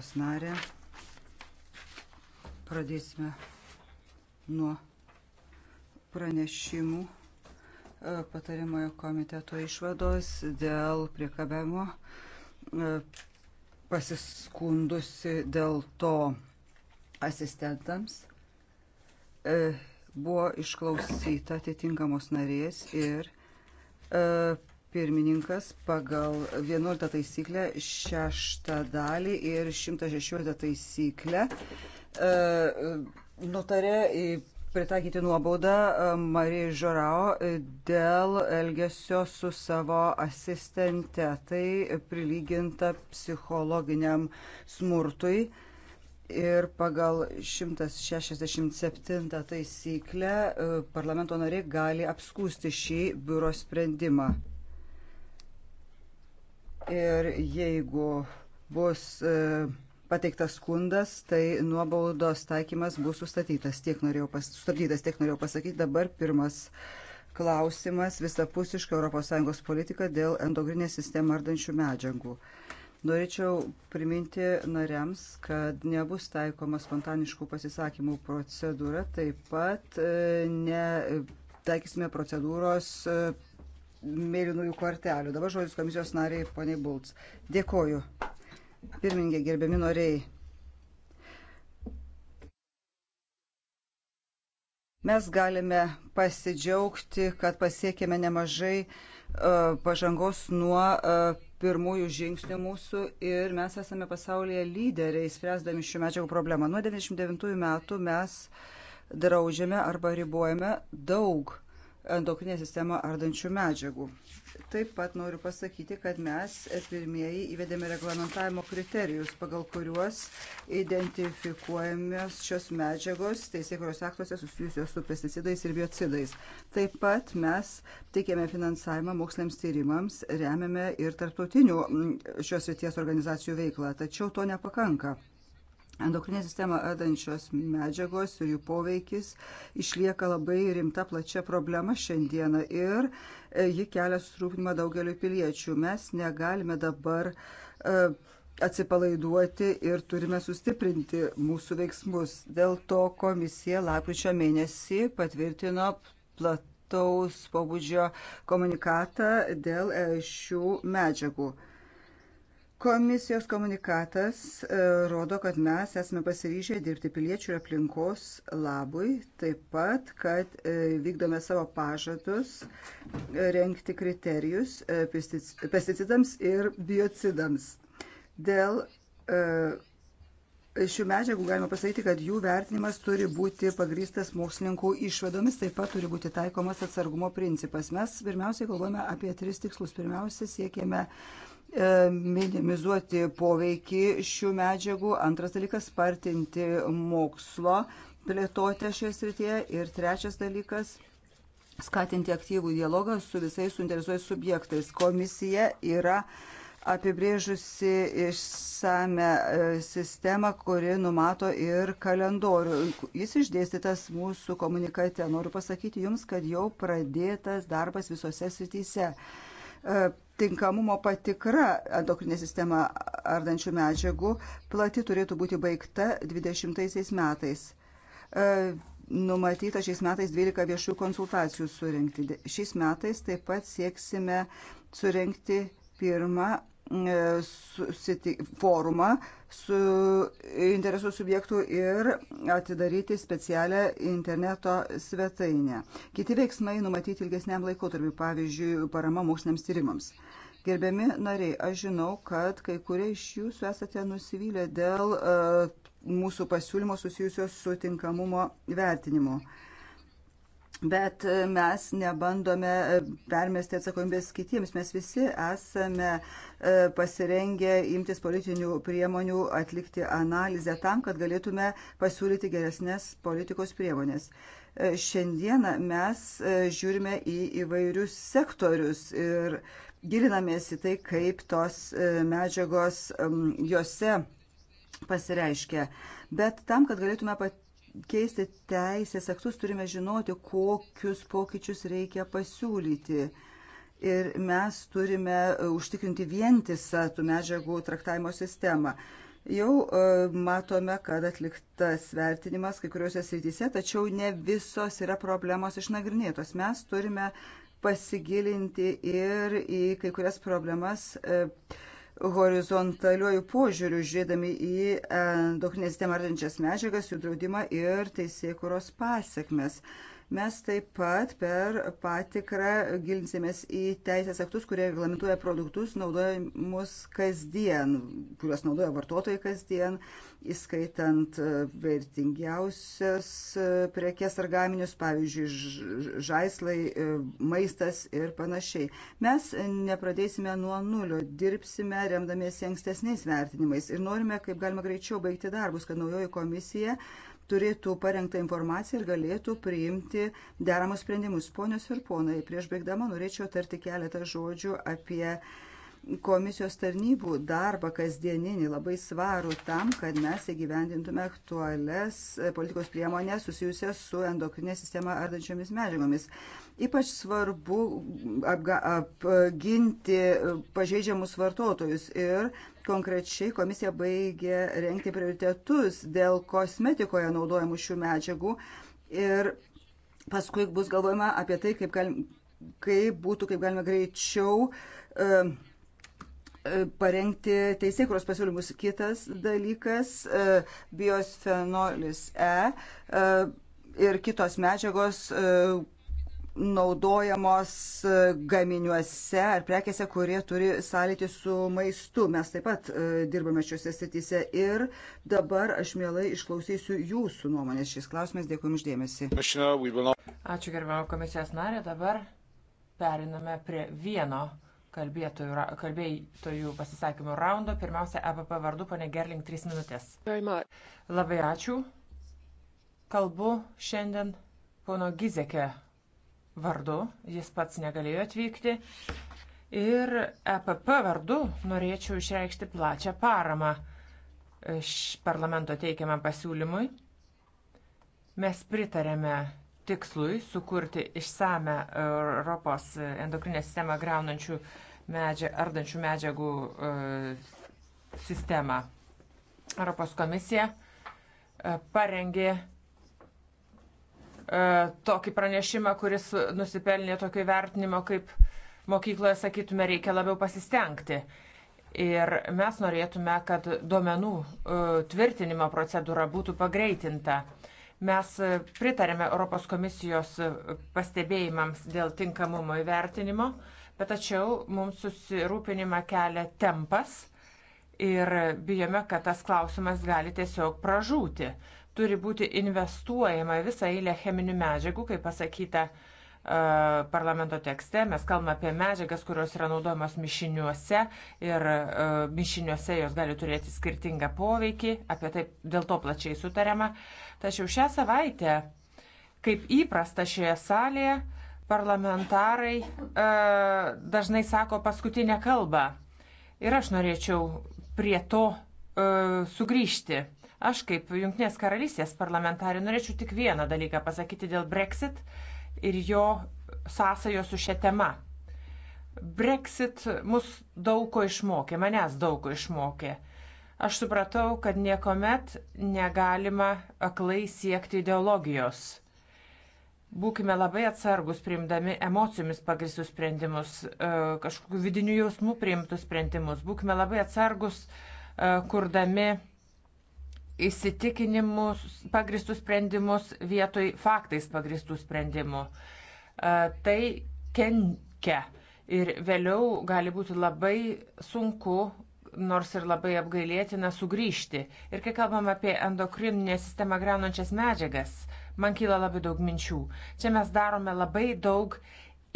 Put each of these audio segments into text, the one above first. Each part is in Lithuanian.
komisijos narę. Pradėsime nuo pranešimų e, patarimojo komiteto išvados dėl priekabėmo e, pasiskundusi dėl to asistentams. E, buvo išklausyta atitinkamos narės ir pirmininkas pagal 11 taisyklę 6 dalį ir 116 taisyklę e, nutarė pritaikyti nuobaudą e, Marijai Žorao dėl elgesio su savo asistente. Tai prilyginta psichologiniam smurtui. Ir pagal 167 taisyklę e, parlamento nariai gali apskūsti šį biuro sprendimą ir jeigu bus e, pateiktas skundas, tai nuobaudos taikymas bus sustatytas. Tiek norėjau, pas, sustabdytas, tiek norėjau pasakyti. Dabar pirmas klausimas visapusiška ES politika dėl endogrinės sistemą ardančių medžiagų. Norėčiau priminti nariams, kad nebus taikoma spontaniškų pasisakymų procedūra, taip pat e, ne, taikysime procedūros e, mėlynųjų kortelių. Dabar žodis komisijos nariai, poniai Bulc. Dėkoju. Pirmininkė, gerbiami norėjai. Mes galime pasidžiaugti, kad pasiekėme nemažai uh, pažangos nuo uh, pirmųjų žingsnių mūsų ir mes esame pasaulyje lyderiai, spręsdami šių medžiagų problemą. Nuo 99 metų mes draudžiame arba ribojame daug uh, endokrinę sistemą ardančių medžiagų. Taip pat noriu pasakyti, kad mes pirmieji įvedėme reglamentavimo kriterijus, pagal kuriuos identifikuojamos šios medžiagos teisėkuros aktuose susijusios su pesticidais ir biocidais. Taip pat mes teikėme finansavimą moksliniams tyrimams, remiame ir tarptautinių mm, šios ryties organizacijų veiklą, tačiau to nepakanka Endokrinė sistema ardančios medžiagos ir jų poveikis išlieka labai rimta plačia problema šiandieną ir e, ji kelia susirūpinimą daugeliu piliečių. Mes negalime dabar e, atsipalaiduoti ir turime sustiprinti mūsų veiksmus. Dėl to komisija lapkričio mėnesį patvirtino plataus pobūdžio komunikatą dėl e, šių medžiagų. Komisijos komunikatas e, rodo, kad mes esame pasiryžę dirbti piliečių ir aplinkos labui, taip pat, kad e, vykdome savo pažadus e, renkti kriterijus pesticidams ir biocidams. Dėl šių medžiagų galima pasakyti, kad jų vertinimas turi būti pagrystas mokslininkų išvadomis, taip pat turi būti taikomas atsargumo principas. Mes pirmiausiai galvojame apie tris tikslus. Pirmiausia, siekėme E, minimizuoti poveikį šių medžiagų, antras dalykas - spartinti mokslo plėtotę šioje srityje ir trečias dalykas - skatinti aktyvų dialogą su visais suinteresuojais subjektais. Komisija yra apibrėžusi išsame e, sistemą, kuri numato ir kalendorių. Jis išdėstytas mūsų komunikate. Noriu pasakyti Jums, kad jau pradėtas darbas visose srityse e, tinkamumo patikra endokrinė sistema ardančių medžiagų plati turėtų būti baigta 20 metais. E, numatyta šiais metais 12 viešų konsultacijų surinkti. Šiais metais taip pat sieksime surinkti pirmą E, forumą su interesų subjektų ir atidaryti specialią interneto svetainę. Kiti veiksmai numatyti ilgesniam laikotarpiu, pavyzdžiui, parama moksliniams tyrimams. Gerbiami nariai, aš žinau, kad kai kurie iš jūsų esate nusivylę dėl uh, mūsų pasiūlymo susijusios su tinkamumo vertinimu. Uh, Bet e, mes nebandome e, permesti atsakomybės kitiems. Mes visi esame e, pasirengę imtis politinių priemonių, atlikti analizę tam, kad galėtume pasiūlyti geresnės politikos priemonės. Šiandieną mes žiūrime į įvairius sektorius ir gilinamės į tai, kaip tos medžiagos juose pasireiškia. Bet tam, kad galėtume pat keisti teisės aktus, turime žinoti, kokius pokyčius reikia pasiūlyti. Ir mes turime e, užtikrinti vientisą tų medžiagų traktavimo sistemą. Jau e, matome, kad atliktas vertinimas kai kuriuose srityse, tačiau ne visos yra problemos išnagrinėtos. Mes turime pasigilinti ir į kai kurias problemas. E, horizontaliuoju požiūriu, žiūrėdami į endokrinės temardančias medžiagas, jų draudimą ir teisėkuros pasiekmes. Mes taip pat per patikrą gilinsimės į teisės aktus, kurie reglamentuoja produktus naudojimus kasdien, kuriuos naudoja vartotojai kasdien, įskaitant e, vertingiausias e, prekes ar gaminius, pavyzdžiui, žaislai, e, maistas ir panašiai. Mes nepradėsime nuo nulio, dirbsime remdamiesi ankstesniais vertinimais ir norime kaip galima greičiau baigti darbus, kad naujoji komisija komisija turėtų parengtą informaciją ir galėtų priimti deramus sprendimus. Ponios ir ponai, prieš baigdama norėčiau tarti keletą žodžių apie komisijos tarnybų darbą kasdieninį labai svarų tam, kad mes įgyvendintume aktualias politikos priemonės susijusias su endokrinė sistema ardančiomis medžiagomis. Ypač svarbu apga, apginti pažeidžiamus vartotojus ir Konkrečiai komisija baigė renkti prioritetus dėl kosmetikoje naudojamų šių medžiagų ir paskui bus galvojama apie tai, kaip, galim, kaip būtų, kaip galima greičiau uh, parengti teisėkuros pasiūlymus. Kitas dalykas e, - biosfenolis E ir kitos medžiagos, naudojamos e, gaminiuose ar prekėse, kurie turi sąlytį su maistu. Mes taip pat e, dirbame šiuose statyse ir dabar aš mielai išklausysiu jūsų nuomonės šis klausimas. Dėkui Jums dėmesį. Ačiū gerbiamo komisijos narė. Dabar periname prie vieno kalbėtojų, kalbėtojų pasisakymų raundo. Pirmiausia, APP vardu, ponė Gerling, 3 minutės. Labai ačiū. Kalbu šiandien pono Gizekė vardu, jis pats negalėjo atvykti. Ir EPP vardu norėčiau išreikšti plačią paramą iš parlamento teikiamam pasiūlymui. Mes pritarėme tikslui sukurti išsame Europos endokrinę sistemą graunančių medžia, ardančių medžiagų e, sistemą. Europos komisija e, parengė E, tokį pranešimą, kuris nusipelnė tokio vertinimo, kaip mokykloje sakytume, reikia labiau pasistengti. Ir mes norėtume, kad duomenų e, tvirtinimo procedūra būtų pagreitinta. Mes e, pritarėme Europos komisijos pastebėjimams dėl tinkamumo įvertinimo, bet tačiau mums susirūpinimą kelia tempas ir bijome, kad tas klausimas gali tiesiog pražūti turi būti investuojama visą eilę cheminių medžiagų, kaip pasakyta e, parlamento tekste. Mes kalbame apie medžiagas, kurios yra naudojamos mišiniuose ir e, mišiniuose jos gali turėti skirtingą poveikį, apie tai dėl to plačiai sutariama. Tačiau šią savaitę, kaip įprasta šioje salėje, parlamentarai e, dažnai sako paskutinę kalbą. Ir aš norėčiau prie to sugrįžti. Aš kaip Junktinės karalystės parlamentarė norėčiau tik vieną dalyką pasakyti dėl Brexit ir jo sąsajo su šia tema. Brexit mus daug ko išmokė, manęs daug ko išmokė. Aš supratau, kad niekuomet negalima aklai siekti ideologijos. Būkime labai atsargus priimdami emocijomis pagristus sprendimus, e, kažkokiu vidiniu jausmu priimtus sprendimus. Būkime labai atsargus e, kurdami įsitikinimus pagristus sprendimus vietoj faktais pagristų sprendimų. E, tai kenkia ir vėliau gali būti labai sunku, nors ir labai apgailėtina, sugrįžti. Ir kai kalbam apie endokrininę sistemą greunančias medžiagas, man kyla labai daug minčių. Čia mes darome labai daug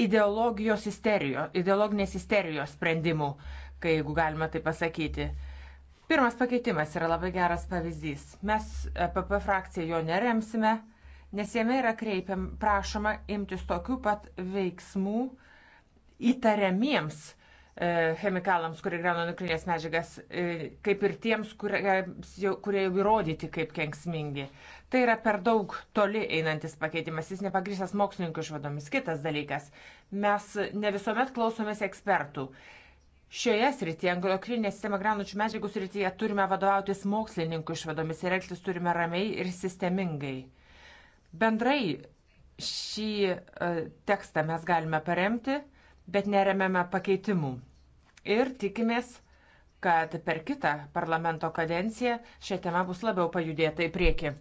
ideologijos isterijos, ideologinės isterijos sprendimų, kai jeigu galima tai pasakyti. Uh, Pirmas pakeitimas yra labai geras pavyzdys. Mes PP e frakcija jo neremsime, nes jame yra kreipiam prašoma imtis tokių pat veiksmų įtariamiems e, chemikalams, kurie greuna nuklinės medžiagas, e, kaip ir tiems, kurie, kurie jau įrodyti kaip kenksmingi. Tai yra per daug toli einantis pakeitimas, jis nepagrįstas mokslininkų išvadomis. Kitas dalykas, mes ne visuomet klausomės ekspertų. Šioje srityje, angliokrininė sistema graunučių medžiagų srityje, turime vadovautis mokslininkų išvadomis ir elgtis turime ramiai ir sistemingai. Bendrai šį e, tekstą mes galime paremti, bet neremiame pakeitimų. Ir tikimės, kad per kitą parlamento kadenciją šią temą bus labiau pajudėta į priekį.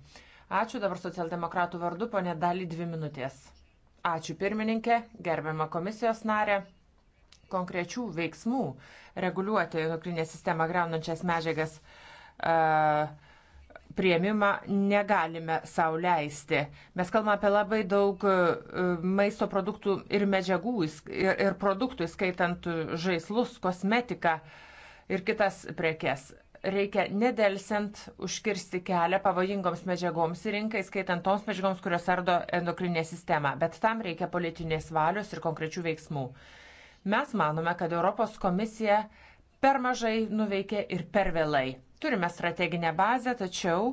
Ačiū dabar socialdemokratų vardu, ponė Dali, dvi minutės. Ačiū pirmininkė, gerbiama komisijos narė konkrečių veiksmų reguliuoti nukrinę sistemą greunančias medžiagas e, prieimimą negalime sau leisti. Mes kalbame apie labai daug e, maisto produktų ir medžiagų ir produktų, skaitant žaislus, kosmetiką ir kitas prekes reikia nedelsiant užkirsti kelią pavojingoms medžiagoms į rinką, skaitant toms medžiagoms, kurios ardo endokrinę sistemą. Bet tam reikia politinės valios ir konkrečių veiksmų. Mes manome, kad Europos komisija per mažai nuveikė ir per vėlai. Turime strateginę bazę, tačiau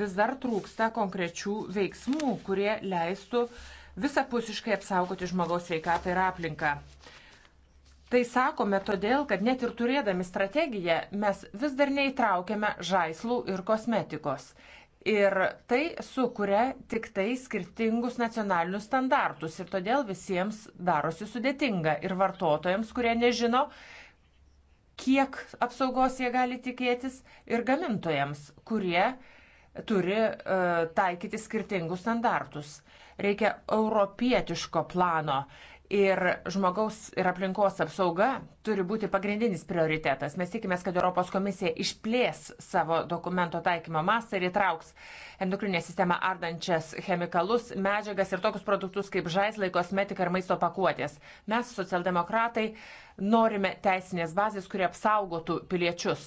vis dar trūksta konkrečių veiksmų, kurie leistų visapusiškai apsaugoti žmogaus sveikatą ir aplinką. Tai sakome todėl, kad net ir turėdami strategiją mes vis dar neįtraukiame žaislų ir kosmetikos. Ir tai sukuria tik tai skirtingus nacionalinius standartus ir todėl visiems darosi sudėtinga ir vartotojams, kurie nežino, kiek apsaugos jie gali tikėtis ir gamintojams, kurie turi uh, taikyti skirtingus standartus. Reikia europietiško plano, uh, ir žmogaus ir aplinkos apsauga turi būti pagrindinis prioritetas. Mes tikime, kad Europos komisija išplės savo dokumento taikymo masą ir įtrauks endokrinę sistemą ardančias chemikalus, medžiagas ir tokius produktus kaip žaislai, kosmetika ir maisto pakuotės. Mes, socialdemokratai, norime teisinės bazės, kurie apsaugotų piliečius.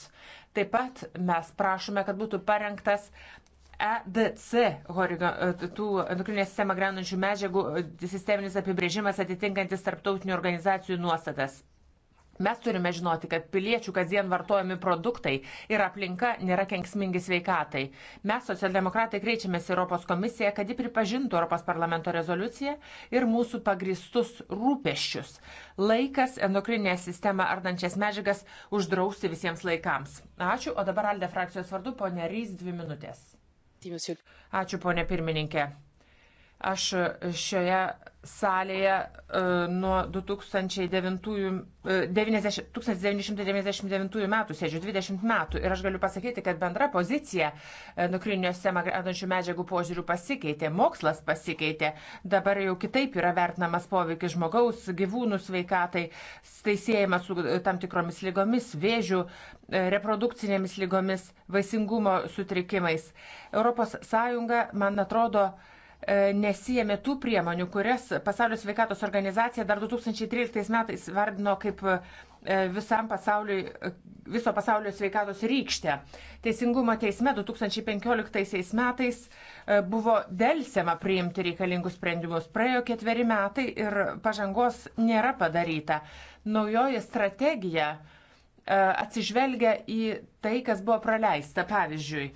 Taip pat mes prašome, kad būtų parengtas EDC, e, tų endokrininę sistemą grenančių medžiagų e, sisteminis apibrėžimas atitinkantis tarptautinių organizacijų nuostatas. Mes turime žinoti, kad piliečių kasdien vartojami produktai ir aplinka nėra kenksmingi sveikatai. Mes, socialdemokratai, kreičiamės Europos komisiją, kad ji pripažintų Europos parlamento rezoliuciją ir mūsų pagristus rūpeščius. Laikas endokrinę sistemą ardančias medžiagas uždrausti visiems laikams. Ačiū, o dabar Alde frakcijos vardu ponė Rys dvi minutės. Ačiū, ponė pirmininkė. Aš šioje salėje e, nuo 2009, 90, 1999 metų sėdžiu 20 metų ir aš galiu pasakyti, kad bendra pozicija e, nukriniuose magnetančių medžiagų požiūrių pasikeitė, mokslas pasikeitė, dabar jau kitaip yra vertinamas poveikis žmogaus, gyvūnų sveikatai, staisėjimas su e, tam tikromis lygomis, vėžių, reprodukcinėmis lygomis, vaisingumo sutrikimais. ES, man atrodo, E, nesijėmė tų priemonių, kurias Pasaulio sveikatos organizacija dar 2013 metais vardino kaip e, visam pasauliui, e, viso pasaulio sveikatos rykštę. Teisingumo teisme 2015 metais buvo dėlsiama priimti reikalingus sprendimus. Praėjo ketveri metai ir pažangos nėra padaryta. Naujoji strategija atsižvelgia į tai, kas buvo praleista. Pavyzdžiui,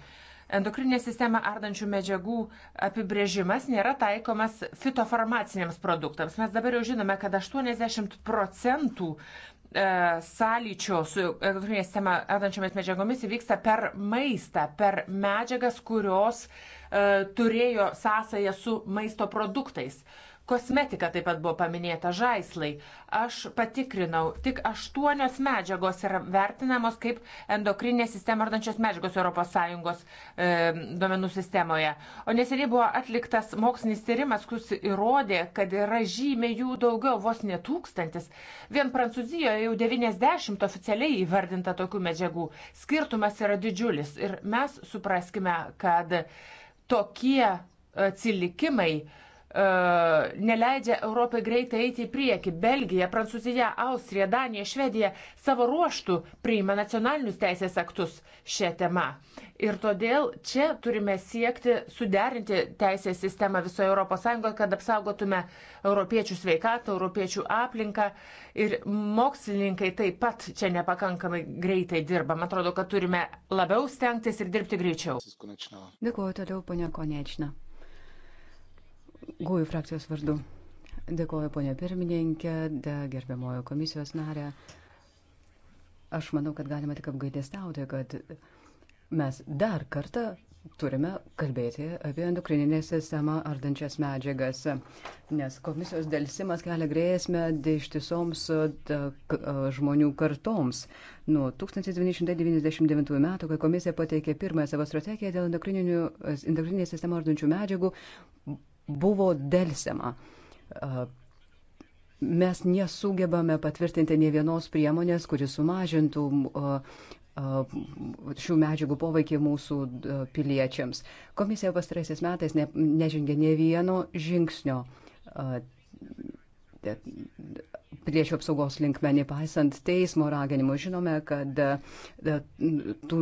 Endokrinė sistema ardančių medžiagų apibrėžimas nėra taikomas fitofarmaciniams produktams. Mes dabar jau žinome, kad 80 procentų e, sąlyčio su endokrinė sistema ardančiomis medžiagomis įvyksta per maistą, per medžiagas, kurios e, turėjo sąsają su maisto produktais. Uh, Kosmetika taip pat buvo paminėta žaislai. Aš patikrinau, tik aštuonios medžiagos yra vertinamos kaip endokrinė sistema ardančios medžiagos ES e, duomenų sistemoje. O neseniai buvo atliktas mokslinis tyrimas, kuris įrodė, kad yra žymiai jų daugiau, vos ne tūkstantis. Vien Prancūzijoje jau 90 oficialiai įvardinta tokių medžiagų. Skirtumas yra didžiulis ir mes supraskime, kad tokie e, atsilikimai, E, neleidžia Europai greitai eiti į priekį. Belgija, Prancūzija, Austrija, Danija, Švedija savo ruoštų priima nacionalinius teisės aktus šią temą. Ir todėl čia turime siekti suderinti teisės sistemą visoje ES, kad apsaugotume europiečių sveikatą, europiečių aplinką. Ir mokslininkai taip pat čia nepakankamai greitai dirba. Man atrodo, kad turime labiau stengtis ir dirbti greičiau. Dėkuoju toliau, ponia Konečna. Gųjų frakcijos vardu. Dėkoju, ponė pirmininkė, gerbiamojo komisijos narė. Aš manau, kad galima tik apgaidėstauti, kad mes dar kartą turime kalbėti apie endokrininę sistemą ardančias medžiagas, nes komisijos dėlsimas kelia grėsmę ištisoms žmonių kartoms. Nuo 1999 metų, kai komisija pateikė pirmąją savo strategiją dėl endokrininės sistemą ardančių medžiagų, buvo dėlsiama. Mes nesugebame patvirtinti ne vienos priemonės, kuris sumažintų šių medžiagų poveikį mūsų piliečiams. Komisija pastaraisiais metais ne, nežengė ne vieno žingsnio piliečių apsaugos linkme, nepaisant teismo raginimo. Žinome, kad e, tų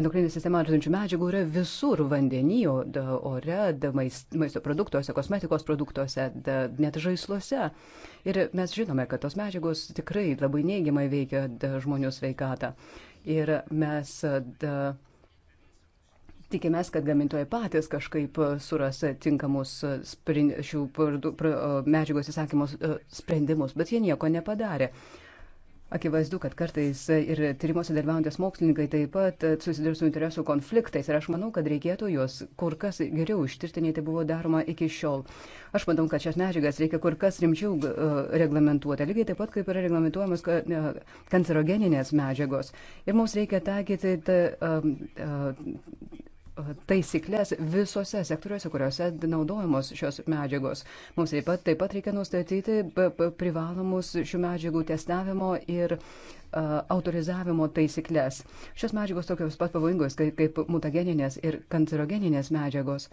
endokrininė sistema ardančių medžiagų yra visur - vandenyje, ore, maisto produktuose, kosmetikos produktuose, da, net žaisluose. Ir mes žinome, kad tos medžiagos tikrai labai neigiamai veikia da, žmonių sveikatą. Ir mes da, Tikimės, kad gamintojai patys kažkaip e, suras e, tinkamus e, sprin, šių medžiagos įsakymus sprendimus, bet jie nieko nepadarė. Akivaizdu, kad kartais ir tyrimuose dalyvaujantis mokslininkai taip pat susiduria su interesų konfliktais ir aš manau, kad reikėtų juos kur kas geriau ištirti, nei tai buvo daroma iki šiol. Aš manau, kad šias medžiagas reikia kur kas rimčiau reglamentuoti, lygiai taip pat kaip yra reglamentuojamas kancerogeninės medžiagos. Ir mums reikia taikyti ta, ta, taisyklės visose sektoriuose, kuriuose naudojamos šios medžiagos. Mums taip pat, taip pat reikia nustatyti privalomus šių medžiagų testavimo ir autorizavimo taisyklės. Šios medžiagos tokios pat pavojingos kaip, kaip mutageninės ir kancerogeninės medžiagos.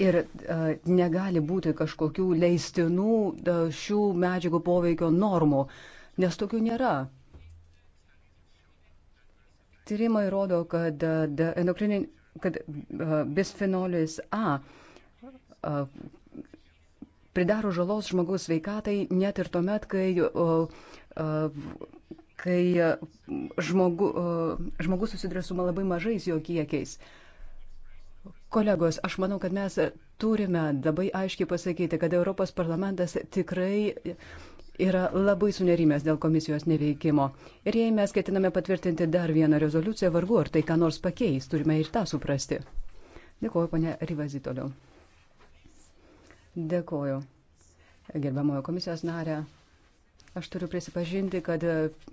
Ir uh, negali būti kažkokių leistinų uh, šių medžiagų poveikio normų, nes tokių nėra. Tyrimai rodo, kad, e, endokrinin, kad e, bisfenolis A e, pridaro žalos žmogaus veikatai net ir tuomet, kai, kai žmogu, žmogus susiduria su labai mažais jo kiekiais. Kolegos, aš manau, kad mes turime labai aiškiai pasakyti, kad Europos parlamentas tikrai yra labai sunerimęs dėl komisijos neveikimo. Ir jei mes ketiname patvirtinti dar vieną rezoliuciją, vargu ar tai ką nors pakeis, turime ir tą suprasti. Dėkuoju, ponė Rivazi, toliau. Dėkuoju, gerbiamojo komisijos narė. Aš turiu prisipažinti, kad uh,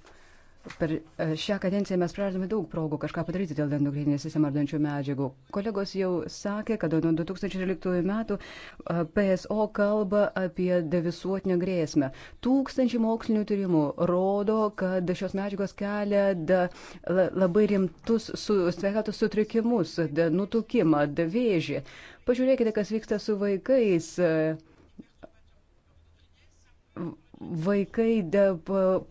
Per e, šią kadenciją mes praradome daug progų kažką padaryti dėl endokrininės sistemą ardančių medžiagų. Kolegos jau sakė, kad nuo 2013 metų e, PSO kalba apie visuotinę grėsmę. Tūkstančiai mokslinių tyrimų rodo, kad šios medžiagos kelia da, labai rimtus su, sveikatos sutrikimus, da, nutukimą, da, vėžį. Pažiūrėkite, kas vyksta su vaikais. Da, e, Vaikai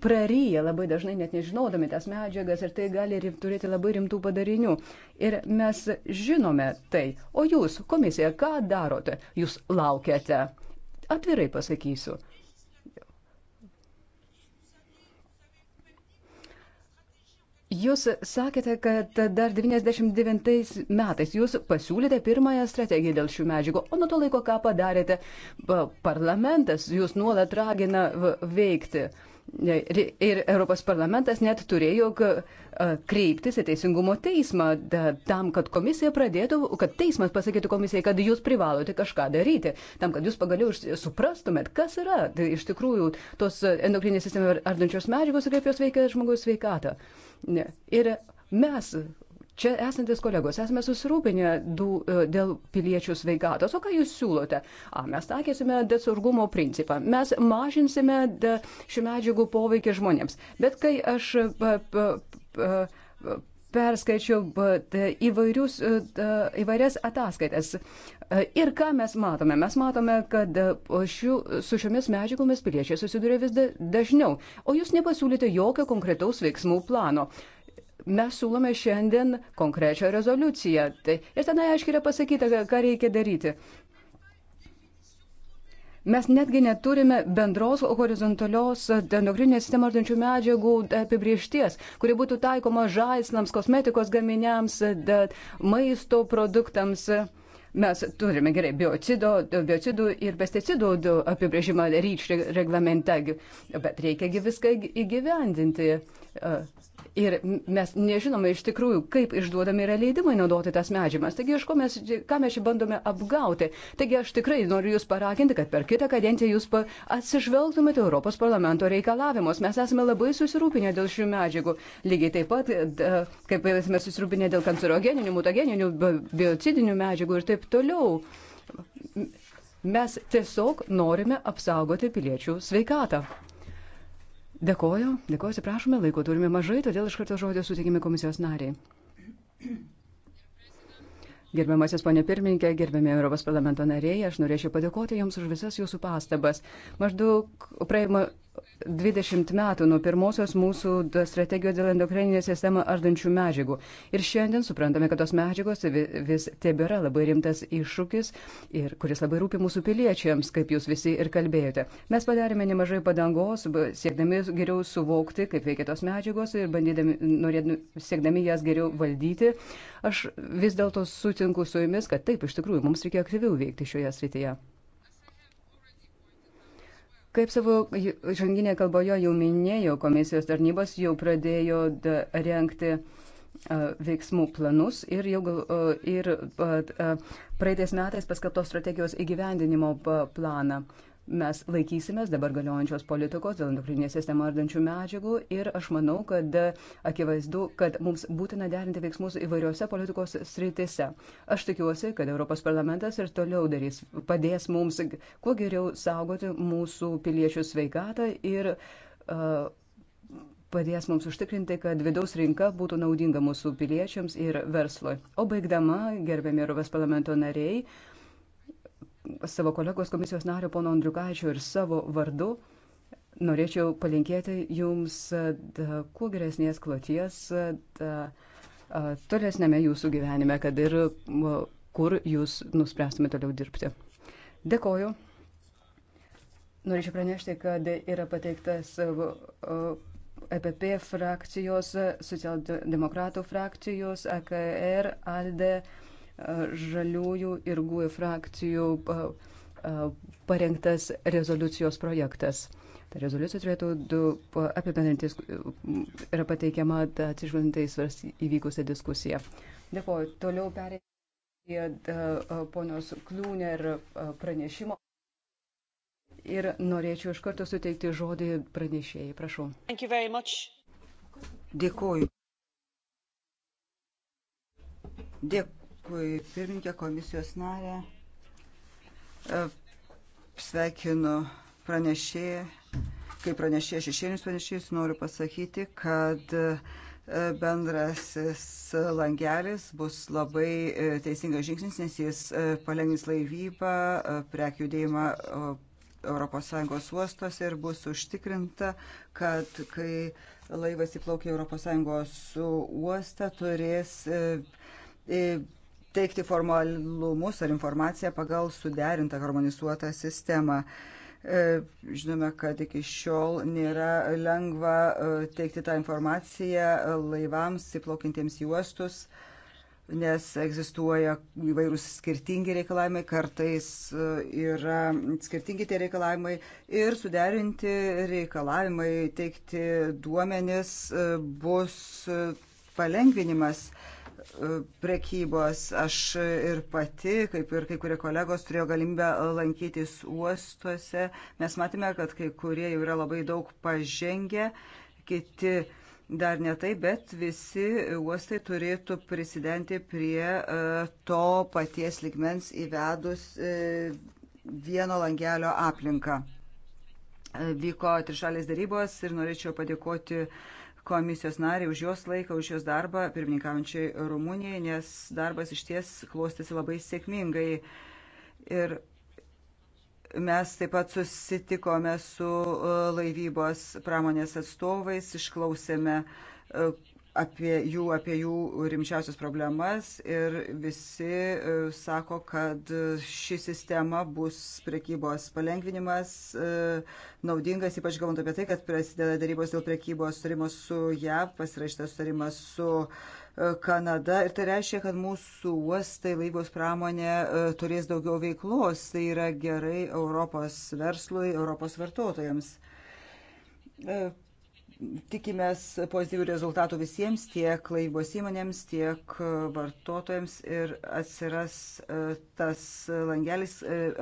praryja labai dažnai net nežinodami tas medžiagas ir tai gali rim, turėti labai rimtų padarinių. Ir mes žinome tai. O jūs, komisija, ką darote? Jūs laukiate. Atvirai pasakysiu, Jūs sakėte, kad dar 99 metais jūs pasiūlėte pirmąją strategiją dėl šių medžiagų, o nuo to laiko ką padarėte? Parlamentas jūs nuolat ragina veikti. Ir Europos parlamentas net turėjo e, kreiptis į Teisingumo teismą tam, kad komisija pradėtų, kad teismas pasakytų komisijai, kad jūs privalote kažką daryti, tam, kad jūs pagaliau suprastumėt, kas yra tai iš tikrųjų tos endokrinės sistemos ardančios medžiagos ir kaip jos veikia žmogaus sveikatą. Ir mes Čia esantis kolegos, esame susirūpinę du, e, dėl piliečių sveikatos. O ką jūs siūlote? A, mes takėsime desargumo principą. Mes mažinsime de, šių medžiagų poveikį žmonėms. Bet kai aš pa, e, pa, pa, e, perskaičiau de, įvairius, de, įvairias ataskaitas ir ką mes matome? Mes matome, kad šių, su šiomis medžiagomis piliečiai susiduria vis dažniau. O jūs nepasiūlyte jokio konkretaus veiksmų plano mes siūlome šiandien konkrečią rezoliuciją. Tai, ir tenai aiškiai yra pasakyta, ką reikia daryti. Mes netgi neturime bendros horizontalios endokrininės sistemos ardančių medžiagų apibriešties, kuri būtų taikoma žaislams, kosmetikos gaminiams, maisto produktams. Mes turime gerai biocido, biocidų ir pesticidų apibrėžimą ryč reglamente, bet reikiagi viską įgyvendinti. Ir mes nežinome iš tikrųjų, kaip išduodami yra leidimai naudoti tas medžiagas. Taigi, iš ko mes, ką mes čia bandome apgauti. Taigi, aš tikrai noriu Jūs paraginti, kad per kitą kadenciją Jūs atsižvelgtumėte Europos parlamento reikalavimus. Mes esame labai susirūpinę dėl šių medžiagų. Lygiai taip pat, kaip esame susirūpinę dėl kancerogeninių, mutageninių, biocidinių medžiagų ir taip toliau. Mes tiesiog norime apsaugoti piliečių sveikatą. Dėkoju, dėkoju, atsiprašome, laiko turime mažai, todėl iš karto žodį sutikime komisijos nariai. Gerbiamasis ponė pirmininkė, gerbiami Europos parlamento nariai, aš norėčiau padėkoti Jums už visas Jūsų pastabas. Maždaug praėjimo 20 metų nuo pirmosios mūsų strategijos dėl endokrininę sistemą ardančių medžiagų. Ir šiandien suprantame, kad tos medžiagos vis tebėra labai rimtas iššūkis ir kuris labai rūpi mūsų piliečiams, kaip jūs visi ir kalbėjote. Mes padarėme nemažai padangos, siekdami geriau suvokti, kaip veikia tos medžiagos ir bandydami, norėdami, siekdami jas geriau valdyti. Aš vis dėlto sutinku su jumis, kad taip, iš tikrųjų, mums reikia aktyviau veikti šioje srityje. Kaip savo žanginė kalboje jau minėjau, komisijos tarnybos jau pradėjo renkti veiksmų planus ir, jau, ir praeitais metais paskatos strategijos įgyvendinimo planą mes laikysimės dabar galiojančios politikos dėl endokrininės sistemą ardančių medžiagų ir aš manau, kad akivaizdu, kad mums būtina derinti veiksmus įvairiose politikos sritise. Aš tikiuosi, kad Europos parlamentas ir toliau darys, padės mums kuo geriau saugoti mūsų piliečių sveikatą ir uh, padės mums užtikrinti, kad vidaus rinka būtų naudinga mūsų piliečiams ir verslui. O baigdama, gerbiami Europos parlamento nariai, uh, savo kolegos komisijos nario pono Andriukaičio ir savo vardu norėčiau palinkėti jums e, da, kuo geresnės kloties e, da, a, e, tolesnėme jūsų gyvenime, kad ir a, kur jūs nuspręstume toliau dirbti. Dėkoju. Norėčiau pranešti, kad yra pateiktas EPP frakcijos, socialdemokratų frakcijos, AKR, ALDE žaliųjų ir gųjų frakcijų parengtas rezoliucijos projektas. Ta rezoliucija turėtų du apibendrintis yra pateikiama atsižvelgiantais įvykusią diskusiją. Dėkuoju. Toliau perėjau prie ponios Kliūner pranešimo. Ir norėčiau iš karto suteikti žodį pranešėjai. Prašau. Dėkuoju. Dėkuoju. Dėkui pirmininkė komisijos narė. E, sveikinu pranešėją. Kaip pranešėjas šešėlinis pranešėjas noriu pasakyti, kad e, bendrasis langelis bus labai e, teisingas žingsnis, nes jis palengvins laivybą, prekių judėjimą ES uostose ir bus užtikrinta, kad kai laivas įplaukia ES uostą, turės teikti formalumus ar informaciją pagal suderintą harmonizuotą sistemą. E, žinome, kad iki šiol nėra lengva e, teikti tą informaciją laivams įplaukintiems į uostus, nes egzistuoja įvairūs skirtingi reikalavimai, kartais e, yra skirtingi tie reikalavimai ir suderinti reikalavimai teikti duomenis bus palengvinimas prekybos. Aš ir pati, kaip ir kai kurie kolegos, turėjo galimybę lankytis uostuose. Mes matėme, kad kai kurie jau yra labai daug pažengę, kiti dar ne taip, bet visi uostai turėtų prisidengti prie e, to paties ligmens įvedus e, vieno langelio aplinką. E, vyko trišalės darybos ir norėčiau padėkoti uh, komisijos nariai už jos laiką, už jos darbą pirmininkaujančiai Rumunijai, nes darbas iš ties klostėsi labai sėkmingai. Ir mes taip pat susitikome su e, laivybos pramonės atstovais, išklausėme e, apie jų, apie jų rimčiausias problemas ir visi e, sako, kad ši sistema bus prekybos palengvinimas e, naudingas, ypač galvant apie tai, kad prasideda darybos dėl prekybos sutarimo su JAV, pasirašytas sutarimas su e, Kanada ir tai reiškia, kad mūsų uostai laivos pramonė turės daugiau veiklos, tai yra gerai Europos verslui, Europos vartotojams tikimės pozityvių rezultatų visiems, tiek laivybos įmonėms, tiek vartotojams ir atsiras e, tas langelis ES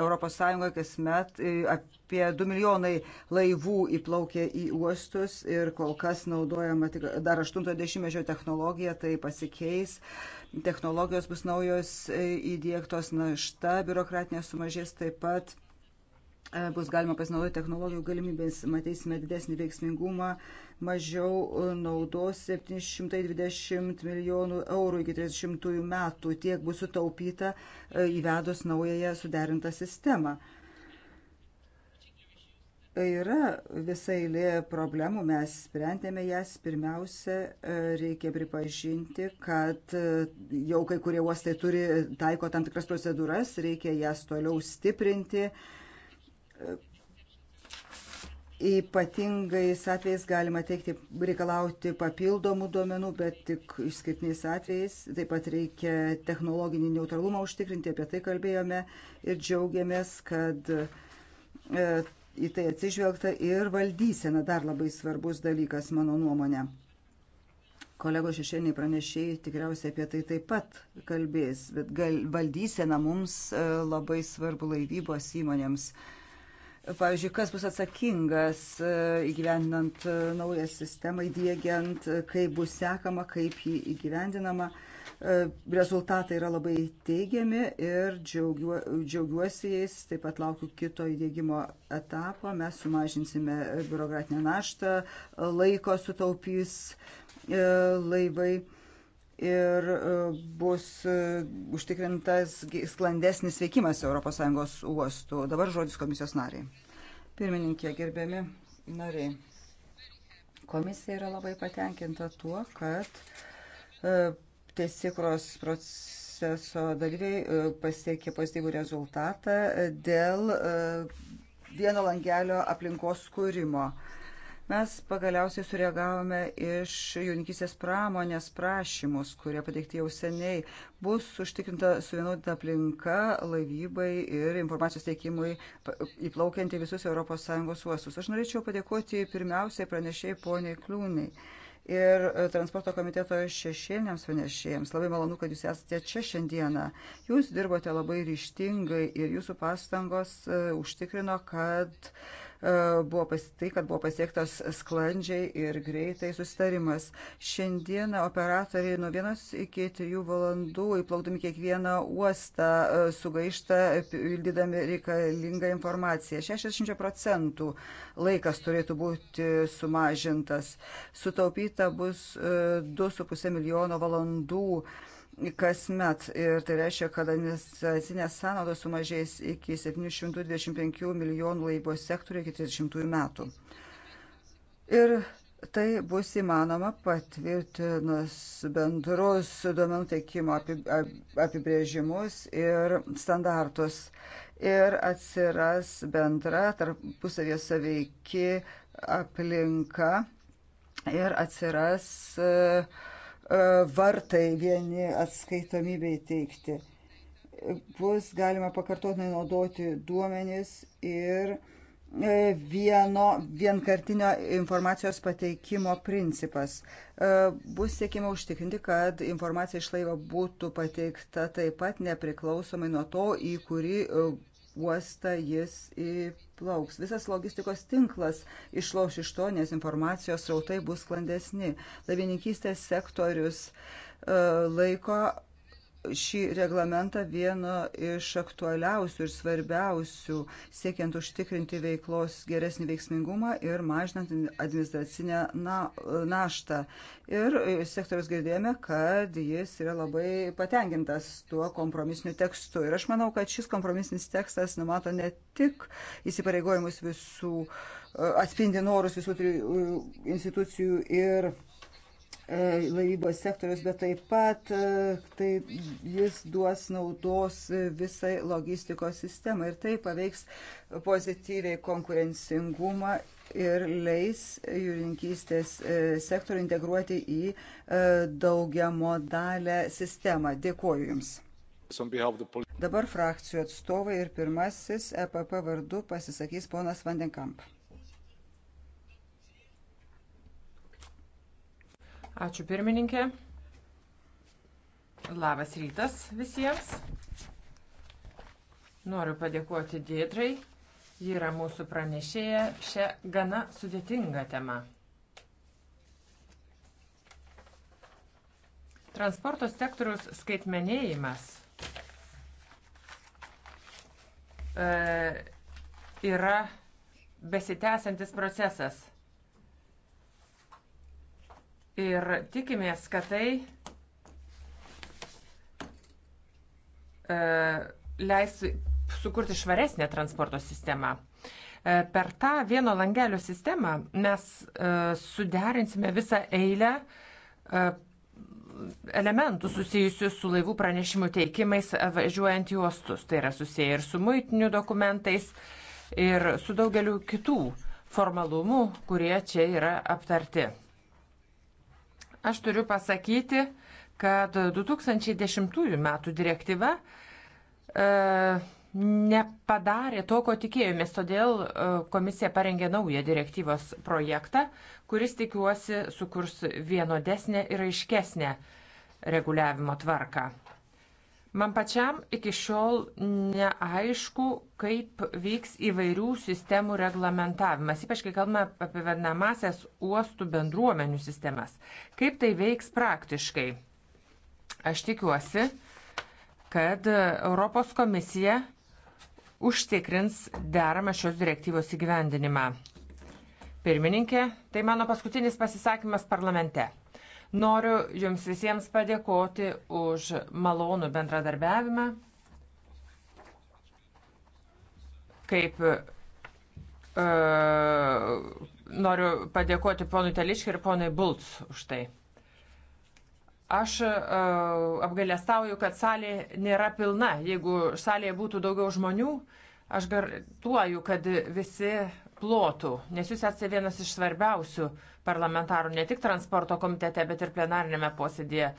kasmet e, apie 2 milijonai laivų įplaukia į uostus ir kol kas naudojama tik dar 80-mečio technologija, tai pasikeis, technologijos bus naujos e, įdėktos našta, biurokratinė sumažės taip pat bus galima pasinaudoti technologijų galimybės, matysime didesnį veiksmingumą, mažiau e, naudos 720 milijonų eurų iki 30 metų, tiek bus sutaupyta e, įvedus naująją suderintą sistemą. Yra visai lė problemų, mes sprendėme jas. Pirmiausia, e, reikia pripažinti, kad jau kai kurie uostai turi taiko tam tikras procedūras, reikia jas toliau stiprinti Ypatingais atvejais galima teikti, reikalauti papildomų duomenų, bet tik išskirtiniais atvejais. Taip pat reikia technologinį neutralumą užtikrinti, apie tai kalbėjome ir džiaugiamės, kad e, į tai atsižvelgta ir valdysena dar labai svarbus dalykas, mano nuomonė. Kolego šešėliniai pranešėjai tikriausiai apie tai taip pat kalbės, bet gal, valdysena mums e, labai svarbu laivybos įmonėms. Uh, Pavyzdžiui, kas bus atsakingas e, įgyvendinant e, naują sistemą, įdėgiant, e, kaip bus sekama, kaip jį įgyvendinama. Rezultatai yra labai teigiami ir džiaugiu, džiaugiuosi jais, taip pat laukiu kito įdėgymo etapo. Mes sumažinsime biurokratinę naštą, laiko sutaupys laivai ir e, bus e, užtikrintas sklandesnis veikimas ES uostų. Dabar žodis komisijos nariai. Pirmininkė, gerbiami nariai. Komisija yra labai patenkinta tuo, kad e, tiesiekros proceso dalyviai pasiekė pozityvų rezultatą dėl vieno langelio aplinkos skūrimo. Mes pagaliausiai sureagavome iš jaunikysės pramonės prašymus, kurie pateikti jau seniai. Bus užtikrinta suvienodinta aplinka laivybai ir informacijos teikimui įplaukiant į visus ES uostus. Aš norėčiau padėkoti pirmiausiai pranešėjai poniai Kliūnai ir transporto komiteto šešėliniams pranešėjams. Labai malonu, kad jūs esate čia šiandieną. Jūs dirbote labai ryštingai ir jūsų pastangos e, užtikrino, kad uh, E, buvo pas, tai, kad buvo pasiektas sklandžiai ir greitai sustarimas. Šiandieną operatoriai nuo vienos iki trijų valandų įplaukdami kiekvieną uostą e, sugaišta, pildydami reikalingą informaciją. 60 procentų laikas turėtų būti sumažintas. Sutaupyta bus 2,5 e, milijono valandų kasmet. Ir tai reiškia, kad administracinės sąnaudos sumažės iki 725 milijonų laivos sektorių iki 30 metų. Ir tai bus įmanoma patvirtinus bendrus duomenų teikimo apibrėžimus ir standartus. Ir atsiras bendra tarpusavė saveiki aplinka ir atsiras uh, E, vartai vieni atskaitomybei teikti. Bus galima pakartotinai naudoti duomenis ir e, vieno vienkartinio informacijos pateikimo principas. E, bus siekima užtikrinti, kad informacija iš laivo būtų pateikta taip pat nepriklausomai nuo to, į kurį uostą jis įplauks. Visas logistikos tinklas išloš iš to, nes informacijos rautai bus sklandesni. Laivininkystės sektorius e, laiko šį reglamentą vieno iš aktualiausių ir svarbiausių, siekiant užtikrinti veiklos geresnį veiksmingumą ir mažinant administracinę na, naštą. Ir e, sektorius girdėjome, kad jis yra labai patenkintas tuo kompromisiniu tekstu. Ir aš manau, kad šis kompromisinis tekstas numato ne tik įsipareigojimus visų, e, atspindi norus visų trijų institucijų ir E, laivybos sektorius, bet taip pat e, tai jis duos naudos e, visai logistikos sistemai ir tai paveiks pozityviai konkurencingumą ir leis jūrininkystės sektorių integruoti į daugiamodalę sistemą. Dėkuoju Jums. Dabar frakcijų atstovai ir pirmasis EPP vardu pasisakys ponas Vandenkamp. Ačiū pirmininkė. Labas rytas visiems. Noriu padėkoti Dėtrai. Ji yra mūsų pranešėja šią gana sudėtingą temą. Transporto sektoriaus skaitmenėjimas e, yra besitęsantis procesas. Ir tikimės, kad tai e, leis sukurti švaresnę transporto sistemą. E, per tą vieno langelio sistemą mes e, suderinsime visą eilę e, elementų susijusių su laivų pranešimų teikimais važiuojant į uostus. Tai yra susiję ir su muitiniu dokumentais, ir su daugeliu kitų formalumų, kurie čia yra aptarti. Aš turiu pasakyti, kad 2010 metų direktyva e, nepadarė to, ko tikėjomės, todėl e, komisija parengė naują direktyvos projektą, kuris tikiuosi sukurs vienodesnę ir aiškesnę reguliavimo tvarką. Man pačiam iki šiol neaišku, kaip vyks įvairių sistemų reglamentavimas, ypač kai kalbame apie vadinamasias uostų bendruomenių sistemas. Kaip tai veiks praktiškai? Aš tikiuosi, kad Europos komisija užtikrins deramą šios direktyvos įgyvendinimą. Pirmininkė, tai mano paskutinis pasisakymas parlamente. Noriu Jums visiems padėkoti už malonų bendradarbiavimą. Kaip e, noriu padėkoti ponui Teliškiui ir ponui Bulc už tai. Aš e, apgailestauju, kad salė nėra pilna. Jeigu salėje būtų daugiau žmonių, aš garantuoju, kad visi plotų, nes jūs esate vienas iš svarbiausių parlamentarų ne tik transporto komitete, bet ir plenarinėme posėdėje.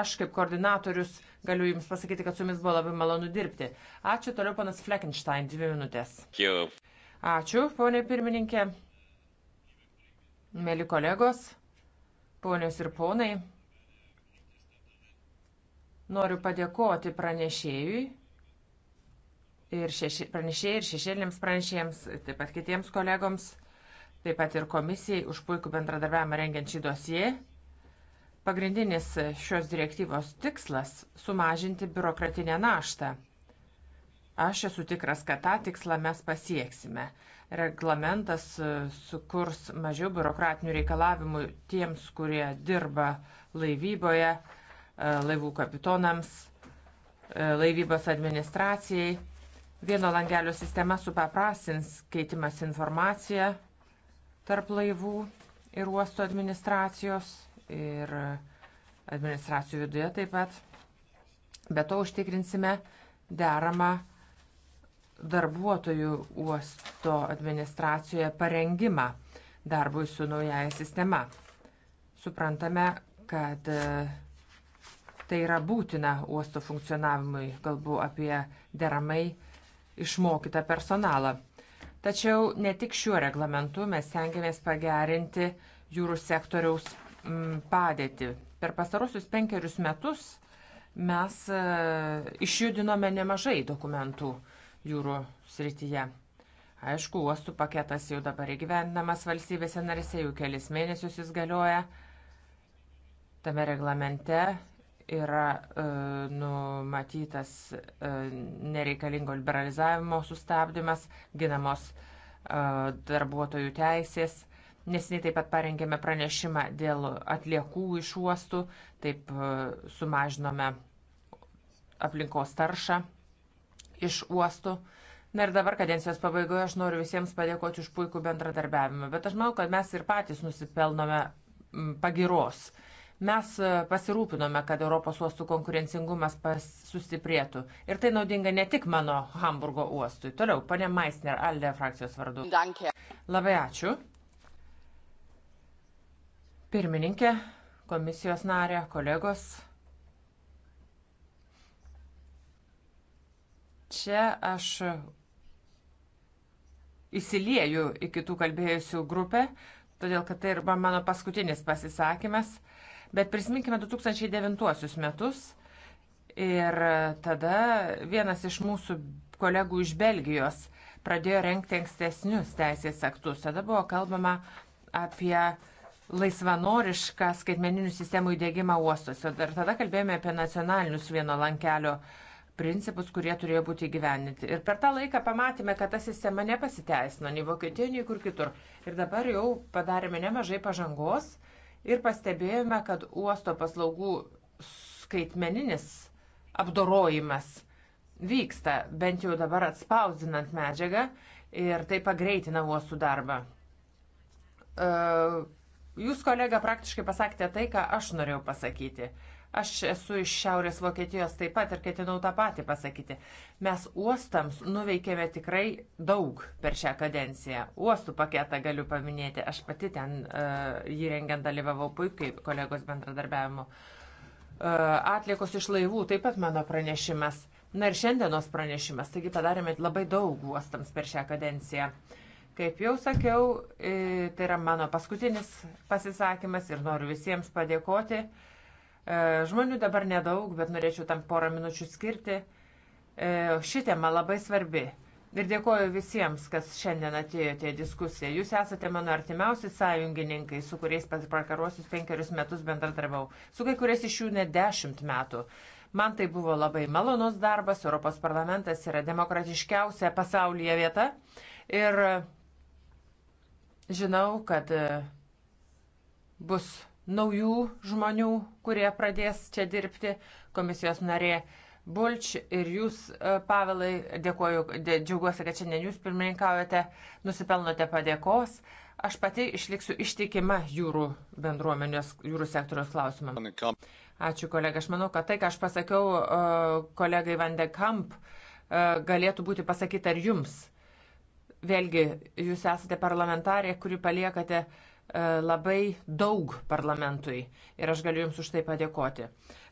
Aš kaip koordinatorius galiu Jums pasakyti, kad su Jumis buvo labai malonu dirbti. Ačiū toliau, panas Fleckenstein, dvi minutės. Ačiū, ponė pirmininkė. Mėly kolegos, ponios ir ponai, noriu padėkoti pranešėjui ir šeši, pranešėjai, ir šešėlėms pranešėjams, taip pat kitiems kolegoms, taip pat ir komisijai už puikų bendradarbiavimą rengiant šį dosiją. Pagrindinis šios direktyvos tikslas - sumažinti biurokratinę naštą. Aš esu tikras, kad tą tikslą mes pasieksime. Reglamentas e, sukurs mažiau biurokratinių reikalavimų tiems, kurie dirba laivyboje, e, laivų kapitonams, e, laivybos administracijai Vieno langelio sistema supaprastins keitimas informaciją tarp laivų ir uosto administracijos ir administracijų viduje taip pat. Be to užtikrinsime deramą darbuotojų uosto administracijoje parengimą darbui su naujaja sistema. Suprantame, kad e, tai yra būtina uosto funkcionavimui, kalbu apie deramai išmokytą personalą. Tačiau ne tik šiuo reglamentu mes stengiamės pagerinti jūrų sektoriaus mm, padėtį. Per pastarosius penkerius metus mes e, išjudinome nemažai dokumentų jūrų srityje. Aišku, uostų paketas jau dabar įgyvendinamas valstybėse narėse, jau kelis mėnesius jis galioja. Tame reglamente yra e, numatytas e, nereikalingo liberalizavimo sustabdymas, ginamos e, darbuotojų teisės. Nesiniai taip pat parengėme pranešimą dėl atliekų iš uostų, taip e, sumažinome aplinkos taršą iš uostų. Na ir dabar kadencijos pabaigoje aš noriu visiems padėkoti už puikų bendradarbiavimą, bet aš manau, kad mes ir patys nusipelnome pagiros. E, Mes e, pasirūpinome, kad Europos uostų konkurencingumas sustiprėtų. Ir tai naudinga ne tik mano Hamburgo uostui. Toliau, ponė Maisner, Alde frakcijos vardu. Danke. Labai ačiū. Pirmininkė, komisijos narė, kolegos. Čia aš įsilieju į kitų kalbėjusių grupę, todėl kad tai ir mano paskutinis pasisakymas – Bet prisiminkime 2009 metus ir tada vienas iš mūsų kolegų iš Belgijos pradėjo renkti ankstesnius teisės aktus. Tada buvo kalbama apie laisvanorišką skaitmeninių sistemų įdėgymą uostuose. Ir tada kalbėjome apie nacionalinius vieno lankelio principus, kurie turėjo būti įgyveninti. Ir per tą laiką pamatėme, kad ta sistema nepasiteisino nei Vokietijoje, nei kur kitur. Ir dabar jau padarėme nemažai pažangos ir pastebėjome, kad uosto paslaugų skaitmeninis apdorojimas vyksta, bent jau dabar atspausdinant medžiagą ir tai pagreitina uostų darbą. E, jūs, kolega, praktiškai pasakėte tai, ką aš norėjau pasakyti. Uh, Aš esu iš Šiaurės Vokietijos taip pat ir ketinau tą patį pasakyti. Mes uostams nuveikėme tikrai daug per šią kadenciją. Uostų paketą galiu paminėti. Aš pati ten uh, jį rengiant dalyvavau puikiai kolegos bendradarbiavimo. Uh, atliekos iš laivų taip pat mano pranešimas. Na ir šiandienos pranešimas. Taigi padarėme labai daug uostams per šią kadenciją. Kaip jau sakiau, e, tai yra mano paskutinis pasisakymas ir noriu visiems padėkoti. Uh, E, žmonių dabar nedaug, bet norėčiau tam porą minučių skirti. E, ši tema labai svarbi. Ir dėkoju visiems, kas šiandien atėjote į diskusiją. Jūs esate mano artimiausi sąjungininkai, su kuriais per prakaruosius penkerius metus bendradarbiau. Su kai kuriais iš jų net dešimt metų. Man tai buvo labai malonus darbas. Europos parlamentas yra demokratiškiausia pasaulyje vieta. Ir žinau, kad e, bus naujų žmonių, kurie pradės čia dirbti. Komisijos narė Bulč ir jūs, e, Pavelai, dėkuoju, džiaugiuosi, kad šiandien jūs pirmininkaujate, nusipelnote padėkos. Aš pati išliksiu ištikima jūrų bendruomenės, jūrų sektoriaus klausimams. Ačiū, kolega. Aš manau, kad tai, ką aš pasakiau e, kolegai Vandekamp, e, galėtų būti pasakyta ir jums. Vėlgi, jūs esate parlamentarė, kuri paliekate uh, E, labai daug parlamentui ir aš galiu Jums už tai padėkoti.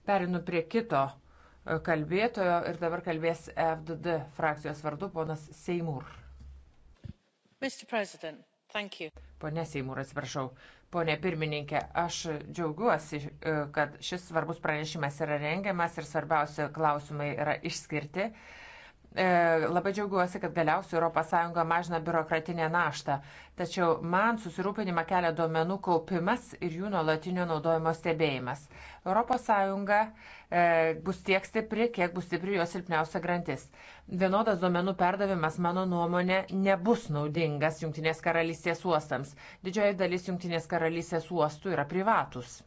Perinu prie kito e, kalbėtojo ir dabar kalbės FDD frakcijos vardu ponas Seimur. Pone Seimur, atsiprašau. Pone pirmininkė, aš džiaugiuosi, e, kad šis svarbus pranešimas yra rengiamas ir svarbiausia klausimai yra išskirti. E, labai džiaugiuosi, kad galiausiai ES mažina biurokratinę naštą, tačiau man susirūpinimą kelia duomenų kaupimas ir jų nuolatinio naudojimo stebėjimas. ES e, bus tiek stipri, kiek bus stipri jos silpniausia grantis. Vienodas duomenų perdavimas, mano nuomonė, nebus naudingas Junktinės karalystės uostams. Didžioji dalis Junktinės karalystės uostų yra privatus.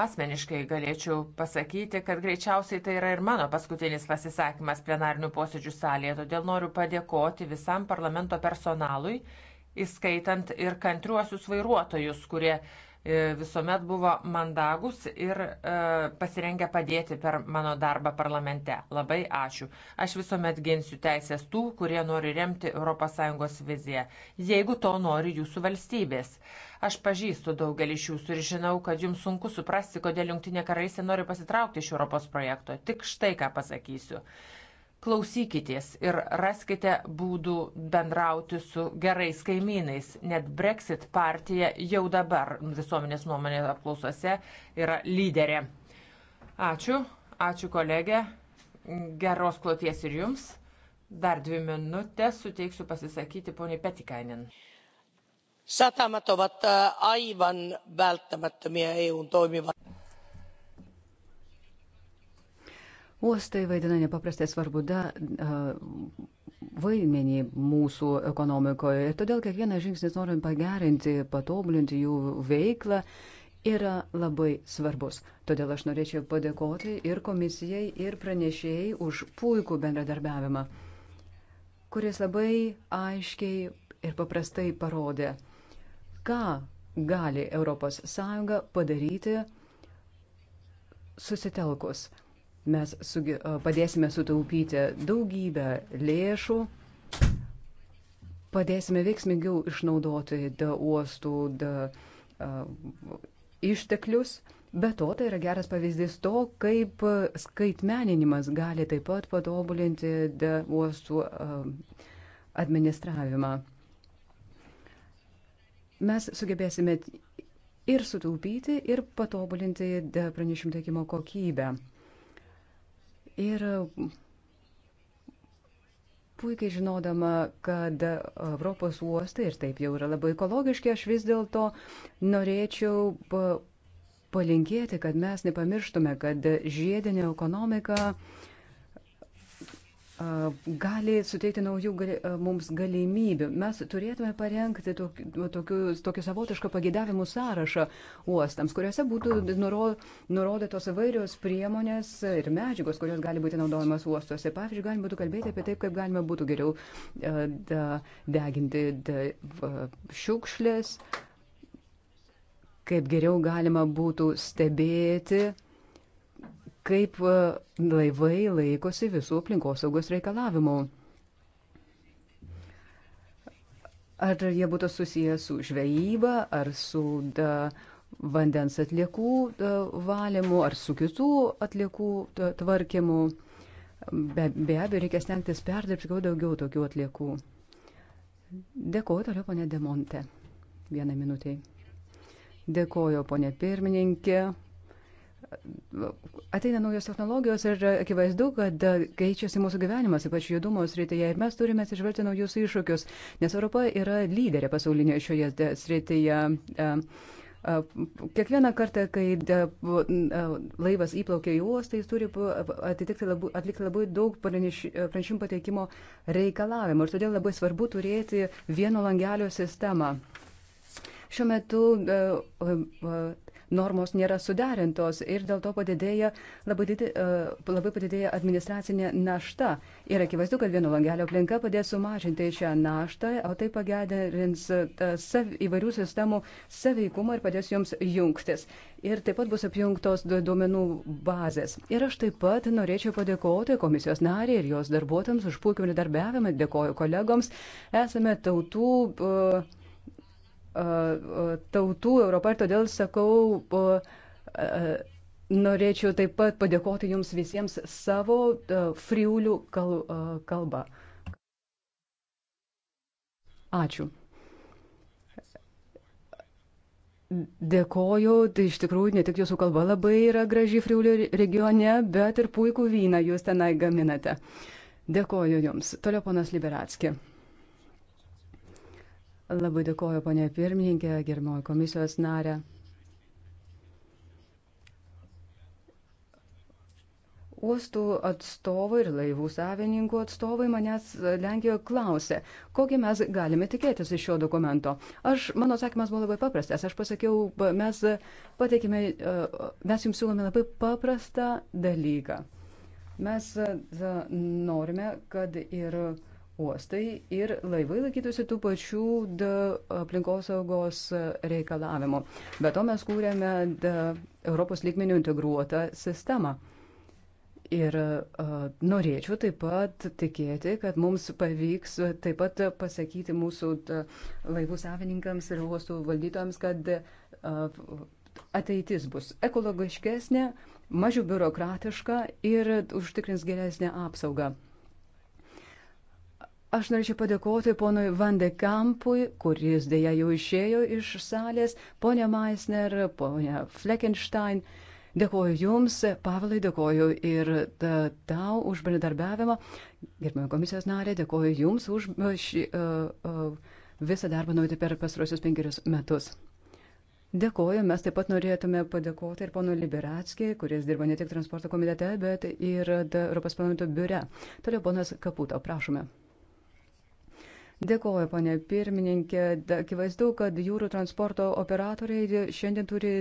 Asmeniškai galėčiau pasakyti, kad greičiausiai tai yra ir mano paskutinis pasisakymas plenarnių posėdžių salėje, todėl noriu padėkoti visam parlamento personalui, įskaitant ir kantriuosius vairuotojus, kurie e, visuomet buvo mandagus ir e, pasirengę padėti per mano darbą parlamente. Labai ačiū. Aš visuomet ginsiu teisės tų, kurie nori remti ES viziją, jeigu to nori jūsų valstybės. Aš pažįstu daugelį iš jūsų ir žinau, kad jums sunku suprasti, kodėl Junktinė karalystė nori pasitraukti iš Europos projekto. Tik štai ką pasakysiu. Klausykitės ir raskite būdų bendrauti su gerais kaimynais. Net Brexit partija jau dabar visuomenės nuomonės apklausose yra lyderė. Ačiū, ačiū kolegė, geros kloties ir jums. Dar dvi minutės suteiksiu pasisakyti poniai Petikainin satamat ovat aivan välttämättömiä eun toimivan. Uostai vaidina nepaprastai svarbu da, vaidmenį mūsų ekonomikoje ir todėl kiekvienas žingsnis norint pagerinti, patobulinti jų veiklą yra labai svarbus. Todėl aš norėčiau padėkoti ir komisijai, ir pranešėjai už puikų bendradarbiavimą, kuris labai aiškiai ir paprastai parodė, ką gali ES padaryti susitelkus. Mes sugi, padėsime sutaupyti daugybę lėšų, padėsime veiksmingiau išnaudoti da uostų da, uh, išteklius. Be to, tai yra geras pavyzdys to, kaip skaitmeninimas gali taip pat patobulinti uostų uh, administravimą mes sugebėsime ir sutaupyti, ir patobulinti pranešimų teikimo kokybę. Ir puikiai žinodama, kad Europos uostai ir taip jau yra labai ekologiški, aš vis dėlto norėčiau palinkėti, kad mes nepamirštume, kad žiedinė ekonomika uh, gali suteikti naujų mums galimybių. Mes turėtume parengti tokį savotišką pagėdavimų sąrašą uostams, kuriuose būtų nurodytos įvairios priemonės ir medžiagos, kurios gali būti naudojamas uostuose. Pavyzdžiui, galima būtų kalbėti apie taip, kaip galima būtų geriau deginti šiukšlės, kaip geriau galima būtų stebėti kaip e, laivai laikosi visų aplinkosaugos reikalavimų. Ar jie būtų susiję su žvejyba, ar su da, vandens atliekų da, valymu, ar su kitų atliekų da, tvarkymu. Be, be abejo, reikia stengtis perdirbti daugiau tokių atliekų. Dėkuoju toliau, ponė Demonte. Vieną minutę. Dėkuoju, ponė pirmininkė, ateina naujos technologijos ir akivaizdu, kad keičiasi mūsų gyvenimas, ypač judumo srityje. Ir mes turime atsižvelgti naujus iššūkius, nes Europa yra lyderė pasaulinėje šioje srityje. E, e, kiekvieną kartą, kai e, laivas įplaukia į uostą, jis turi atitikti labai, atlikti labai daug pranešimų pateikimo reikalavimų. Ir todėl labai svarbu turėti vieno langelio sistemą. Šiuo metu e, e, e, normos nėra suderintos ir dėl to padidėja labai, didė, labai padidėja administracinė našta. Ir akivaizdu, kad vieno langelio aplinka padės sumažinti šią naštą, o tai pagerins sav, įvairių sistemų saveikumą ir padės joms jungtis. Ir taip pat bus apjungtos duomenų bazės. Ir aš taip pat norėčiau padėkoti komisijos nariai ir jos darbuotojams už puikų bendradarbiavimą, dėkoju kolegoms. Esame tautų. Uh, tautų Europą ir todėl sakau, norėčiau taip pat padėkoti jums visiems savo friulių kalbą. Ačiū. Dėkoju, tai iš tikrųjų ne tik jūsų kalba labai yra graži Friulio regione, bet ir puikų vyną jūs tenai gaminate. Dėkoju jums. Toliau ponas Liberatski. Labai dėkoju, ponė pirmininkė, gerimoji komisijos narė. uostų atstovai ir laivų savininkų atstovai manęs Lenkijoje klausė, kokį mes galime tikėtis iš šio dokumento. Aš, mano atsakymas buvo labai paprastas. Aš pasakiau, mes pateikime, e, mes jums siūlome labai paprastą dalyką. Mes e, norime, kad ir. Yra uostai ir laivai laikytųsi tų pačių aplinkosaugos reikalavimų. Be to mes kūrėme Europos lygmenių integruotą sistemą. Ir uh, norėčiau taip pat tikėti, kad mums pavyks taip pat pasakyti mūsų uh, laivų savininkams ir uostų valdytojams, kad uh, ateitis bus ekologiškesnė, mažiau biurokratiška ir užtikrins geresnę apsaugą. Aš norėčiau padėkoti ponui Vandekampui, kuris dėja jau išėjo iš salės, ponia Meisner, ponia Fleckenstein. Dėkoju Jums, Pavelai, dėkoju ir ta, tau už bendradarbiavimą. Gerbėjom komisijos narė, dėkoju Jums už e, šį, uh, uh, visą darbą nuveikti per pastarosius penkerius metus. Dėkoju, mes taip pat norėtume padėkoti ir pono Liberatskį, kuris dirba ne tik transporto komitete, bet ir Europos parlamento biure. Toliau ponas Kaputo, prašome. Dėkuoju, ponė pirmininkė. Akivaizdu, kad jūrų transporto operatoriai šiandien turi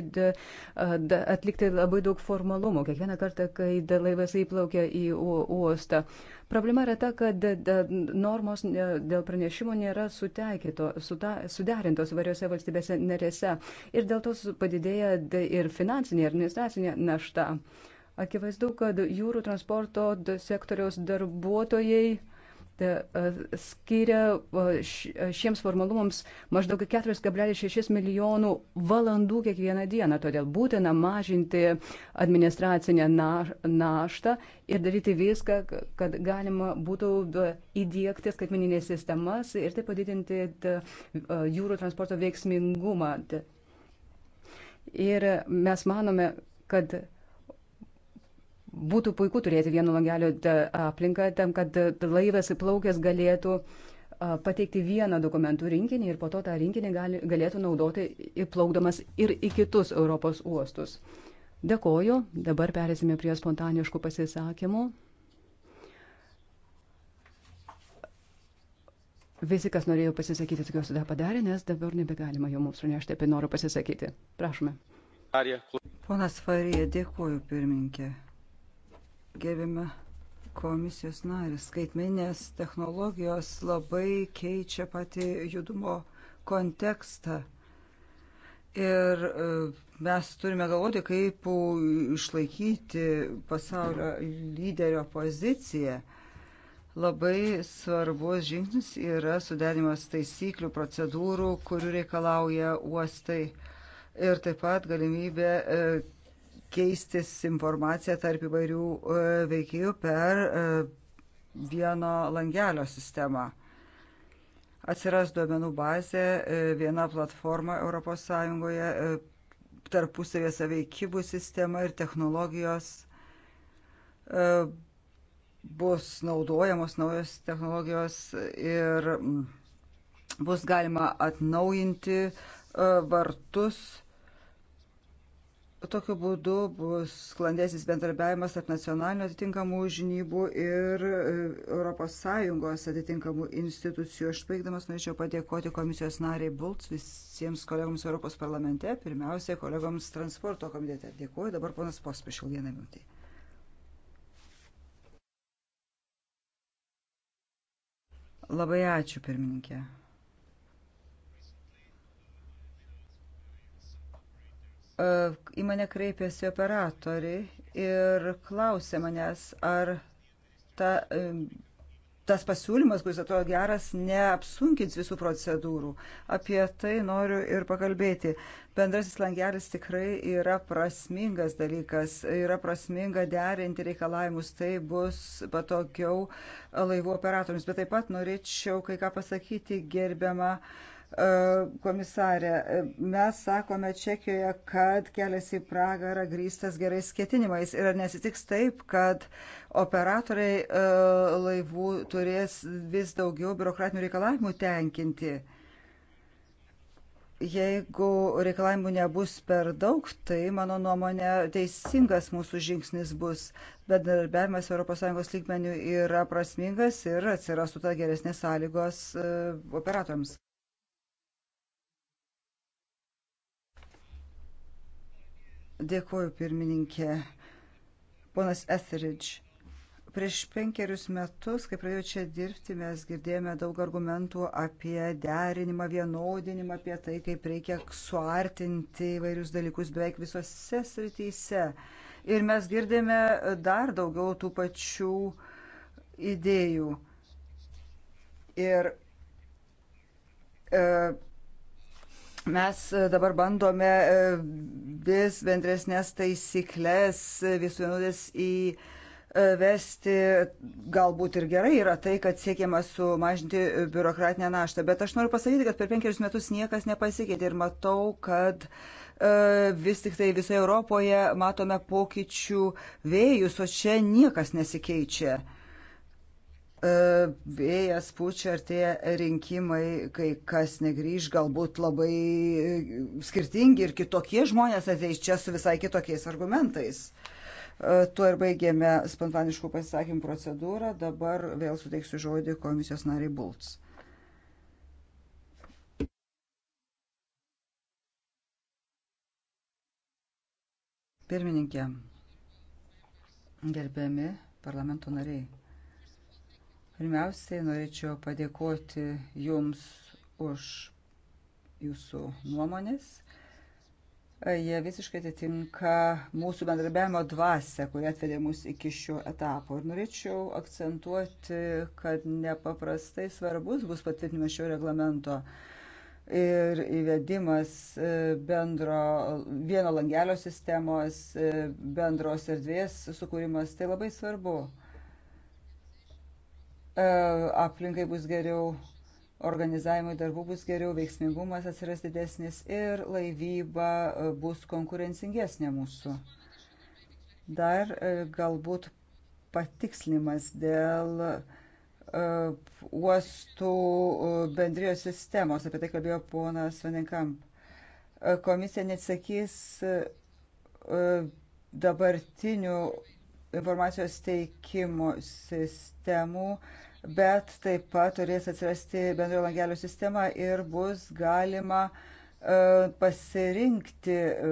atlikti labai daug formalumų kiekvieną kartą, kai laivas įplaukia į uostą. Problema yra ta, kad normos dėl pranešimo nėra suderintos variose valstybėse narėse ir dėl to padidėja ir finansinė, ir administracinė našta. Akivaizdu, kad jūrų transporto sektoriaus darbuotojai E, skiria e, e, šiems formalumams maždaug 4,6 milijonų valandų kiekvieną dieną. Todėl būtina mažinti administracinę naštą ir daryti viską, kad galima būtų įdėkti skaitmeninės sistemas ir taip padidinti jūrų transporto veiksmingumą. Ir mes manome, kad Būtų puiku turėti vieno langelio e, aplinką tam, kad laivas įplaukęs galėtų e, pateikti vieną dokumentų rinkinį ir po to tą rinkinį gali, galėtų naudoti įplaukdamas ir į kitus Europos uostus. Dėkoju, dabar perėsime prie spontaniškų pasisakymų. Visi, kas norėjo pasisakyti, tikiuosi, tą padarė, nes dabar nebegalima jau mums pranešti apie norą pasisakyti. Prašome. Ponas Farija, dėkuoju pirmininkė. Gerbiama komisijos narė, skaitmenės technologijos labai keičia pati judumo kontekstą. Ir e, mes turime galvoti, kaip išlaikyti pasaulio lyderio poziciją. Labai svarbus žingsnis yra sudarimas taisyklių, procedūrų, kurių reikalauja uostai. Ir taip pat galimybė e, keistis informacija tarp įvairių e, veikėjų per e, vieno langelio sistemą. Atsiras duomenų bazė, e, viena platforma ES, tarpusavės aveikybų sistema ir technologijos bus naudojamos naujos technologijos ir bus galima atnaujinti vartus Tokiu būdu bus sklandesnis bendradarbiavimas tarp nacionalinių atitinkamų žinybų ir ES atitinkamų institucijų. Aš baigdamas norėčiau padėkoti komisijos nariai Bults visiems kolegoms Europos parlamente, pirmiausiai kolegoms transporto komitete. Dėkuoju, dabar ponas Pospešil vieną minutį. Labai ačiū, pirmininkė. E, į mane kreipėsi operatoriai ir klausė manęs, ar ta, e, tas pasiūlymas, kuris atrodo geras, neapsunkins visų procedūrų. Apie tai noriu ir pakalbėti. Bendrasis langelis tikrai yra prasmingas dalykas, yra prasminga derinti reikalavimus, tai bus patogiau laivų operatoriams. Bet taip pat norėčiau kai ką pasakyti gerbiamą uh, E, komisarė, mes sakome Čekijoje, kad kelias į pragarą grįstas gerais ketinimais ir nesitiks taip, kad operatoriai e, laivų turės vis daugiau biurokratinių reikalavimų tenkinti. Jeigu reikalavimų nebus per daug, tai, mano nuomonė, teisingas mūsų žingsnis bus. Bendarbiavimas ES lygmenių yra prasmingas ir atsirastų ta geresnės sąlygos e, operatoriams. Dėkuoju, pirmininkė. Ponas Etheridge. Prieš penkerius metus, kai pradėjau čia dirbti, mes girdėjome daug argumentų apie derinimą, vienodinimą, apie tai, kaip reikia suartinti įvairius dalykus beveik visose srityse. Ir mes girdėjome dar daugiau tų pačių idėjų. Ir e, Mes e, dabar bandome e, vis bendresnės taisyklės, e, vis vienodės į vesti, galbūt ir gerai yra tai, kad siekiama sumažinti biurokratinę naštą, bet aš noriu pasakyti, kad per penkerius metus niekas nepasikeitė ir matau, kad vis tik tai visoje Europoje matome pokyčių vėjus, o čia niekas nesikeičia. E, vėjas pučia, artėja rinkimai, kai kas negryž, galbūt labai e, skirtingi ir kitokie žmonės ateis čia su visai kitokiais argumentais. E, tuo ir baigėme spontaniškų pasisakymų procedūrą. Dabar vėl suteiksiu žodį komisijos nariai Bults. Pirmininkė, gerbiami parlamento nariai. Pirmiausiai norėčiau padėkoti Jums už Jūsų nuomonės. Jie visiškai atitinka mūsų bendradarbiavimo dvasę, kuri atvedė mus iki šio etapo. Ir norėčiau akcentuoti, kad nepaprastai svarbus bus patvirtinimas šio reglamento ir įvedimas e, bendro vieno langelio sistemos, e, bendros erdvės sukūrimas, tai labai svarbu. E, aplinkai bus geriau, organizavimui darbų bus geriau, veiksmingumas atsiras didesnis ir laivyba e, bus konkurencingesnė mūsų. Dar e, galbūt patikslimas dėl uostų bendrijos sistemos, apie tai kalbėjo ponas Vaninkamp. Komisija neatsakys dabartinių informacijos teikimo sistemų, bet taip pat turės atsirasti bendrojo langelio sistema ir bus galima e, pasirinkti e,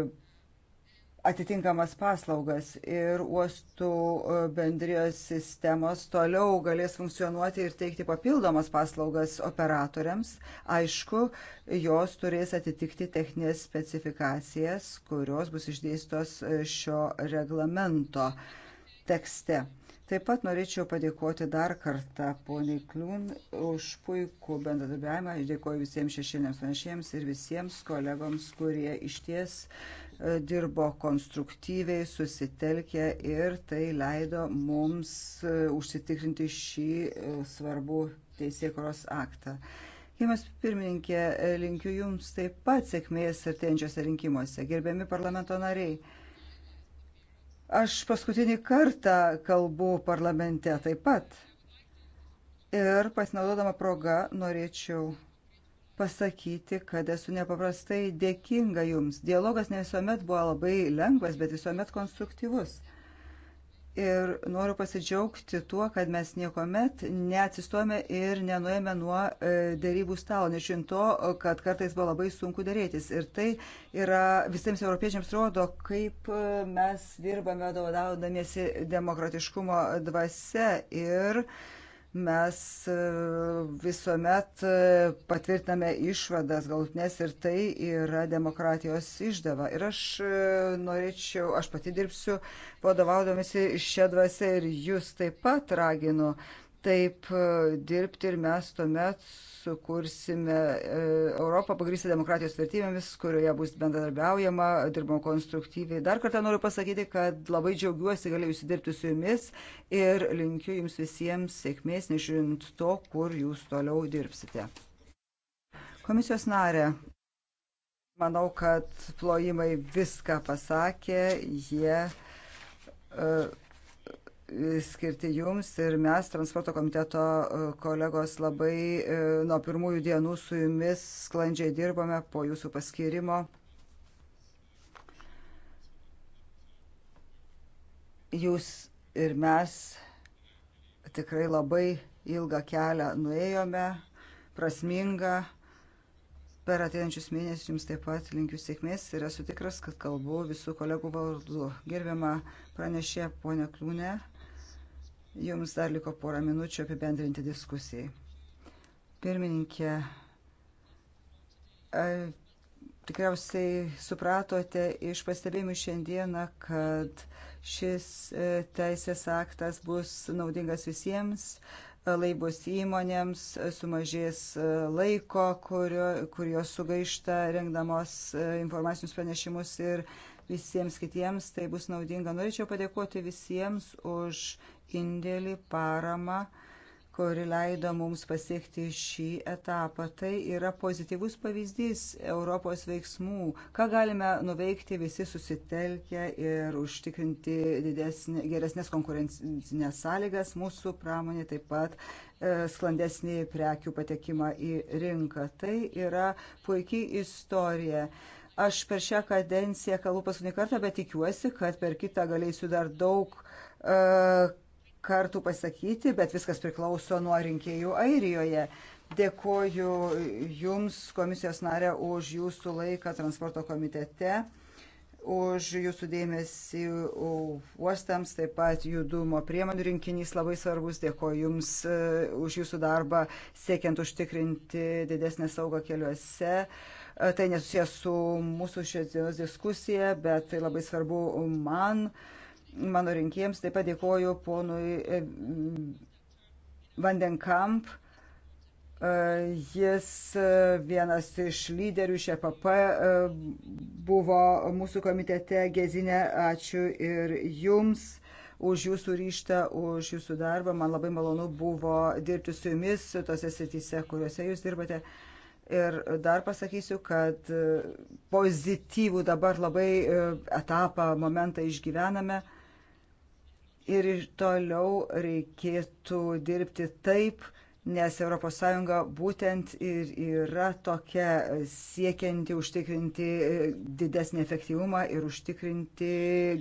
atitinkamas paslaugas ir uostų e, bendrijos sistemos toliau galės funkcionuoti ir teikti papildomas paslaugas operatoriams. Aišku, jos turės atitikti techninės specifikacijas, kurios bus išdėstos šio reglamento. Uh, tekste. Taip pat norėčiau padėkoti dar kartą poniai Kliūn už puikų bendradarbiavimą. Aš dėkoju visiems šešėlėms pranešėjams ir visiems kolegoms, kurie iš ties e, dirbo konstruktyviai, susitelkė ir tai leido mums e, užsitikrinti šį e, svarbų teisėkuros aktą. Gimas pirmininkė, linkiu Jums taip pat sėkmės artėjančiose rinkimuose. Gerbiami parlamento nariai. Aš paskutinį kartą kalbu parlamente taip pat. Ir pasinaudodama proga norėčiau pasakyti, kad esu nepaprastai dėkinga jums. Dialogas ne visuomet buvo labai lengvas, bet visuomet konstruktyvus ir noriu pasidžiaugti tuo, kad mes niekuomet neatsistojame ir nenuėjome nuo e, dėrybų stalo, nežinant to, kad kartais buvo labai sunku dėrėtis. Ir tai yra visiems europiečiams rodo, kaip e, mes dirbame vadovaudamiesi demokratiškumo dvasia ir uh, mes e, visuomet e, patvirtiname išvadas galutinės ir tai yra demokratijos išdava. Ir aš e, norėčiau, aš pati dirbsiu vadovaudomasi šią dvasę ir jūs taip pat raginu taip e, dirbti ir mes tuomet sukursime e, Europą pagrįstą demokratijos vertybėmis, kurioje bus bendradarbiaujama, dirbama konstruktyviai. Dar kartą noriu pasakyti, kad labai džiaugiuosi galėjusi dirbti su jumis ir linkiu jums visiems sėkmės, nežiūrint to, kur jūs toliau dirbsite. Komisijos narė. Manau, kad plojimai viską pasakė, jie uh, skirti jums ir mes, transporto komiteto e, kolegos, labai e, nuo pirmųjų dienų su jumis sklandžiai dirbome po jūsų paskirimo. Jūs ir mes tikrai labai ilgą kelią nuėjome, prasmingą. Per ateinančius mėnesius jums taip pat linkiu sėkmės ir esu tikras, kad kalbu visų kolegų vardu. Gerbiama pranešė ponia Kliūne. Jums dar liko porą minučių apibendrinti diskusijai. Pirmininkė, tikriausiai supratote iš pastebėjimų šiandieną, kad šis e, teisės aktas bus naudingas visiems e, laivus įmonėms, e, sumažės laiko, kurio, kurio sugaišta rengdamos informacinius pranešimus ir visiems kitiems tai bus naudinga. Norėčiau padėkoti visiems už indėlį, paramą, kuri leido mums pasiekti šį etapą. Tai yra pozityvus pavyzdys Europos veiksmų, ką galime nuveikti visi susitelkę ir užtikrinti didesnė, geresnės konkurencinės sąlygas mūsų pramonė, taip pat e, sklandesnį prekių patekimą į rinką. Tai yra puikiai istorija. Aš per šią kadenciją kalbu paskutinį kartą, bet tikiuosi, kad per kitą galėsiu dar daug uh, kartų pasakyti, bet viskas priklauso nuo rinkėjų Airijoje. Dėkoju Jums, komisijos narė, už Jūsų laiką transporto komitete, už Jūsų dėmesį uostams, taip pat judumo priemonių rinkinys labai svarbus. Dėkoju Jums e, už Jūsų darbą, siekiant užtikrinti didesnę saugą keliuose. E, tai nesusijęs su mūsų šios dienos diskusija, bet tai labai svarbu man mano rinkėjams. Taip pat dėkoju ponui e, Vandenkamp. E, jis e, vienas iš lyderių iš EPP buvo mūsų komitete Gezinė. Ačiū ir jums už jūsų ryštą, už jūsų darbą. Man labai malonu buvo dirbti su jumis tose srityse, kuriuose jūs dirbate. Ir dar pasakysiu, kad pozityvų dabar labai etapą, momentą išgyvename ir toliau reikėtų dirbti taip, nes ES būtent ir yra tokia siekianti užtikrinti didesnį efektyvumą ir užtikrinti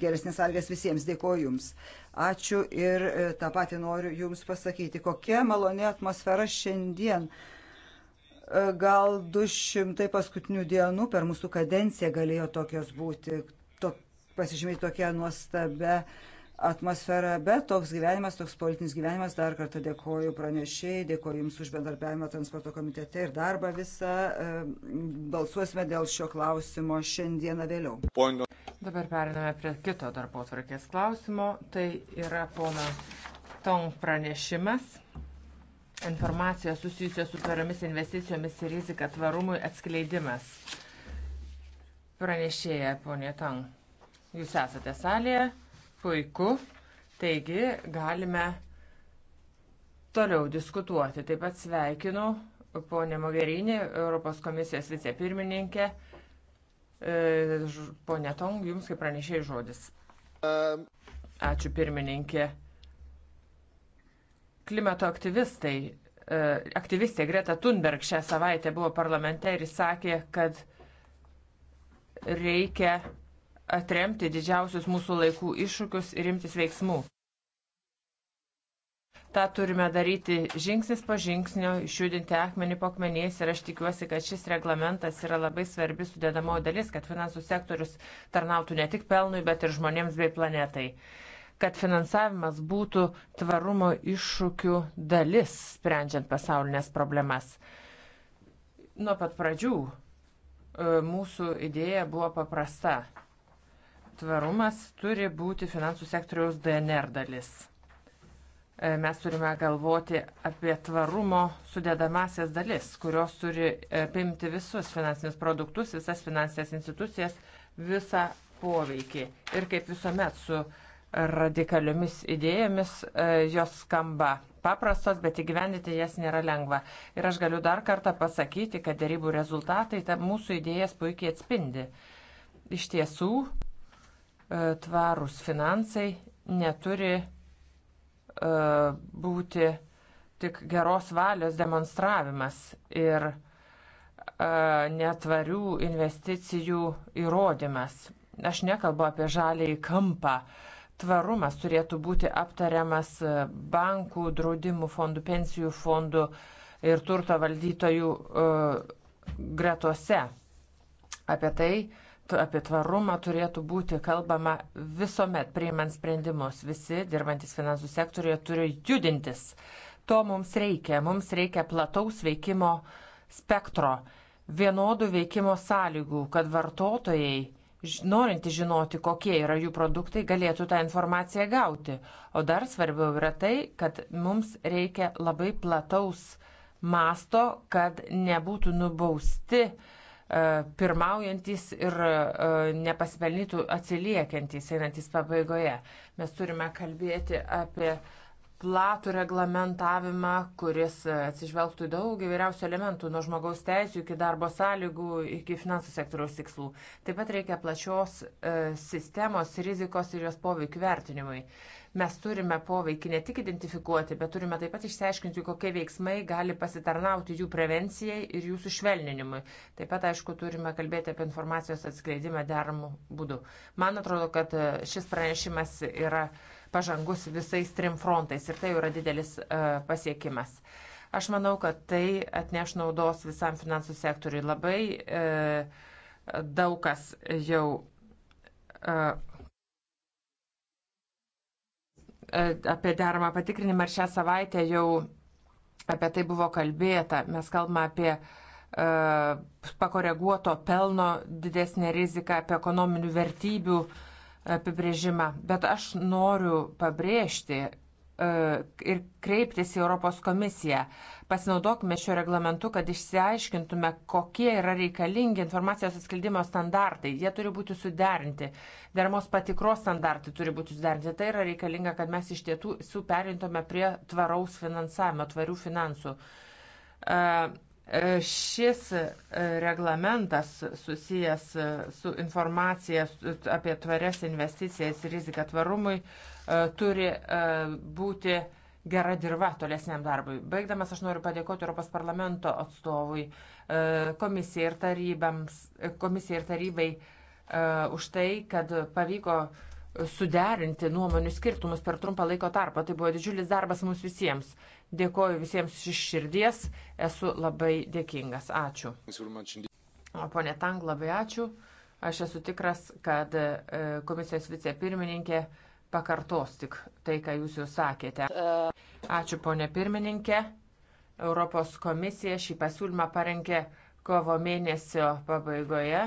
geresnės sąlygas visiems. Dėkoju Jums. Ačiū ir tą patį noriu Jums pasakyti. Kokia maloni atmosfera šiandien. Gal 200 paskutinių dienų per mūsų kadenciją galėjo tokios būti, to, pasižymėti tokia nuostabia uh, atmosferą, bet toks gyvenimas, toks politinis gyvenimas, dar kartą dėkoju pranešėjai, dėkoju Jums už bendarbiavimą transporto komitete ir darbą visą. E, balsuosime dėl šio klausimo šiandieną vėliau. Pono. Dabar periname prie kito darbo tvarkės klausimo. Tai yra pono Tong pranešimas. Informacija susijusia su tvariomis investicijomis ir rizika tvarumui atskleidimas. Pranešėja, ponė Tang, jūs esate salėje. Puiku. Taigi galime toliau diskutuoti. Taip pat sveikinu ponę Mogerinį, Europos komisijos vicepirmininkę. E, Pone Tong, jums kaip pranešėjai žodis. Ačiū pirmininkė. Klimato aktyvistai, e, aktyvistė Greta Thunberg šią savaitę buvo parlamente ir sakė, kad reikia atremti didžiausius mūsų laikų iššūkius ir imtis veiksmų. Ta turime daryti žingsnis po žingsnio, išjudinti akmenį po akmeniais ir aš tikiuosi, kad šis reglamentas yra labai svarbi sudėdamo dalis, kad finansų sektorius tarnautų ne tik pelnui, bet ir žmonėms bei planetai. Kad finansavimas būtų tvarumo iššūkių dalis, sprendžiant pasaulinės problemas. Nuo pat pradžių e, mūsų idėja buvo paprasta tvarumas turi būti finansų sektoriaus DNR dalis. E, mes turime galvoti apie tvarumo sudėdamasias dalis, kurios turi e, apimti visus finansinius produktus, visas finansinės institucijas, visą poveikį. Ir kaip visuomet su radikaliomis idėjomis, e, jos skamba paprastos, bet įgyvendinti jas nėra lengva. Ir aš galiu dar kartą pasakyti, kad dėrybų rezultatai mūsų idėjas puikiai atspindi. Iš tiesų, E, tvarūs finansai neturi e, būti tik geros valios demonstravimas ir e, netvarių investicijų įrodymas. Aš nekalbu apie žaliai kampą. Tvarumas turėtų būti aptariamas bankų, draudimų fondų, pensijų fondų ir turto valdytojų gretose. Apie tai uh, apie tvarumą turėtų būti kalbama visuomet priimant sprendimus. Visi dirbantis finansų sektorioje turi judintis. To mums reikia. Mums reikia plataus veikimo spektro, vienodų veikimo sąlygų, kad vartotojai, norinti žinoti, kokie yra jų produktai, galėtų tą informaciją gauti. O dar svarbiau yra tai, kad mums reikia labai plataus masto, kad nebūtų nubausti uh, E, pirmaujantis ir e, nepasipelnytų atsiliekantis, einantis pabaigoje. Mes turime kalbėti apie platų reglamentavimą, kuris e, atsižvelgtų daug įvairiausių elementų, nuo žmogaus teisų iki darbo sąlygų, iki finansų sektoriaus tikslų. Taip pat reikia plačios e, sistemos rizikos ir jos poveikių vertinimui. E, Mes turime poveikį ne tik identifikuoti, bet turime taip pat išsiaiškinti, kokie veiksmai gali pasitarnauti jų prevencijai ir jų sušvelninimui. Taip pat, aišku, turime kalbėti apie informacijos atskleidimą deramų būdų. Man atrodo, kad e, šis pranešimas yra pažangus visais trim frontais ir tai yra didelis uh, pasiekimas. Aš manau, kad tai atneš naudos visam finansų sektoriui. Labai e, daug kas jau e, E, apie deramą patikrinimą ir šią savaitę jau apie tai buvo kalbėta. Mes kalbame apie uh, pakoreguoto pelno didesnę riziką, apie ekonominių vertybių apibrėžimą. Bet aš noriu pabrėžti uh, ir kreiptis į Europos komisiją. Uh, Pasinaudokime šio reglamentu, kad išsiaiškintume, kokie yra reikalingi informacijos atskleidimo standartai. Jie turi būti suderinti. Dermos patikros standartai turi būti suderinti. Tai yra reikalinga, kad mes iš tiesų perintume prie tvaraus finansavimo, tvarių finansų. Uh, Šis e, reglamentas susijęs su informacija apie tvarias investicijas ir riziką tvarumui turi būti gera dirba tolesniam darbui. Baigdamas aš noriu padėkoti Europos parlamento atstovui, e, komisijai ir, tarybams, e, komisijai ir tarybai e, už tai, kad pavyko suderinti nuomonių skirtumus per trumpą laiko tarpą. Tai buvo didžiulis darbas mums visiems. Dėkoju visiems iš širdies, esu labai dėkingas. Ačiū. O ponė Tang, labai ačiū. Aš esu tikras, kad komisijos vicepirmininkė pirmininkė pakartos tik tai, ką jūs jau sakėte. Ačiū, ponė pirmininkė. Europos komisija šį pasiūlymą parengė kovo mėnesio pabaigoje.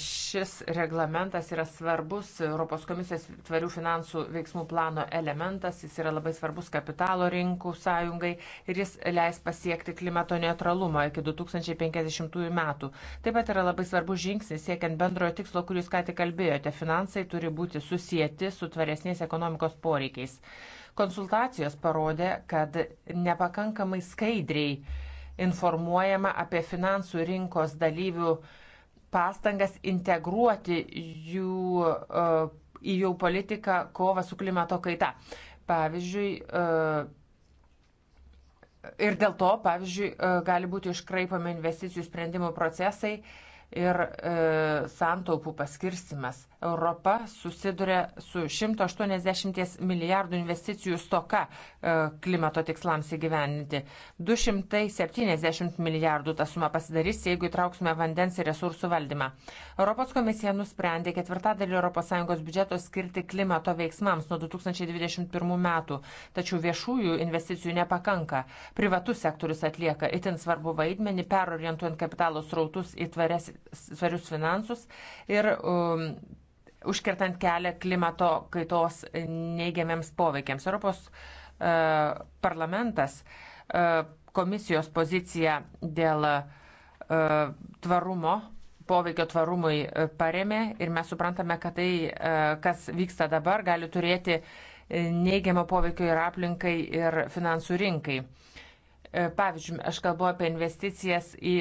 Šis reglamentas yra svarbus Europos komisijos tvarių finansų veiksmų plano elementas, jis yra labai svarbus kapitalo rinkų sąjungai ir jis leis pasiekti klimato neutralumą iki 2050 metų. Taip pat yra labai svarbus žingsnis siekiant bendrojo tikslo, kurį jūs ką tik kalbėjote. Finansai turi būti susijęti su tvaresnės ekonomikos poreikiais. Konsultacijos parodė, kad nepakankamai skaidriai informuojama apie finansų rinkos dalyvių uh, pastangas integruoti jų e, į jų politiką kovą su klimato kaita. Pavyzdžiui, e, ir dėl to, pavyzdžiui, e, gali būti iškraipomi investicijų sprendimų procesai ir santaupų paskirstimas. Europa susiduria su 180 milijardų investicijų stoka e, klimato tikslams įgyveninti. 270 milijardų ta suma pasidarys, jeigu įtrauksime vandens ir resursų valdymą. Europos komisija nusprendė ketvirtadalį ES biudžeto skirti klimato veiksmams nuo 2021 metų, tačiau viešųjų investicijų nepakanka. Privatus sektorius atlieka itin svarbu vaidmenį, perorientuojant kapitalo srautus į tvarias, svarius finansus ir um, užkertant kelią klimato kaitos neigiamiems poveikiams. Europos uh, parlamentas uh, komisijos poziciją dėl uh, tvarumo poveikio tvarumui paremė ir mes suprantame, kad tai, kas vyksta dabar, gali turėti neigiamą poveikio ir aplinkai, ir finansų rinkai. Pavyzdžiui, aš kalbu apie investicijas į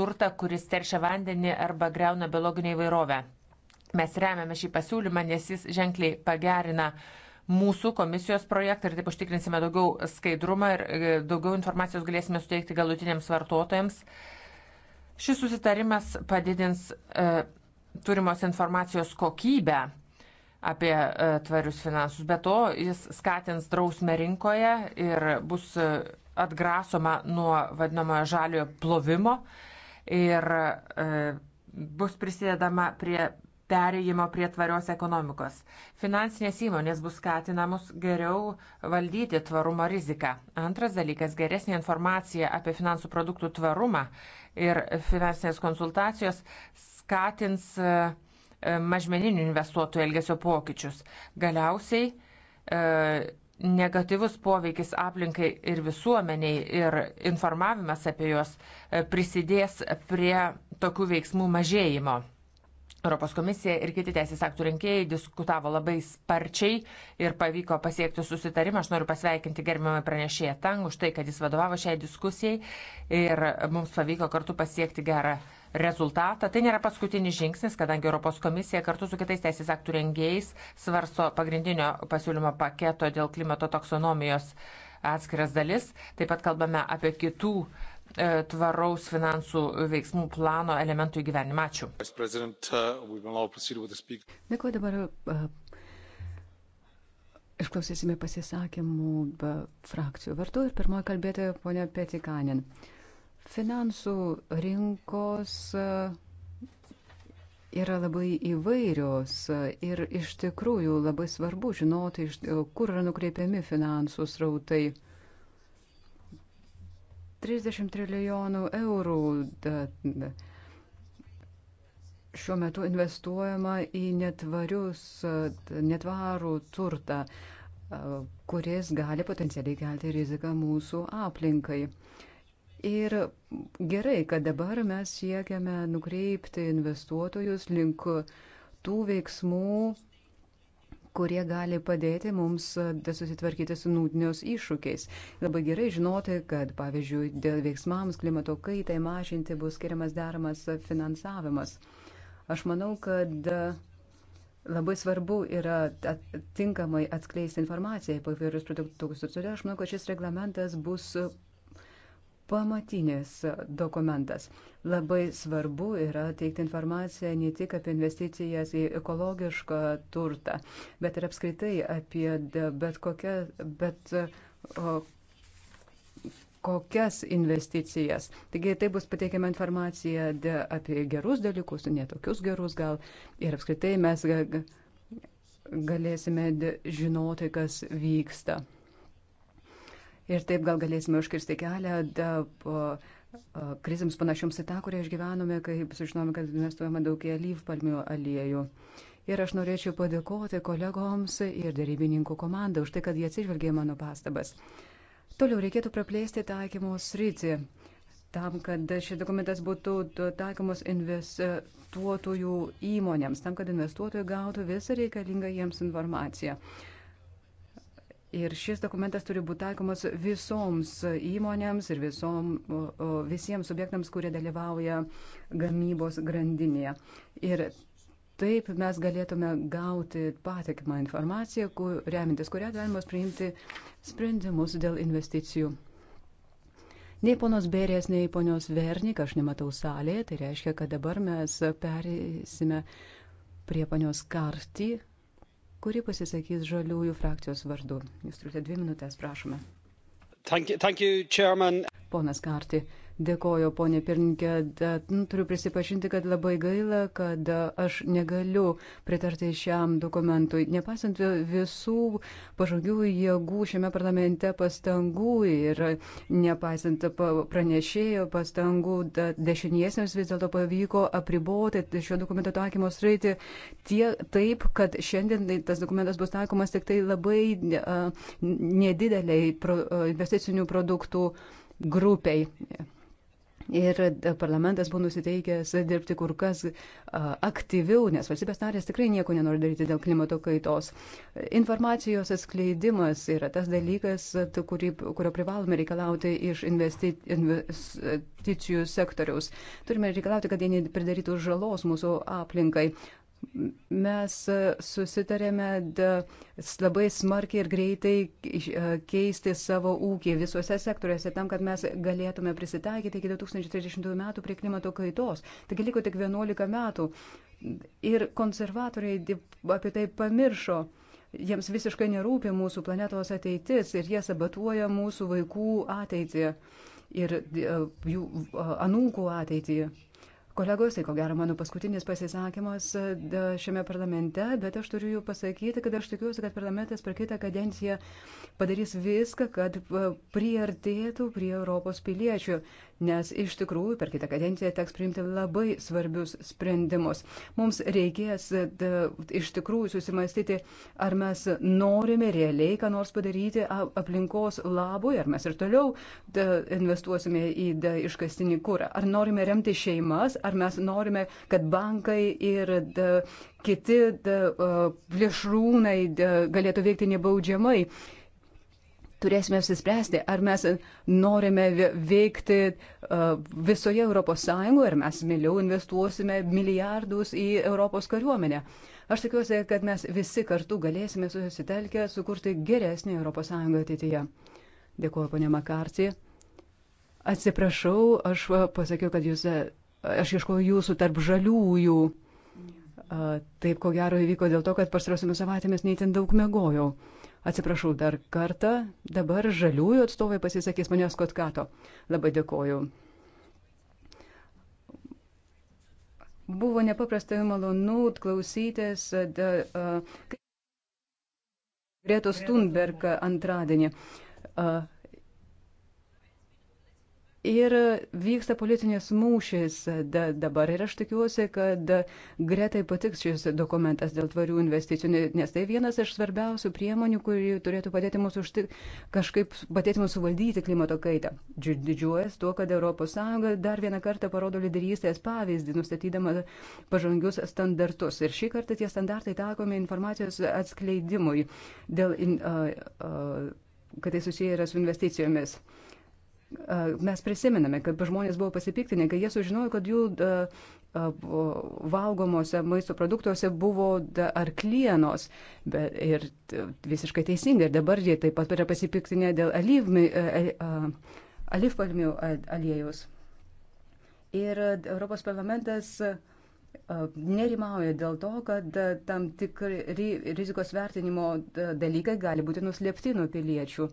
turtą, kuris teršia vandenį arba greuna biologinį įvairovę. Mes remiame šį pasiūlymą, nes jis ženkliai pagerina mūsų komisijos projektą ir taip užtikrinsime daugiau skaidrumą ir e, daugiau informacijos galėsime suteikti galutiniams vartotojams. Šis susitarimas padidins e, turimos informacijos kokybę apie e, tvarius finansus. Be to, jis skatins drausmę rinkoje ir bus e, atgrasoma nuo vadinamojo žaliojo plovimo ir e, bus prisidedama prie perėjimo prie tvarios ekonomikos. Finansinės įmonės bus skatinamus geriau valdyti tvarumo riziką. Antras dalykas - geresnė informacija apie finansų produktų tvarumą ir finansinės konsultacijos skatins e, e, mažmeninių investuotojų elgesio pokyčius. Galiausiai e, negatyvus poveikis aplinkai ir visuomeniai ir informavimas apie juos prisidės prie tokių veiksmų mažėjimo. Europos komisija ir kiti teisės aktų rinkėjai diskutavo labai sparčiai ir pavyko pasiekti susitarimą. Aš noriu pasveikinti gerbiamą pranešėją Tang už tai, kad jis vadovavo šiai diskusijai ir mums pavyko kartu pasiekti gerą rezultatą. Tai nėra paskutinis žingsnis, kadangi Europos komisija kartu su kitais teisės aktų rengėjais svarsto pagrindinio pasiūlymo paketo dėl klimato taksonomijos atskiras dalis. Taip pat kalbame apie kitų uh, E, tvaraus finansų veiksmų plano elementų įgyvenimą. Ačiū. Uh, Dėkuoju dabar. Uh, išklausysime pasisakymų uh, frakcijų vardu ir pirmoji kalbėtoja ponia Petikanin. Finansų rinkos yra labai įvairios ir iš tikrųjų labai svarbu žinoti, kur yra nukreipiami finansų srautai. 30 trilijonų eurų šiuo metu investuojama į netvarius, netvarų turtą, kuris gali potencialiai kelti riziką mūsų aplinkai. Ir gerai, kad dabar mes siekiame nukreipti investuotojus link tų veiksmų, kurie gali padėti mums e, susitvarkyti su nūdinios iššūkiais. Labai gerai žinoti, kad, pavyzdžiui, dėl veiksmams klimato kaitai mažinti bus skiriamas deramas finansavimas. Aš manau, kad e, labai svarbu yra tinkamai atskleisti informaciją apie vairius produktus. Todėl aš manau, kad šis reglamentas bus pamatinis dokumentas. Labai svarbu yra teikti informaciją ne tik apie investicijas į ekologišką turtą, bet ir apskritai apie bet, kokia, bet o, kokias investicijas. Taigi tai bus pateikiama informacija apie gerus dalykus, netokius gerus gal. Ir apskritai mes galėsime žinoti, kas vyksta. Ir taip gal galėsime užkirsti kelią krizėms panašioms į tą, kurią išgyvenome, kai sužinome, kad investuojame daug į alyvpalmių aliejų. Ir aš norėčiau padėkoti kolegoms ir darybininkų komandai už tai, kad jie atsižvelgė mano pastabas. Toliau reikėtų praplėsti taikymo sritį tam, kad šis dokumentas būtų taikomas investuotojų įmonėms, tam, kad investuotojai gautų visą reikalingą jiems informaciją. Ir šis dokumentas turi būti taikomas visoms įmonėms ir visom, visiems subjektams, kurie dalyvauja gamybos grandinėje. Ir taip mes galėtume gauti patikimą informaciją, kur, remintis kurią galima priimti sprendimus dėl investicijų. Nei ponos Berės, nei ponios Vernik aš nematau salėje, tai reiškia, kad dabar mes perėsime prie ponios Karti kuri pasisakys žaliųjų frakcijos vardu. Jūs turite dvi minutės, prašome. Thank you, thank you, chairman. Ponas Karti, Dėkoju, ponė Pirninkė. Nu, turiu prisipažinti, kad labai gaila, kad aš negaliu pritarti šiam dokumentui. Nepasant visų pažangių jėgų šiame parlamente pastangų ir nepasant pranešėjo pastangų, dešiniesiems vis dėlto pavyko apriboti šio dokumento taikymo sraitį tie, taip, kad šiandien tas dokumentas bus taikomas tik tai labai uh, nedideliai pro, uh, investicinių produktų grupiai. Ir parlamentas buvo nusiteikęs dirbti kur kas aktyviau, nes valstybės narės tikrai nieko nenori daryti dėl klimato kaitos. Informacijos atskleidimas yra tas dalykas, kurį, kurio privalome reikalauti iš investi, investicijų sektoriaus. Turime reikalauti, kad jie nepridarytų žalos mūsų aplinkai mes susitarėme labai smarkiai ir greitai keisti savo ūkį visuose sektoriuose tam, kad mes galėtume prisitaikyti iki 2030 metų prie klimato kaitos. Taigi liko tik 11 metų ir konservatoriai apie tai pamiršo. Jiems visiškai nerūpi mūsų planetos ateitis ir jie sabatuoja mūsų vaikų ateitį ir jų anūkų ateitį. Kolegos, tai ko gero mano paskutinis pasisakymas e, šiame parlamente, bet aš turiu jų pasakyti, kad aš tikiuosi, kad parlamentas per kitą kadenciją padarys viską, kad e, priartėtų prie Europos piliečių nes iš tikrųjų per kitą kadenciją teks priimti labai svarbius sprendimus. Mums reikės e, da, iš tikrųjų susimastyti, ar mes norime realiai ką nors padaryti aplinkos labui, ar mes ir toliau da, investuosime į da, iškastinį kūrą, ar norime remti šeimas, ar mes norime, kad bankai ir da, kiti da, plėšrūnai da, galėtų veikti nebaudžiamai turėsime apsispręsti, ar mes norime veikti visoje ES, ar mes mieliau investuosime milijardus į Europos kariuomenę. Aš tikiuosi, kad mes visi kartu galėsime susitelkę sukurti geresnį ES ateityje. Dėkuoju, ponė Makarci. Atsiprašau, aš pasakiau, kad jūs, aš ieškoju jūsų tarp žaliųjų. Taip, ko gero įvyko dėl to, kad pastarosiomis savaitėmis neįtin daug mėgojau. Atsiprašau dar kartą, dabar žaliųjų atstovai pasisakys manęs Kotkato. Labai dėkoju. Buvo nepaprastai malonu klausytis Gretos Thunberg antradienį. Uh, Ir vyksta politinės mūšės dabar ir aš tikiuosi, kad Gretai patiks šis dokumentas dėl tvarių investicijų, nes tai vienas iš svarbiausių priemonių, kuri turėtų padėti mums užtik, kažkaip padėti mums suvaldyti klimato kaitą. Didžiuojas tuo, kad ES dar vieną kartą parodo lyderystės pavyzdį, nustatydama pažangius standartus. Ir šį kartą tie standartai takomi informacijos atskleidimui, dėl, in, uh, uh, kad tai susiję yra su investicijomis. Uh, Mes prisiminame, kad žmonės buvo pasipiktinę, kai jie sužinojo, kad jų valgomose maisto produktuose buvo arklienos. Ir visiškai teisingai. Ir dabar jie taip pat yra pasipiktinę dėl e, e, alyvpalmių aliejus. Ir e, Europos parlamentas uh, E, nerimauja dėl to, kad e, tam tikri rizikos vertinimo e, dalykai gali būti nuslėpti nuo piliečių.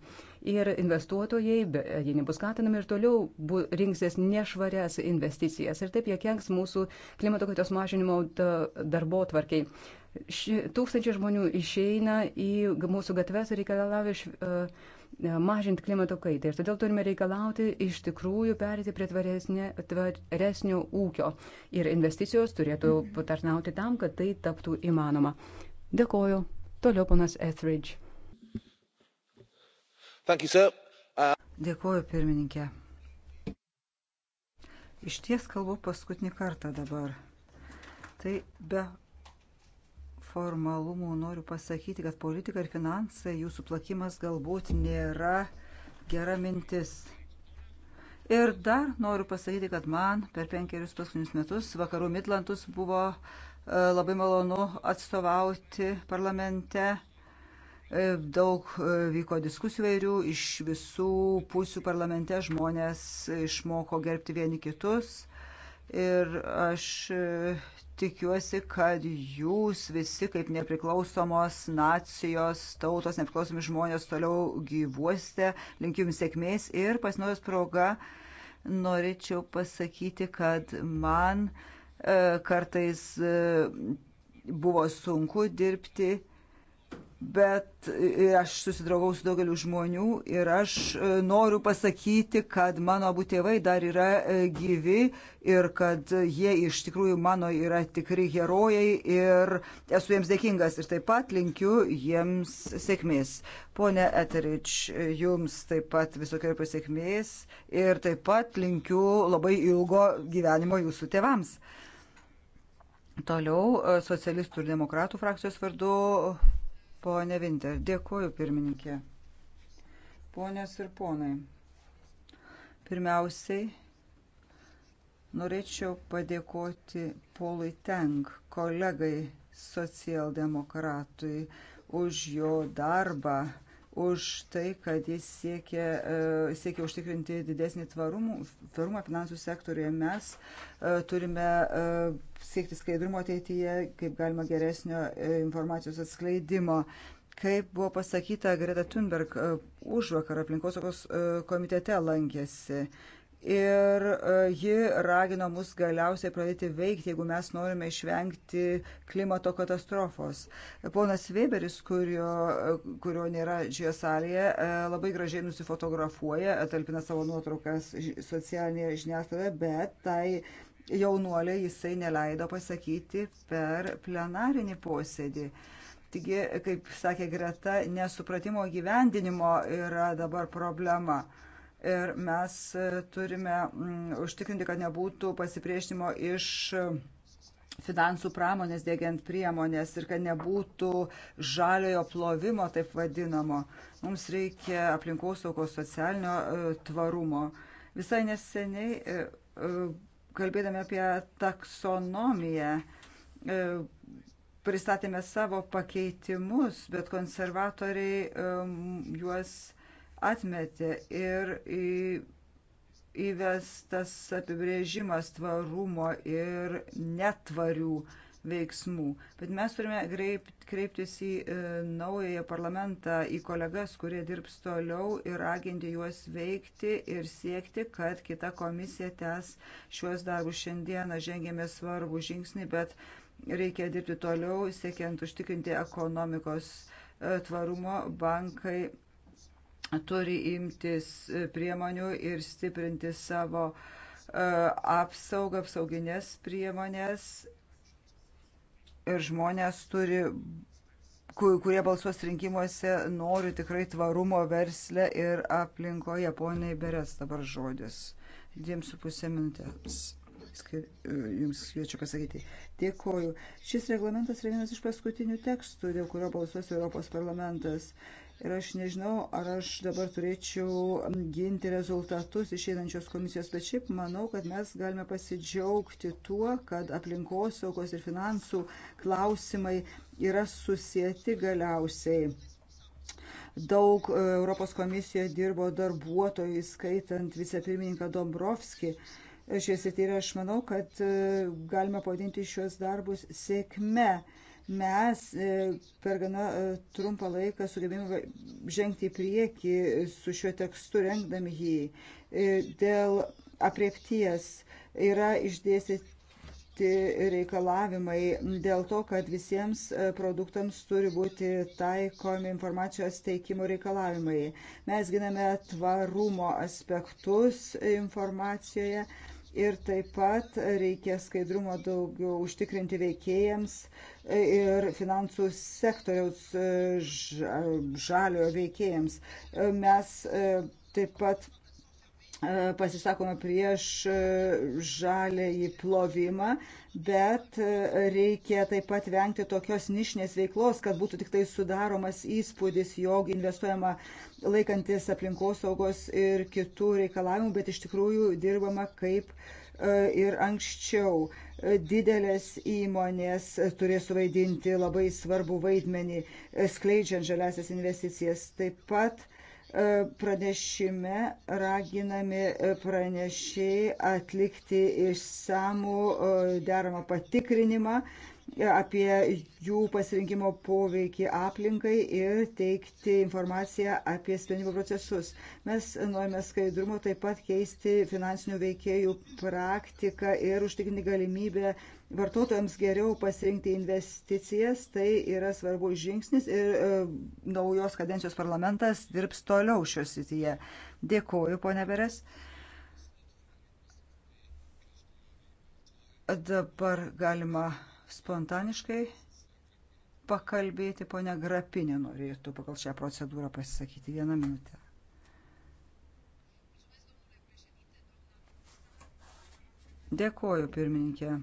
Ir investuotojai, jie nebus skatinami ir toliau bu, rinksis nešvarias investicijas. Ir taip jie kenks mūsų klimato kaitos mažinimo darbo tvarkiai. Ši, tūkstančiai žmonių išeina į mūsų gatves ir reikalauja. Uh, E, mažinti klimato kaitą. Ir todėl turime reikalauti iš tikrųjų perėti prie tvaresnio ūkio. Ir investicijos turėtų patarnauti tam, kad tai taptų įmanoma. Dėkoju. Toliau ponas Etheridge. Thank you, sir. uh... Dėkoju, pirmininkė. Iš ties kalbu paskutinį kartą dabar. Tai be formalumų noriu pasakyti, kad politika ir finansai, jūsų plakimas galbūt nėra gera mintis. Ir dar noriu pasakyti, kad man per penkerius paskutinius metus vakarų Midlantus buvo e, labai malonu atstovauti parlamente. E, daug e, vyko diskusijų vairių, iš visų pusių parlamente žmonės išmoko gerbti vieni kitus. Ir aš tikiuosi, kad jūs visi kaip nepriklausomos nacijos, tautos, nepriklausomi žmonės toliau gyvuosite. Linkiu jums sėkmės ir pasinaudojus proga norėčiau pasakyti, kad man e, kartais e, buvo sunku dirbti bet e, aš susidraugau su daugeliu žmonių ir aš e, noriu pasakyti, kad mano abu tėvai dar yra e, gyvi ir kad jie iš tikrųjų mano yra tikri herojai ir esu jiems dėkingas ir taip pat linkiu jiems sėkmės. Pone Eterič, jums taip pat visokio pasiekmės ir taip pat linkiu labai ilgo gyvenimo jūsų tėvams. Toliau socialistų ir demokratų frakcijos vardu Pone Vinter, dėkoju pirmininkė. Ponios ir ponai, pirmiausiai norėčiau padėkoti Polui Teng, kolegai socialdemokratui, už jo darbą už tai, kad jis siekia, e, siekia užtikrinti didesnį tvarumą, tvarumą finansų sektoriuje. Mes e, turime e, siekti skaidrumo ateityje, kaip galima geresnio informacijos atskleidimo. Kaip buvo pasakyta, Greta Thunberg už vakar aplinkosaugos komitete lankėsi ir e, ji ragino mus galiausiai pradėti veikti, jeigu mes norime išvengti klimato katastrofos. Ponas Weberis, kurio, e, kurio nėra šioje salėje, e, labai gražiai nusifotografuoja, talpina savo nuotraukas socialinėje žiniasklaidoje, bet tai jaunuolė jisai neleido pasakyti per plenarinį posėdį. Taigi, kaip sakė Greta, nesupratimo gyvendinimo yra dabar problema. Uh, ir mes e, turime mm, užtikrinti, kad nebūtų pasipriešinimo iš e, finansų pramonės dėgiant priemonės ir kad nebūtų žaliojo plovimo taip vadinamo. Mums reikia aplinkosaugos socialinio e, tvarumo. Visai neseniai, kalbėdami apie taksonomiją, pristatėme savo pakeitimus, bet konservatoriai juos atmetė ir įvestas apibrėžimas tvarumo ir netvarių veiksmų. Bet mes turime greip, kreiptis į e, naująją parlamentą, į kolegas, kurie dirbs toliau ir raginti juos veikti ir siekti, kad kita komisija tęs šiuos darbus. Šiandieną žengėme svarbų žingsnį, bet reikia dirbti toliau, siekiant užtikrinti ekonomikos e, tvarumo. Bankai turi imtis e, priemonių ir stiprinti savo e, apsaugą, apsauginės priemonės ir žmonės turi kurie balsuos rinkimuose, nori tikrai tvarumo versle ir aplinkoje. Poniai Beres dabar žodis. Dviem su pusė minutės. E, jums kviečiu pasakyti. Dėkoju. Šis reglamentas yra vienas iš paskutinių tekstų, dėl kurio balsuos Europos parlamentas. Ir aš nežinau, ar aš dabar turėčiau ginti rezultatus išeinančios komisijos, bet šiaip manau, kad mes galime pasidžiaugti tuo, kad aplinkosaugos ir finansų klausimai yra susijęti galiausiai daug e, Europos komisijoje dirbo darbuotojų, skaitant vicepirmininką Dombrovskį. Šiais ir aš manau, kad e, galime pavadinti šios darbus sėkme mes e, per gana e, trumpą laiką sugebėjome žengti į priekį su šiuo tekstu, rengdami jį. E, dėl apriepties yra išdėstyti reikalavimai dėl to, kad visiems produktams turi būti taikomi informacijos teikimo reikalavimai. Mes giname tvarumo aspektus informacijoje Ir taip pat reikia skaidrumo daugiau užtikrinti veikėjams ir finansų sektoriaus e, žaliojo veikėjams. E, mes e, taip pat E, pasisakome prieš e, žalę į plovimą, bet e, reikia taip pat vengti tokios nišinės veiklos, kad būtų tik tai sudaromas įspūdis, jog investuojama laikantis aplinkosaugos ir kitų reikalavimų, bet iš tikrųjų dirbama kaip ir anksčiau. Didelės įmonės turės suvaidinti labai svarbų vaidmenį, skleidžiant žaliasias investicijas. Taip pat uh, E, pranešime raginami e, pranešiai atlikti išsamų e, deramą patikrinimą apie jų pasirinkimo poveikį aplinkai ir teikti informaciją apie sprendimo procesus. Mes norime skaidrumo taip pat keisti finansinių veikėjų praktiką ir užtikrinti galimybę vartotojams geriau pasirinkti investicijas, tai yra svarbus žingsnis ir e, naujos kadencijos parlamentas dirbs toliau šios sityje. Dėkuoju, ponia Beres. Dabar galima spontaniškai pakalbėti, ponia Grapinė norėtų pagal šią procedūrą pasisakyti vieną minutę. Dėkuoju, pirmininkė.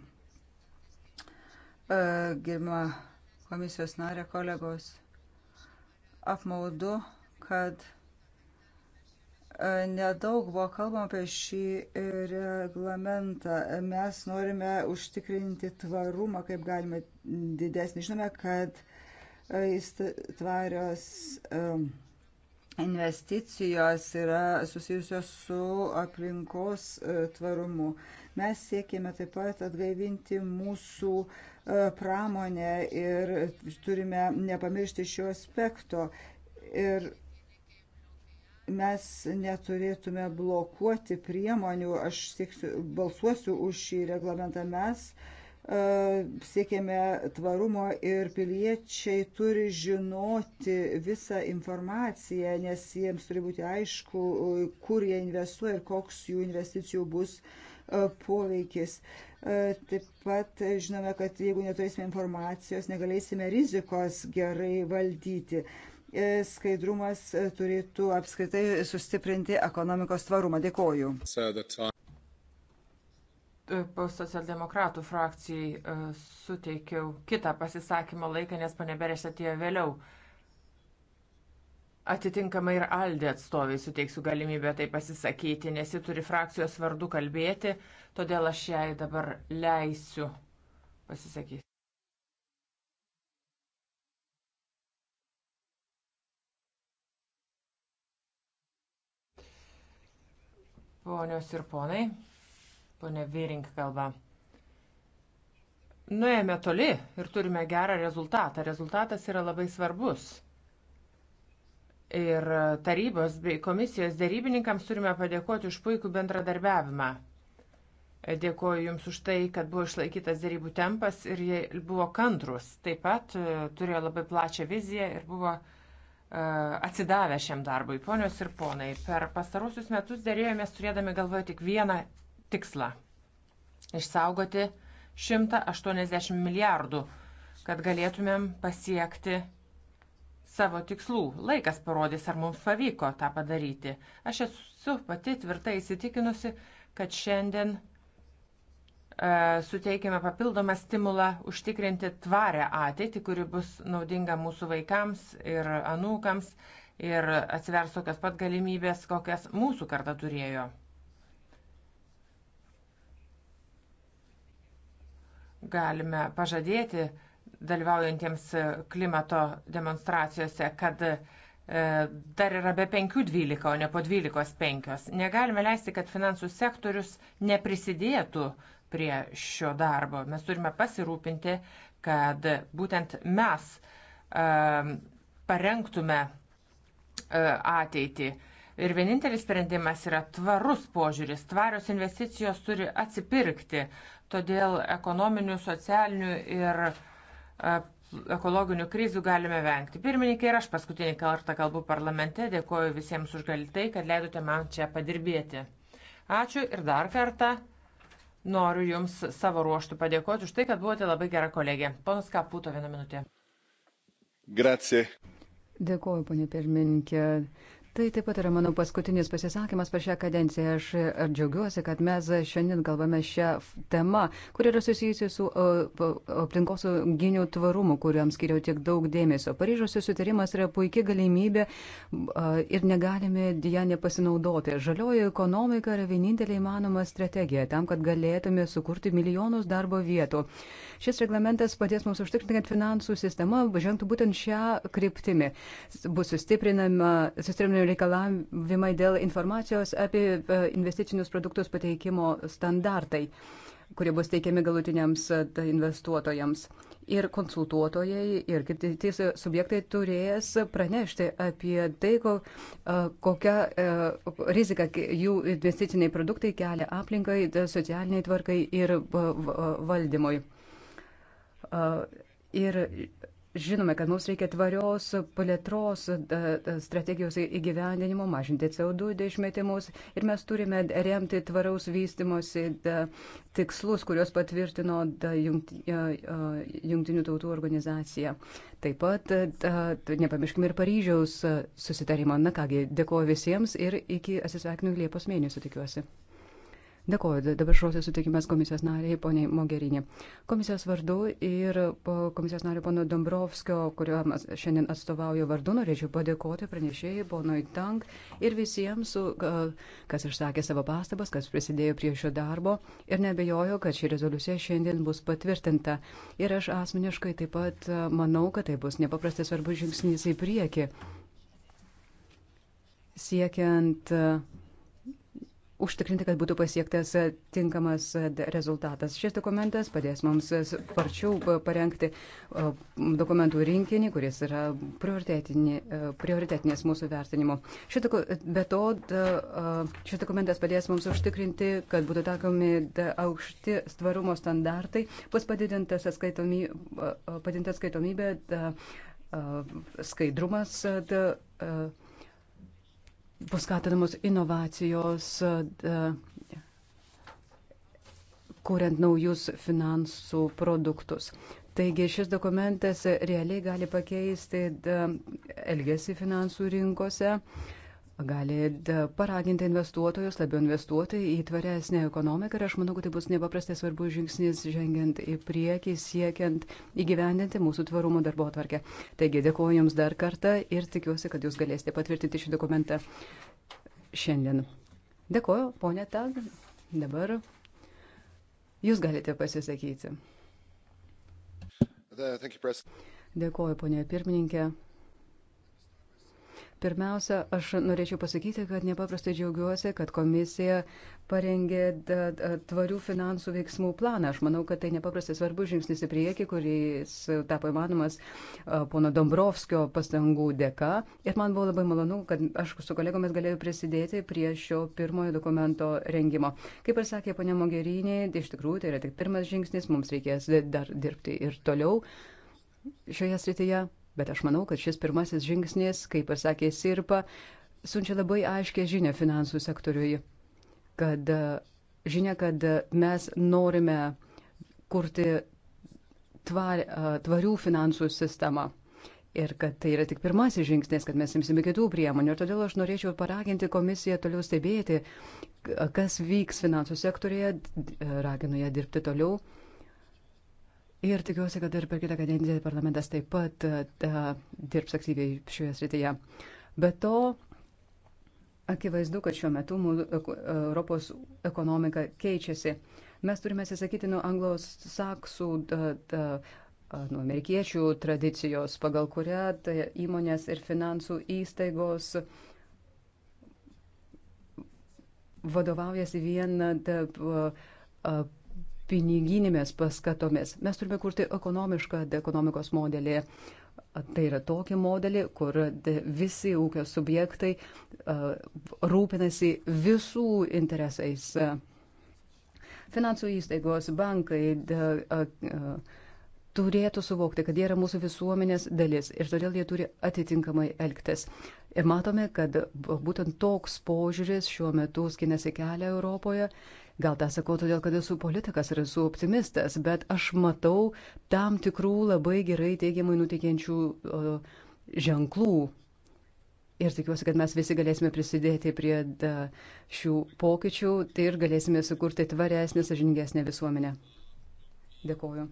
E, Gerbima komisijos narė, kolegos, apmaudu, kad e, nedaug buvo kalbama apie šį reglamentą. Mes norime užtikrinti tvarumą, kaip galime didesnį. Žinome, kad e, tvarios investicijos yra susijusios su aplinkos tvarumu. Mes siekėme taip pat atgaivinti mūsų uh, pramonę ir turime nepamiršti šio aspekto. Ir mes neturėtume blokuoti priemonių, aš sieksiu, balsuosiu už šį reglamentą, mes uh, e, siekėme tvarumo ir piliečiai turi žinoti visą informaciją, nes jiems turi būti aišku, kur jie investuoja ir koks jų investicijų bus uh, E, poveikis. E, taip pat žinome, kad jeigu neturėsime informacijos, negalėsime rizikos gerai valdyti. E, skaidrumas turėtų apskritai sustiprinti ekonomikos tvarumą. Dėkoju. Po socialdemokratų frakcijai suteikiau kitą pasisakymo laiką, nes paneberėš atėjo vėliau. Atitinkamai ir Aldė atstoviai suteiksiu galimybę tai pasisakyti, nes ji turi frakcijos vardu kalbėti, todėl aš jai dabar leisiu pasisakyti. Ponios ir ponai, ponė Vyrink kalba. Nuėjome toli ir turime gerą rezultatą. Rezultatas yra labai svarbus ir tarybos bei komisijos dėrybininkams turime padėkoti už puikų bendradarbiavimą. Dėkoju Jums už tai, kad buvo išlaikytas dėrybų tempas ir jie buvo kantrus. Taip pat e, turėjo labai plačią viziją ir buvo e, atsidavę šiam darbui. Ponios ir ponai, per pastarusius metus dėrėjomės turėdami galvoje tik vieną tikslą - išsaugoti 180 milijardų, kad galėtumėm pasiekti savo tikslų. Laikas parodys, ar mums pavyko tą padaryti. Aš esu pati tvirtai įsitikinusi, kad šiandien e, suteikime papildomą stimulą užtikrinti tvarę ateitį, kuri bus naudinga mūsų vaikams ir anūkams ir atsivers tokias pat galimybės, kokias mūsų karta turėjo. Galime pažadėti, dalyvaujantiems klimato demonstracijose, kad e, dar yra be 5.12, o ne po 12.5. Negalime leisti, kad finansų sektorius neprisidėtų prie šio darbo. Mes turime pasirūpinti, kad būtent mes e, parengtume e, ateitį. Ir vienintelis sprendimas yra tvarus požiūris. Tvarios investicijos turi atsipirkti. Todėl ekonominių, socialinių ir uh, ekologinių krizių galime vengti. Pirmininkė ir aš paskutinį kartą kalbu parlamente, dėkoju visiems už galitai, kad leidote man čia padirbėti. Ačiū ir dar kartą noriu Jums savo ruoštų padėkoti už tai, kad buvote labai gera kolegė. Ponas Kaputo, vieną minutę. Grazie. Dėkoju, ponė pirmininkė. Tai taip pat yra mano paskutinis pasisakymas per šią kadenciją. Aš džiaugiuosi, kad mes šiandien kalbame šią temą, kuri yra susijusi su aplinkosauginiu tvarumu, kuriam skiriau tiek daug dėmesio. Paryžiaus susitarimas yra puikia galimybė ir negalime ją nepasinaudoti. Žalioji ekonomika yra vienintelė įmanoma strategija tam, kad galėtume sukurti milijonus darbo vietų. Šis reglamentas padės mums užtikrinti, kad finansų sistema žengtų būtent šią kryptimį. Bus sustiprinami reikalavimai dėl informacijos apie e, investicinius produktus pateikimo standartai kurie bus teikiami galutiniams e, investuotojams. Ir konsultuotojai, ir kiti subjektai turės pranešti apie tai, ko, e, kokią riziką jų investiciniai produktai kelia aplinkai, socialiniai tvarkai ir valdymui. Ir žinome, kad mums reikia tvarios plėtros strategijos įgyvendinimo, mažinti CO2 išmetimus ir mes turime remti tvaraus vystimosi tikslus, kuriuos patvirtino Junktinių tautų organizacija. Taip pat nepamirškime ir Paryžiaus susitarimą. Na kągi, dėkuoju visiems ir iki atsisveikinimų Liepos mėnesio tikiuosi. Dėkuoju, dabar žodžiu sutikimas komisijos nariai, poniai Mogerinė. Komisijos vardu ir komisijos nariai pono Dombrovskio, kurio šiandien atstovauju vardu, norėčiau padėkoti pranešėjai, ponui Tank ir visiems, kas išsakė savo pastabas, kas prisidėjo prie šio darbo ir nebejoju, kad ši rezoliucija šiandien bus patvirtinta. Ir aš asmeniškai taip pat e, manau, kad tai bus nepaprastai svarbus žingsnis į priekį siekiant uh, užtikrinti, kad būtų pasiektas e, tinkamas e, rezultatas. Šis dokumentas padės mums e, sparčiau parengti dokumentų rinkinį, kuris yra prioritetinės mūsų vertinimo. Be to, šis dokumentas padės mums užtikrinti, kad būtų takomi aukšti tvarumo standartai, bus padidinta atskaitomybė, skaidrumas. Da, uh, bus skatinamos inovacijos, e, kuriant naujus finansų produktus. Taigi šis dokumentas realiai gali pakeisti e, elgesį finansų rinkose. Uh, gali paraginti investuotojus labiau investuoti į tvaresnę ekonomiką ir aš manau, kad tai bus nepaprastai svarbus žingsnis žengiant į priekį, siekiant įgyvendinti mūsų tvarumo darbo atvarkę. Taigi dėkuoju Jums dar kartą ir tikiuosi, kad Jūs galėsite patvirtinti šį dokumentą šiandien. Dėkuoju, ponė Tag. Dabar Jūs galite pasisakyti. Dėkuoju, ponė pirmininkė. Pirmiausia, aš norėčiau pasakyti, kad nepaprastai džiaugiuosi, kad komisija parengė tvarių finansų veiksmų planą. Aš manau, kad tai nepaprastai svarbus žingsnis į priekį, kuris tapo įmanomas pono Dombrovskio pastangų dėka. Ir man buvo labai malonu, kad aš su kolegomis galėjau prisidėti prie šio pirmojo dokumento rengimo. Kaip ir sakė ponia Mogerinė, iš tikrųjų tai yra tik pirmas žingsnis, mums reikės dar dirbti ir toliau šioje srityje. Bet aš manau, kad šis pirmasis žingsnis, kaip ir sakė Sirpa, siunčia labai aiškę žinę finansų sektoriui, kad e, žinia, kad e, mes norime kurti tvar, e, tvarių finansų sistemą. Ir kad tai yra tik pirmasis žingsnis, kad mes imsime kitų priemonių. Ir todėl aš norėčiau paraginti komisiją toliau stebėti, kas vyks finansų sektorėje, raginu ją dirbti toliau. Ir tikiuosi, kad ir per kitą kadenciją parlamentas taip pat uh, dirbs aktyviai šioje srityje. Be to, akivaizdu, kad šiuo metu Europos ekonomika keičiasi. Mes turime atsisakyti nuo anglosaksų, nuo amerikiečių tradicijos, pagal kurią tai įmonės ir finansų įstaigos vadovaujasi vien piniginėmis paskatomis. Mes turime kurti ekonomišką ekonomikos modelį. Tai yra tokie modeliai, kur visi ūkio subjektai rūpinasi visų interesais. Finansų įstaigos, bankai turėtų suvokti, kad jie yra mūsų visuomenės dalis ir todėl jie turi atitinkamai elgtis. Ir matome, kad būtent toks požiūris šiuo metu skinasi kelią Europoje Gal tą sakau todėl, kad esu politikas ir esu optimistas, bet aš matau tam tikrų labai gerai teigiamai nutikiančių ženklų. Ir tikiuosi, kad mes visi galėsime prisidėti prie šių pokyčių tai ir galėsime sukurti tvaresnį, sažiningesnę visuomenę. Dėkuoju.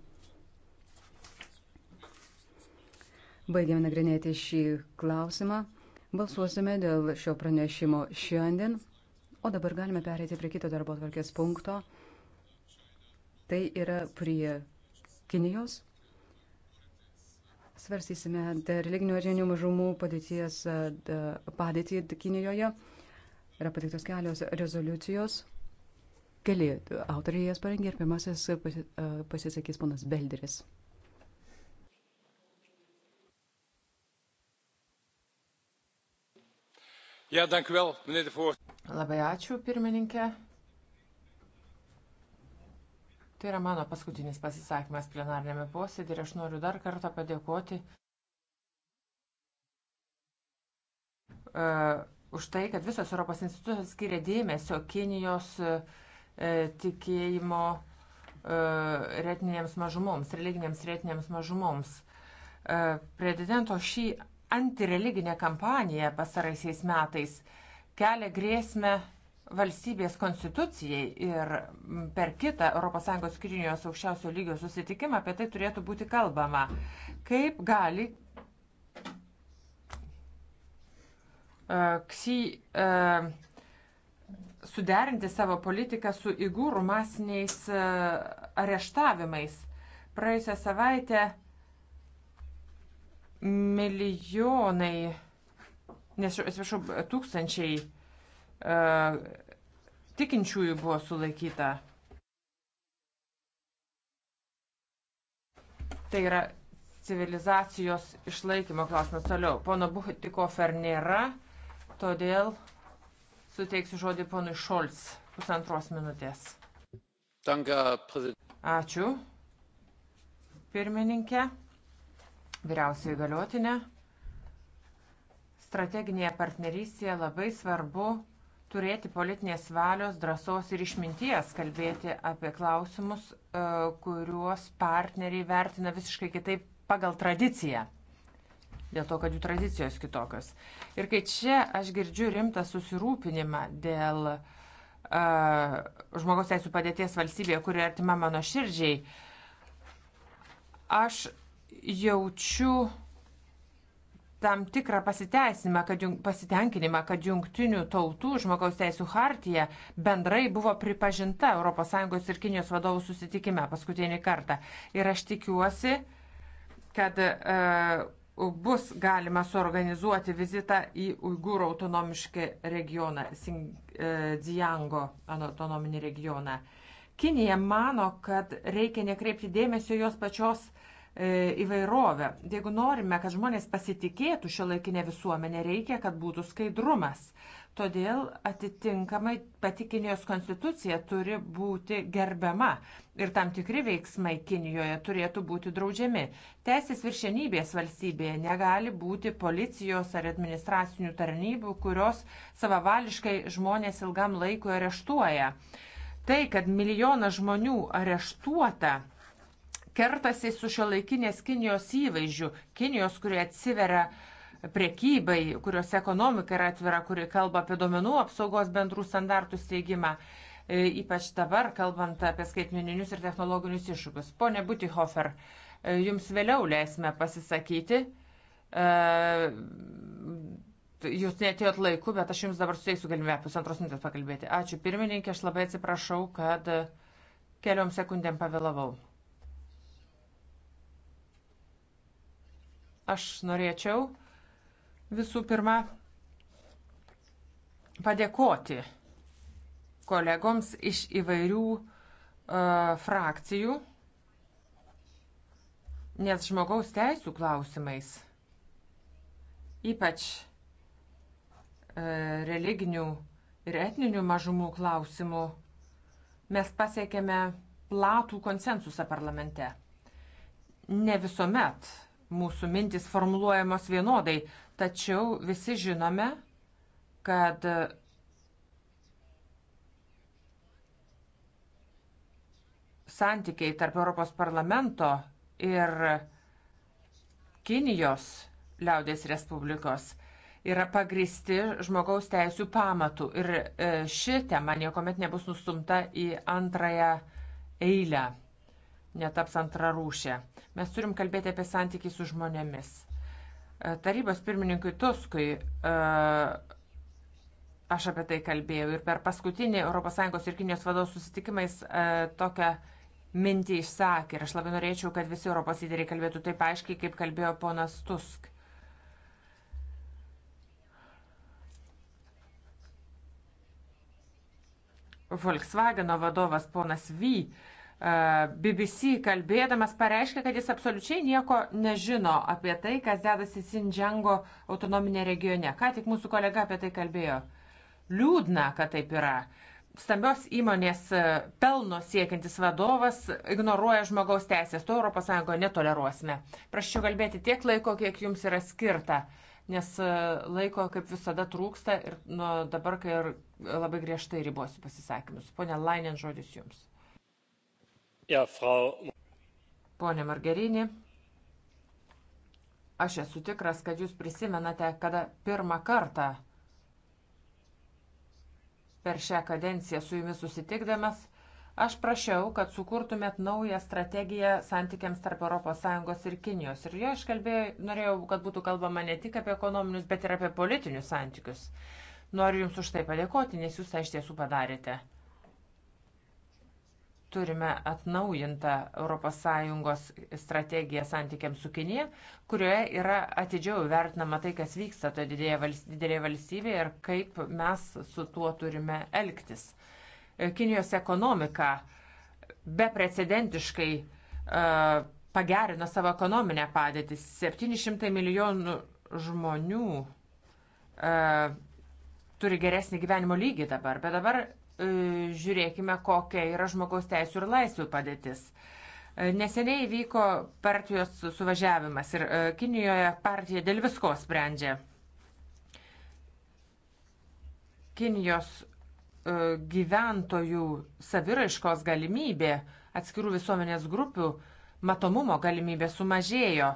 Baigiame nagrinėti šį klausimą. Balsuosime dėl šio pranešimo šiandien. O dabar galime perėti prie kito darbo atvarkės punkto. Tai yra prie Kinijos. Svarstysime religinių ir jaunų mažumų padėties padėtį Kinijoje. Yra pateiktos kelios rezoliucijos. Keli autoriai jas parengė ir pirmasis pasisakys ponas Belderis. Ja, vėl, Labai ačiū, pirmininkė. Tai yra mano paskutinis pasisakymas plenarnėme posėdė ir aš noriu dar kartą padėkoti uh, už tai, kad visos Europos institucijos skiria dėmesio Kinijos uh, tikėjimo uh, retinėms mažumoms, religinėms retinėms mažumoms. Uh, prezidento šį antireliginė kampanija pasaraisiais metais kelia grėsmę valstybės konstitucijai ir per kitą ES Kinijos aukščiausio lygio susitikimą apie tai turėtų būti kalbama. Kaip gali uh, Ksi uh, suderinti savo politiką su įgūrų masiniais uh, areštavimais? Praėjusią savaitę uh, Milijonai, nes, atsiprašau, tūkstančiai uh, tikinčiųjų buvo sulaikyta. Tai yra civilizacijos išlaikymo klausimas toliau. Pono Buhtikofer nėra, todėl suteiksiu žodį ponui Šolts pusantros minutės. Danke, Ačiū, pirmininkė vyriausioji galiotinė. Strateginėje partnerystėje labai svarbu turėti politinės valios, drąsos ir išminties kalbėti apie klausimus, e, kuriuos partneriai vertina visiškai kitaip pagal tradiciją. Dėl to, kad jų tradicijos kitokios. Ir kai čia aš girdžiu rimtą susirūpinimą dėl uh, žmogaus teisų padėties valstybėje, kuri artima mano širdžiai, aš jaučiu tam tikrą pasiteisinimą, kad jung, pasitenkinimą, kad jungtinių tautų žmogaus teisų hartija bendrai buvo pripažinta ES ir Kinijos vadovų susitikime paskutinį kartą. Ir aš tikiuosi, kad e, bus galima suorganizuoti vizitą į Uigūrų autonomišką regioną, e, Dziango autonominį regioną. Kinija mano, kad reikia nekreipti dėmesio jos pačios E, įvairovę. Jeigu norime, kad žmonės pasitikėtų šio laikinę visuomenę, reikia, kad būtų skaidrumas. Todėl atitinkamai pati Kinijos konstitucija turi būti gerbiama ir tam tikri veiksmai Kinijoje turėtų būti draudžiami. Teisės viršenybės valstybėje negali būti policijos ar administracinių tarnybų, kurios savavališkai žmonės ilgam laikui areštuoja. Tai, kad milijonas žmonių areštuota, kertasi su šiuolaikinės Kinijos įvaizdžiu. Kinijos, kurie atsiveria priekybai, kurios ekonomika yra atvira, kuri kalba apie domenų apsaugos bendrų standartų steigimą, e, ypač dabar kalbant apie skaitmeninius ir technologinius iššūkius. Pone Butihofer, e, jums vėliau leisime pasisakyti. E, jūs netėjot laiku, bet aš jums dabar suteiksiu galimybę pusantros minutės pakalbėti. Ačiū pirmininkė, aš labai atsiprašau, kad keliom sekundėm pavėlavau. Aš norėčiau visų pirma padėkoti kolegoms iš įvairių uh, frakcijų, nes žmogaus teisų klausimais, ypač uh, religinių ir etninių mažumų klausimų, mes pasiekėme platų konsensusą parlamente. Ne visuomet mūsų mintis formuluojamos vienodai, tačiau visi žinome, kad santykiai tarp Europos parlamento ir Kinijos liaudės Respublikos yra pagristi žmogaus teisų pamatų ir e, ši tema niekuomet nebus nustumta į antrąją eilę netaps antra rūšė. Mes turim kalbėti apie santykį su žmonėmis. E, tarybos pirmininkui Tuskui e, aš apie tai kalbėjau ir per paskutinį ES ir Kinijos vadovų susitikimais e, tokią mintį išsakė. Ir aš labai norėčiau, kad visi Europos lyderiai kalbėtų taip aiškiai, kaip kalbėjo ponas Tusk. Volkswageno vadovas ponas Vy BBC kalbėdamas pareiškė, kad jis absoliučiai nieko nežino apie tai, kas dedasi Sinjango autonominė regione. Ką tik mūsų kolega apie tai kalbėjo. Liūdna, kad taip yra. Stambios įmonės pelno siekiantis vadovas ignoruoja žmogaus teisės. To ES netoleruosime. Praščiau kalbėti tiek laiko, kiek jums yra skirta, nes laiko, kaip visada, trūksta ir nuo dabar, kai ir labai griežtai ribosiu pasisakymus. Pone Lainin, žodis jums. Ja, frau... Pone Margerinį, aš esu tikras, kad jūs prisimenate, kada pirmą kartą per šią kadenciją su jumis susitikdamas, aš prašiau, kad sukurtumėt naują strategiją santykiams tarp ES ir Kinijos. Ir jo aš kalbėjau, norėjau, kad būtų kalbama ne tik apie ekonominius, bet ir apie politinius santykius. Noriu Jums už tai padėkoti, nes Jūs tą iš tiesų padarėte turime atnaujintą ES strategiją santykiams su Kinija, kurioje yra atidžiau vertinama tai, kas vyksta toje didelėje valstybėje ir kaip mes su tuo turime elgtis. Kinijos ekonomika beprecedentiškai uh, pagerino savo ekonominę padėtį. 700 milijonų žmonių uh, turi geresnį gyvenimo lygį dabar, bet dabar E, žiūrėkime, kokia yra žmogaus teisų ir laisvių padėtis. E, neseniai vyko partijos suvažiavimas ir e, Kinijoje partija dėl visko sprendžia. Kinijos gyventojų saviraiškos galimybė, atskirų visuomenės grupių matomumo galimybė sumažėjo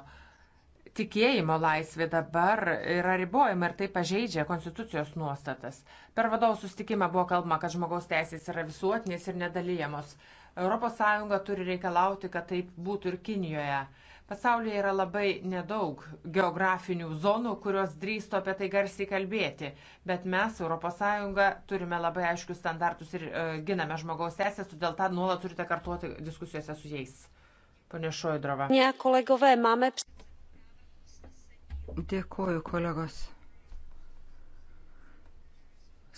tikėjimo laisvė dabar yra ribojama ir tai pažeidžia konstitucijos nuostatas. Per vadovų sustikimą buvo kalbama, kad žmogaus teisės yra visuotinės ir nedalyjamos. ES turi reikalauti, kad taip būtų ir Kinijoje. Pasaulyje yra labai nedaug geografinių zonų, kurios drįsto apie tai garsiai kalbėti, bet mes, ES, turime labai aiškius standartus ir e, giname žmogaus teisės, todėl tą nuolat turite kartuoti diskusijose su jais. Pane Šojdrova. Ne, kolegové, máme Dėkuoju, kolegos.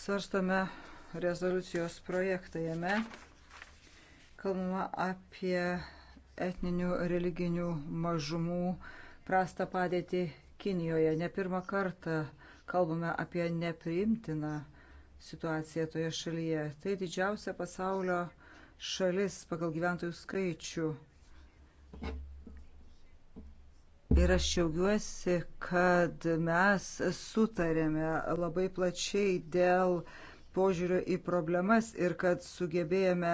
Svarstome rezoliucijos projektą jame. Kalbama apie etninių religinių mažumų prastą padėtį Kinijoje. Ne pirmą kartą kalbame apie nepriimtiną situaciją toje šalyje. Tai didžiausia pasaulio šalis pagal gyventojų skaičių Ir aš šiaugiuosi, kad mes sutarėme labai plačiai dėl požiūrio į problemas ir kad sugebėjome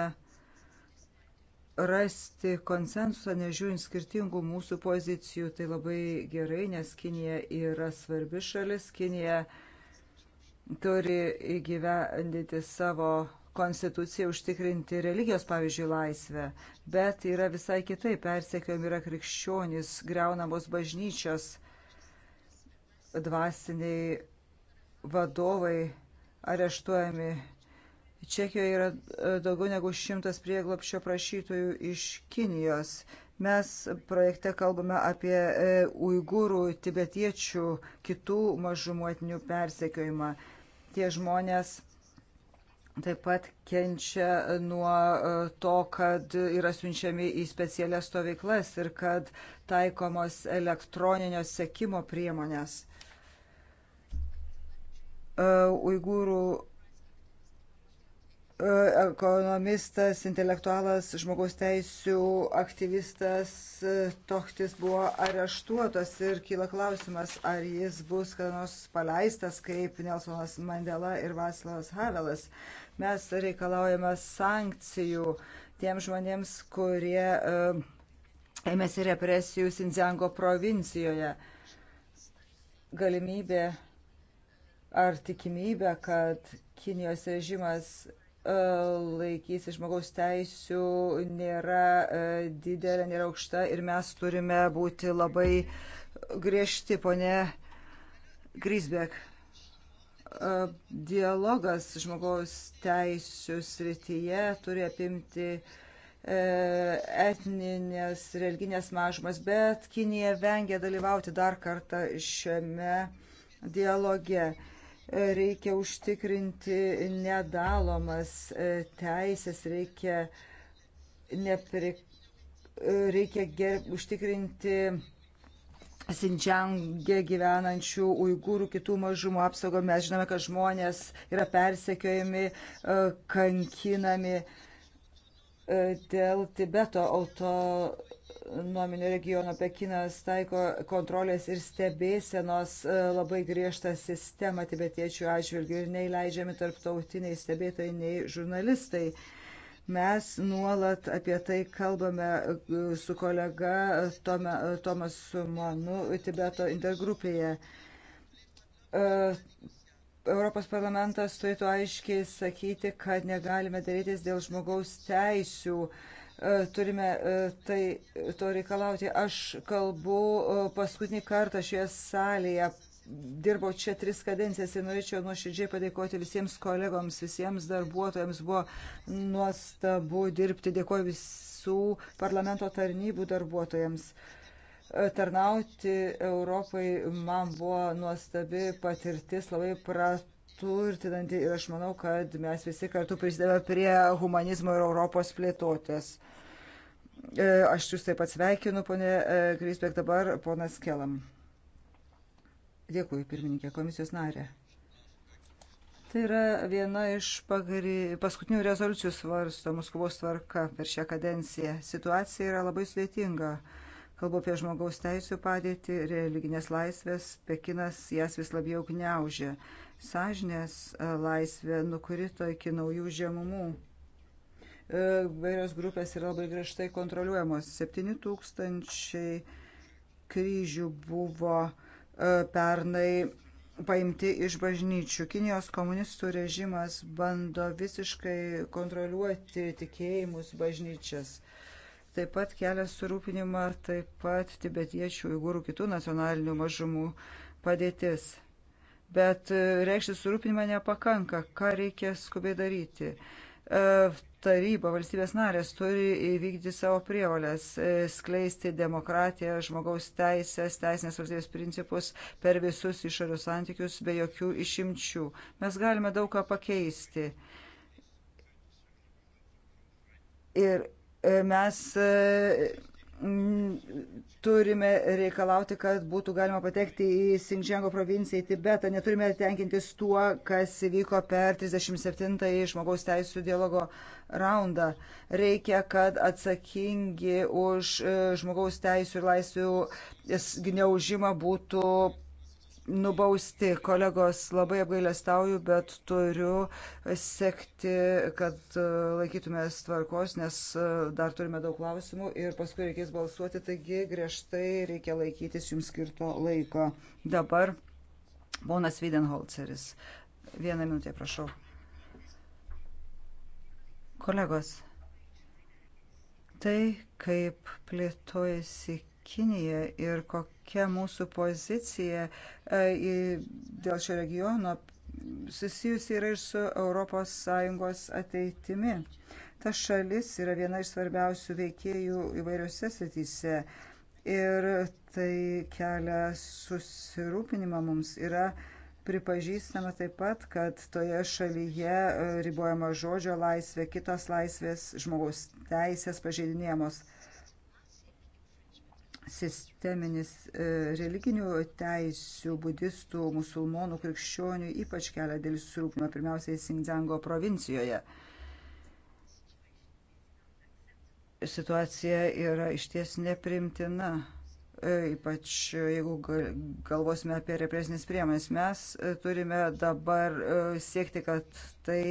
rasti konsensusą, nežiūrint skirtingų mūsų pozicijų. Tai labai gerai, nes Kinija yra svarbi šalis. Kinija turi įgyvendinti savo konstituciją užtikrinti religijos, pavyzdžiui, laisvę, bet yra visai kitaip, persekiojami yra krikščionys, greunamos bažnyčios, dvasiniai vadovai areštuojami. Čekijoje yra e, daugiau negu šimtas prieglopščio prašytojų iš Kinijos. Mes projekte kalbame apie e, uigūrų, tibetiečių, kitų mažumuotinių persekiojimą. Tie žmonės taip pat kenčia nuo e, to, kad yra siunčiami į specialias stovyklas ir kad taikomos elektroninio sekimo priemonės. E, uigūrų ekonomistas, intelektualas, žmogaus teisų aktyvistas e, Tohtis buvo areštuotas ir kyla klausimas, ar jis bus kada nors paleistas kaip Nelsonas Mandela ir Vaslavas Havelas. Mes reikalaujame sankcijų tiem žmonėms, kurie e, ėmėsi represijų Sinziango provincijoje. Galimybė ar tikimybė, kad Kinijos režimas E, laikysi žmogaus teisių nėra e, didelė, nėra aukšta ir mes turime būti labai griežti, ponė Grisbek. E, dialogas žmogaus teisų srityje turi apimti etninės, religinės mažumas, bet Kinija vengia dalyvauti dar kartą šiame dialoge reikia užtikrinti nedalomas e, teisės, reikia, nepri, e, reikia ger, užtikrinti Sinčiangė gyvenančių uigūrų kitų mažumų apsaugą. Mes žinome, kad žmonės yra persekiojami, e, kankinami dėl Tibeto auto autonominio regiono Pekinas taiko kontrolės ir stebėsenos e, labai griežtą sistemą tibetiečių atžvilgių ir neįleidžiami tarptautiniai stebėtojai nei žurnalistai. Mes nuolat apie tai kalbame e, su kolega Toma, e, Tomasu Manu Tibeto intergrupėje. Europos parlamentas turėtų aiškiai sakyti, kad negalime darytis dėl žmogaus teisių. Uh, E, turime e, tai to reikalauti. Aš kalbu e, paskutinį kartą šioje salėje. Dirbau čia tris kadencijas ir norėčiau nuoširdžiai padėkoti visiems kolegoms, visiems darbuotojams. Buvo nuostabu dirbti. Dėkoju visų parlamento tarnybų darbuotojams. Tarnauti Europai man buvo nuostabi patirtis, labai prat praturtinanti ir aš manau, kad mes visi kartu prisidedame prie humanizmo ir Europos plėtotės. E, aš jūs taip pat sveikinu, ponė e, Grisbek, dabar ponas Kelam. Dėkui, pirmininkė, komisijos narė. Tai yra viena iš pagari, paskutinių rezoliucijų svarstomų skubos tvarka per šią kadenciją. Situacija yra labai sudėtinga. Kalbu apie žmogaus teisų padėtį, religinės laisvės, Pekinas jas vis labiau gniaužia sąžinės e, laisvė nukrito iki naujų žemumų. E, vairios grupės yra labai griežtai kontroliuojamos. 7 tūkstančiai kryžių buvo e, pernai paimti iš bažnyčių. Kinijos komunistų režimas bando visiškai kontroliuoti tikėjimus bažnyčias. Taip pat kelia surūpinimą taip pat tibetiečių, uigūrų kitų nacionalinių mažumų padėtis bet e, reikšti surūpinimą nepakanka. Ką reikia skubiai daryti? E, taryba, valstybės narės turi įvykdyti savo prievalės, e, skleisti demokratiją, žmogaus teisės, teisinės valstybės principus per visus išorius santykius be jokių išimčių. Mes galime daug ką pakeisti. Ir mes turime reikalauti, kad būtų galima patekti į Singžiango provinciją, į Tibetą. Neturime tenkintis tuo, kas įvyko per 37-ąjį žmogaus teisų dialogo raundą. Reikia, kad atsakingi už žmogaus teisų ir laisvių gniaužimą būtų nubausti. Kolegos, labai apgailestauju, bet turiu sekti, kad e, laikytumės tvarkos, nes e, dar turime daug klausimų ir paskui reikės balsuoti, taigi griežtai reikia laikytis jums skirto laiko. Dabar ponas Videnholceris. Vieną minutę, prašau. Kolegos, tai kaip plėtojasi Kinija ir kokia kokia mūsų pozicija e, dėl šio regiono susijusi yra ir su ES ateitimi. Ta šalis yra viena iš svarbiausių veikėjų įvairiose srityse ir tai kelia susirūpinimą mums yra pripažįstama taip pat, kad toje šalyje e, ribojama žodžio laisvė, kitos laisvės, žmogaus teisės pažeidinėjamos sisteminis e, religinių teisių budistų, musulmonų, krikščionių ypač kelia dėl susirūpinimo, pirmiausiai Singdzango provincijoje. Situacija yra išties neprimtina, e, ypač jeigu galvosime apie represinės priemonės. Mes e, turime dabar siekti, kad tai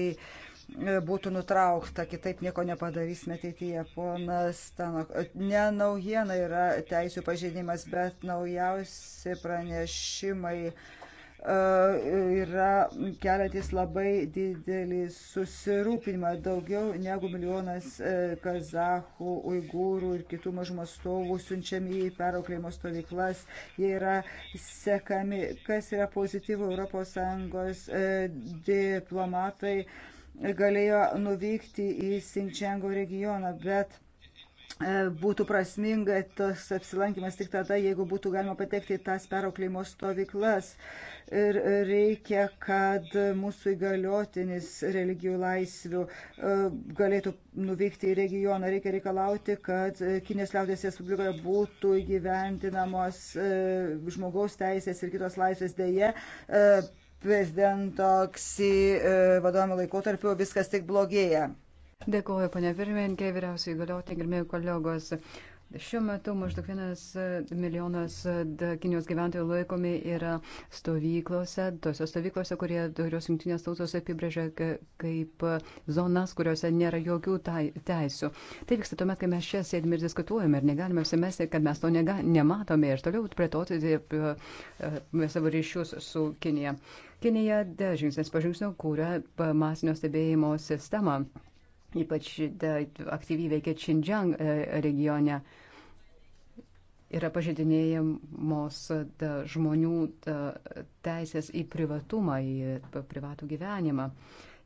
būtų nutraukta, kitaip nieko nepadarysime ateityje. Ponas Stanok, ne naujiena yra teisų pažeidimas, bet naujausi pranešimai e, yra keliantis labai didelį susirūpinimą. Daugiau negu milijonas e, kazahų, uigūrų ir kitų mažumo stovų siunčiami į perauklėjimo stovyklas. Jie yra sekami, kas yra pozityvų ES e, diplomatai. E, galėjo nuvykti į Sinčengo regioną, bet e, būtų prasminga tas apsilankimas tik tada, jeigu būtų galima patekti į tas perauklėjimo stovyklas. Ir reikia, kad mūsų įgaliotinis religijų laisvių e, galėtų nuvykti į regioną. Reikia reikalauti, kad Kinės liaudės Respublikoje būtų įgyventinamos e, žmogaus teisės ir kitos laisvės dėje prezidento Ksi e, vadovimo laikotarpiu viskas tik blogėja. Dėkuoju, ponia Virmenkė, vyriausiai galiotė, gerbėjai kolegos. Šiuo metu maždaug vienas milijonas e, Kinijos gyventojų laikomi yra stovyklose, tose stovyklose, kurie, kurios jungtinės tautos apibrėžia kaip zonas, kuriuose nėra jokių tai, teisų. Tai vyksta tuomet, kai mes čia sėdime ir diskutuojame ir negalime apsimesti, kad mes to nega, nematome ir toliau plėtoti e, e, savo ryšius su Kinija. Kinija žingsnis po žingsnio kūrė masinio stebėjimo sistemą ypač aktyviai veikia Činžiang e, regione, yra pažeidinėjamos da, žmonių da, teisės į privatumą, į privatų gyvenimą.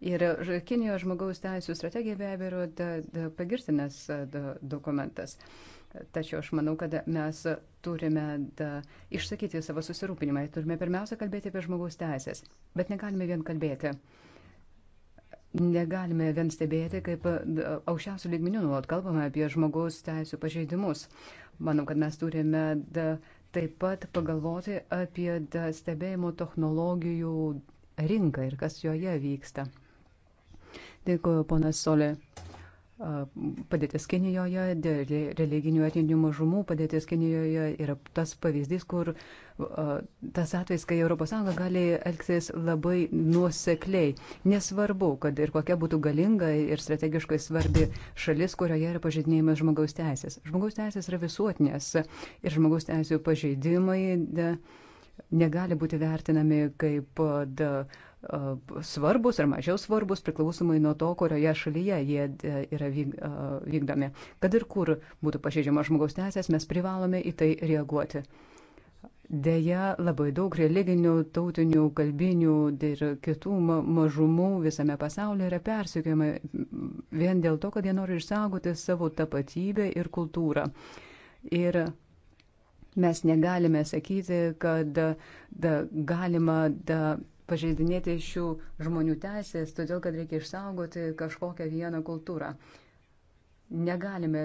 Ir Kinijos žmogaus teisų strategija be abejo yra pagirtinas e, da, dokumentas. Tačiau aš manau, kad mes turime da, išsakyti savo susirūpinimą. Turime pirmiausia kalbėti apie žmogaus teisės, bet negalime vien kalbėti. Uh, Negalime vien stebėti, kaip e, aukščiausių lygmenių nuolat kalbame apie žmogaus teisų pažeidimus. Manau, kad mes turime taip pat pagalvoti apie stebėjimo technologijų rinką ir kas joje vyksta. Dėkuoju, ponas Solė. Padėtis Kinijoje, religinių etninių mažumų padėtis Kinijoje yra tas pavyzdys, kur tas atvejs, kai ES gali elgtis labai nuosekliai. Nesvarbu, kad ir kokia būtų galinga ir strategiškai svarbi šalis, kurioje yra pažeidinėjimas žmogaus teisės. Žmogaus teisės yra visuotinės ir žmogaus teisės pažeidimai. De, negali būti vertinami kaip da, svarbus ar mažiau svarbus priklausomai nuo to, kurioje šalyje jie e, yra e, vykdomi. Kad ir kur būtų pažeidžiama žmogaus teisės, mes privalome į tai reaguoti. Deja, labai daug religinių, tautinių, kalbinių ir kitų mažumų visame pasaulyje yra persikiojama vien dėl to, kad jie nori išsaugoti savo tapatybę ir kultūrą. Ir mes negalime sakyti, kad da, galima da, pažeidinėti šių žmonių teisės, todėl kad reikia išsaugoti kažkokią vieną kultūrą. Negalime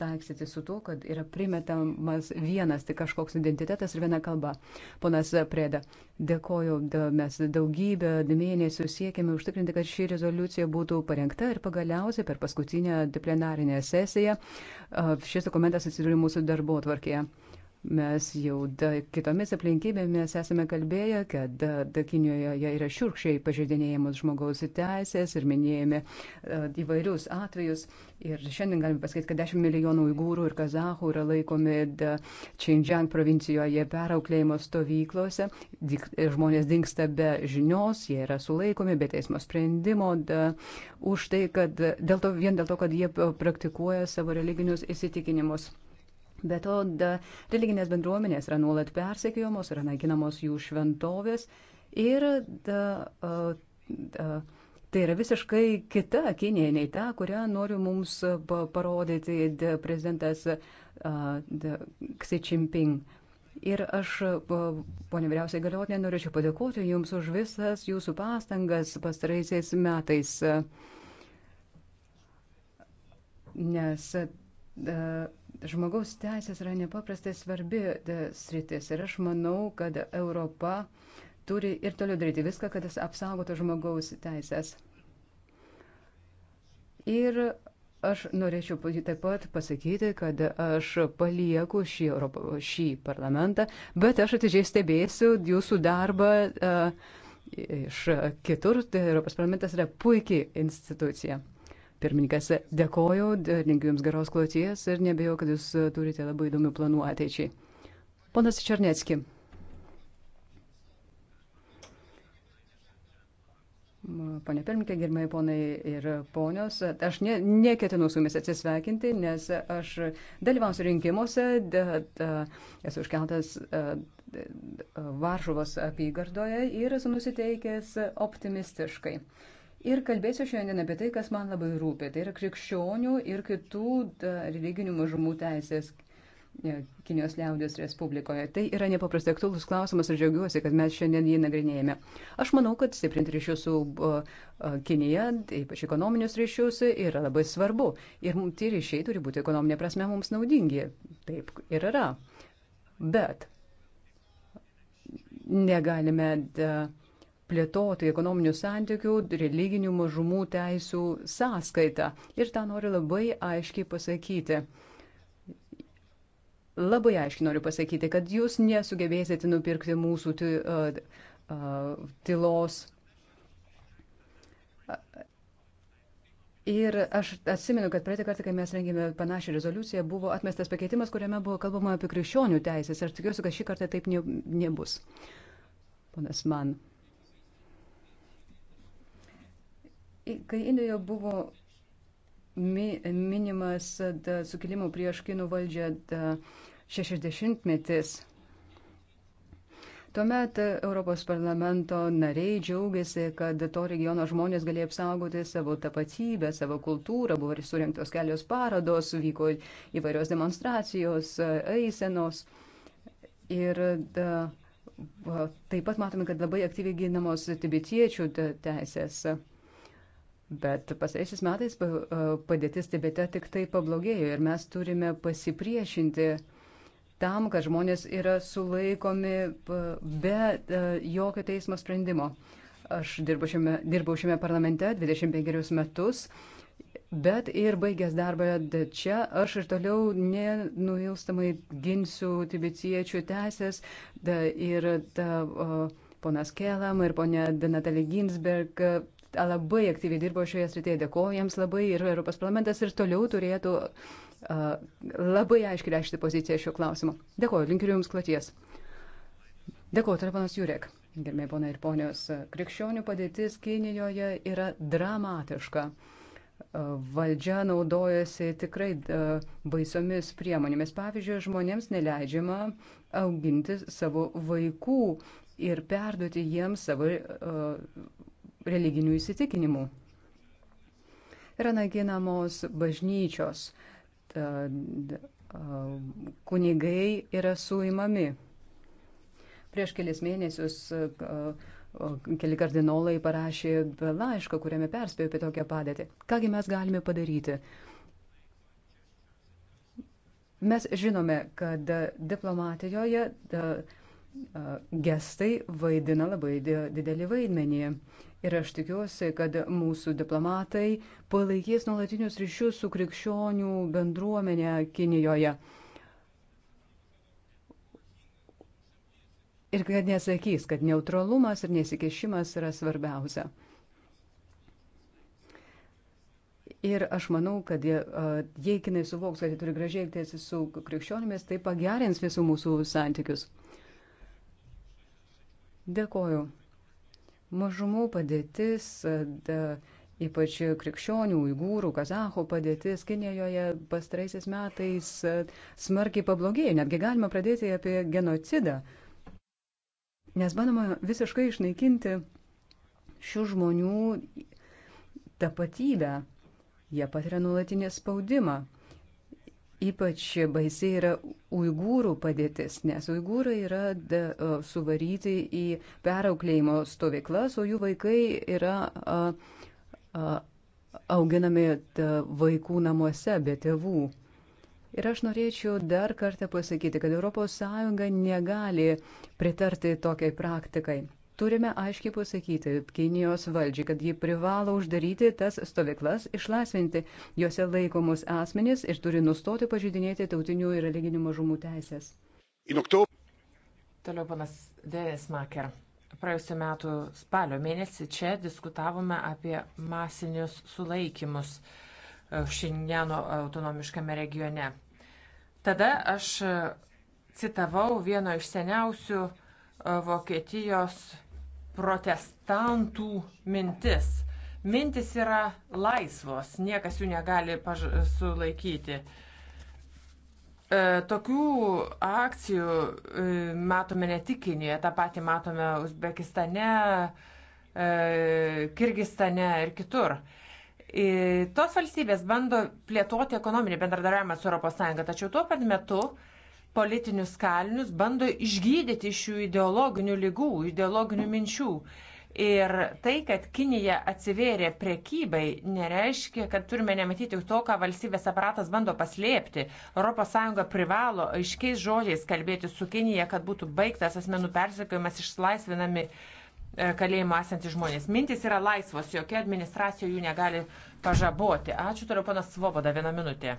taiksyti su tuo, kad yra primetamas vienas tik kažkoks identitetas ir viena kalba. Ponas Preda, dėkoju, da, mes daugybę mėnesių siekėme užtikrinti, kad ši rezoliucija būtų parengta ir pagaliausiai per paskutinę plenarinę sesiją šis dokumentas atsidūrė mūsų darbo tvarkėje. Mes jau da, kitomis aplinkybėmis esame kalbėję, kad da, da, Kinijoje yra šiurkščiai pažeidinėjamos žmogaus teisės ir minėjome da, e, įvairius atvejus. Ir šiandien galime pasakyti, kad 10 milijonų uigūrų ir kazahų yra laikomi da, Činžiang provincijoje perauklėjimo stovyklose. Dik, e, žmonės dinksta be žinios, jie yra sulaikomi be teismo sprendimo da, už tai, kad dėl to, vien dėl to, kad jie praktikuoja savo religinius įsitikinimus. Be to, da, religinės bendruomenės yra nuolat persekiojamos, yra naikinamos jų šventovės ir da, da, tai yra visiškai kita Kinė nei ta, kurią nori mums parodyti da, prezidentas da, Xi Jinping. Ir aš, ponė vyriausiai galiotinė, norėčiau padėkoti Jums už visas Jūsų pastangas pastaraisiais metais. Nes uh, Žmogaus teisės yra nepaprastai svarbi e, sritis ir aš manau, kad Europa turi ir toliau daryti viską, kad jis apsaugotų žmogaus teisės. Ir aš norėčiau taip pat pasakyti, kad aš palieku šį, Europo, šį parlamentą, bet aš atidžiai stebėsiu jūsų darbą uh, iš kitur. Tai Europos parlamentas yra puikiai institucija. Pirmininkas, dėkoju, linkiu Jums geros kloties ir nebejau, kad Jūs turite labai įdomių planų ateičiai. Ponas Černecki. Pane pirmininkė, gerbėjai ponai ir ponios, aš ne, neketinu su jumis atsisveikinti, nes aš dalyvausiu rinkimuose, de, de, esu iškeltas e, Varšuvos apygardoje ir esu nusiteikęs optimistiškai. Ir kalbėsiu šiandien apie tai, kas man labai rūpė. Tai yra krikščionių ir kitų religinių mažumų teisės e, Kinijos liaudės Respublikoje. Tai yra nepaprastai aktuolus klausimas ir džiaugiuosi, kad mes šiandien jį nagrinėjame. Aš manau, kad stiprinti ryšius su e, e, Kinija, ypač ekonominius ryšius, yra labai svarbu. Ir tie ryšiai turi būti ekonominė prasme mums naudingi. Taip ir yra. Bet negalime. Da, plėtoti ekonominių santykių, religinių mažumų teisų sąskaitą. Ir tą noriu labai aiškiai pasakyti. Labai aiškiai noriu pasakyti, kad jūs nesugebėsite nupirkti mūsų tylos. Ir aš atsimenu, kad praeitą kartą, kai mes rengėme panašią rezoliuciją, buvo atmestas pakeitimas, kuriame buvo kalbama apie krikščionių teisės. Aš tikiuosi, kad šį kartą taip ne, nebus. Ponas man. Kai Indijoje buvo mi, minimas sukilimo prieš kinų valdžią 60-metis, Tuomet Europos parlamento nariai džiaugiasi, kad to regiono žmonės galėjo apsaugoti savo tapatybę, savo kultūrą, buvo ir surinktos kelios parodos, vyko įvairios demonstracijos, eisenos. Ir da, taip pat matome, kad labai aktyviai ginamos tibetiečių teisės. Bet pasaisiais metais padėtis Tibete tik tai pablogėjo ir mes turime pasipriešinti tam, kad žmonės yra sulaikomi be jokio teismo sprendimo. Aš dirbau šiame, dirbau šiame parlamente 25 metus, bet ir baigęs darbą čia, aš ir toliau nenuilstamai ginsiu tibetiečių teisės da, ir da, o, ponas Kelam ir ponė Denatali Ginsberg labai aktyviai dirbo šioje srityje, dėkoju jiems labai ir Europos parlamentas ir toliau turėtų uh, labai aiškiai reikšti poziciją šiuo klausimu. Dėkoju, linkiu Jums kloties. Dėkoju, telefonas Jurek. Gerbėjai ponai ir ponios, krikščionių padėtis Kinijoje yra dramatiška. Valdžia naudojasi tikrai baisomis priemonėmis. Pavyzdžiui, žmonėms neleidžiama auginti savo vaikų ir perduoti jiems savo uh, religinių įsitikinimų. Yra naginamos bažnyčios, kunigai yra suimami. Prieš kelis mėnesius keli kardinolai parašė laišką, kuriame perspėjo apie tokią padėtį. Kągi mes galime padaryti? Mes žinome, kad diplomatijoje gestai vaidina labai didelį vaidmenį. Ir aš tikiuosi, kad mūsų diplomatai palaikys nuolatinius ryšius su krikščionių bendruomenė Kinijoje. Ir kad nesakys, kad neutralumas ir nesikešimas yra svarbiausia. Ir aš manau, kad jie, jei kinai suvoks, kad jie turi gražiai elgtis su krikščionimis, tai pagerins visų mūsų santykius. Dėkoju. Mažumų padėtis, da, ypač krikščionių, uigūrų, kazahų padėtis Kinijoje pastaraisiais metais smarkiai pablogėjo. Netgi galima pradėti apie genocidą, nes bandoma visiškai išnaikinti šių žmonių tapatybę. Jie patiria nuolatinį spaudimą. Ypač baisiai yra uigūrų padėtis, nes uigūrai yra de, suvaryti į perauklėjimo stovyklas, o jų vaikai yra a, a, auginami de, vaikų namuose be tėvų. Ir aš norėčiau dar kartą pasakyti, kad ES negali pritarti tokiai praktikai. Turime aiškiai pasakyti Kinijos valdžiai, kad ji privalo uždaryti tas stovyklas, išlaisvinti juose laikomus asmenys ir turi nustoti pažydinėti tautinių ir religinių mažumų teisės. Toliau panas Denis Maker praėjusiu metu spalio mėnesį čia diskutavome apie masinius sulaikimus e, Šinjano autonomiškame regione. Tada aš citavau vieno iš seniausių e, Vokietijos protestantų mintis. Mintis yra laisvos, niekas jų negali sulaikyti. E, tokių akcijų e, matome ne tik Kinijoje, tą patį matome Uzbekistane, e, Kirgistane ir kitur. Tos valstybės bando plėtoti ekonominį bendradarbiavimą su ES, tačiau tuo pat metu uh, politinius kalinius, bando išgydyti iš jų ideologinių lygų, ideologinių minčių. Ir tai, kad Kinija atsivėrė prekybai, nereiškia, kad turime nematyti to, ką valstybės aparatas bando paslėpti. ES privalo aiškiais žodžiais kalbėti su Kinija, kad būtų baigtas asmenų persekiojimas, išlaisvinami e, kalėjimo esantys žmonės. Mintis yra laisvos, jokia administracija jų negali pažaboti. Ačiū toliau, panas Svoboda, vieną minutę.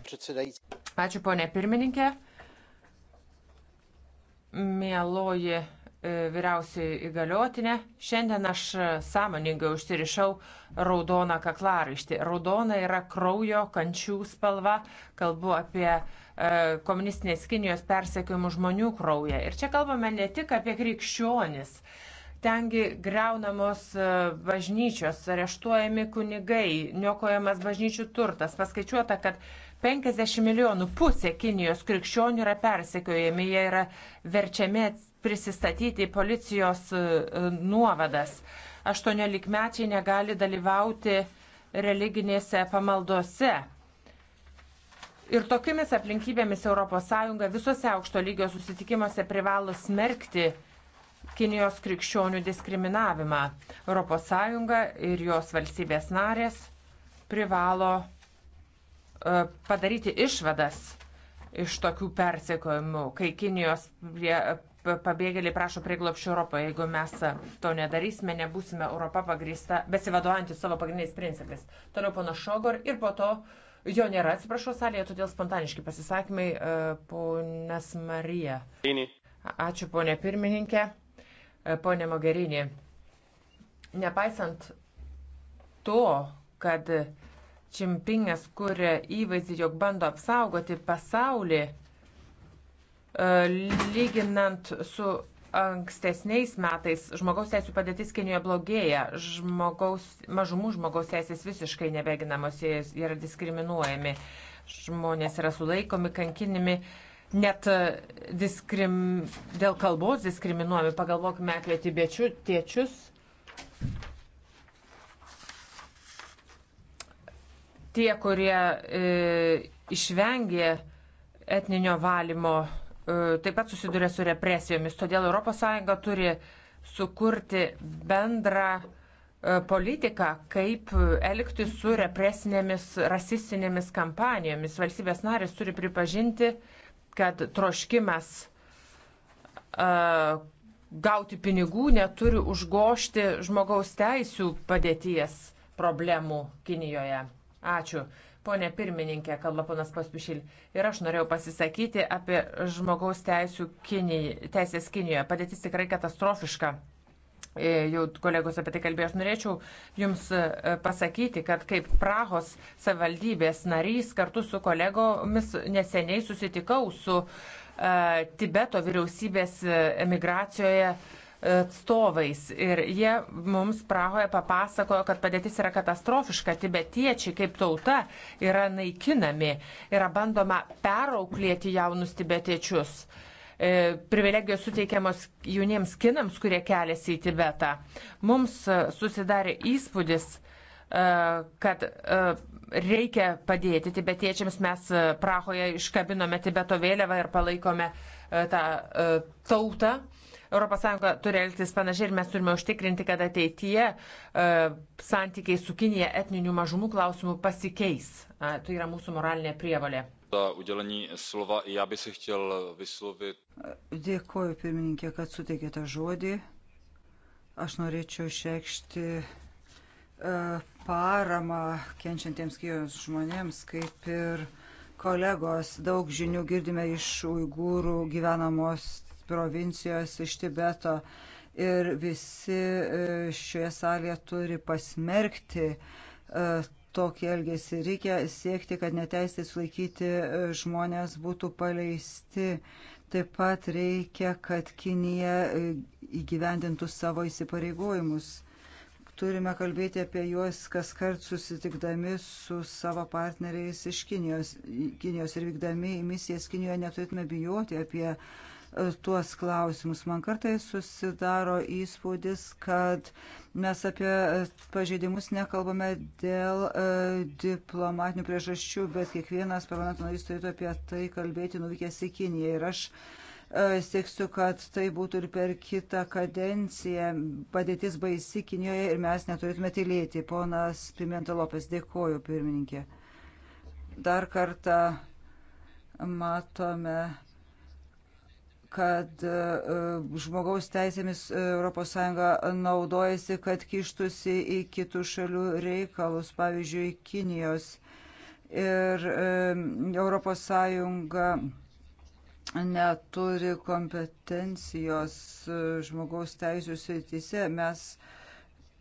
Ačiū, ponė pirmininkė. Mieloji e, vyriausiai įgaliotinė, šiandien aš e, sąmoningai užsirišau raudoną kaklaraištį. Raudona yra kraujo, kančių spalva, kalbu apie e, komunistinės Kinijos persekiojimų žmonių kraują. Ir čia kalbame ne tik apie krikščionis. Tengi greunamos e, bažnyčios, areštuojami kunigai, niokojamas bažnyčių turtas. Paskaičiuota, kad 50 milijonų pusė Kinijos krikščionių yra persekiojami, jie yra verčiami prisistatyti į policijos e, nuovadas. 18 mečiai negali dalyvauti religinėse pamaldose. Ir tokiamis aplinkybėmis ES visose aukšto lygio susitikimuose privalo smerkti Kinijos krikščionių diskriminavimą. ES ir jos valstybės narės privalo E, padaryti išvadas iš tokių persekiojimų, kai Kinijos prie, pabėgėliai prašo prieglopščio Europoje. Jeigu mes to nedarysime, nebūsime Europą pagrįsta, besivadovaujantys savo pagrindiniais principais. Toliau pana Šogor ir po to jo nėra, atsiprašau, salėje, todėl spontaniški pasisakymai e, ponas Marija. Ačiū ponė pirmininkė, e, ponė Mogerinė. Nepaisant to, kad uh, Čimpingas kuria įvaizdį, jog bando apsaugoti pasaulį, e, lyginant su ankstesniais metais žmogaus teisų padėtis Kenijoje blogėja, žmogaus, mažumų žmogaus teisės visiškai nebeginamos, jie yra diskriminuojami, žmonės yra sulaikomi, kankinimi, net e, diskrim, dėl kalbos diskriminuojami, pagalvokime apie tibiečių, tiečius. tie, kurie e, išvengė etninio valymo, e, taip pat susiduria su represijomis. Todėl ES turi sukurti bendrą e, politiką, kaip elgti su represinėmis, rasistinėmis kampanijomis. Valstybės narės turi pripažinti, kad troškimas e, gauti pinigų neturi užgošti žmogaus teisų padėties problemų Kinijoje. Ačiū. Pone pirmininkė, kalba ponas Paspišil. Ir aš norėjau pasisakyti apie žmogaus Kinijai, teisės Kinijoje. Padėtis tikrai katastrofiška. E, jau kolegos apie tai kalbėjo, aš norėčiau Jums e, pasakyti, kad kaip Prahos savivaldybės narys kartu su kolegomis neseniai susitikau su uh, Tibeto vyriausybės emigracijoje uh, atstovais ir jie mums Prahoje papasakojo, kad padėtis yra katastrofiška, tibetiečiai kaip tauta yra naikinami, yra bandoma perauklėti jaunus tibetiečius. E, privilegijos suteikiamos jauniems kinams, kurie keliasi į Tibetą. Mums e, susidarė įspūdis, e, kad reikia padėti tibetiečiams. Mes Prahoje iškabinome Tibeto vėliavą ir palaikome tą tautą. ES turi elgtis panašiai ir mes turime užtikrinti, kad ateityje uh, santykiai su Kinija etninių mažumų klausimų pasikeis. Uh, tai yra mūsų moralinė prievalė. Dėkuoju, pirmininkė, kad suteikėte žodį. Aš norėčiau išreikšti uh, paramą kenčiantiems Kijos žmonėms, kaip ir kolegos, daug žinių girdime iš uigūrų gyvenamos provincijos iš Tibeto. Ir visi e, šioje salėje turi pasmerkti e, tokį elgesį. Reikia siekti, kad neteisės laikyti e, žmonės būtų paleisti. Taip pat reikia, kad Kinija įgyvendintų savo įsipareigojimus. Turime kalbėti apie juos kas kart susitikdami su savo partneriais iš Kinijos, Kinijos ir vykdami į misijas Kinijoje neturėtume bijoti apie uh, tuos klausimus. Man kartai susidaro įspūdis, kad mes apie pažeidimus nekalbame dėl e, diplomatinių priežasčių, bet kiekvienas parlamento narys turėtų apie tai kalbėti nuvykęs į Kiniją. Ir aš e, sieksiu, kad tai būtų ir per kitą kadenciją. Padėtis baisi Kinijoje ir mes neturėtume tylėti. Ponas Pimentalopės, dėkoju, pirmininkė. Dar kartą matome kad e, žmogaus teisėmis ES naudojasi, kad kištusi į kitų šalių reikalus, pavyzdžiui, Kinijos. Ir ES neturi kompetencijos e, žmogaus teisų srityse. Mes uh,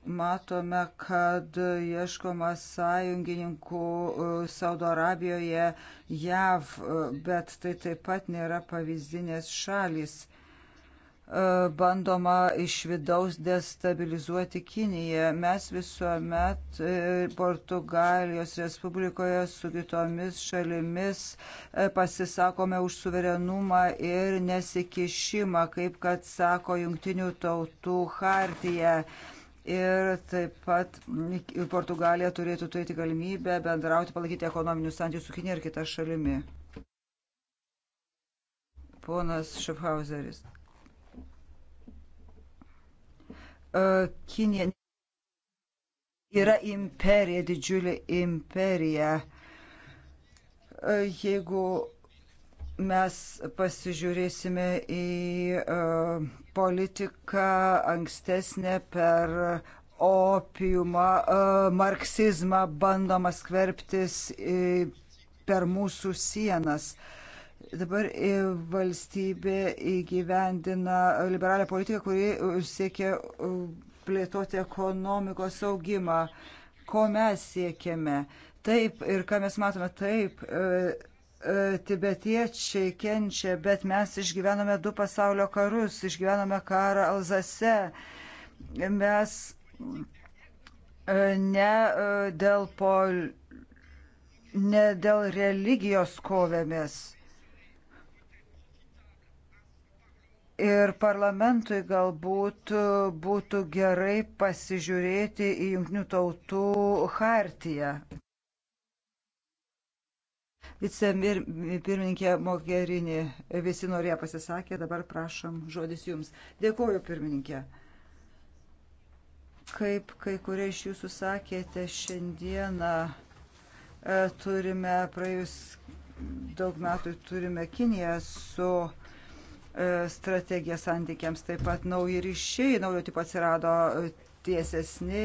matome, kad ieškoma sąjungininkų e, Saudo Arabijoje, JAV, e, bet tai taip pat nėra pavyzdinės šalis. E, bandoma iš vidaus destabilizuoti Kiniją. Mes visuomet Portugalijos Respublikoje su kitomis šalimis pasisakome už suverenumą ir nesikišimą, kaip kad sako Junktinių tautų hartija ir taip pat Portugalija turėtų turėti galimybę bendrauti, palaikyti ekonominius santykius su Kinė ir kita šalimi. Ponas Šafhauseris. E, Kinė yra imperija, didžiulė imperija. E, jeigu mes pasižiūrėsime į e, politiką ankstesnę per opiumą, e, marksizmą bandoma skverbtis per mūsų sienas. Dabar e, valstybė įgyvendina liberalią politiką, kuri e, siekia plėtoti ekonomikos augimą. Ko mes siekiame? Taip, ir ką mes matome, taip, E, tibetiečiai kenčia, bet mes išgyvenome du pasaulio karus, išgyvenome karą Alzase. Mes e, ne e, dėl, pol, ne dėl religijos kovėmės. Ir parlamentui galbūt būtų gerai pasižiūrėti į Junktinių tautų hartiją vicepirmininkė Mogherini. Visi norėjo pasisakė, dabar prašom žodis jums. Dėkuoju, pirmininkė. Kaip kai kurie iš jūsų sakėte, šiandieną e, turime, praėjus daug metų turime Kiniją su e, strategija santykiams, taip pat nauji ryšiai, naujo tipo atsirado tiesesni,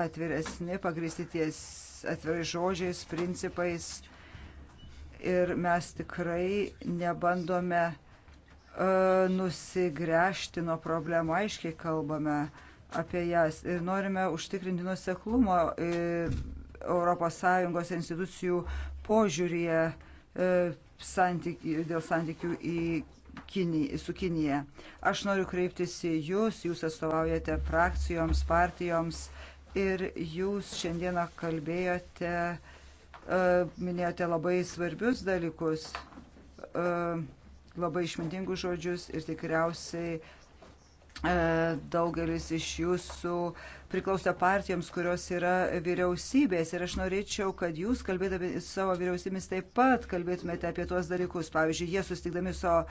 atviresni, pagristi ties atvirai žodžiais, principais ir mes tikrai nebandome e, nusigręžti nuo problemų, aiškiai kalbame apie jas ir norime užtikrinti nuseklumo ES institucijų požiūrėje santykių, dėl santykių į Kinį, su Kinija. Aš noriu kreiptis į Jūs, Jūs atstovaujate frakcijoms, partijoms ir Jūs šiandieną kalbėjote uh, E, minėjote labai svarbius dalykus, e, labai išmintingus žodžius ir tikriausiai e, daugelis iš jūsų priklauso partijoms, kurios yra vyriausybės. Ir aš norėčiau, kad jūs, kalbėdami savo vyriausybėmis, taip pat kalbėtumėte apie tuos dalykus. Pavyzdžiui, jie sustikdami savo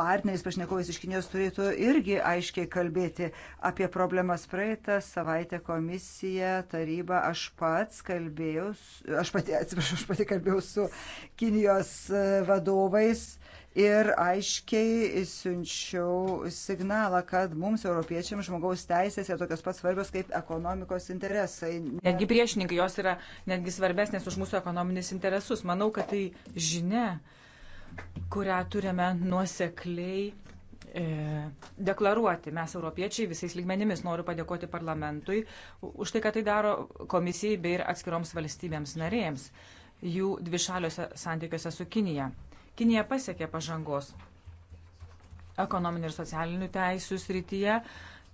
partneris pašnekovas iš Kinijos turėtų irgi aiškiai kalbėti apie problemas. Praeitą savaitę komisija, taryba, aš pats kalbėjau, aš pati, atsiprašau, aš pati kalbėjau su Kinijos e, vadovais ir aiškiai siunčiau signalą, kad mums, europiečiams, žmogaus teisės yra tokios pat svarbios kaip ekonomikos interesai. Netgi priešininkai jos yra netgi svarbesnės už mūsų ekonominis interesus. Manau, kad tai žinia, kurią turime nuosekliai e, deklaruoti. Mes, europiečiai, visais lygmenimis noriu padėkoti parlamentui už tai, kad tai daro komisijai bei ir atskiroms valstybėms narėjams jų dvišaliuose santykiuose su Kinija. Kinija pasiekė pažangos ekonominių ir socialinių teisų srityje,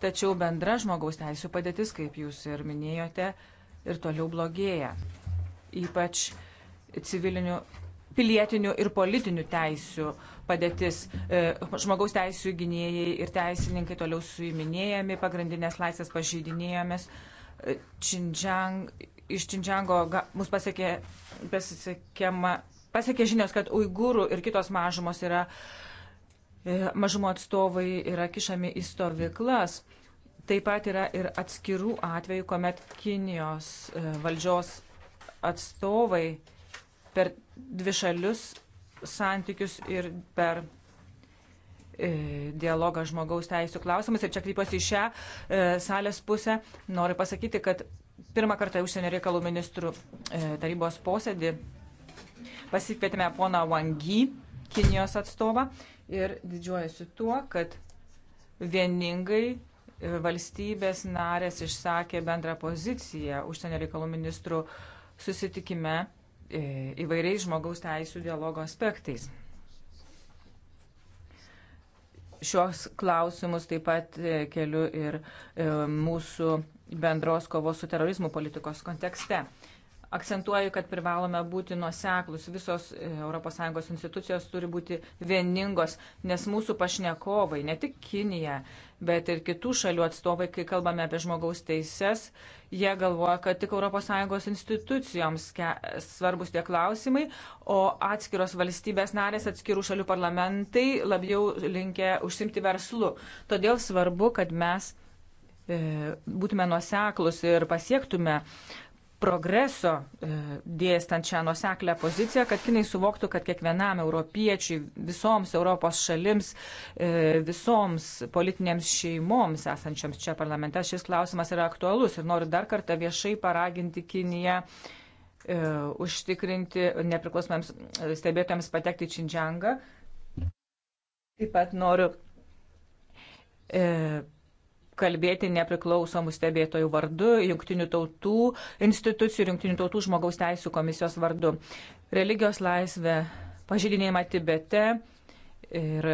tačiau bendra žmogaus teisų padėtis, kaip jūs ir minėjote, ir toliau blogėja. Ypač civilinių pilietinių ir politinių teisių padėtis. E, žmogaus teisų gynėjai ir teisininkai toliau suiminėjami, pagrindinės laisvės pažeidinėjomis. E, Čindžiang, iš Čindžiango mus pasiekė, pasiekė žinios, kad uigūrų ir kitos mažumos yra, e, mažumo atstovai yra kišami į stovyklas. Taip pat yra ir atskirų atvejų, kuomet Kinijos valdžios atstovai per dvišalius santykius ir per e, dialogą žmogaus teisų klausimais. Ir čia kreipiuosi į šią e, salės pusę. Noriu pasakyti, kad pirmą kartą užsienio reikalų ministrų e, tarybos posėdį pasikvietėme poną Wangy, Kinijos atstovą, ir didžiuojasi tuo, kad vieningai e, valstybės narės išsakė bendrą poziciją užsienio reikalų ministrų susitikime E, įvairiais žmogaus teisų dialogo aspektais. Šios klausimus taip pat e, keliu ir e, mūsų bendros kovos su terorizmu politikos kontekste. Akcentuoju, kad privalome būti nuoseklus, visos ES institucijos turi būti vieningos, nes mūsų pašnekovai, ne tik Kinija, bet ir kitų šalių atstovai, kai kalbame apie žmogaus teises, jie galvoja, kad tik ES institucijoms svarbus tie klausimai, o atskiros valstybės narės, atskirų šalių parlamentai labiau linkia užsimti verslu. Todėl svarbu, kad mes e, būtume nuoseklus ir pasiektume progreso e, dėstant šią nuseklę poziciją, kad Kinai suvoktų, kad kiekvienam europiečiui, visoms Europos šalims, e, visoms politinėms šeimoms esančioms čia parlamente šis klausimas yra aktualus. Ir noriu dar kartą viešai paraginti Kiniją e, užtikrinti nepriklausomams stebėtojams patekti į Čindžiangą. Taip pat noriu kalbėti nepriklausomų stebėtojų vardu, jungtinių tautų institucijų, jungtinių tautų žmogaus teisų komisijos vardu. Religijos laisvė, pažydinėjimą Tibete ir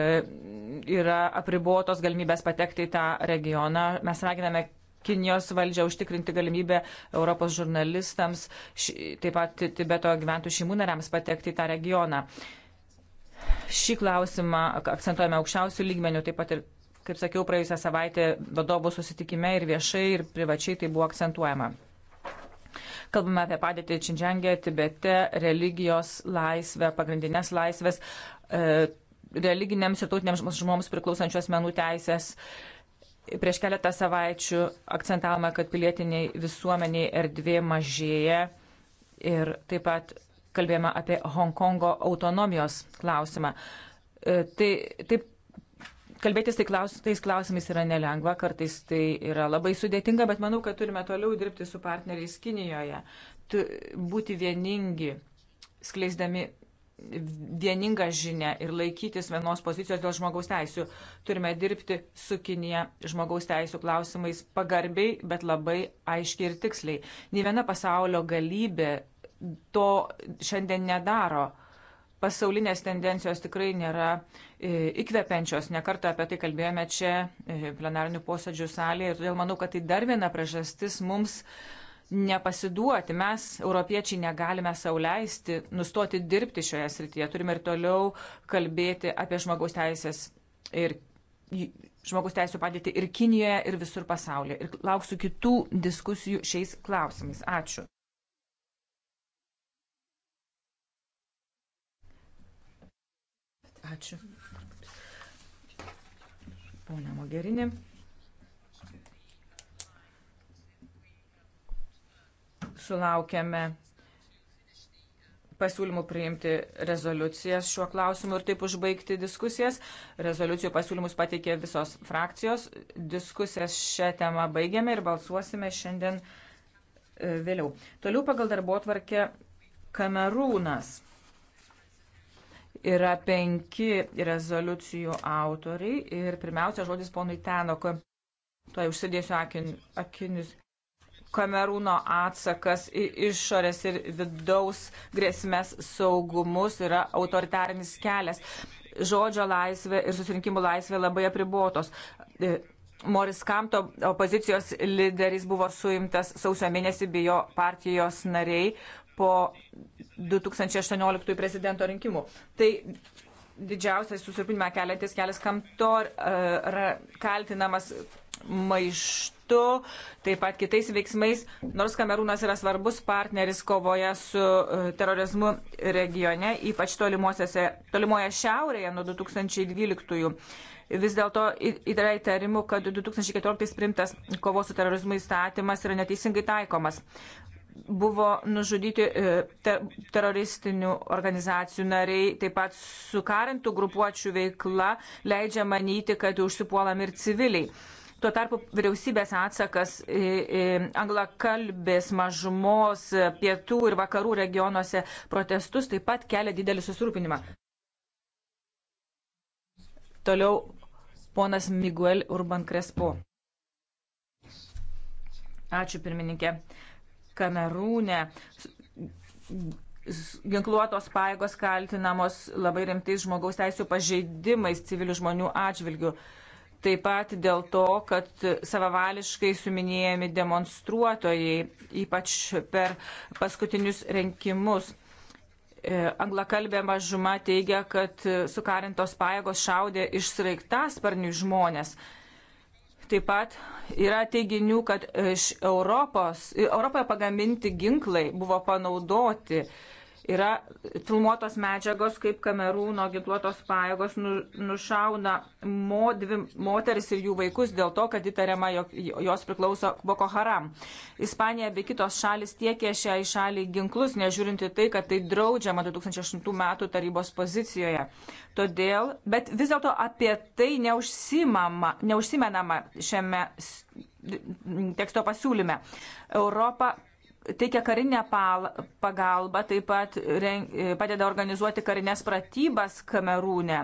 yra apribuotos galimybės patekti į tą regioną. Mes raginame Kinijos valdžia užtikrinti galimybę Europos žurnalistams, taip pat Tibeto gyventų šeimų nariams patekti į tą regioną. Šį klausimą akcentuojame aukščiausių lygmenių, taip pat ir Kaip sakiau, praėjusią savaitę vadovų susitikime ir viešai, ir privačiai tai buvo akcentuojama. Kalbame apie padėtį Činžengė, Tibete, religijos laisvę, pagrindinės laisvės, e, religinėms ir tautinėms žmoms priklausančios menų teisės. Prieš keletą savaičių akcentavome, kad pilietiniai visuomeniai erdvė mažėja ir taip pat kalbėjome apie Hongkongo autonomijos klausimą. E, tai taip Kalbėtis tai klaus, tais klausimais yra nelengva, kartais tai yra labai sudėtinga, bet manau, kad turime toliau dirbti su partneriais Kinijoje, tu, būti vieningi, skleisdami vieningą žinę ir laikytis vienos pozicijos dėl žmogaus teisų. Turime dirbti su Kinija žmogaus teisų klausimais pagarbiai, bet labai aiškiai ir tiksliai. Nė viena pasaulio galybė to šiandien nedaro. Pasaulinės tendencijos tikrai nėra E, įkvepiančios. Nekartą apie tai kalbėjome čia e, plenarinių posėdžių salėje ir todėl manau, kad tai dar viena priežastis mums nepasiduoti. Mes, europiečiai, negalime sauliaisti nustoti dirbti šioje srityje. Turime ir toliau kalbėti apie žmogaus teisės ir žmogus teisų padėti ir Kinijoje, ir visur pasaulyje. Ir lauksiu kitų diskusijų šiais klausimais. Ačiū. Ačiū ponia Mogherini. Sulaukėme pasiūlymų priimti rezoliucijas šiuo klausimu ir taip užbaigti diskusijas. Rezoliucijų pasiūlymus pateikė visos frakcijos. Diskusijas šią temą baigėme ir balsuosime šiandien e, vėliau. Toliau pagal darbo tvarkę Kamerūnas yra penki rezoliucijų autoriai ir pirmiausia žodis ponui Tenokui. Tuoj užsidėsiu akin, akinius. Kamerūno atsakas į išorės ir vidaus grėsmės saugumus yra autoritarinis kelias. Žodžio laisvė ir susirinkimų laisvė labai apribotos. E, Moris Kamto opozicijos lyderis buvo suimtas sausio mėnesį, bijo partijos nariai po 2018 prezidento rinkimų. Tai didžiausias susirūpinimą keliantis kelias, kam to e, kaltinamas maištu, taip pat kitais veiksmais, nors Kamerūnas yra svarbus partneris kovoje su e, terorizmu regione, ypač tolimoje šiaurėje nuo 2012-ųjų. Vis dėlto yra įtarimų, kad 2014 primtas kovos su terorizmu įstatymas yra neteisingai taikomas buvo nužudyti e, ter, teroristinių organizacijų nariai, taip pat sukarintų grupuočių veikla leidžia manyti, kad užsipuolami ir civiliai. Tuo tarpu vyriausybės atsakas anglakalbės mažumos e, pietų ir vakarų regionuose protestus taip pat kelia didelį susirūpinimą. Toliau ponas Miguel Urban Krespo. Ačiū pirmininkė. Kamerūne ginkluotos paėgos kaltinamos labai rimtais žmogaus teisų pažeidimais civilių žmonių atžvilgių. Taip pat dėl to, kad savavališkai suminėjami demonstruotojai, ypač per paskutinius rinkimus. E, anglakalbė mažuma teigia, kad sukarintos paėgos šaudė iš sraigtasparnių žmonės. Taip pat yra teiginių, kad iš Europos, Europoje pagaminti ginklai buvo panaudoti uh, Yra filmuotos medžiagos, kaip Kamerūno ginkluotos pajėgos nu, nušauna mo, dvi moteris ir jų vaikus dėl to, kad įtariama, jog jos priklauso Boko Haram. Ispanija bei kitos šalis tiekė šiai šaliai ginklus, nežiūrinti tai, kad tai draudžiama 2008 metų tarybos pozicijoje. Todėl, bet vis dėlto apie tai neužsimenama šiame teksto pasiūlyme. Europa teikia karinę pagalbą, taip pat padeda organizuoti karinės pratybas Kamerūne.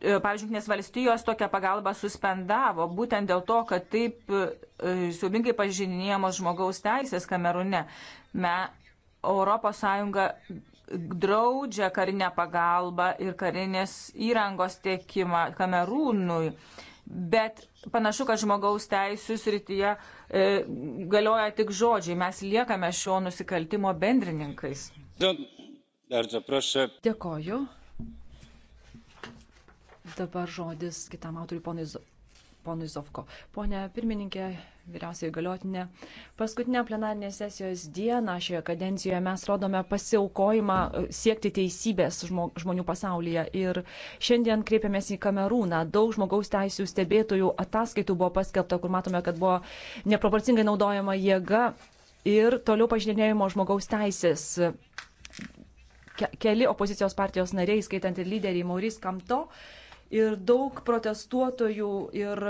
E, pavyzdžiui, nes valstijos tokią pagalbą suspendavo būtent dėl to, kad taip e, siubingai pažinėjamos žmogaus teisės Kamerūne. Me, Europos Sąjunga draudžia karinę pagalbą ir karinės įrangos tiekimą Kamerūnui. Bet panašu, kad žmogaus teisų srityje e, galioja tik žodžiai. Mes liekame šio nusikaltimo bendrininkais. Dėkoju. Dabar žodis kitam autoriui ponui, ponui Zovko. Pone pirmininkė, vyriausiai galiotinė. Paskutinę plenarinės sesijos dieną šioje kadencijoje mes rodome pasiaukojimą e, siekti teisybės žmonių pasaulyje. Ir šiandien kreipiamės į Kamerūną. Daug žmogaus teisų stebėtojų ataskaitų buvo paskelbta, kur matome, kad buvo neproporcingai naudojama jėga ir toliau pažinėjimo žmogaus teisės keli opozicijos partijos nariai, skaitant ir lyderį Maurys Kamto, ir daug protestuotojų ir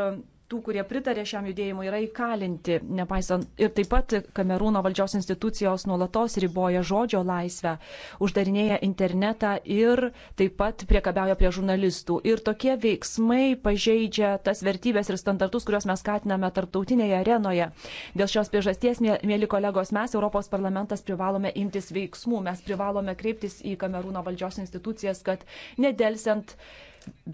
tų, kurie pritarė šiam judėjimui, yra įkalinti, nepaisant. Ir taip pat Kamerūno valdžios institucijos nuolatos riboja žodžio laisvę, uždarinėja internetą ir taip pat priekabiauja prie žurnalistų. Ir tokie veiksmai pažeidžia tas vertybės ir standartus, kuriuos mes skatiname tarptautinėje arenoje. Dėl šios priežasties, mėly kolegos, mes, Europos parlamentas, privalome imtis veiksmų. Mes privalome kreiptis į Kamerūno valdžios institucijas, kad nedelsiant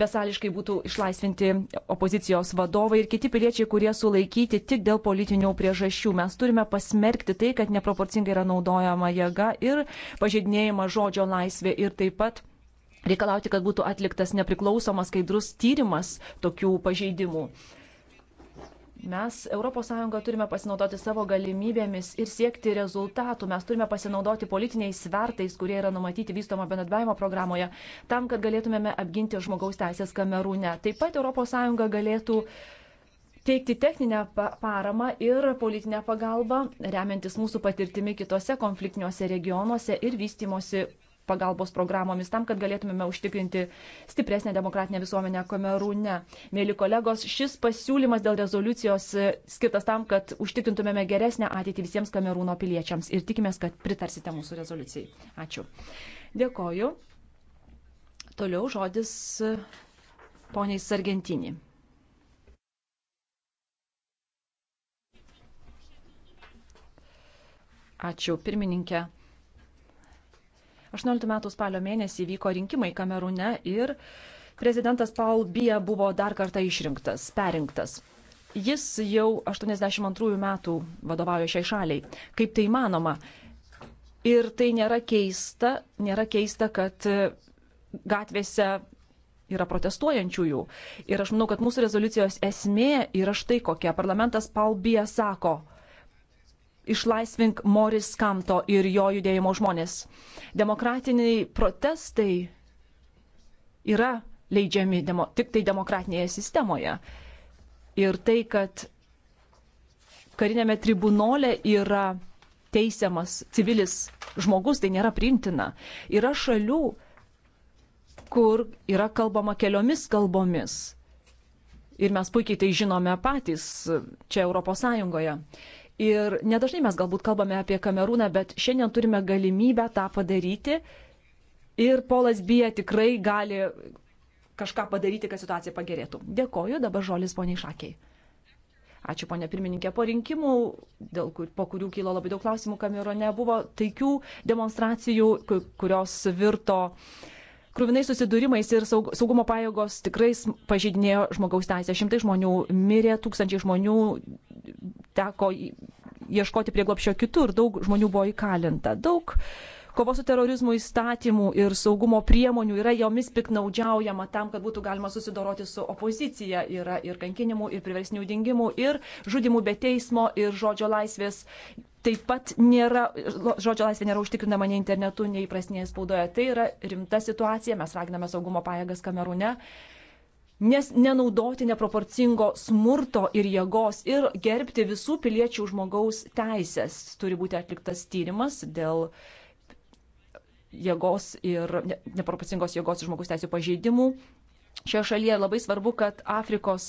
besališkai būtų išlaisvinti opozicijos vadovai ir kiti piliečiai, kurie sulaikyti tik dėl politinių priežasčių. Mes turime pasmerkti tai, kad neproporcingai yra naudojama jėga ir pažeidinėjama žodžio laisvė ir taip pat reikalauti, kad būtų atliktas nepriklausomas skaidrus tyrimas tokių pažeidimų. Mes, ES, turime pasinaudoti savo galimybėmis ir siekti rezultatų. Mes turime pasinaudoti politiniais svertais, kurie yra numatyti vystomo bendradarbiavimo programoje, tam, kad galėtumėme apginti žmogaus teisės Kamerūne. Taip pat ES galėtų teikti techninę paramą ir politinę pagalbą, remiantis mūsų patirtimi kitose konfliktiniuose regionuose ir vystimosi pagalbos programomis tam, kad galėtumėme užtikrinti stipresnę demokratinę visuomenę Kamerūne. Mėly kolegos, šis pasiūlymas dėl rezoliucijos e, skirtas tam, kad užtikrintumėme geresnę ateitį visiems Kamerūno piliečiams ir tikimės, kad pritarsite mūsų rezoliucijai. Ačiū. Dėkoju. Toliau žodis e, poniai Sargentinį. Ačiū pirmininkė. 18 metų spalio mėnesį vyko rinkimai Kamerūne ir prezidentas Paul Bia buvo dar kartą išrinktas, perinktas. Jis jau 82 metų vadovauja šiai šaliai. Kaip tai manoma? Ir tai nėra keista, nėra keista, kad gatvėse yra protestuojančiųjų. Ir aš manau, kad mūsų rezoliucijos esmė yra štai kokia. Parlamentas Paul Bia sako, išlaisvink Moris Kamto ir jo judėjimo žmonės. Demokratiniai protestai yra leidžiami demo, tik tai demokratinėje sistemoje. Ir tai, kad karinėme tribunole yra teisiamas civilis žmogus, tai nėra priimtina. Yra šalių, kur yra kalbama keliomis kalbomis. Ir mes puikiai tai žinome patys čia Europos Sąjungoje. Ir nedažnai mes galbūt kalbame apie Kamerūną, bet šiandien turime galimybę tą padaryti. Ir Polas Bija tikrai gali kažką padaryti, kad situacija pagerėtų. Dėkoju, dabar žolis poniai Šakiai. Ačiū, ponė pirmininkė, po rinkimų, dėl, kur, po kurių kilo labai daug klausimų Kamerone, buvo taikių demonstracijų, kurios virto uh, krūvinais susidūrimais ir saug, saugumo pajėgos tikrai pažydinėjo žmogaus teisę. Šimtai žmonių mirė, tūkstančiai žmonių teko ieškoti prieglopščio kitur, daug žmonių buvo įkalinta. Daug kovos su terorizmu įstatymų ir saugumo priemonių yra jomis piknaudžiaujama tam, kad būtų galima susidoroti su opozicija. Yra ir kankinimų, ir priversnių dingimų, ir žudimų be teismo, ir žodžio laisvės taip pat nėra, nu, žodžio laisvė nėra užtikrinama nei internetu, nei įprasnėje spaudoje. Tai yra rimta situacija, mes raginame saugumo pajėgas Kamerūne. Nes nenaudoti neproporcingo smurto ir jėgos ir gerbti visų piliečių žmogaus teisės turi būti atliktas tyrimas dėl jėgos ir neproporcingos jėgos ir žmogus teisų pažeidimų. Šioje šalyje labai svarbu, kad Afrikos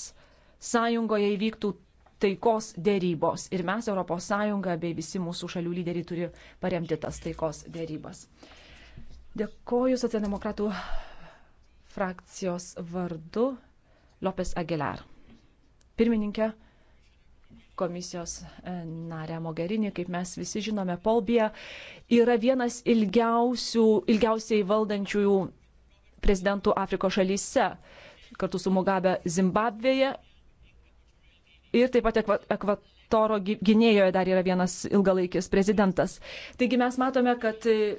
sąjungoje įvyktų taikos dėrybos. Ir mes, ES bei visi mūsų šalių lyderiai, turi paremti tas taikos dėrybas. Dėkoju Socialdemokratų frakcijos vardu Lopes Aguilar. Pirmininkė komisijos e, narę Mogerinį, kaip mes visi žinome, Polbija yra vienas ilgiausiai valdančiųjų prezidentų Afrikos šalyse kartu su Mugabe Zimbabvėje ir taip pat ekvatoro gynėjoje dar yra vienas ilgalaikis prezidentas. Taigi mes matome, kad e,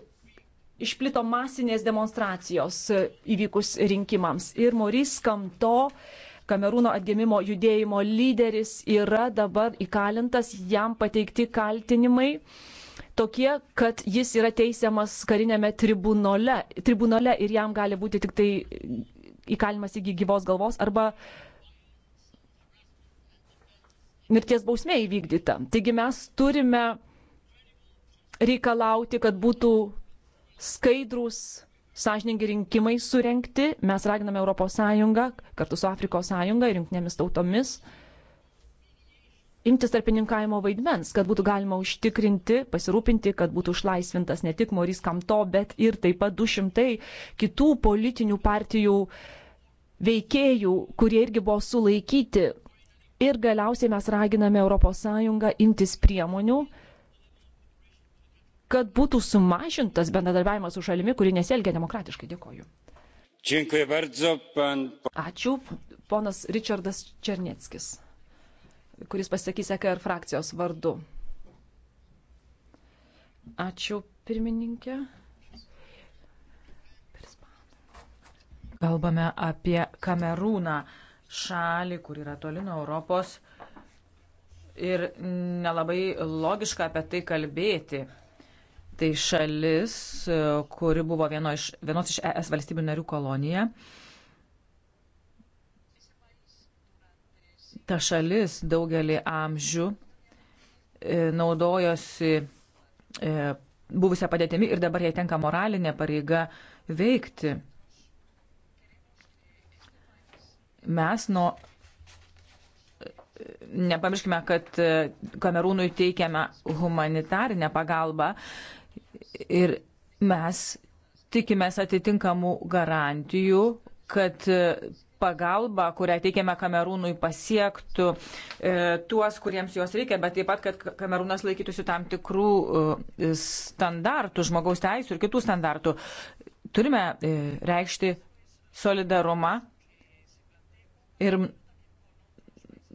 išplito masinės demonstracijos e, įvykus rinkimams. Ir Morys Kamto, Kamerūno atgimimo judėjimo lyderis, yra dabar įkalintas, jam pateikti kaltinimai tokie, kad jis yra teisiamas karinėme tribunole, tribunole ir jam gali būti tik tai įkalimas iki gyvos galvos arba mirties bausmė įvykdyta. Taigi mes turime reikalauti, kad būtų skaidrus, sąžininkai rinkimai surenkti. Mes raginame ES kartu su Afrikos sąjunga ir jungtinėmis tautomis imtis tarpininkavimo vaidmens, kad būtų galima užtikrinti, pasirūpinti, kad būtų išlaisvintas ne tik Morys Kamto, bet ir taip pat 200 kitų politinių partijų veikėjų, kurie irgi buvo sulaikyti Ir galiausiai mes raginame ES imtis priemonių, kad būtų sumažintas bendradarbiavimas su šalimi, kuri nesielgia demokratiškai. Dėkoju. Bardzo, pan... Ačiū, ponas Richardas Černieckis, kuris pasakys EKR frakcijos vardu. Ačiū, pirmininkė. Kalbame apie Kamerūną šalį, kur yra toli nuo Europos ir nelabai logiška apie tai kalbėti. Tai šalis, kuri buvo vieno iš, vienos iš ES valstybių narių kolonija. Ta šalis daugelį amžių e, naudojosi e, buvusią padėtimi ir dabar jai tenka moralinė pareiga veikti. Mes nuo. Nepamirškime, kad e, Kamerūnui teikiame humanitarinę pagalbą ir mes tikimės atitinkamų garantijų, kad e, pagalba, kurią teikiame Kamerūnui, pasiektų e, tuos, kuriems jos reikia, bet taip pat, kad Kamerūnas laikytųsi tam tikrų e, standartų, žmogaus teisų ir kitų standartų. Turime e, reikšti solidarumą Ir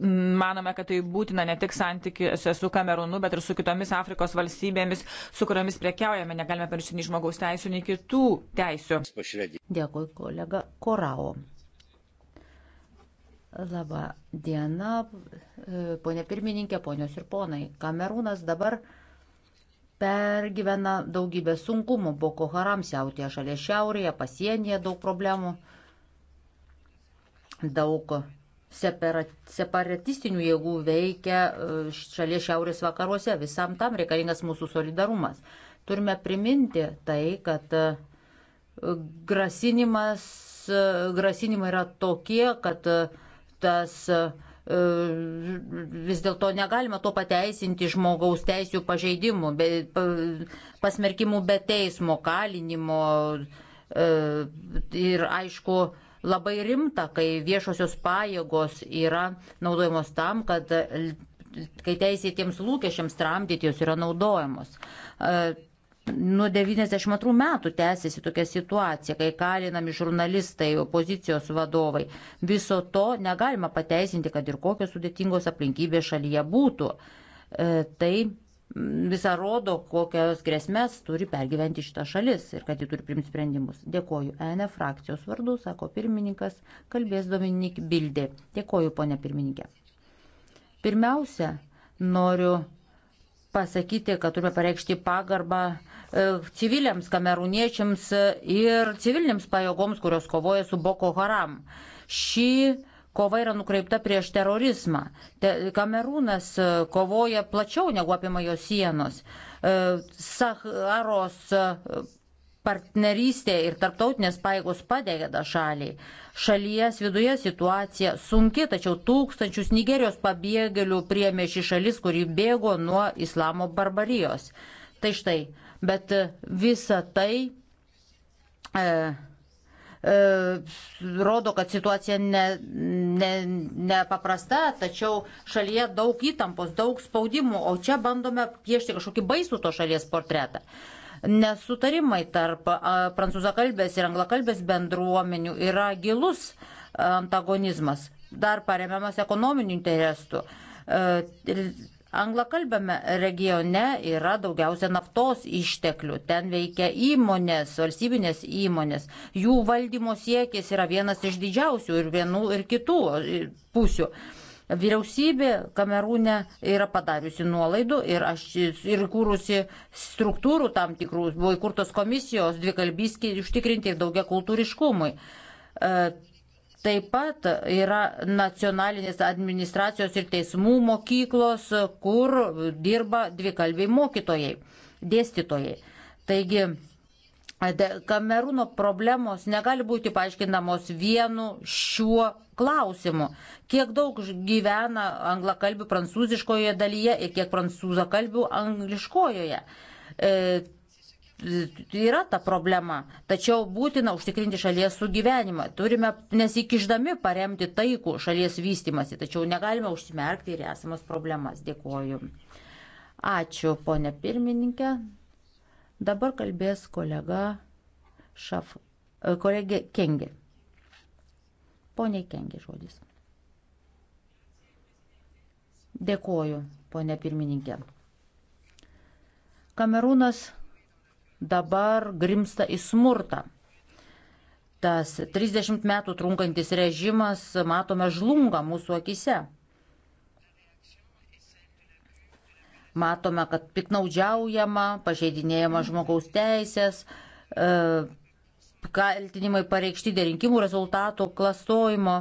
manome, kad tai būtina ne tik santykiuose su Kamerūnu, bet ir su kitomis Afrikos valstybėmis, su kuriomis prekiaujame. Negalime pamiršti nei žmogaus teisų, nei kitų teisų. Dėkui, kolega Korao. Labą dieną, e, ponė pirmininkė, ponios ir ponai. Kamerūnas dabar pergyvena daugybę sunkumų. Boko Haram siautėje šalia šiaurėje, pasienyje daug problemų daug separatistinių jėgų veikia e, šalies šiaurės vakaruose. Visam tam reikalingas mūsų solidarumas. Turime priminti tai, kad e, grasinimas, e, grasinimai yra tokie, kad tas vis dėlto negalima to pateisinti žmogaus teisų pažeidimų, be, pasmerkimų be teismo, kalinimo ir aišku, labai rimta, kai viešosios pajėgos yra naudojamos tam, kad kai teisėtiems lūkesčiams tramdyti jos yra naudojamos. E, nuo 92 metų tęsiasi tokia situacija, kai kalinami žurnalistai, opozicijos vadovai. Viso to negalima pateisinti, kad ir kokios sudėtingos aplinkybės šalyje būtų. E, tai visą rodo, kokias grėsmės turi pergyventi šitą šalis ir kad ji turi primti sprendimus. Dėkoju ENE frakcijos vardu, sako pirmininkas, kalbės Dominik Bildė. Dėkoju, ponė pirmininkė. Pirmiausia, noriu pasakyti, kad turime pareikšti pagarbą e, civiliams kamerūniečiams ir civiliniams pajėgoms, kurios kovoja su Boko Haram. Šį kova yra nukreipta prieš terorizmą. Te, Kamerūnas e, kovoja plačiau negu apima jo sienos. E, Saharos e, partnerystė ir tarptautinės paėgos padeda šaliai. Šalies viduje situacija sunki, tačiau tūkstančius Nigerijos pabėgėlių priemė šį šalis, kuri bėgo nuo islamo barbarijos. Tai štai, bet visa tai. E, E, rodo, kad situacija nepaprasta, ne, ne, ne tačiau šalyje daug įtampos, daug spaudimų, o čia bandome piešti kažkokį baisų to šalies portretą. Nesutarimai tarp prancūzakalbės ir anglakalbės bendruomenių yra gilus e, antagonizmas, dar paremiamas ekonominių interesų e, Anglakalbėme regione yra daugiausia naftos išteklių, ten veikia įmonės, valstybinės įmonės, jų valdymo siekis yra vienas iš didžiausių ir vienų ir kitų pusių. Vyriausybė Kamerūne yra padariusi nuolaidų ir, aš, ir kūrusi struktūrų tam tikrų, buvo įkurtos komisijos dvikalbyskį užtikrinti ir daugia kultūriškumui. E, Taip pat yra nacionalinės administracijos ir teismų mokyklos, kur dirba dvikalbiai mokytojai, dėstytojai. Taigi, Kamerūno problemos negali būti paaiškinamos vienu šiuo klausimu. Kiek daug gyvena anglakalbių prancūziškoje dalyje ir kiek prancūzakalbių angliškojoje. E, Yra ta problema, tačiau būtina užtikrinti šalies sugyvenimą. Turime nesikiždami paremti taikų šalies vystimasi, tačiau negalime užsimerkti ir esamas problemas. Dėkuoju. Ačiū, ponė pirmininkė. Dabar kalbės kolega Šaf, kolegė Kengė. Pone Kengė žodis. Dėkuoju, ponė pirmininkė. Kamerūnas dabar grimsta į smurtą. Tas 30 metų trunkantis režimas, matome, žlunga mūsų akise. Matome, kad piknaudžiaujama, pažeidinėjama žmogaus teisės, e, kaltinimai pareikšti dėl rinkimų rezultatų klastojimo.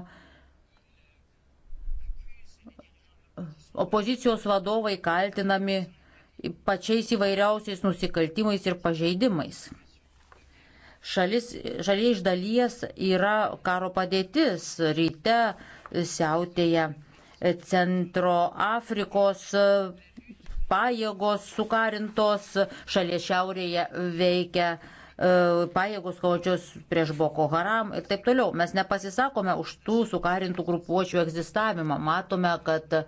Opozicijos vadovai kaltinami pačiais įvairiausiais nusikaltimais ir pažeidimais. Šalis, šalia iš dalies yra karo padėtis, ryte siautėja centro Afrikos pajėgos sukarintos, šalia šiaurėje veikia e, pajėgos kovočios prieš Boko Haram ir taip toliau. Mes nepasisakome už tų sukarintų grupuočių egzistavimą. Matome, kad uh,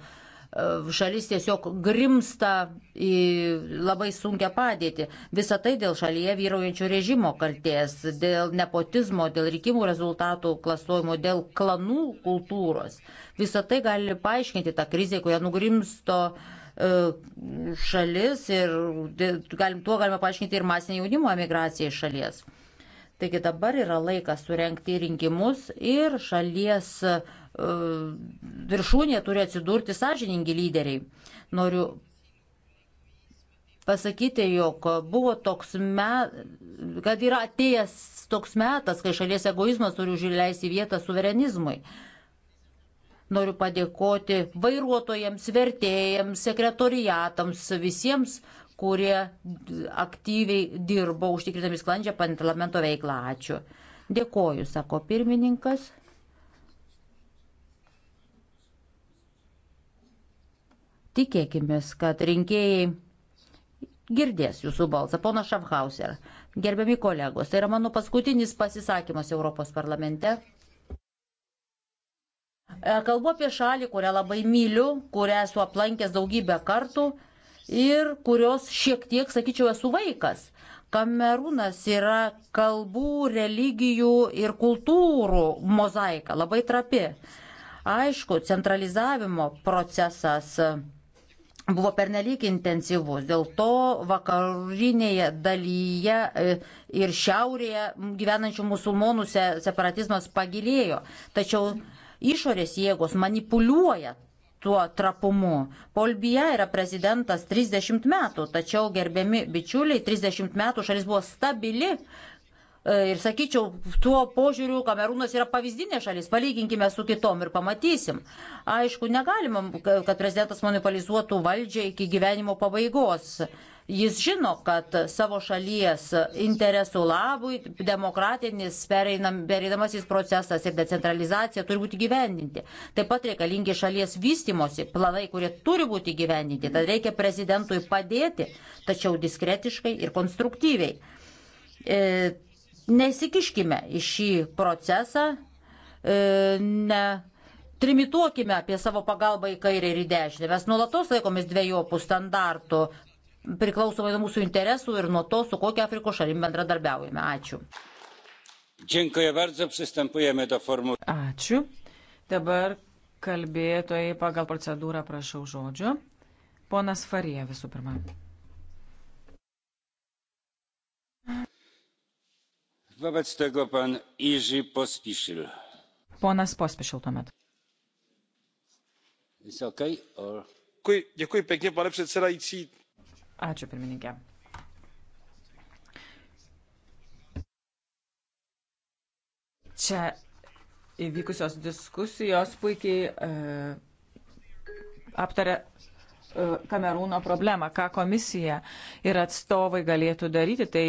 E, šalis tiesiog grimsta į labai sunkę padėtį. Visą tai dėl šalyje vyraujančio režimo kalties, dėl nepotizmo, dėl rinkimų rezultatų klastojimo, dėl klanų kultūros. Visą tai gali paaiškinti tą krizę, kurią nugrimsto e, šalis ir galim, tuo galima paaiškinti ir masinį jaunimo emigraciją iš šalies. Taigi dabar yra laikas surenkti rinkimus ir šalies uh, E, viršūnėje turi atsidurti sąžiningi lyderiai. Noriu pasakyti, jog buvo toks metas, kad yra atėjęs toks metas, kai šalies egoizmas turi užleisti vietą suverenizmui. Noriu padėkoti vairuotojams, vertėjams, sekretorijatams, visiems, kurie aktyviai dirbo užtikrinami sklandžią parlamento veiklą. Ačiū. Dėkoju, sako pirmininkas. Tikėkime, kad rinkėjai girdės jūsų balsą. Pona Šafhauser, gerbiami kolegos, tai yra mano paskutinis pasisakymas Europos parlamente. E, kalbu apie šalį, kurią labai myliu, kurią esu aplankęs daugybę kartų ir kurios šiek tiek, sakyčiau, esu vaikas. Kamerūnas yra kalbų, religijų ir kultūrų mozaika, labai trapi. Aišku, centralizavimo procesas buvo pernelyg intensyvus. Dėl to vakarinėje dalyje e, ir šiaurėje gyvenančių musulmonų separatizmas pagilėjo. Tačiau išorės jėgos manipuliuoja tuo trapumu. Polbija yra prezidentas 30 metų, tačiau gerbiami bičiuliai, 30 metų šalis buvo stabili E, ir sakyčiau, tuo požiūriu Kamerūnas yra pavyzdinė šalis, palyginkime su kitom ir pamatysim. Aišku, negalima, kad prezidentas monopolizuotų valdžią iki gyvenimo pabaigos. Jis žino, kad savo šalies interesų labui demokratinis pereinamasis procesas ir decentralizacija turi būti gyvendinti. Taip pat reikalingi šalies vystimosi planai, kurie turi būti gyvendinti. Tad reikia prezidentui padėti, tačiau diskretiškai ir konstruktyviai. E, Nesikiškime į šį procesą, e, ne trimituokime apie savo pagalbą į kairę ir į dešinę. Mes nuolatos laikomės dviejopų standartų, priklausomai nuo mūsų interesų ir nuo to, su kokia Afrikos šalim bendradarbiaujame. Ačiū. Ačiū. Dabar kalbėtojai pagal procedūrą prašau žodžio. Ponas Farija visų pirma. Wobec tego pan Iży Pospiszil. Ponas Pospišil tuomet. Okay, or... Děkuji, děkuji pěkně, pane předsedající. Ačiū, pirmininkė. Čia įvykusios diskusijos puikiai e, aptarė Kamerūno problemą, ką komisija ir atstovai galėtų daryti, tai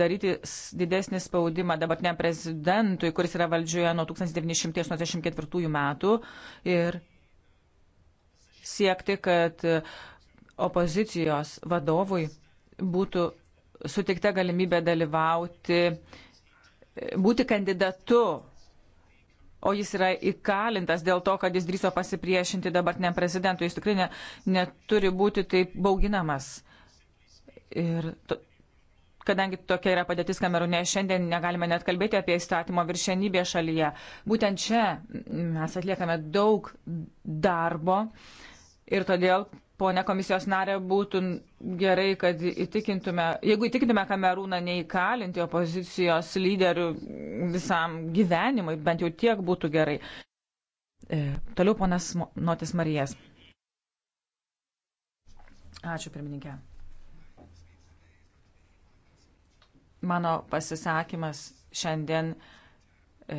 daryti didesnį spaudimą dabartiniam prezidentui, kuris yra valdžioje nuo 1984 metų ir siekti, kad opozicijos vadovui būtų sutikta galimybė dalyvauti, būti kandidatu o jis yra įkalintas dėl to, kad jis drįso pasipriešinti dabartiniam prezidentui. Jis tikrai ne, neturi būti taip bauginamas. Ir to, kadangi tokia yra padėtis Kamerūne, šiandien negalime net kalbėti apie įstatymo viršenybę šalyje. Būtent čia mes atliekame daug darbo ir todėl Pone komisijos narė, būtų gerai, kad įtikintume, jeigu įtikintume kamerūną neįkalinti opozicijos lyderių visam gyvenimui, bent jau tiek būtų gerai. E, toliau ponas Notis Marijas. Ačiū, pirmininkė. Mano pasisakymas šiandien e,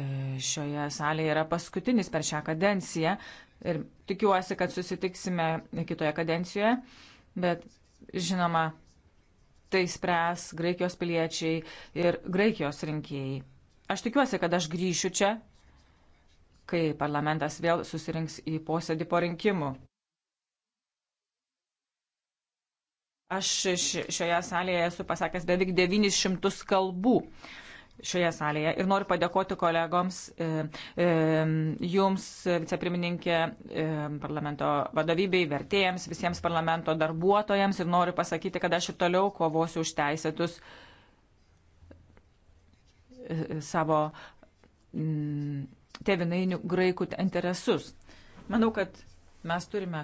šioje salėje yra paskutinis per šią kadenciją, ir tikiuosi, kad susitiksime kitoje kadencijoje, bet žinoma, tai spręs Graikijos piliečiai ir Graikijos rinkėjai. Aš tikiuosi, kad aš grįšiu čia, kai parlamentas vėl susirinks į posėdį po rinkimų. Aš šioje salėje esu pasakęs beveik 900 kalbų šioje salėje. Ir noriu padėkoti kolegoms, e, e, jums, vicepirmininkė, e, parlamento vadovybei, vertėjams, visiems parlamento darbuotojams ir noriu pasakyti, kad aš ir toliau kovosiu už teisėtus savo mm, tevinainių graikų interesus. Manau, kad mes turime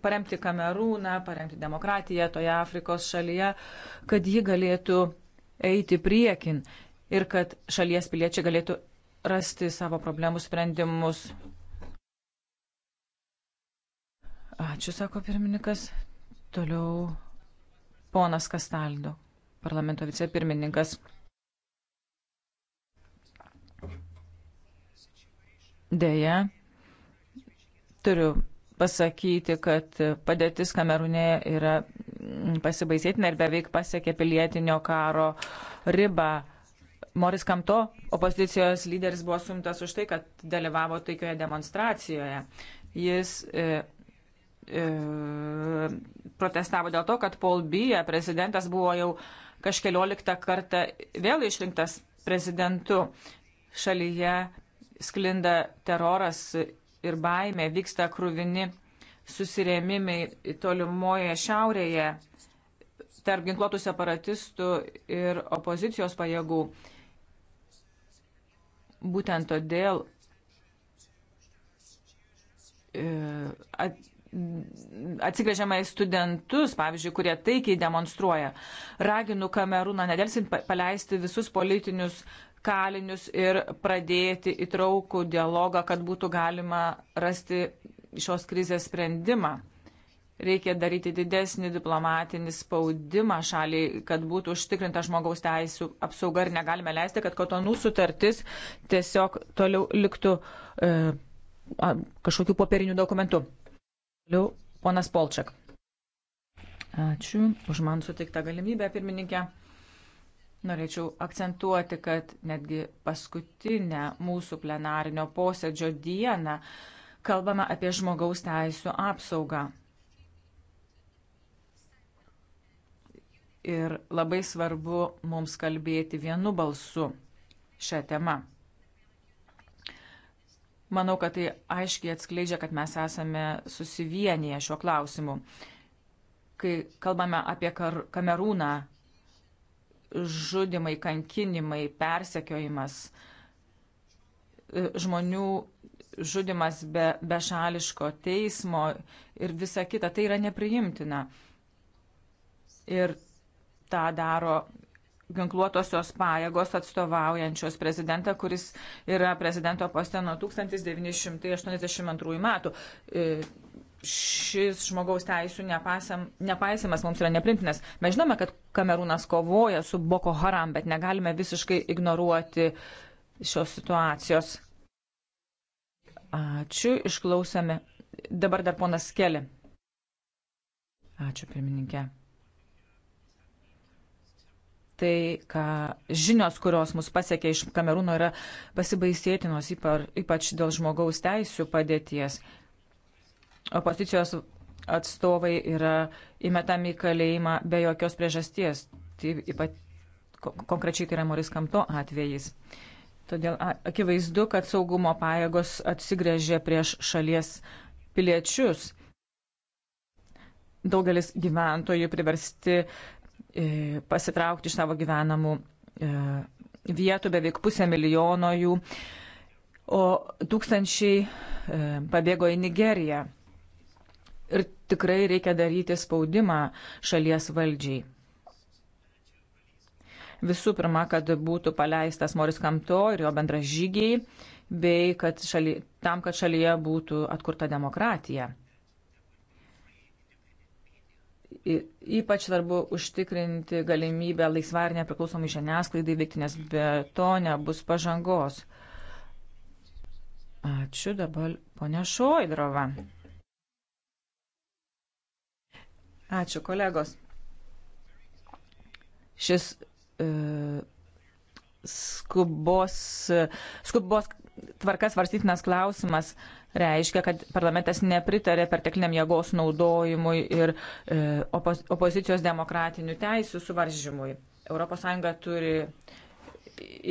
paremti Kamerūną, paremti demokratiją toje Afrikos šalyje, kad ji galėtų eiti priekin ir kad šalies piliečiai galėtų rasti savo problemų sprendimus. Ačiū, sako pirmininkas. Toliau ponas Kastaldo, parlamento vicepirmininkas. Deja, turiu pasakyti, kad padėtis Kamerūne yra pasibaisėtina ir beveik pasiekė pilietinio karo ribą. Moris Kamto, opozicijos lyderis, buvo sumtas už tai, kad dalyvavo taikioje demonstracijoje. Jis e, e, protestavo dėl to, kad Paul Bija, prezidentas, buvo jau kažkelioliktą kartą vėl išrinktas prezidentu. Šalyje sklinda teroras ir baimė, vyksta krūvini susirėmimai tolimoje šiaurėje tarp ginkluotų separatistų ir opozicijos pajėgų. Būtent todėl e, atsigrėžiama į studentus, pavyzdžiui, kurie taikiai demonstruoja. Raginu Kamerūną nedelsint paleisti visus politinius kalinius ir pradėti įtraukų dialogą, kad būtų galima rasti šios krizės sprendimą reikia daryti didesnį diplomatinį spaudimą šaliai, kad būtų užtikrinta žmogaus teisų apsauga ir negalime leisti, kad kotonų sutartis tiesiog toliau liktų e, kažkokių popierinių dokumentų. Toliau ponas Polčiak. Ačiū už man suteiktą galimybę, pirmininkė. Norėčiau akcentuoti, kad netgi paskutinę mūsų plenarinio posėdžio dieną kalbame apie žmogaus teisų apsaugą. ir labai svarbu mums kalbėti vienu balsu šią temą. Manau, kad tai aiškiai atskleidžia, kad mes esame susivienyje šiuo klausimu. Kai kalbame apie kar Kamerūną, žudimai, kankinimai, persekiojimas, e, žmonių žudimas be, be šališko teismo ir visa kita, tai yra nepriimtina. Ir tą daro ginkluotosios pajėgos atstovaujančios prezidentą, kuris yra prezidento poste nuo 1982 metų. E, šis žmogaus teisų nepaisam, nepaisimas mums yra neprintinas. Mes žinome, kad Kamerūnas kovoja su Boko Haram, bet negalime visiškai ignoruoti šios situacijos. Ačiū, išklausėme. Dabar dar ponas Keli. Ačiū, pirmininkė tai, ką žinios, kurios mus pasiekė iš Kamerūno, yra pasibaisėtinos, ypač dėl žmogaus teisų padėties. Opozicijos atstovai yra įmetami į kalėjimą be jokios priežasties. Tai ypat, konkrečiai tai yra Moris Kamto atvejais. Todėl akivaizdu, kad saugumo pajėgos atsigrėžė prieš šalies piliečius daugelis gyventojų priversti E, pasitraukti iš savo gyvenamų e, vietų, beveik pusę milijono jų, o tūkstančiai e, pabėgo į Nigeriją. Ir tikrai reikia daryti spaudimą šalies valdžiai. Visų pirma, kad būtų paleistas Moris Kamto ir jo bendražygiai, bei kad šaly, tam, kad šalyje būtų atkurta demokratija. Ypač svarbu užtikrinti galimybę laisvai ir nepriklausomai žiniasklaidai veikti, nes be to nebus pažangos. Ačiū dabar ponia Šoidrova. Ačiū kolegos. Šis e, skubos, skubos tvarkas varstytinas klausimas e, reiškia, kad parlamentas nepritarė pertekliniam jėgos naudojimui ir e, opos, opozicijos demokratinių teisų suvaržymui. ES turi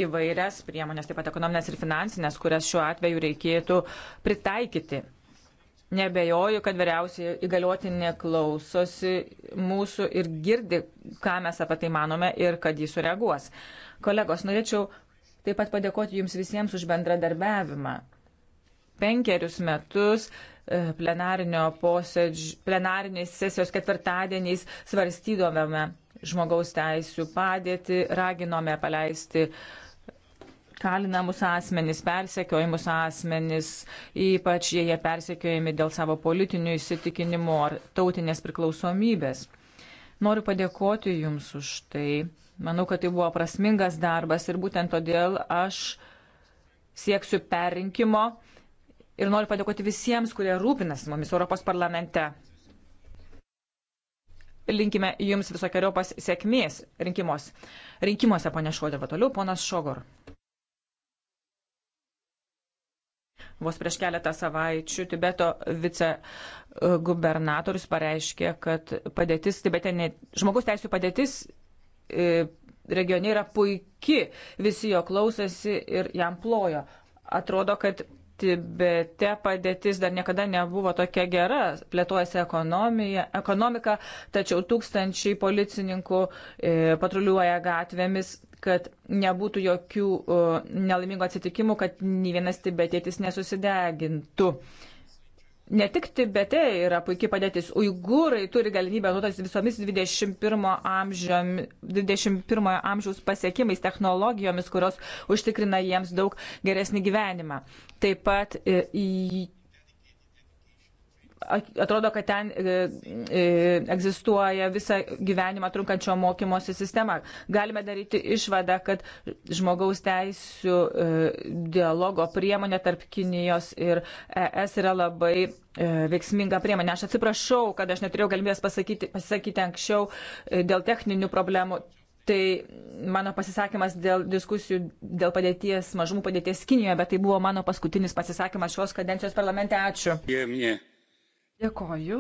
įvairias priemonės, taip pat ekonominės ir finansinės, kurias šiuo atveju reikėtų pritaikyti. Nebejoju, kad vyriausiai įgaliotinė klausosi mūsų ir girdi, ką mes apie tai manome ir kad jis sureaguos. Kolegos, norėčiau taip pat padėkoti Jums visiems už bendradarbiavimą penkerius metus e, plenarinės sesijos ketvirtadieniais svarstydavome žmogaus teisų padėtį, raginome paleisti kalinamus asmenis, persekiojimus asmenis, ypač jei jie persekiojami dėl savo politinių įsitikinimų ar tautinės priklausomybės. Noriu padėkoti Jums už tai. Manau, kad tai buvo prasmingas darbas ir būtent todėl aš sieksiu perrinkimo ir noriu padėkoti visiems, kurie rūpinasi mumis Europos parlamente. Linkime jums visokiojopas sėkmės rinkimos. rinkimuose, ponė Šodėva. Toliau ponas Šogor. Vos prieš keletą savaičių Tibeto vicegubernatorius pareiškė, kad padėtis Tibetinė, žmogus teisų padėtis e, regione yra puiki, visi jo klausėsi ir jam plojo. Atrodo, kad Tibete padėtis dar niekada nebuvo tokia gera, plėtojasi ekonomika, tačiau tūkstančiai policininkų e, patruliuoja gatvėmis, kad nebūtų jokių e, nelaimingų atsitikimų, kad nei vienas tibetėtis nesusidegintų. E, ne tik Tibete yra puikiai padėtis, uigūrai turi galimybę naudotis visomis 21, amžiam, 21 amžiaus pasiekimais, technologijomis, kurios užtikrina jiems daug geresnį gyvenimą. Taip pat e, į atrodo, kad ten e, e, egzistuoja visą gyvenimą trunkančio mokymosi sistema. Galime daryti išvadą, kad žmogaus teisų e, dialogo priemonė tarp Kinijos ir ES yra labai e, veiksminga priemonė. Aš atsiprašau, kad aš neturėjau galimybės pasakyti, pasakyti anksčiau e, dėl techninių problemų. Tai mano pasisakymas dėl diskusijų, dėl padėties, mažumų padėties Kinijoje, bet tai buvo mano paskutinis pasisakymas šios kadencijos parlamente. Ačiū. Yeah, yeah. Dėkoju.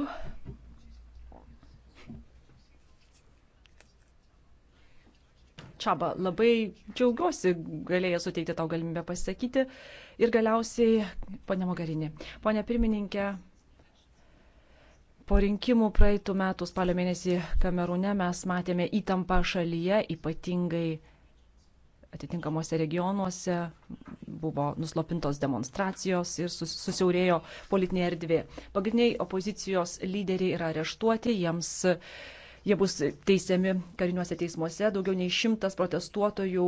Čaba, labai džiaugiuosi galėjęs suteikti tau galimybę pasisakyti. Ir galiausiai, ponė Mogarinė, ponė pirmininkė, po rinkimų praeitų metų spalio mėnesį Kamerūne mes matėme įtampą šalyje, ypatingai atitinkamuose regionuose buvo nuslopintos demonstracijos ir susiaurėjo politinė erdvė. Pagrindiniai opozicijos lyderiai yra areštuoti, jiems jie bus teisiami kariniuose teismuose, daugiau nei šimtas protestuotojų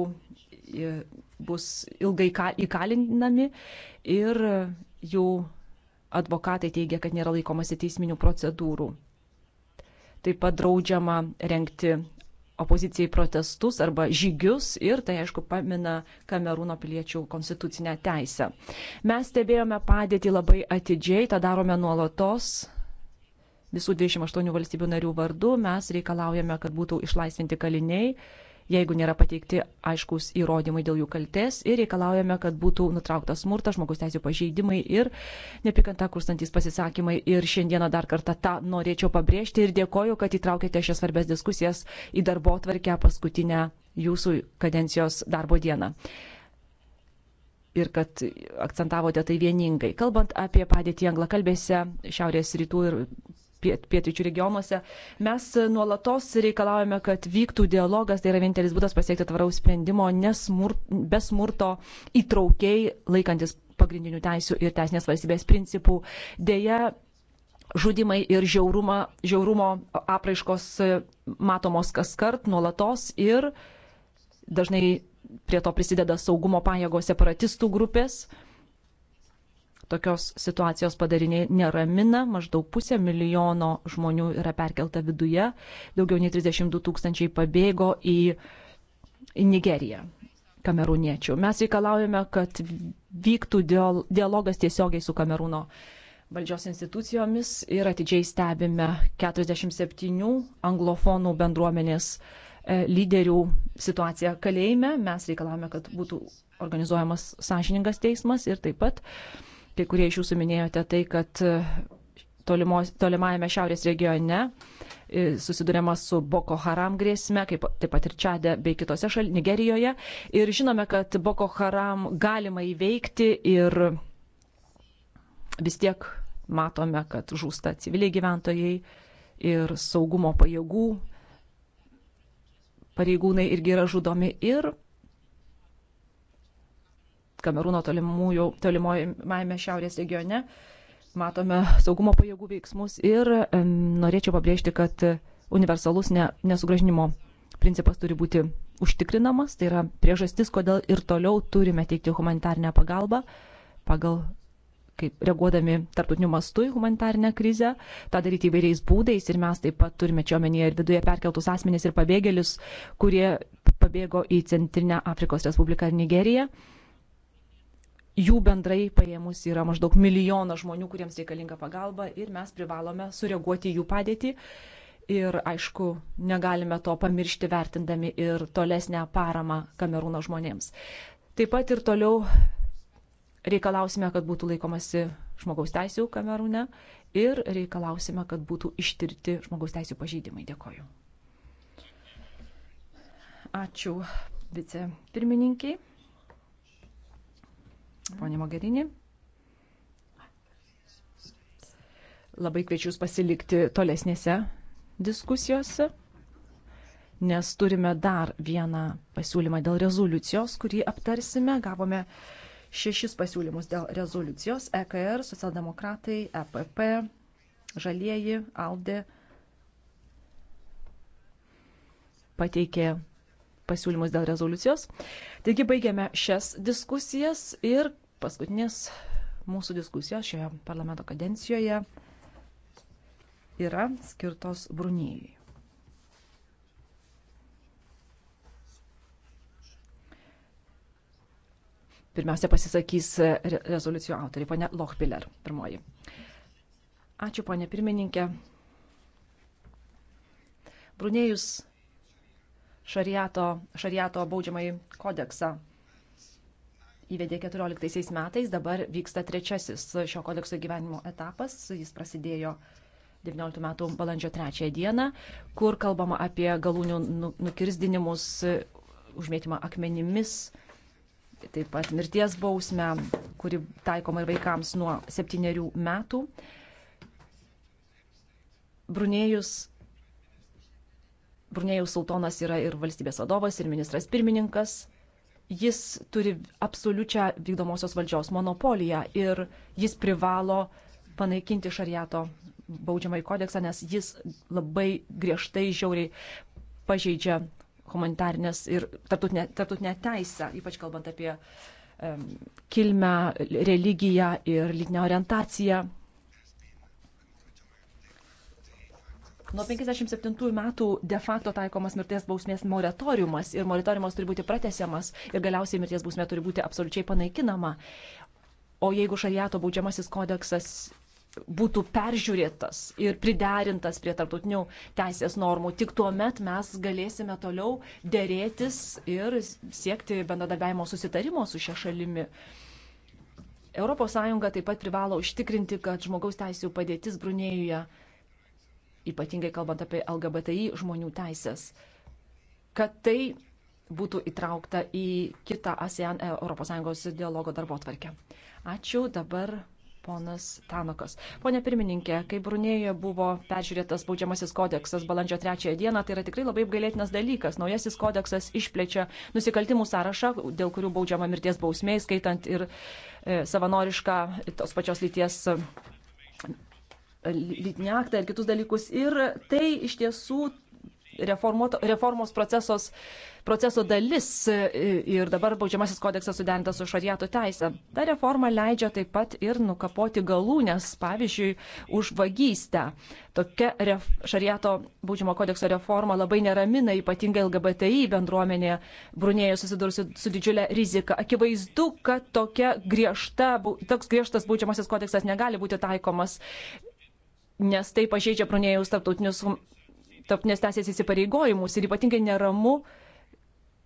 bus ilgai įkalinami ir jų advokatai teigia, kad nėra laikomasi teisminių procedūrų. Taip pat draudžiama renkti opozicijai protestus arba žygius ir tai, aišku, pamina Kamerūno piliečių konstitucinę teisę. Mes stebėjome padėtį labai atidžiai, tą darome nuolatos. Visų 28 valstybių narių vardu mes reikalaujame, kad būtų išlaisvinti kaliniai, jeigu nėra pateikti aiškus įrodymai dėl jų kaltės ir reikalaujame, kad būtų nutrauktas smurtas, žmogus teisų pažeidimai ir nepykanta kurstantis pasisakymai. Ir šiandieną dar kartą tą norėčiau pabrėžti ir dėkoju, kad įtraukėte šias svarbės diskusijas į darbo tvarkę paskutinę jūsų kadencijos darbo dieną ir kad akcentavote tai vieningai. Kalbant apie padėtį anglakalbėse, šiaurės rytų ir piet, pietryčių regionuose. Mes nuolatos reikalavome, kad vyktų dialogas, tai yra vienintelis būdas pasiekti tvaraus sprendimo, nesmur, be smurto įtraukiai laikantis pagrindinių teisų ir teisinės valstybės principų. Deja, žudimai ir žiauruma, žiaurumo apraiškos matomos kas kart, nuolatos ir dažnai prie to prisideda saugumo pajėgos separatistų grupės Tokios situacijos padariniai neramina, maždaug pusė milijono žmonių yra perkelta viduje, daugiau nei 32 tūkstančiai pabėgo į, į Nigeriją kamerūniečių. Mes reikalaujame, kad vyktų dialogas tiesiogiai su Kamerūno valdžios institucijomis ir atidžiai stebime 47 anglofonų bendruomenės e, lyderių situaciją kalėjime. Mes reikalavome, kad būtų organizuojamas sąžiningas teismas ir taip pat uh, Kai kurie iš jūsų minėjote tai, kad e, tolimos, tolimajame šiaurės regione e, susidurėma su Boko Haram grėsme, kaip taip pat ir Čadė bei kitose šalyje, Nigerijoje. Ir žinome, kad Boko Haram galima įveikti ir vis tiek matome, kad žūsta civiliai gyventojai ir saugumo pajėgų pareigūnai irgi yra žudomi ir Kamerūno tolimojame šiaurės regione. Matome saugumo pajėgų veiksmus ir norėčiau pabrėžti, kad universalus ne, nesugražinimo principas turi būti užtikrinamas. Tai yra priežastis, kodėl ir toliau turime teikti humanitarnę pagalbą pagal kaip reaguodami tarptautiniu mastu į humanitarnę krizę, tą daryti įvairiais būdais ir mes taip pat turime čia omenyje ir viduje perkeltus asmenys ir pabėgėlius, kurie pabėgo į Centrinę Afrikos Respubliką ir Nigeriją jų bendrai paėmus yra maždaug milijonas žmonių, kuriems reikalinga pagalba ir mes privalome sureaguoti į jų padėtį. Ir aišku, negalime to pamiršti vertindami ir tolesnę paramą Kamerūno žmonėms. Taip pat ir toliau reikalausime, kad būtų laikomasi žmogaus teisų Kamerūne ir reikalausime, kad būtų ištirti žmogaus teisų pažydimai. Dėkoju. Ačiū vicepirmininkiai. Pone Mogerinė. Labai kviečiu Jūs pasilikti tolesnėse diskusijose, nes turime dar vieną pasiūlymą dėl rezoliucijos, kurį aptarsime. Gavome šešis pasiūlymus dėl rezoliucijos e - EKR, socialdemokratai, EPP, žalieji, ALDE pateikė pasiūlymus dėl rezoliucijos. Taigi baigiame šias diskusijas ir paskutinės mūsų diskusijos šioje parlamento kadencijoje yra skirtos Brunijai. Pirmiausia, pasisakys rezoliucijų autoriai, ponė Lochbiller, pirmoji. Ačiū, ponė pirmininkė. Brunėjus šariato, šariato baudžiamąjį kodeksą. Įvedė 14 metais, dabar vyksta trečiasis šio kodekso gyvenimo etapas, jis prasidėjo 19 metų balandžio 3 dieną, kur kalbama apie galūnių nu, nukirsdinimus, užmėtymą akmenimis, taip pat mirties bausmę, kuri taikoma ir vaikams nuo septyniarių metų. Brunėjus Brunėjų sultonas yra ir valstybės vadovas, ir ministras pirmininkas. Jis turi absoliučią vykdomosios valdžios monopoliją ir jis privalo panaikinti šariato baudžiamąjį kodeksą, nes jis labai griežtai, žiauriai pažeidžia humanitarnės ir tarptautinę, tarptautinę teisę, ypač kalbant apie um, kilmę, religiją ir lytinę orientaciją. Nuo 57 metų de facto taikomas mirties bausmės moratoriumas ir moratoriumas turi būti pratesiamas ir galiausiai mirties bausmė turi būti absoliučiai panaikinama. O jeigu šariato baudžiamasis kodeksas būtų peržiūrėtas ir priderintas prie tarptautinių teisės normų. Tik tuo met mes galėsime toliau dėrėtis ir siekti bendradarbiavimo susitarimo su šia šalimi. ES taip pat privalo užtikrinti, kad žmogaus teisų padėtis Brunėjuje ypatingai kalbant apie LGBTI žmonių teisės, kad tai būtų įtraukta į kitą ASEAN ES dialogo darbo tvarkę. Ačiū dabar. Ponas Tanokas. Pone pirmininkė, kai Brunėjoje buvo peržiūrėtas baudžiamasis kodeksas balandžio 3 dieną, tai yra tikrai labai apgailėtinas dalykas. Naujasis kodeksas išplečia nusikaltimų sąrašą, dėl kurių baudžiama mirties bausmė, skaitant ir e, savanorišką tos pačios lyties lytinį aktą ir kitus dalykus. Ir tai iš tiesų reformos procesos, proceso dalis ir dabar baudžiamasis kodeksas suderintas su šariato teisė. Ta reforma leidžia taip pat ir nukapoti galūnės, pavyzdžiui, už vagystę. Tokia ref, šariato baudžiamo kodekso reforma labai neramina, ypatingai LGBTI bendruomenė Brunėje susidūrusi su didžiulė rizika. Akivaizdu, kad griežta, toks griežtas baudžiamasis kodeksas negali būti taikomas nes tai pažeidžia Brunėjaus tarptautinius tarptautinės teisės įsipareigojimus ir ypatingai neramu,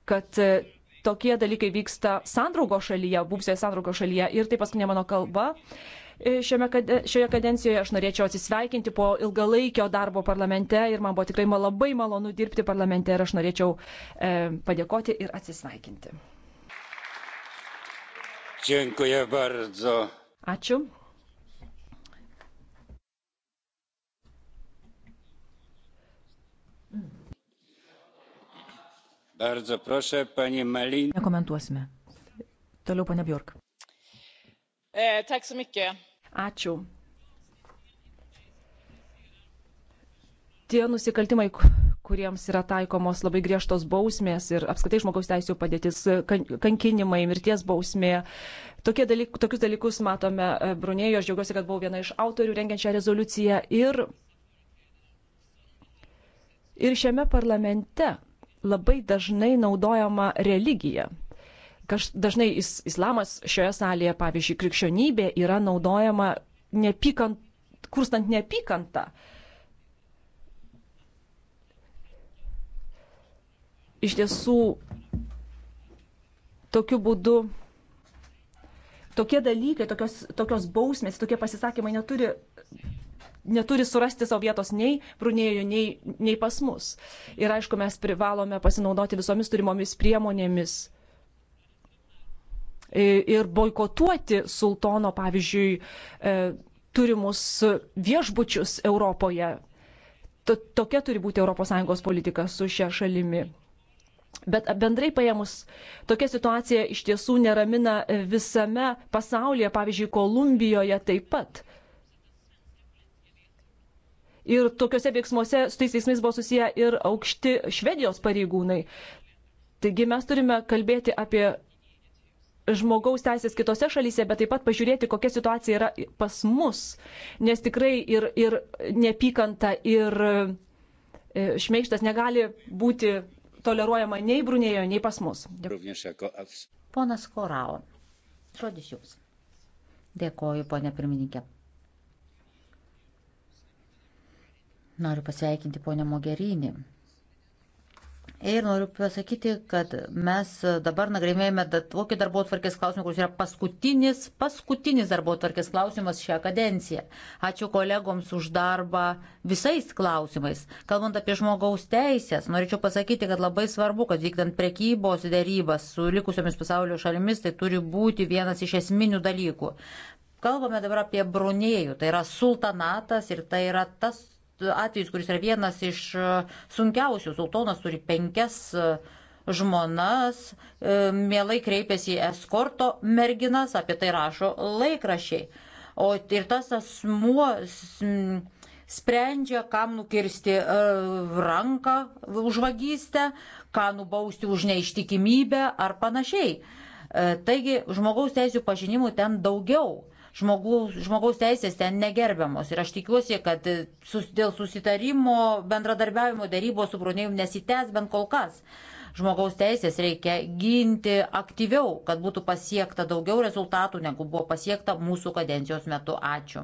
kad e, tokie dalykai vyksta sandraugo šalyje, būsėje sandraugo šalyje ir tai paskutinė mano kalba. E, šiame, šioje kadencijoje aš norėčiau atsisveikinti po ilgalaikio darbo parlamente ir man buvo tikrai labai malonu dirbti parlamente ir aš norėčiau e, padėkoti ir atsisveikinti. Ačiū. Nekomentuosime. Toliau, ponia Bjork. E, Ačiū. Tie nusikaltimai, kuriems yra taikomos labai griežtos bausmės ir apskritai žmogaus teisų padėtis, kankinimai, mirties bausmė. Dalyk, tokius dalykus matome e, Brunėjo, aš džiaugiuosi, kad buvau viena iš autorių rengiant šią rezoliuciją ir, ir šiame parlamente labai dažnai naudojama religija. Kaž, dažnai is, islamas šioje salėje, pavyzdžiui, krikščionybė yra naudojama neapykant, kurstant neapykantą. Iš tiesų, tokiu būdu tokie dalykai, tokios, tokios bausmės, tokie pasisakymai neturi neturi surasti savo vietos nei Brunėjoje, nei, nei pas mus. Ir aišku, mes privalome pasinaudoti visomis turimomis priemonėmis ir boikotuoti sultono, pavyzdžiui, e, turimus viešbučius Europoje. Tokia turi būti ES politika su šia šalimi. Bet bendrai paėmus, tokia situacija iš tiesų neramina visame pasaulyje, pavyzdžiui, Kolumbijoje taip pat. Ir tokiuose veiksmuose su tais veiksmais buvo susiję ir aukšti Švedijos pareigūnai. Taigi mes turime kalbėti apie žmogaus teisės kitose šalyse, bet taip pat pažiūrėti, kokia situacija yra pas mus. Nes tikrai ir, ir nepykanta, ir e, šmeištas negali būti toleruojama nei Brunėjo, nei pas mus. Ponas Korao, žodis jums. Dėkoju, ponė pirmininkė. Noriu pasveikinti ponę Mogerinį. Ir noriu pasakyti, kad mes dabar nagrinėjame tokį darbo atvarkės klausimą, kuris yra paskutinis, paskutinis darbo atvarkės klausimas šią kadenciją. Ačiū kolegoms už darbą visais klausimais. Kalbant apie žmogaus teisės, norėčiau pasakyti, kad labai svarbu, kad vykdant prekybos dėrybas su likusiomis pasaulio šalimis, tai turi būti vienas iš esminių dalykų. Kalbame dabar apie Brunėjų, tai yra sultanatas ir tai yra tas atvejis, kuris yra vienas iš e, sunkiausių. Sultonas turi penkias e, žmonas, e, mielai kreipiasi į eskorto merginas, apie tai rašo laikrašiai. O ir tas asmuo sprendžia, kam nukirsti ranką už vagystę, ką nubausti už neištikimybę ar panašiai. Taigi žmogaus teisų pažinimų ten daugiau žmogaus, žmogaus teisės ten negerbiamos. Ir aš tikiuosi, kad sus, dėl susitarimo bendradarbiavimo darybos su Brunėjum nesitęs bent kol kas. Žmogaus teisės reikia ginti aktyviau, kad būtų pasiekta daugiau rezultatų, negu buvo pasiekta mūsų kadencijos metu. Ačiū.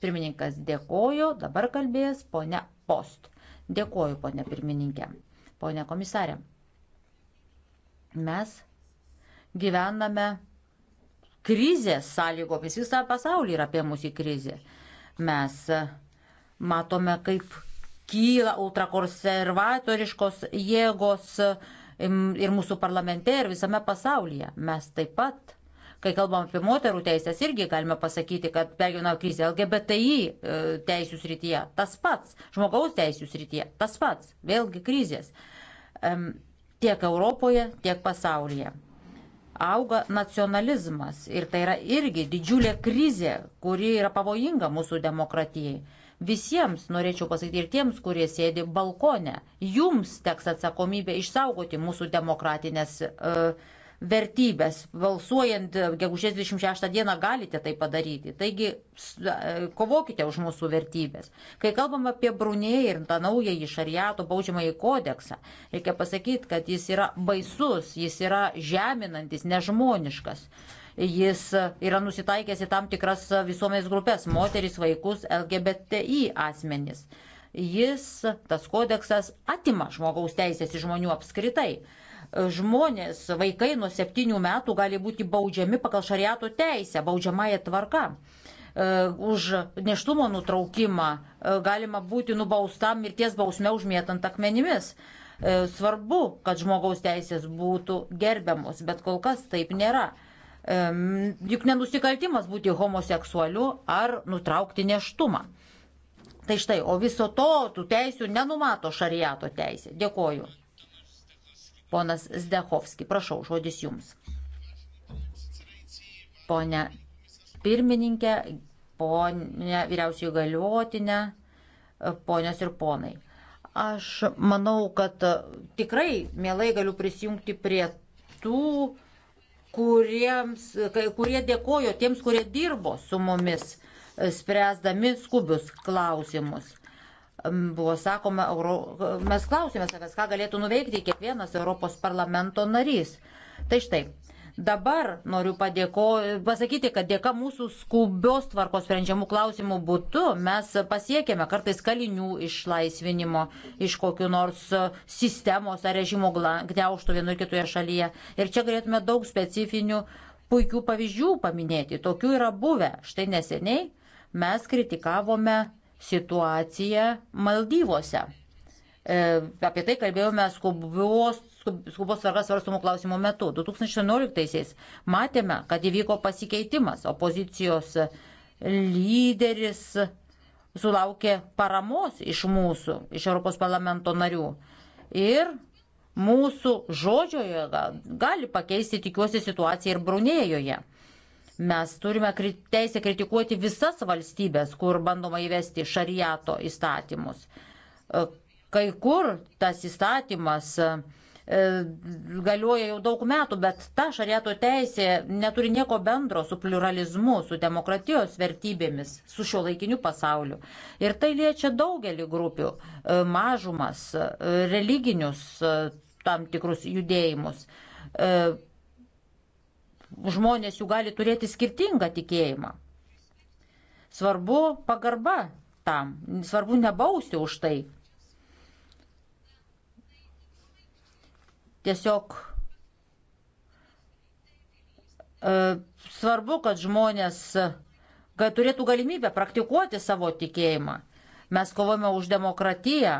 Pirmininkas dėkoju, dabar kalbės ponia Post. Dėkoju, ponia pirmininkė. Ponia komisarė, mes gyvename krizės sąlygomis visą pasaulį yra apie mūsų krizę. Mes e, matome, kaip kyla ultrakonservatoriškos jėgos e, ir mūsų parlamente, ir visame pasaulyje. Mes taip pat, kai kalbam apie moterų teisės, irgi galime pasakyti, kad pergyvena krizė LGBTI e, teisų srityje, tas pats, žmogaus teisų srityje, tas pats, vėlgi krizės. Tiek Europoje, tiek pasaulyje auga nacionalizmas ir tai yra irgi didžiulė krizė, kuri yra pavojinga mūsų demokratijai. Visiems norėčiau pasakyti ir tiems, kurie sėdi balkone, jums teks atsakomybė išsaugoti mūsų demokratinės uh, vertybės. Balsuojant gegužės 26 dieną galite tai padaryti. Taigi e, kovokite už mūsų vertybės. Kai kalbam apie Brunėją ir tą naująjį šariato baudžiamąjį kodeksą, reikia pasakyti, kad jis yra baisus, jis yra žeminantis, nežmoniškas. Jis yra nusitaikęs į tam tikras visuomenės grupės - moteris, vaikus, LGBTI asmenis jis, tas kodeksas, atima žmogaus teisės iš žmonių apskritai žmonės, vaikai nuo septynių metų gali būti baudžiami pagal šariato teisę, baudžiamąją tvarką. E, už neštumo nutraukimą e, galima būti nubausta mirties bausme užmėtant akmenimis. E, svarbu, kad žmogaus teisės būtų gerbiamos, bet kol kas taip nėra. Juk nenusikaltimas būti homoseksualiu ar nutraukti neštumą. Tai štai, o viso to tų teisių nenumato šariato teisė. Dėkoju. Ponas Zdechovski, prašau, žodis jums. Pone pirmininkė, ponė vyriausiųjų galiotinė, ponios ir ponai. Aš manau, kad tikrai mielai galiu prisijungti prie tų, kuriems, kai, kurie dėkojo tiems, kurie dirbo su mumis, spręsdami skubius klausimus buvo sakoma, Euro... mes klausėme savęs, ką galėtų nuveikti kiekvienas Europos parlamento narys. Tai štai. Dabar noriu padėko, pasakyti, kad dėka mūsų skubios tvarkos sprendžiamų klausimų būtų mes pasiekėme kartais kalinių išlaisvinimo iš kokiu nors sistemos ar režimo gniauštų vienoje kitoje šalyje. Ir čia galėtume daug specifinių puikių pavyzdžių paminėti. Tokių yra buvę. Štai neseniai mes kritikavome situaciją Maldyvose. E, apie tai kalbėjome skubos, skubos tvarkas svarstumų klausimų metu. 2011-aisiais matėme, kad įvyko pasikeitimas. Opozicijos lyderis sulaukė paramos iš mūsų, iš Europos parlamento narių. Ir mūsų žodžioje gali pakeisti, tikiuosi, situaciją ir Brunėjoje. Mes turime teisę kritikuoti visas valstybės, kur bandoma įvesti šariato įstatymus. E, kai kur tas įstatymas e, galioja jau daug metų, bet ta šariato teisė neturi nieko bendro su pluralizmu, su demokratijos vertybėmis, su šio laikiniu pasauliu. Ir tai liečia daugelį grupių e, - mažumas, religinius tam tikrus judėjimus žmonės jų gali turėti skirtingą tikėjimą. Svarbu pagarba tam, svarbu nebausti už tai. Tiesiog e, svarbu, kad žmonės kad turėtų galimybę praktikuoti savo tikėjimą. Mes kovojame už demokratiją,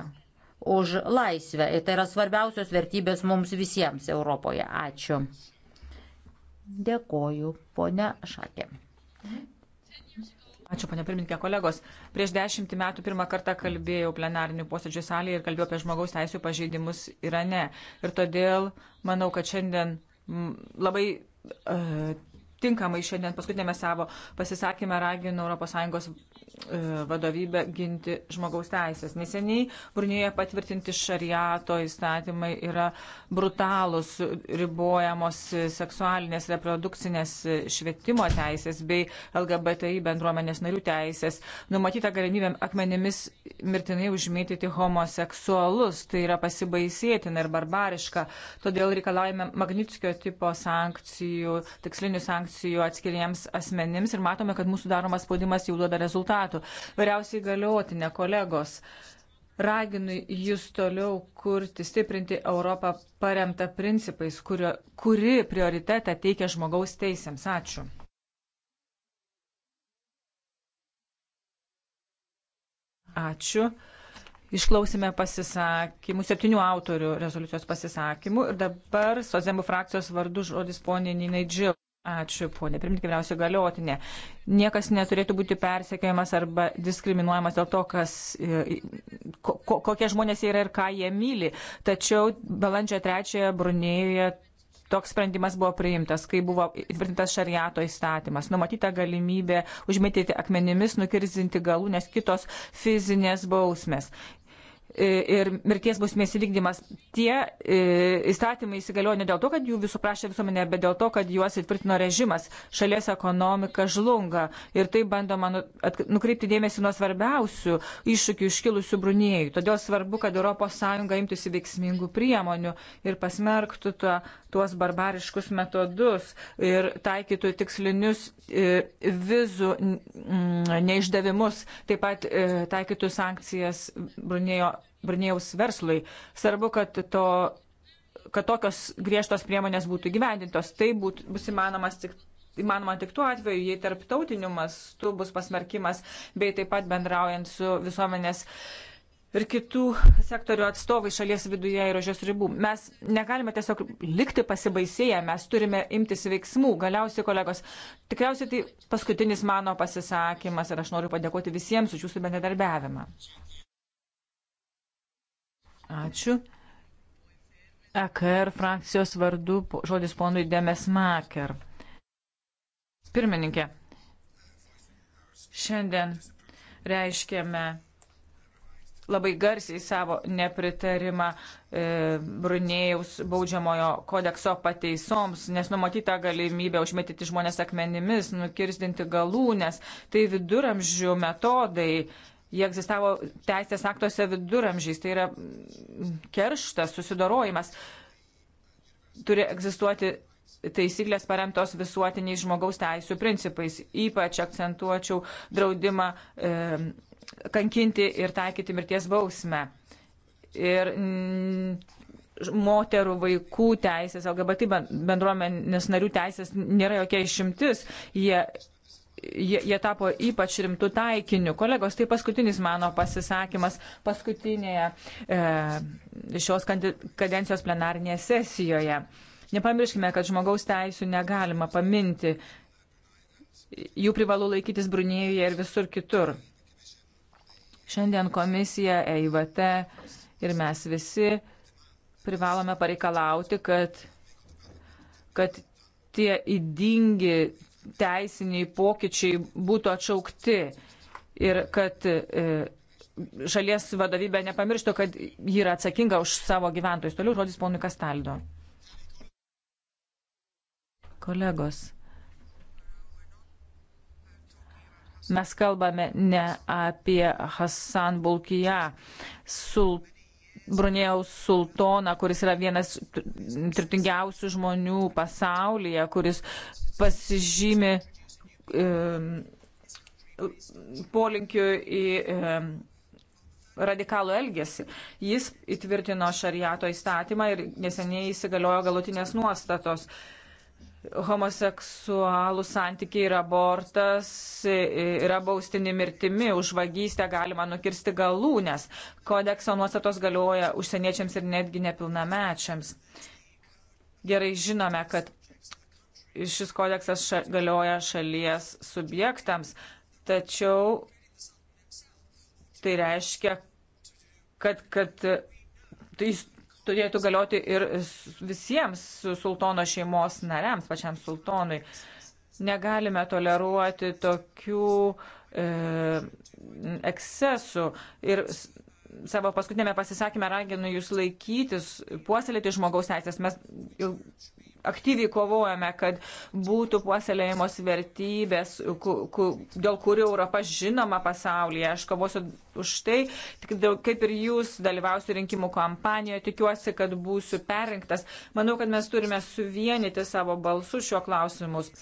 už laisvę ir tai yra svarbiausios vertybės mums visiems Europoje. Ačiū. Dėkoju, ponia Šakė. Ačiū, ponia pirmininkė, kolegos. Prieš dešimtį metų pirmą kartą kalbėjau plenarinių posėdžių salėje ir kalbėjau apie žmogaus teisų pažeidimus Irane. Ir todėl manau, kad šiandien labai uh, tinkamai šiandien paskutinėme savo pasisakymę raginu ES E, vadovybę ginti žmogaus teisės. Neseniai Brunėje patvirtinti šariato įstatymai yra brutalūs, ribojamos seksualinės, reprodukcinės švietimo teisės bei LGBTI bendruomenės narių teisės. Numatyta galimybė akmenimis mirtinai užmėtyti homoseksualus. Tai yra pasibaisėtina ir barbariška. Todėl reikalavime Magnitskio tipo sankcijų, tikslinių sankcijų atskiriems asmenims ir matome, kad mūsų daromas spaudimas jau duoda rezultatą metų. Vyriausiai galiotinė kolegos. Raginu jūs toliau kurti, stiprinti Europą paremtą principais, kurio, kuri prioritetą teikia žmogaus teisėms. Ačiū. Ačiū. Išklausime pasisakymų, septynių autorių rezoliucijos pasisakymų ir dabar Sozemų frakcijos vardu žodis poniai Ninai Džil. Ačiū, ponė. Primti, pirmiausia, galiotinė. Niekas neturėtų būti persekiojamas arba diskriminuojamas dėl to, kas, e, ko, kokie žmonės yra ir ką jie myli. Tačiau balandžio 3 Brunėjoje toks sprendimas buvo priimtas, kai buvo įtvirtintas šariato įstatymas. Numatyta galimybė užmetyti akmenimis, nukirzinti galų, nes kitos fizinės bausmės. E, ir mirties bausmės įvykdymas. Tie e, įstatymai įsigaliojo ne dėl to, kad jų visų prašė visuomenė, bet dėl to, kad juos įtvirtino režimas. Šalies ekonomika žlunga. Ir tai bandoma nu, nukreipti dėmesį nuo svarbiausių iššūkių iškilusių brunėjų. Todėl svarbu, kad ES imtųsi veiksmingų priemonių ir pasmerktų to, tuos barbariškus metodus ir taikytų tikslinius e, vizų neišdavimus, taip pat taikytų sankcijas Brunėjo Brunėjaus verslui. Svarbu, kad to kad tokios griežtos priemonės būtų gyvendintos. Tai būt, bus įmanomas tik, įmanoma tik tuo atveju, jei tarptautiniu mastu bus pasmerkimas, bei taip pat bendraujant su visuomenės ir kitų sektorių atstovai šalies viduje ir už jos ribų. Mes negalime tiesiog likti pasibaisėję, mes turime imtis veiksmų. Galiausiai, kolegos, tikriausiai tai paskutinis mano pasisakymas ir aš noriu padėkoti visiems už jūsų bendradarbiavimą. Ačiū. EKR frakcijos vardu žodis ponui Demes Maker. Pirmininkė, šiandien reiškėme labai garsiai savo nepritarimą e, Brunėjaus baudžiamojo kodekso pateisoms, nes numatyta galimybė užmetyti žmonės akmenimis, nukirstinti galūnės, tai viduramžių metodai Jie egzistavo teisės aktuose viduramžiais, tai yra mm, kerštas, susidorojimas. Turi egzistuoti taisyklės paremtos visuotiniais žmogaus teisų principais. Ypač akcentuočiau draudimą e, kankinti ir taikyti mirties bausmę. Ir m, mm, moterų, vaikų teisės, LGBT bendruomenės narių teisės nėra jokia išimtis. Jie jie, jie tapo ypač rimtų taikinių. Kolegos, tai paskutinis mano pasisakymas paskutinėje e, šios kadencijos plenarinėje sesijoje. Nepamirškime, kad žmogaus teisų negalima paminti. Jų privalu laikytis Brunėjoje ir visur kitur. Šiandien komisija, EIVT ir mes visi privalome pareikalauti, kad, kad tie įdingi teisiniai pokyčiai būtų atšaukti ir kad e, šalies vadovybė nepamirštų, kad ji yra atsakinga už savo gyventojus. Toliau žodis ponui Kastaldo. Kolegos, mes kalbame ne apie Hassan Bulkiją, sul, Brunėjaus sultoną, kuris yra vienas turtingiausių žmonių pasaulyje, kuris pasižymi e, polinkiu į e, radikalų elgesį. Jis įtvirtino šariato įstatymą ir neseniai įsigaliojo galutinės nuostatos. Homoseksualų santykiai ir abortas e, yra baustini mirtimi, už vagystę galima nukirsti galūnės. Kodekso nuostatos galioja užsieniečiams ir netgi nepilnamečiams. Gerai žinome, kad šis kodeksas ša, galioja šalies subjektams, tačiau tai reiškia, kad, kad tai turėtų galioti ir visiems sultono šeimos nariams, pačiam sultonui. Negalime toleruoti tokių e, ekscesų ir savo paskutinėme pasisakymė raginu jūs laikytis, puoselėti žmogaus teisės. Mes aktyviai kovojame, kad būtų puoselėjamos vertybės, ku, ku, dėl kurių Europa žinoma pasaulyje. Aš kovosiu už tai, tik dėl, kaip ir jūs dalyvausiu rinkimų kampanijoje, tikiuosi, kad būsiu perrinktas. Manau, kad mes turime suvienyti savo balsus šiuo klausimus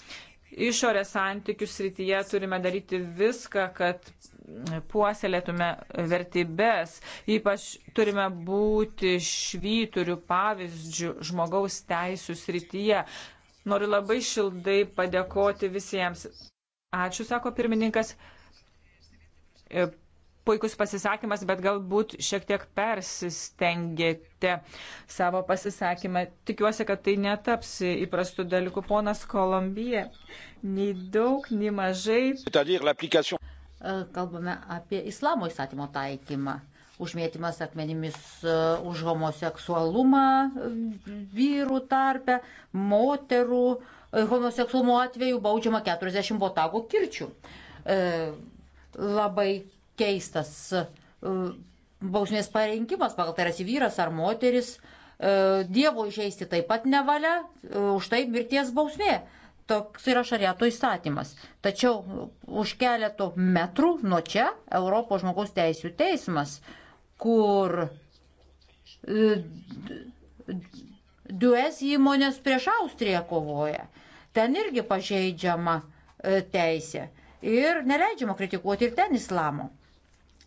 išorės santykių srityje turime daryti viską, kad puoselėtume vertybės, ypač turime būti švyturių pavyzdžių žmogaus teisų srityje. Noriu labai šildai padėkoti visiems. Ačiū, sako pirmininkas puikus pasisakymas, bet galbūt šiek tiek persistengėte savo pasisakymą. Tikiuosi, kad tai netaps įprastų dalykų. Ponas Kolumbija, nei daug, nei mažai. E, kalbame apie islamo įstatymo taikymą. Užmėtymas akmenimis e, už homoseksualumą vyrų tarpe, moterų, e, homoseksualumo atveju baudžiama 40 botagų kirčių. Labai keistas e, bausmės parinkimas, pagal tai yra vyras ar moteris, e, dievo įžeisti taip pat nevalia, e, už tai mirties bausmė. Toks yra šarieto įstatymas. Tačiau už keletų metrų nuo čia Europos žmogaus teisų teismas, kur dues įmonės prieš Austriją kovoja. Ten irgi pažeidžiama teisė. Ir neleidžiama kritikuoti ir ten islamo.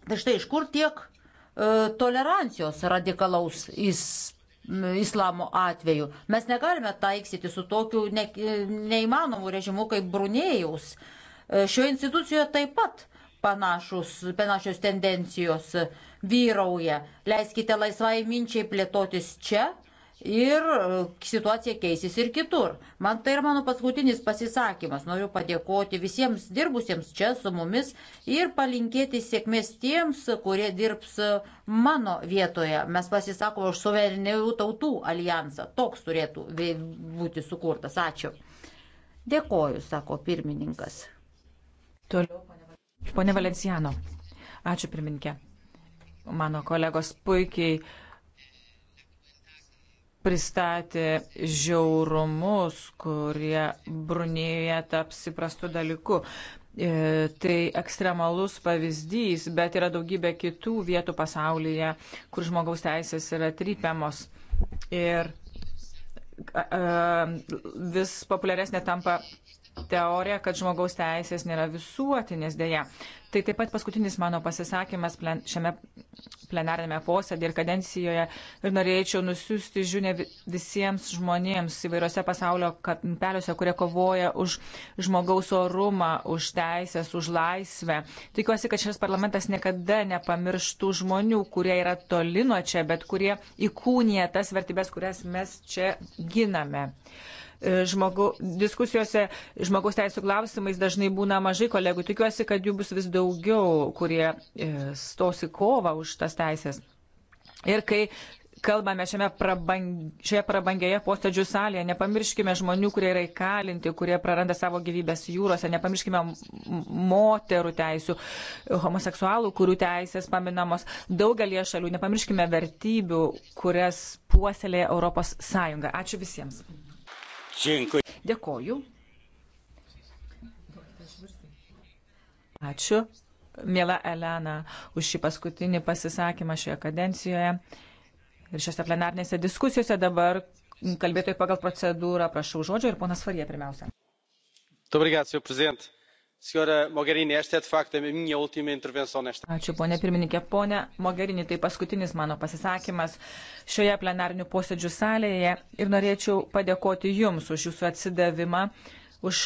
Tai štai iš kur tiek e, tolerancijos radikalaus islamo atveju. Mes negalime taiksyti su tokiu ne, neįmanomu režimu kaip Brunėjaus. E, šioje institucijoje taip pat panašus, panašios tendencijos vyrauja. Leiskite laisvai minčiai plėtotis čia ir e, situacija keisis ir kitur. Man tai yra mano paskutinis pasisakymas. Noriu padėkoti visiems dirbusiems čia su mumis ir palinkėti sėkmės tiems, kurie dirbs mano vietoje. Mes pasisakome už suverenių tautų alijansą. Toks turėtų būti sukurtas. Ačiū. Dėkoju, sako pirmininkas. Toliau, ponė Valenciano. Ačiū, pirmininkė. Mano kolegos puikiai pristatė žiaurumus, kurie Brunėje taps įprastu dalyku. E, tai ekstremalus pavyzdys, bet yra daugybė kitų vietų pasaulyje, kur žmogaus teisės yra trypiamos. Ir e, vis populiaresnė tampa teoriją, kad žmogaus teisės nėra visuotinės dėja. Tai taip pat paskutinis mano pasisakymas plen, šiame plenarinėme posėdėje ir kadencijoje ir norėčiau nusiųsti žinę visiems žmonėms įvairiose pasaulio kampeliuose, kurie kovoja už žmogaus orumą, už teisės, už laisvę. Tikiuosi, kad šis parlamentas niekada nepamirštų žmonių, kurie yra toli nuo čia, bet kurie įkūnė tas vertybės, kurias mes čia giname. Uh, žmogu, diskusijose žmogaus teisų klausimais dažnai būna mažai kolegų. Tikiuosi, kad jų bus vis daugiau, kurie e, stos į kovą už tas teisės. Ir kai kalbame šiame prabang, šioje prabangioje posėdžių salėje, nepamirškime žmonių, kurie yra įkalinti, kurie praranda savo gyvybės jūrose, nepamirškime moterų teisų, homoseksualų, kurių teisės paminamos daugelie šalių, nepamirškime vertybių, kurias puoselėja Europos Sąjunga. Ačiū visiems. Dėkui. Dėkoju. Ačiū, mėla Elena, už šį paskutinį pasisakymą šioje kadencijoje. Ir šiose plenarnėse diskusijose dabar kalbėtojai pagal procedūrą prašau žodžio ir ponas Farija pirmiausia. Dobrigat, senhor presidente. Ačiū, ponė pirmininkė. Pone Mogherini, tai paskutinis mano pasisakymas šioje plenarnių posėdžių salėje ir norėčiau padėkoti Jums už Jūsų atsidavimą, už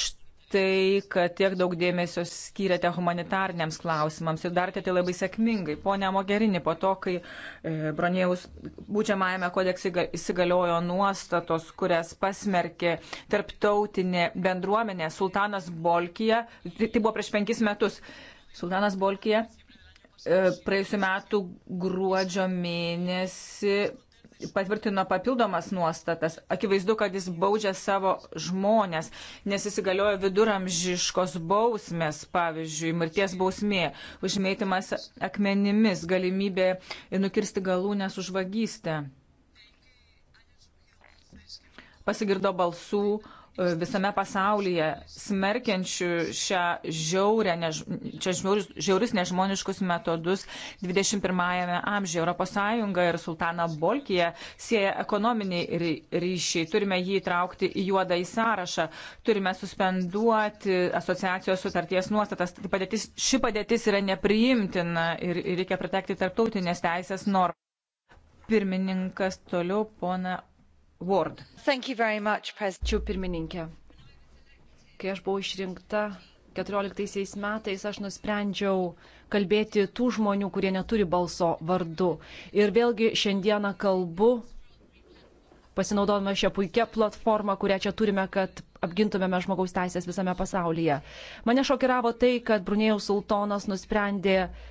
tai, kad tiek daug dėmesio skiriate humanitarniams klausimams ir darėte tai labai sėkmingai. Pone Mogerini, po to, kai e, Bronėjaus būdžiamajame kodekse įsigaliojo nuostatos, kurias pasmerkė tarptautinė bendruomenė, sultanas Bolkija, tai, tai buvo prieš penkis metus, sultanas Bolkija e, praėjusiu metu gruodžio mėnesį patvirtino papildomas nuostatas. Akivaizdu, kad jis baudžia savo žmonės, nes įsigaliojo viduramžiškos bausmės, pavyzdžiui, mirties bausmė, užmėtymas akmenimis, galimybė nukirsti galūnės už vagystę. Pasigirdo balsų, visame pasaulyje smerkiančių šią žiaurę, než, čia žiaurius, žiaurius nežmoniškus metodus 21-ame amžiuje. Europos Sąjunga ir Sultana Bolkija sieja ekonominiai ry ryšiai. Turime jį įtraukti į juodą į sąrašą. Turime suspenduoti asociacijos sutarties nuostatas. Tai padėtis, ši padėtis yra nepriimtina ir, ir reikia pritekti tarptautinės teisės normą. Pirmininkas toliau, pona Ward. Much, Ačiū pirmininkė. Kai aš buvau išrinkta 2014 metais aš nusprendžiau kalbėti tų žmonių, kurie neturi balso vardu. Ir vėlgi šiandieną kalbu, pasinaudodama šią puikią platformą, kurią čia turime, kad apgintumėme žmogaus teisės visame pasaulyje. Mane šokiravo tai, kad Brunėjaus sultonas nusprendė uh,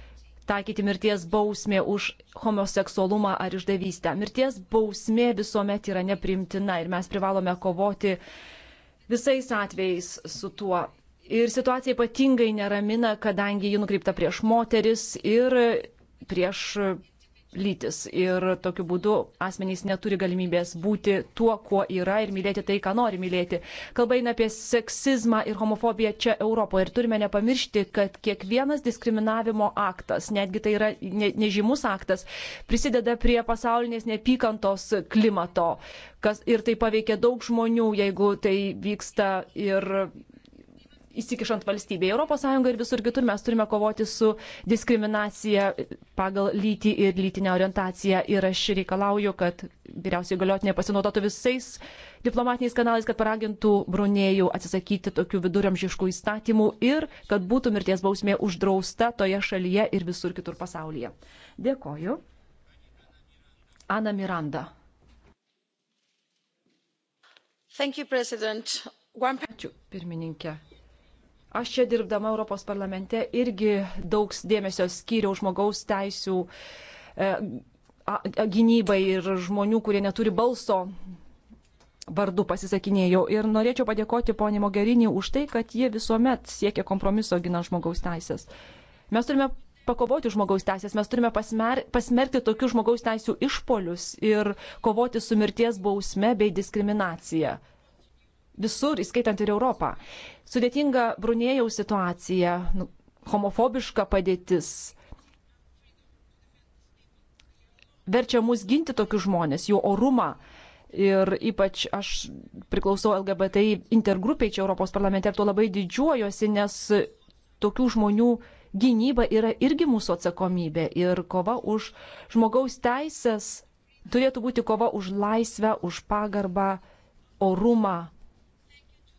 taikyti mirties bausmė už homoseksualumą ar išdavystę. Mirties bausmė visuomet yra neprimtina ir mes privalome kovoti visais atvejais su tuo. Ir situacija ypatingai neramina, kadangi ji nukreipta prieš moteris ir prieš lytis. Ir tokiu būdu asmenys neturi galimybės būti tuo, kuo yra ir mylėti tai, ką nori mylėti. Kalba eina apie seksizmą ir homofobiją čia Europoje. Ir turime nepamiršti, kad kiekvienas diskriminavimo aktas, netgi tai yra ne, nežymus aktas, prisideda prie pasaulinės neapykantos klimato. Kas, ir tai paveikia daug žmonių, jeigu tai vyksta ir įsikišant valstybėje. Europos Sąjunga ir visur kitur mes turime kovoti su diskriminacija pagal lytį ir lytinę orientaciją. Ir aš reikalauju, kad vyriausiai galiotinė pasinaudotų visais diplomatiniais kanalais, kad paragintų Brunėjų atsisakyti tokių viduramžiškų įstatymų ir kad būtų mirties bausmė uždrausta toje šalyje ir visur kitur pasaulyje. Dėkoju. Ana Miranda. You, One... Ačiū, pirmininkė Aš čia dirbdama Europos parlamente irgi daug dėmesio skyriau žmogaus teisų e, gynybai ir žmonių, kurie neturi balso vardu pasisakinėjau. Ir norėčiau padėkoti ponė Mogerinį už tai, kad jie visuomet siekia kompromiso ginant žmogaus teisės. Mes turime pakovoti žmogaus teisės, mes turime pasmer, pasmerkti tokius žmogaus teisų išpolius ir kovoti su mirties bausme bei diskriminacija visur, įskaitant ir Europą. Sudėtinga Brunėjaus situacija, nu, homofobiška padėtis verčia mus ginti tokius žmonės, jų orumą. Ir ypač aš priklausau LGBTI intergrupiai čia Europos parlamente ir tuo labai didžiuojuosi, nes tokių žmonių gynyba yra irgi mūsų atsakomybė. Ir kova už žmogaus teisės turėtų būti kova už laisvę, už pagarbą, orumą,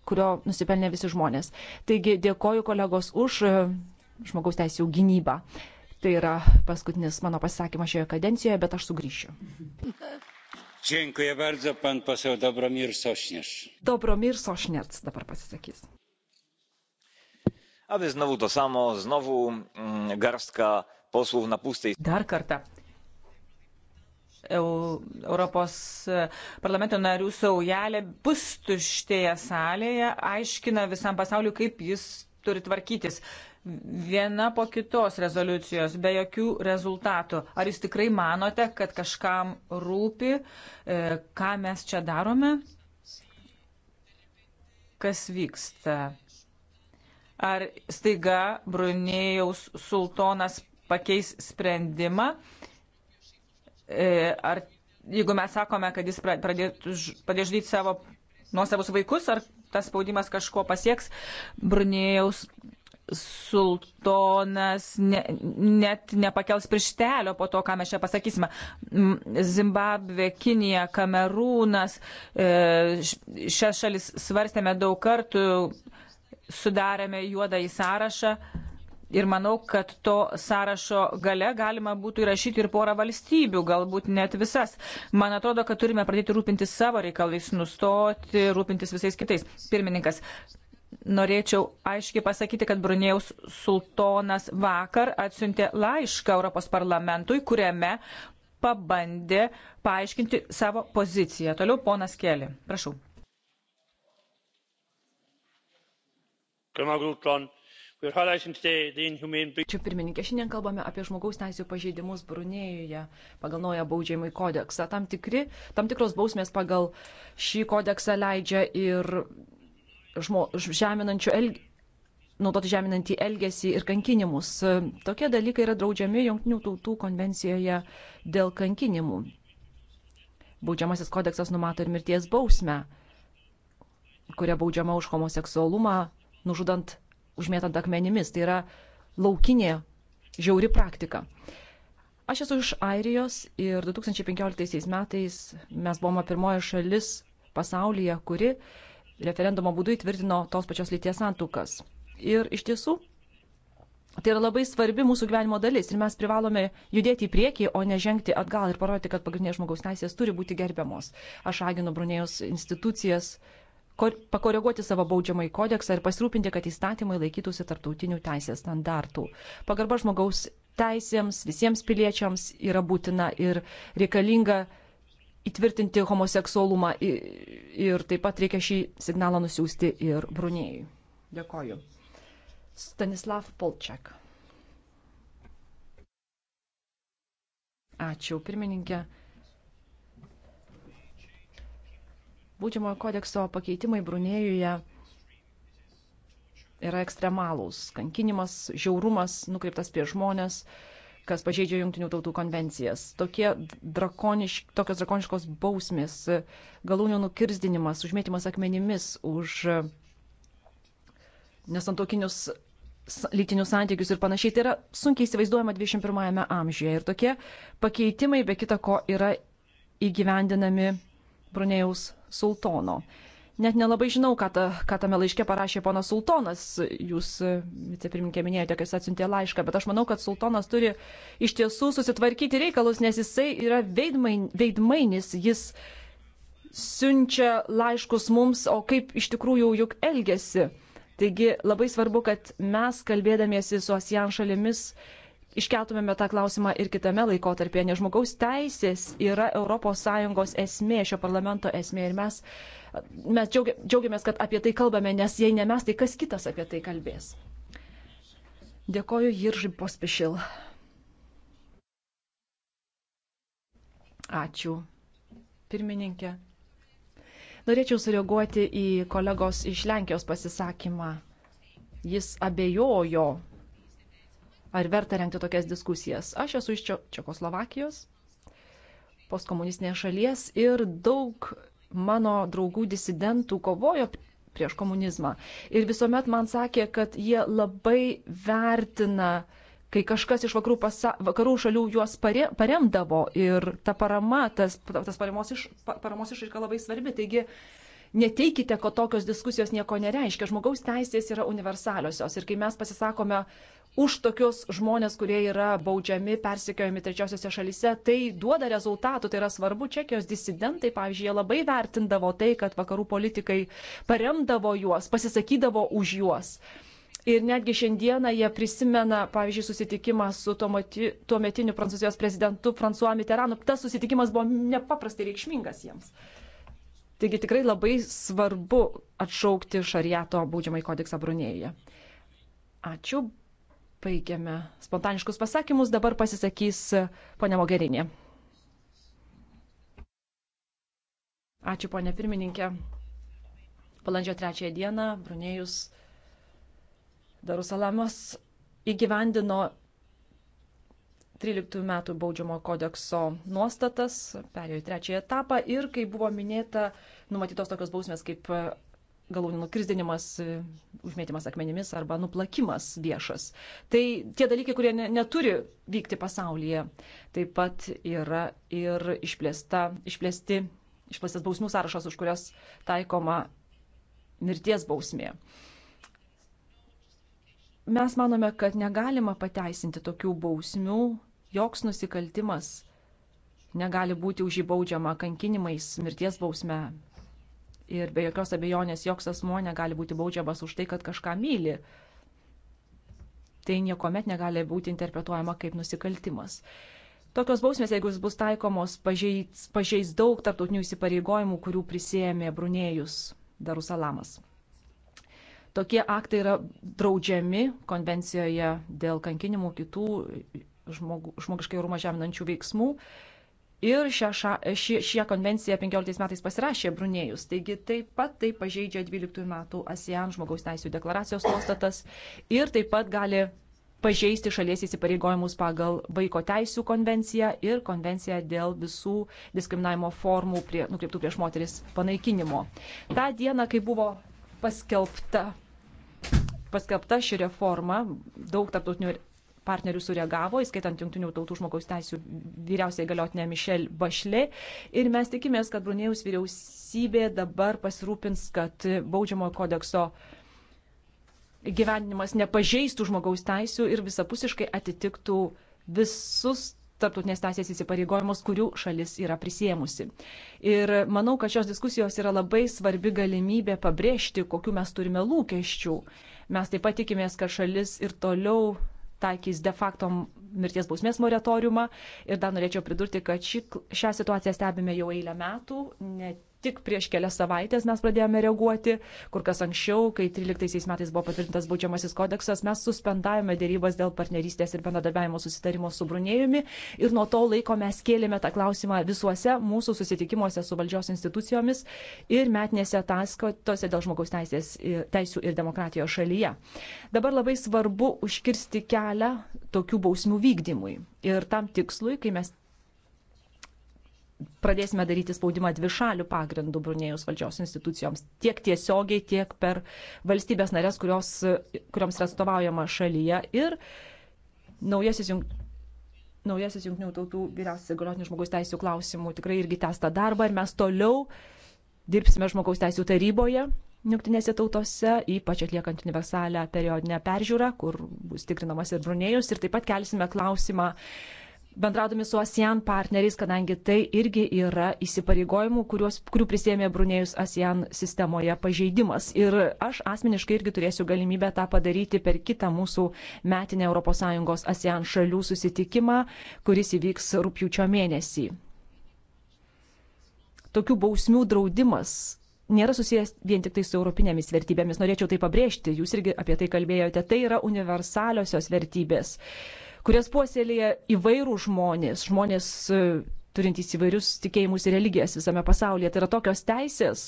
kurio nusipelnė visi žmonės. Taigi dėkoju kolegos už e, žmogaus teisėjų gynybą. Tai yra paskutinis mano pasisakymas šioje kadencijoje, bet aš sugrįšiu. Dziękuję bardzo, pan poseł Dobromir Sośnierz. Dobromir Sośnierz dabar pasisakys. A wy znowu to samo, znowu mm, garstka posłów na pustej. Dar kartą Europos e, parlamento narių saujelė pustuštėje salėje aiškina visam pasauliu, kaip jis turi tvarkytis. Viena po kitos rezoliucijos, be jokių rezultatų. Ar jūs tikrai manote, kad kažkam rūpi, e, ką mes čia darome? Kas vyksta? Ar staiga Brunėjaus sultonas pakeis sprendimą? E, ar jeigu mes sakome, kad jis pradės žudyti savo nuosavus vaikus, ar tas spaudimas kažko pasieks, Brunėjaus sultonas ne, net nepakels pirštelio po to, ką mes čia pasakysime. Zimbabvė, Kinija, Kamerūnas, e, šias šalis svarstėme daug kartų, sudarėme juodą į sąrašą. Ir manau, kad to sąrašo gale galima būtų įrašyti ir porą valstybių, galbūt net visas. Man atrodo, kad turime pradėti rūpintis savo reikalais, nustoti rūpintis visais kitais. Pirmininkas, norėčiau aiškiai pasakyti, kad Brunėjaus sultonas vakar atsiuntė laišką Europos parlamentui, kuriame pabandė paaiškinti savo poziciją. Toliau ponas Keli. Prašau. Kamagutlon. Čia pirmininkė, šiandien kalbame apie žmogaus teisų pažeidimus Brunėjoje pagal naują baudžiamąjį kodeksą. Tam, tikri, tam tikros bausmės pagal šį kodeksą leidžia ir žmo, žeminančių elg, naudoti žeminantį elgesį ir kankinimus. Tokie dalykai yra draudžiami Junktinių tautų konvencijoje dėl kankinimų. Baudžiamasis kodeksas numato ir mirties bausmę, kuria baudžiama už homoseksualumą, nužudant užmėtant akmenimis. Tai yra laukinė žiauri praktika. Aš esu iš Airijos ir 2015 metais mes buvome pirmoji šalis pasaulyje, kuri referendumo būdu įtvirtino tos pačios lyties santukas. Ir iš tiesų Tai yra labai svarbi mūsų gyvenimo dalis ir mes privalome judėti į priekį, o ne žengti atgal ir parodyti, kad pagrindinės žmogaus teisės turi būti gerbiamos. Aš aginu Brunėjos institucijas pakoreguoti savo baudžiamąjį kodeksą ir pasirūpinti, kad įstatymai laikytųsi tarptautinių teisės standartų. Pagarba žmogaus teisėms visiems piliečiams yra būtina ir reikalinga įtvirtinti homoseksualumą ir taip pat reikia šį signalą nusiųsti ir Brunėjui. Dėkoju. Stanislav Polčiak. Ačiū, pirmininkė. Būdžiamojo kodekso pakeitimai Brunėjuje yra ekstremalūs. Kankinimas, žiaurumas nukreiptas prie žmonės, kas pažeidžia Junktinių tautų konvencijas. Tokie drakonišk, tokios drakoniškos bausmės, galūnio nukirzdinimas, užmėtymas akmenimis už nesantokinius lytinius santykius ir panašiai. Tai yra sunkiai įsivaizduojama 21-ame amžiuje. Ir tokie pakeitimai, be kita ko, yra įgyvendinami Brunėjaus sultono. Net nelabai žinau, ką, ta, ką tame laiške parašė ponas sultonas. Jūs, e, vicepirminkė, minėjote, kad jis atsiuntė laišką, bet aš manau, kad sultonas turi iš tiesų susitvarkyti reikalus, nes jisai yra veidmain, veidmainis, jis siunčia laiškus mums, o kaip iš tikrųjų juk elgesi. Taigi labai svarbu, kad mes kalbėdamiesi su ASEAN šalimis iškeltumėme tą klausimą ir kitame laikotarpyje, nes žmogaus teisės yra ES esmė, šio parlamento esmė ir mes, mes džiaugiamės, kad apie tai kalbame, nes jei ne mes, tai kas kitas apie tai kalbės. Dėkoju Jiržai Pospešil. Ačiū. Pirmininkė. Norėčiau sureaguoti į kolegos iš Lenkijos pasisakymą. Jis abejojo ar verta renkti tokias diskusijas. Aš esu iš Čekoslovakijos, postkomunistinės šalies ir daug mano draugų disidentų kovojo prieš komunizmą. Ir visuomet man sakė, kad jie labai vertina, kai kažkas iš vakarų, pasa, vakarų šalių juos pare, paremdavo ir ta parama, tas, tas paramos, iš, paramos išraiška labai svarbi. Taigi, Neteikite, kad tokios diskusijos nieko nereiškia. Žmogaus teisės yra universaliosios. Ir kai mes pasisakome uh, už tokius žmonės, kurie yra baudžiami, persikiojami trečiosiose šalise. Tai duoda rezultatų, tai yra svarbu. Čekijos disidentai, pavyzdžiui, labai vertindavo tai, kad vakarų politikai paremdavo juos, pasisakydavo už juos. Ir netgi šiandieną jie prisimena, pavyzdžiui, susitikimą su tuometiniu prancūzijos prezidentu François Mitterrandu. Nu, tas susitikimas buvo nepaprastai reikšmingas jiems. Taigi tikrai labai svarbu atšaukti šariato baudžiamąjį kodeksą Brunėje. Ačiū. Baigiame spontaniškus pasakymus, dabar pasisakys ponia Mogerinė. Ačiū, ponia pirmininkė. Palandžio trečiąją dieną Brunėjus Darusalamas įgyvendino 13 metų baudžiamo kodekso nuostatas, perėjo į trečiąją etapą ir, kaip buvo minėta, numatytos tokios bausmės kaip galūnių nukirsdinimas, užmėtymas akmenimis arba nuplakimas viešas. Tai tie dalykai, kurie ne, neturi vykti pasaulyje, taip pat yra ir išplėsta, išplėsti, išplėstas bausmų sąrašas, už kurias taikoma mirties bausmė. Mes manome, kad negalima pateisinti tokių bausmių, joks nusikaltimas negali būti už jį baudžiama kankinimais, mirties bausme, ir be jokios abejonės joks asmo negali būti baudžiamas už tai, kad kažką myli. Tai niekuomet negali būti interpretuojama kaip nusikaltimas. Tokios bausmės, jeigu jis bus taikomos, pažeis, pažeis daug tarptautinių įsipareigojimų, kurių prisėmė Brunėjus Darusalamas. Tokie aktai yra draudžiami konvencijoje dėl kankinimų kitų žmogu, žmogiškai rūmą žeminančių veiksmų. Ir šią, šį, šią konvenciją 15 metais pasirašė Brunėjus. Taigi taip pat tai pažeidžia 12 metų ASEAN žmogaus teisų deklaracijos nuostatas ir taip pat gali pažeisti šalies įsipareigojimus pagal vaiko teisų konvenciją ir konvenciją dėl visų diskriminavimo formų prie, nukreiptų prieš moteris panaikinimo. Ta diena, kai buvo paskelbta, paskelbta ši reforma, daug tarptautinių partnerių sureagavo, įskaitant Junktinių tautų žmogaus teisų vyriausiai galiotinę Mišel Bašlė. Ir mes tikimės, kad Brunėjus vyriausybė dabar pasirūpins, kad baudžiamojo kodekso gyvenimas nepažeistų žmogaus teisų ir visapusiškai atitiktų visus tarptautinės teisės įsipareigojimus, kurių šalis yra prisėmusi. Ir manau, kad šios diskusijos yra labai svarbi galimybė pabrėžti, kokiu mes turime lūkesčių. Mes taip pat tikimės, kad šalis ir toliau taikys de facto mirties bausmės moratoriumą. Ir dar norėčiau pridurti, kad ši, šią situaciją stebime jau eilę metų, net tik prieš kelias savaitės mes pradėjome reaguoti, kur kas anksčiau, kai 13 metais buvo patvirtintas baudžiamasis kodeksas, mes suspendavome dėrybas dėl partnerystės ir bendradarbiavimo susitarimo su Brunėjumi ir nuo to laiko mes kėlėme tą klausimą visuose mūsų susitikimuose su valdžios institucijomis ir metinėse ataskaitose dėl žmogaus teisės, teisų ir demokratijos šalyje. Dabar labai svarbu užkirsti kelią tokių bausmių vykdymui. Ir tam tikslui, kai mes pradėsime daryti spaudimą dvi šalių pagrindų Brunėjus valdžios institucijoms, tiek tiesiogiai, tiek per valstybės narės, kurios, kurioms yra atstovaujama šalyje. Ir naujasis, jung, naujasis jungtinių tautų vyriausias įgaliotinis žmogaus teisų klausimų tikrai irgi tęsta darbą ir mes toliau dirbsime žmogaus teisų taryboje. Junktinėse tautose, ypač atliekant universalią periodinę peržiūrą, kur bus tikrinamas ir Brunėjus, ir taip pat kelsime klausimą uh, bendraudami su ASEAN partneriais, kadangi tai irgi yra įsipareigojimų, kuriuos, kurių prisėmė Brunėjus ASEAN sistemoje pažeidimas. Ir aš asmeniškai irgi turėsiu galimybę tą padaryti per kitą mūsų metinę ES ASEAN šalių susitikimą, kuris įvyks rūpjūčio mėnesį. Tokių bausmių draudimas nėra susijęs vien tik tai su europinėmis vertybėmis. Norėčiau tai pabrėžti, jūs irgi apie tai kalbėjote. Tai yra universaliosios vertybės. Uh, kurias puoselėja įvairų žmonės, žmonės e, turintys įvairius tikėjimus ir religijas visame pasaulyje. Tai yra tokios teisės,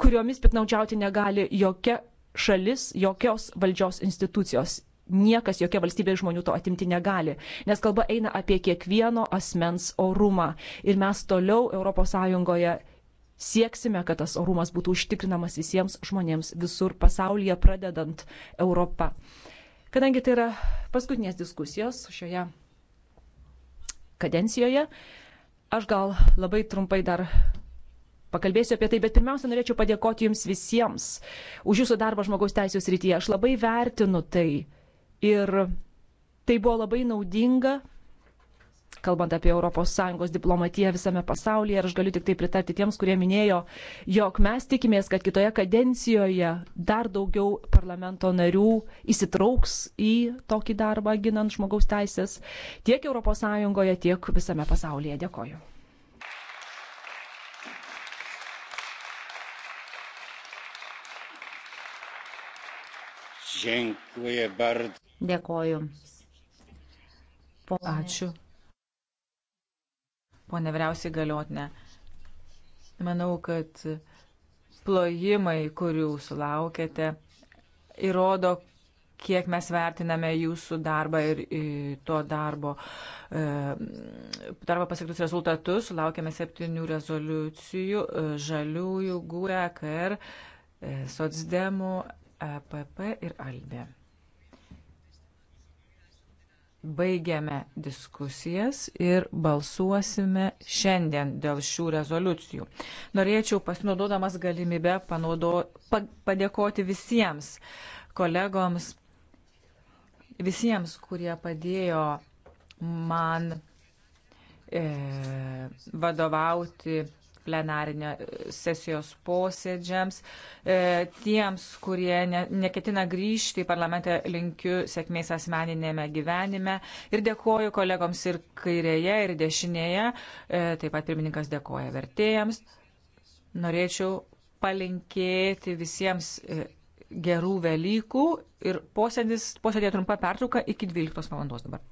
kuriomis piknaudžiauti negali jokia šalis, jokios valdžios institucijos. Niekas, jokia valstybė žmonių to atimti negali, nes kalba eina apie kiekvieno asmens orumą. Ir mes toliau ES sieksime, kad tas orumas būtų užtikrinamas visiems žmonėms visur pasaulyje, pradedant Europą. Kadangi tai yra paskutinės diskusijos šioje kadencijoje, aš gal labai trumpai dar pakalbėsiu apie tai, bet pirmiausia, norėčiau padėkoti Jums visiems už Jūsų darbą žmogaus teisės rytyje. Aš labai vertinu tai ir tai buvo labai naudinga kalbant apie ES diplomatiją visame pasaulyje. Ir aš galiu tik tai pritarti tiems, kurie minėjo, jog mes tikimės, kad kitoje kadencijoje dar daugiau parlamento narių įsitrauks į tokį darbą ginant žmogaus teisės tiek ES, tiek visame pasaulyje. Dėkoju. Dėkoju. Po... Ačiū ponė vyriausiai galiotinė. Manau, kad plojimai, kurių sulaukėte, įrodo, kiek mes vertiname jūsų darbą ir, ir to darbo, e, darbo pasiektus rezultatus. Sulaukėme septynių rezoliucijų e, žaliųjų, GUE, KR, e, e Sotsdemų, EPP ir ALDE baigiame diskusijas ir balsuosime šiandien dėl šių rezoliucijų. Norėčiau pasinaudodamas galimybę panaudo, pa, padėkoti visiems kolegoms, visiems, kurie padėjo man e, vadovauti plenarinio e, sesijos posėdžiams. E, tiems, kurie ne, neketina grįžti į parlamentą, linkiu sėkmės asmeninėme gyvenime ir dėkoju kolegoms ir kairėje, ir dešinėje. E, taip pat pirmininkas dėkoja vertėjams. Norėčiau palinkėti visiems gerų Velykų ir posėdės, posėdė trumpa pertrauka iki 12 valandos dabar.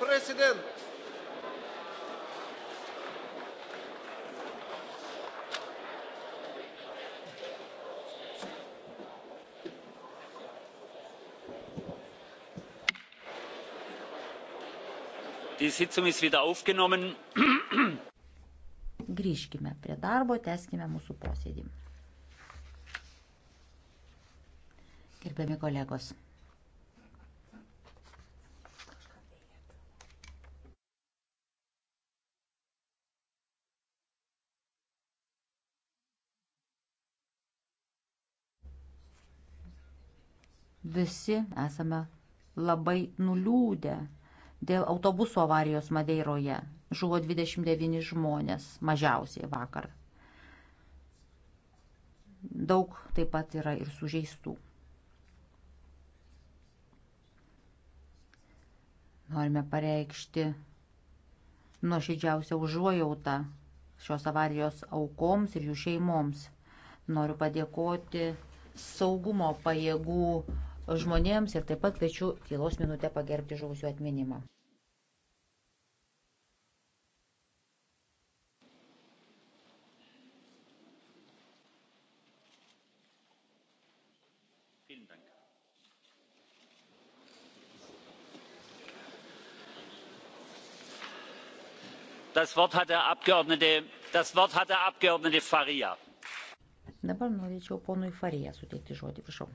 president. Die Sitzung ist wieder aufgenommen. Grįžkime prie darbo, teskime mūsų posėdį. Gerbiami kolegos. visi esame labai nuliūdę dėl autobuso avarijos Madeiroje. Žuvo 29 žmonės, mažiausiai vakar. Daug taip pat yra ir sužeistų. Norime pareikšti nuoširdžiausią užuojautą šios avarijos aukoms ir jų šeimoms. Noriu padėkoti saugumo pajėgų žmonėms ir taip pat kviečiu tylos minutę pagerbti žuvusių atminimą. das wort hat der abgeordnete faria. dabar norėčiau ponui faria suteikti žodį prašau.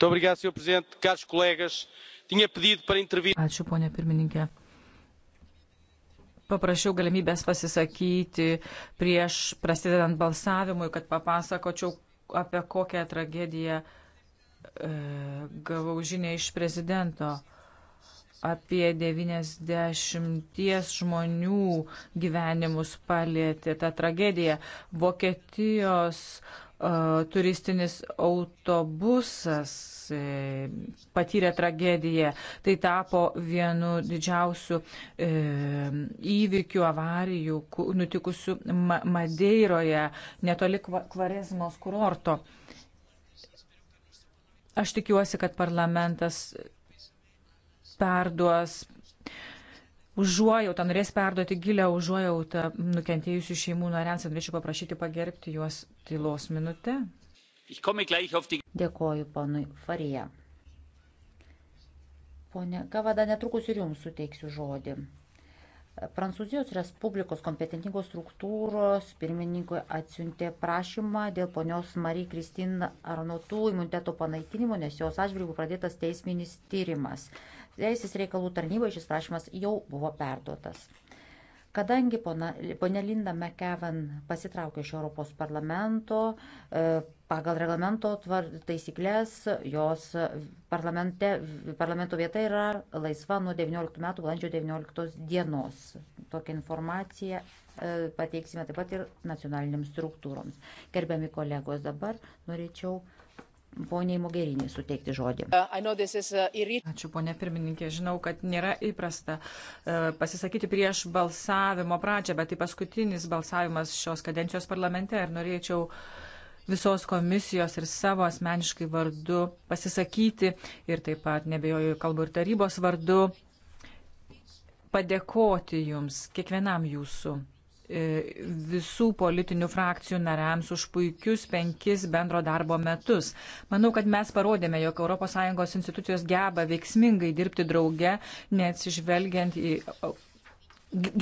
Ačiū, ponė pirmininkė. Paprašiau galimybės pasisakyti prieš prasidedant balsavimui, kad papasakočiau, apie kokią tragediją e, gavau žinę iš prezidento apie 90 žmonių gyvenimus palėtė ta tragedija. Vokietijos turistinis autobusas e, patyrė tragediją. Tai tapo vienu didžiausių e, įvykių, avarijų nutikusių Madeiroje, netoli Kvarezmos kurorto. Aš tikiuosi, kad parlamentas perduos užuojautą, norės perduoti gilę užuojautą nukentėjusių šeimų nariams. Norėčiau paprašyti pagerbti juos tylos minutę. Dėkoju ponui Farija. Pone Kavada, netrukus ir jums suteiksiu žodį. Prancūzijos Respublikos kompetentingos struktūros pirmininkui atsiuntė prašymą dėl ponios Marie Kristin Arnotų imuniteto panaikinimo, nes jos atžvilgių pradėtas teisminis tyrimas. Teisės reikalų tarnybai šis prašymas jau buvo perduotas. Kadangi ponė Linda McKevan pasitraukė iš Europos parlamento, e, pagal reglamento taisyklės jos parlamento vieta yra laisva nuo 19 metų valandžio 19 dienos. Tokią informaciją e, pateiksime taip pat ir nacionalinėms struktūroms. Gerbiami kolegos, dabar norėčiau poniai Mogerinį suteikti žodį. Uh, uh, Ačiū, ponė pirmininkė. Žinau, kad nėra įprasta uh, pasisakyti prieš balsavimo pradžią, bet tai paskutinis balsavimas šios kadencijos parlamente ir norėčiau visos komisijos ir savo asmeniškai vardu pasisakyti ir taip pat nebejoju kalbų ir tarybos vardu padėkoti jums, kiekvienam jūsų E, visų politinių frakcijų nariams už puikius penkis bendro darbo metus. Manau, kad mes parodėme, jog ES institucijos geba veiksmingai dirbti drauge, neatsižvelgiant į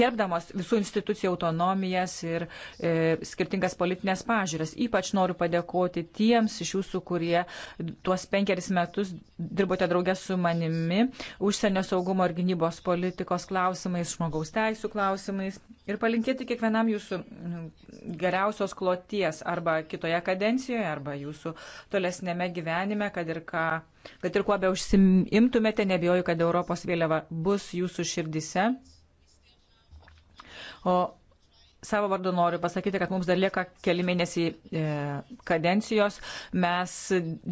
gerbdamos visų institucijų autonomijas ir e, skirtingas politinės pažiūras. Ypač noriu padėkoti tiems iš jūsų, kurie tuos penkeris metus dirbote draugę su manimi užsienio saugumo ir gynybos politikos klausimais, žmogaus teisų klausimais ir palinkėti kiekvienam jūsų geriausios kloties arba kitoje kadencijoje, arba jūsų tolesnėme gyvenime, kad ir ką. Kad ir kuo be užsimtumėte, nebijoju, kad Europos vėliava bus jūsų širdise O savo vardu noriu pasakyti, kad mums dar lieka keli mėnesiai e, kadencijos. Mes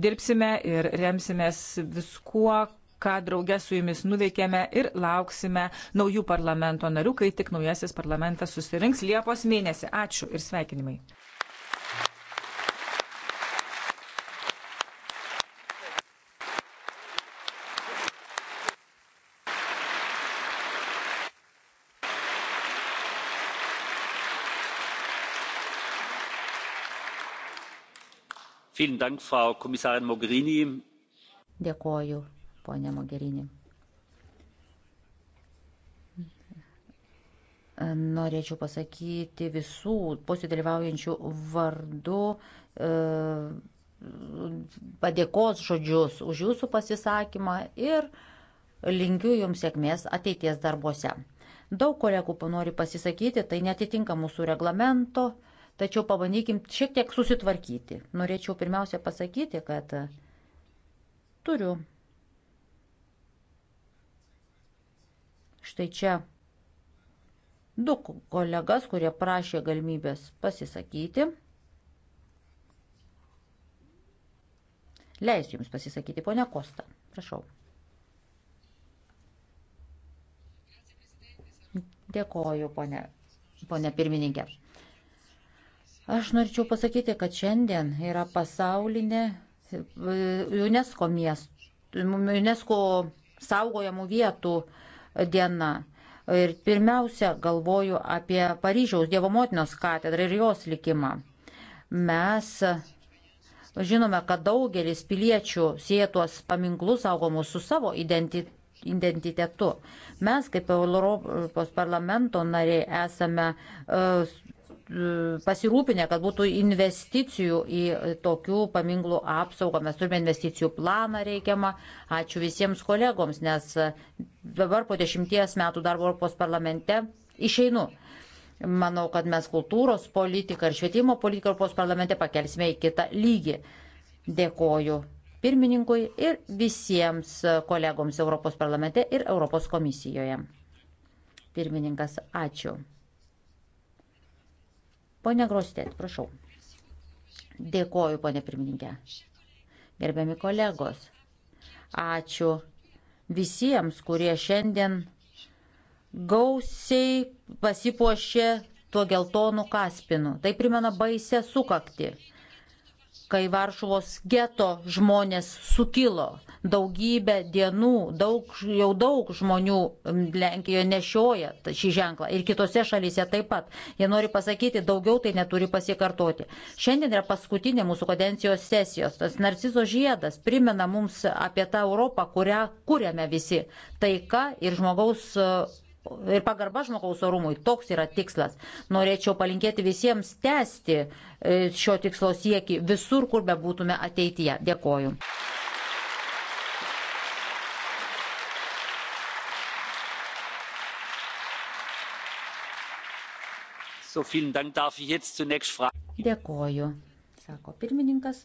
dirbsime ir remsimės viskuo, ką draugę su jumis nuveikėme ir lauksime naujų parlamento narių, kai tik naujasis parlamentas susirinks Liepos mėnesį. Ačiū ir sveikinimai. Dank, Frau Kommissarin Mogherini. Dėkoju, ponė Mogherini. Norėčiau pasakyti visų posėdalyvaujančių vardu e, padėkos žodžius už jūsų pasisakymą ir linkiu jums sėkmės ateities darbuose. Daug kolegų panori pasisakyti, tai netitinka mūsų reglamento tačiau pabandykim šiek tiek susitvarkyti. Norėčiau pirmiausia pasakyti, kad e, turiu štai čia du kolegas, kurie prašė galimybės pasisakyti. Leisiu Jums pasisakyti, ponia Kosta. Prašau. Dėkoju, ponia, ponia pirmininkė. Aš norėčiau pasakyti, kad šiandien yra pasaulinė e, UNESCO, miest, UNESCO saugojamų vietų diena. Ir pirmiausia, galvoju apie Paryžiaus Dievo motinos katedrą ir jos likimą. Mes žinome, kad daugelis piliečių sėtuos paminklus saugomus su savo identitetu identitetu. Mes kaip Europos parlamento nariai esame e, pasirūpinę, kad būtų investicijų į tokių paminklų apsaugą. Mes turime investicijų planą reikiamą. Ačiū visiems kolegoms, nes dabar po dešimties metų darbo Europos parlamente išeinu. Manau, kad mes kultūros politiką ir švietimo politiką Europos parlamente pakelsime į kitą lygį. Dėkoju pirmininkui ir visiems kolegoms Europos parlamente ir Europos komisijoje. Pirmininkas, ačiū. Pone Grostėt, prašau. Dėkoju, ponė pirmininkė. Gerbiami kolegos, ačiū visiems, kurie šiandien gausiai pasipuošė tuo geltonu kaspinu. Tai primena baisę sukakti kai Varšuvos geto žmonės sukilo. Daugybę dienų, daug, jau daug žmonių Lenkijoje nešioja šį ženklą ir kitose šalyse taip pat. Jie nori pasakyti, daugiau tai neturi pasikartoti. Šiandien yra paskutinė mūsų kadencijos sesijos. Tas narcizo žiedas primena mums apie tą Europą, kurią kūrėme visi. Taika ir žmogaus ir pagarba žmogaus orumui. Toks yra tikslas. Norėčiau palinkėti visiems tęsti e, šio tikslo sieki visur, kur be būtume ateityje. Dėkoju. So, Dank darf ich jetzt zunächst Dėkoju, sako pirmininkas.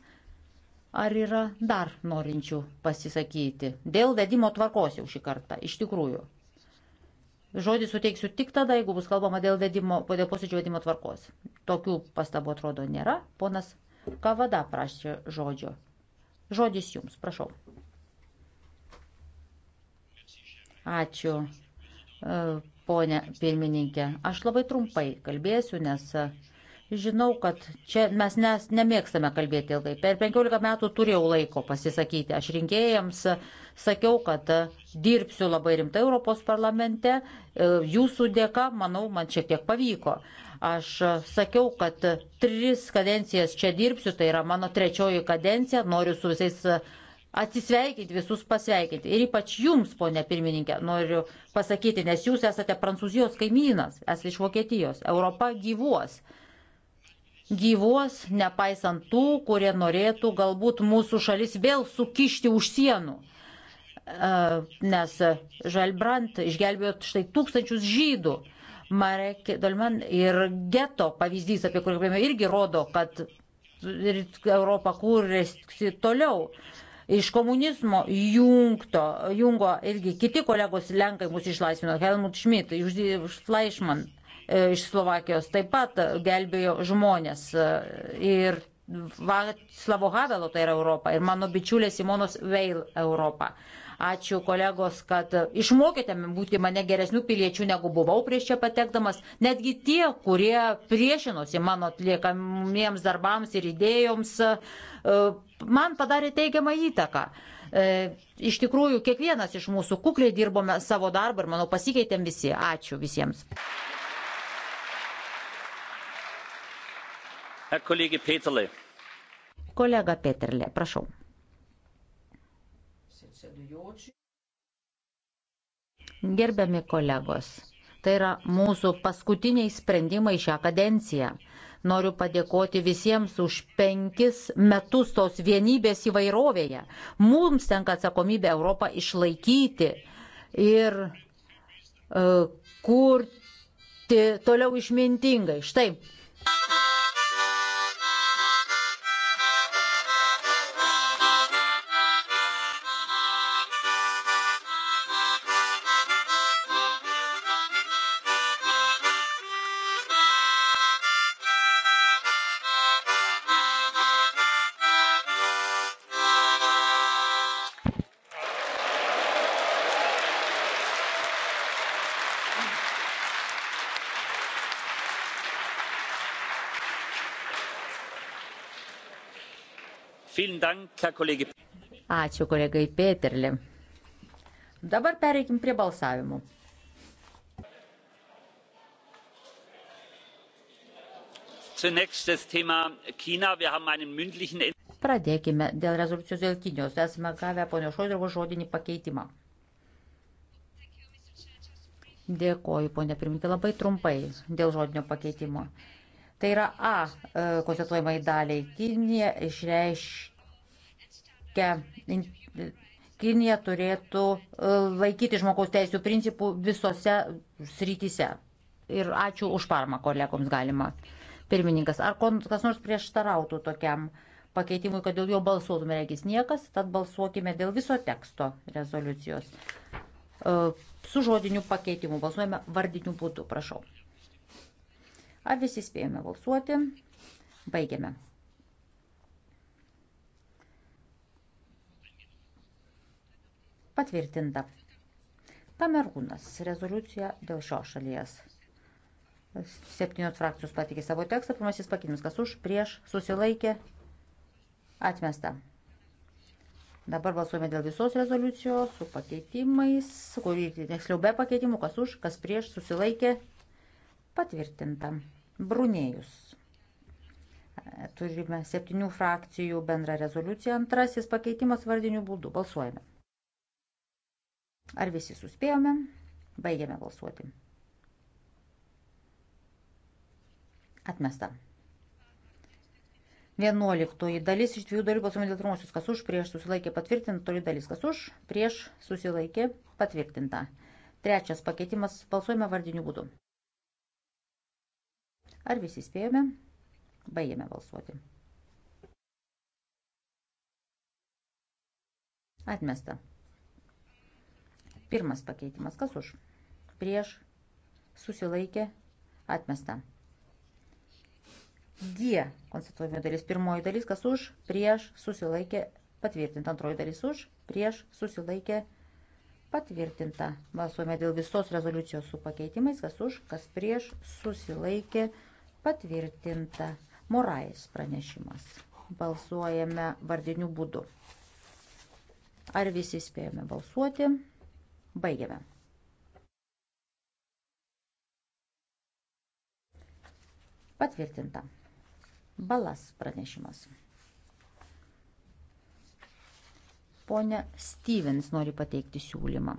Ar yra dar norinčių pasisakyti? Dėl vedimo tvarkos jau šį kartą, iš tikrųjų. Žodį suteiksiu tik tada, jeigu bus kalbama dėl, vedimo, dėl posėdžio vedimo tvarkos. Tokių pastabų atrodo nėra. Ponas Kavada prašė žodžio. Žodis jums, prašau. Ačiū, e, ponė pirmininkė. Aš labai trumpai kalbėsiu, nes Žinau, kad čia mes nes, nemėgstame kalbėti ilgai. Per 15 metų turėjau laiko pasisakyti. Aš rinkėjams sakiau, kad dirbsiu labai rimtai Europos parlamente. E, jūsų dėka, manau, man šiek tiek pavyko. Aš sakiau, kad tris kadencijas čia dirbsiu, tai yra mano trečioji kadencija. Noriu su visais atsisveikinti, visus pasveikinti. Ir ypač jums, ponė pirmininkė, noriu pasakyti, nes jūs esate Prancūzijos kaimynas, esate iš Vokietijos. Europa gyvuos gyvuos, nepaisant tų, kurie norėtų galbūt mūsų šalis vėl sukišti už sienų. E, nes Žalbrant išgelbėjo štai tūkstančius žydų. Marek Dolman ir geto pavyzdys, apie kurį kalbėjome, irgi rodo, kad Europą kūrėsi toliau. Iš komunizmo jungto, jungo irgi kiti kolegos Lenkai mus išlaisvino, Helmut Schmidt, Fleischmann E, iš Slovakijos taip pat gelbėjo žmonės. E, ir Slavo Havelo tai yra Europa ir mano bičiulė Simonos Veil Europa. Ačiū kolegos, kad išmokėte būti mane geresnių piliečių, negu buvau prieš čia patekdamas. Netgi tie, kurie priešinosi mano atliekamiems darbams ir idėjoms, e, man padarė teigiamą įtaką. Iš tikrųjų, kiekvienas iš mūsų kukliai dirbome savo darbą ir, manau, pasikeitėm visi. Ačiū visiems. Kolega Peterle, prašau. Gerbiami kolegos, tai yra mūsų paskutiniai sprendimai šią kadenciją. Noriu padėkoti visiems už penkis metus tos vienybės įvairovėje. Mums tenka atsakomybė Europą išlaikyti ir uh, kurti toliau išmintingai. Štai. Ačiū kolegai Peterli. Dabar pereikim prie balsavimų. Pradėkime dėl rezoliucijos dėl Kinijos. Esame gavę ponio Šoidrovo žodinį pakeitimą. Dėkoju, ponė pirmininkė, labai trumpai dėl žodinio pakeitimo. Tai yra A e, konstatuojamai daliai. Kinija išreiškia reikia. Kinija turėtų e, laikyti žmogaus teisų principų visose srityse. Ir ačiū už parmą kolegoms galima. Pirmininkas, ar kas nors prieštarautų tokiam pakeitimui, kad dėl jo balsuotume, regis niekas, tad balsuokime dėl viso teksto rezoliucijos. E, su žodiniu pakeitimu balsuojame vardiniu būdu, prašau. Ar visi spėjome balsuoti? Baigiame. Patvirtinta. Kamerūnas rezoliucija dėl šios šalies. Septynios frakcijos patikė savo tekstą. Pirmasis pakeitimas, kas už, prieš, susilaikė, atmesta. Dabar balsuojame dėl visos rezoliucijos su pakeitimais, kurį tiksliau be pakeitimų, kas už, kas prieš, susilaikė, patvirtinta. Brunėjus. Turime septynių frakcijų bendrą rezoliuciją. Antrasis pakeitimas vardinių būdų. Balsuojame. Ar visi suspėjome? Baigiame balsuoti. Atmesta. 11 dalis iš dviejų dalių balsuojant dėl pirmosios, kas už, prieš susilaikė patvirtinta, toli dalis, kas už, prieš susilaikė patvirtinta. Trečias pakeitimas balsuojame vardiniu būdu. Ar visi spėjome? Baigėme balsuoti. Atmesta. Pirmas pakeitimas. Kas už? Prieš. Susilaikė. Atmesta. G. Konstatuojami dalis. Pirmoji dalis. Kas už? Prieš. Susilaikė. Patvirtinta. Antroji dalis už. Prieš. Susilaikė. Patvirtinta. Balsuojame dėl visos rezoliucijos su pakeitimais. Kas už? Kas prieš? Susilaikė. Patvirtinta. Morais pranešimas. Balsuojame vardiniu būdu. Ar visi spėjome balsuoti? Baigiame. Patvirtinta. Balas pranešimas. Pone Stevens nori pateikti siūlymą.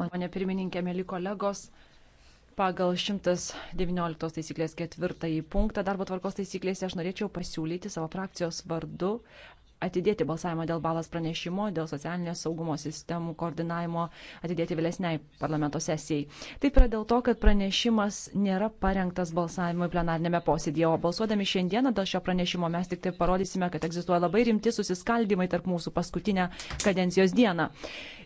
Pone pirmininkė, mėly kolegos, pagal 119 taisyklės ketvirtąjį punktą darbo tvarkos taisyklėse aš norėčiau pasiūlyti savo frakcijos vardu atidėti balsavimą dėl balas pranešimo, dėl socialinės saugumo sistemų koordinavimo, atidėti vėlesniai parlamento sesijai. Taip yra dėl to, kad pranešimas nėra parengtas balsavimui plenarnėme posėdėje, o balsuodami šiandieną dėl šio pranešimo mes tik tai parodysime, kad egzistuoja labai rimti susiskaldimai tarp mūsų paskutinę kadencijos dieną.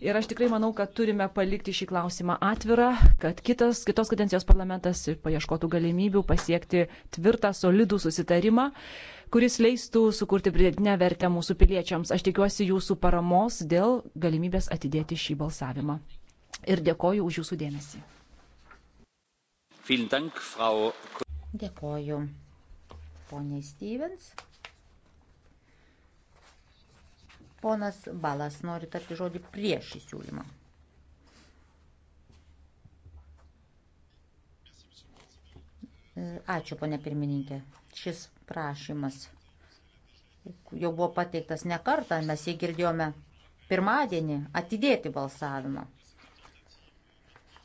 Ir aš tikrai manau, kad turime palikti šį klausimą atvirą, kad kitas, kitos kadencijos parlamentas paieškotų galimybių pasiekti tvirtą, solidų susitarimą. Uh, kuris leistų sukurti pridėtinę vertę mūsų piliečiams. Aš tikiuosi jūsų paramos dėl galimybės atidėti šį balsavimą. Ir dėkoju už jūsų dėmesį. Dėkoju, poniai Stevens. Ponas Balas nori tarti žodį prieš įsiūlymą. Ačiū, ponė pirmininkė. Šis prašymas jau buvo pateiktas ne kartą, mes jį girdėjome pirmadienį atidėti balsavimą.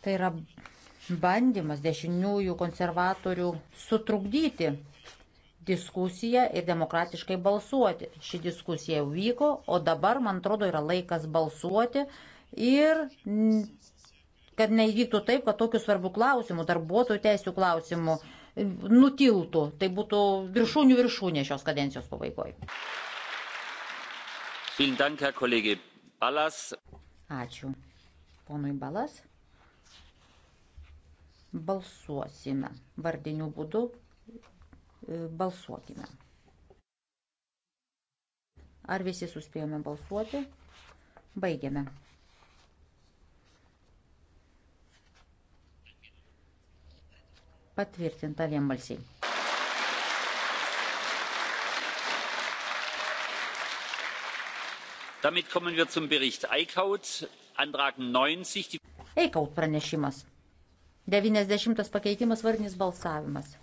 Tai yra bandymas dešiniųjų konservatorių sutrukdyti diskusiją ir demokratiškai balsuoti. Ši diskusija jau vyko, o dabar, man atrodo, yra laikas balsuoti ir kad neįvyktų taip, kad tokių svarbių klausimų, darbuotojų teisų klausimų, nutiltų. Tai būtų viršūnių viršūnė šios kadencijos pabaigoje. Ačiū. Ponui Balas. Balsuosime. Vardinių būdų e, balsuokime. Ar visi suspėjome balsuoti? Baigiame. patvirtinta vienbalsiai. Damit kommen wir zum Bericht Eickhout, Antrag 90. Eickhout pranešimas. 90 pakeitimas vardinis balsavimas.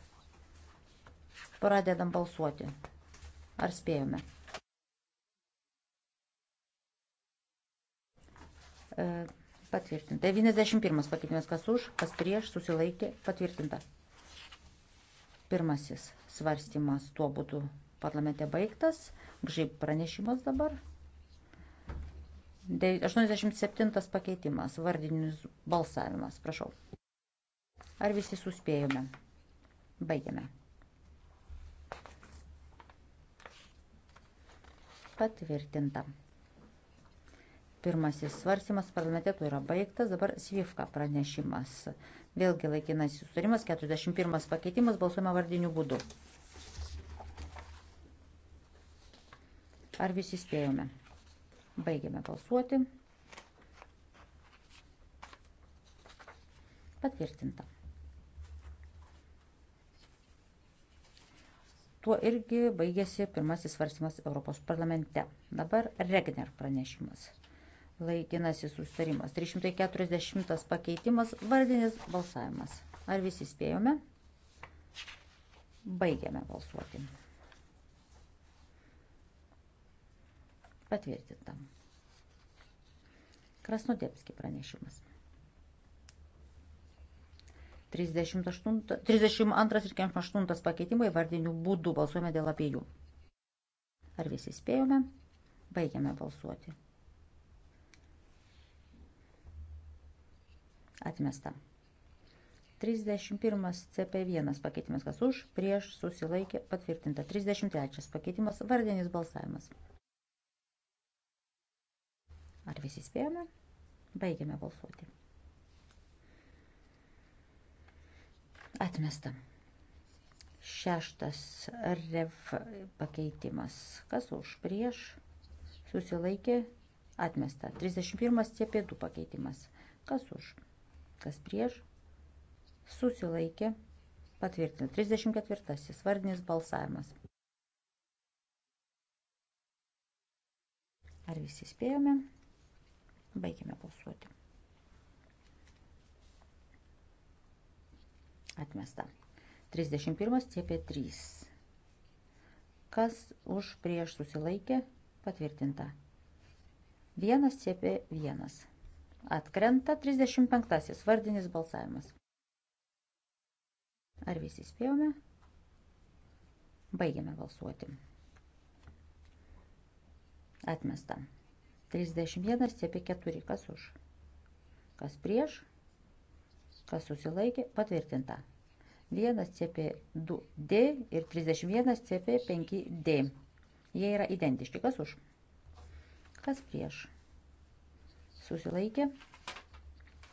Pradedam balsuoti. Ar spėjome? E, patvirtinta. 91 pakeitimas kas už, kas prieš, susilaikė, patvirtinta. Pirmasis svarstymas tuo būtų parlamente baigtas. Gžaip pranešimas dabar. 87 pakeitimas, vardinis balsavimas, prašau. Ar visi suspėjome? Baigiame. Patvirtinta. Pirmasis svarstymas parlamente tuo yra baigtas, dabar Svifka pranešimas. Vėlgi laikinasis sustarimas, 41 pakeitimas, balsuojama vardiniu būdu. Ar visi spėjome? Baigiame balsuoti. Patvirtinta. Tuo irgi baigėsi pirmasis svarstymas Europos parlamente. Dabar Regner pranešimas laikinasis sustarimas. 340 pakeitimas, vardinis balsavimas. Ar visi spėjome? Baigiame balsuoti. Patvirtinta. Krasnodėpski pranešimas. 38, 32 ir 48 pakeitimai vardinių būdų balsuojame dėl abiejų. Ar visi spėjome? Baigiame balsuoti. Atmesta. 31 CP1 pakeitimas kas už, prieš susilaikė patvirtinta. 33 pakeitimas vardinis balsavimas. Ar visi spėjome? Baigiame balsuoti. Atmesta. Šeštas rev pakeitimas. Kas už, prieš susilaikė atmesta. 31 CP2 pakeitimas. Kas už? kas prieš, susilaikė, patvirtina. 34. Vardinis balsavimas. Ar visi spėjome? Baigėme balsuoti. Atmesta. 31. Cepė 3. Kas už prieš susilaikė? Patvirtinta. 1 cepė 1. Atkrenta 35. Vardinis balsavimas. Ar visi spėjome? Baigiame balsuoti. Atmesta. 31 stiepi 4. Kas už? Kas prieš? Kas susilaikė? Patvirtinta. 1 stiepi 2D ir 31 stiepi 5D. Jie yra identiški. Kas už? Kas prieš? susilaikė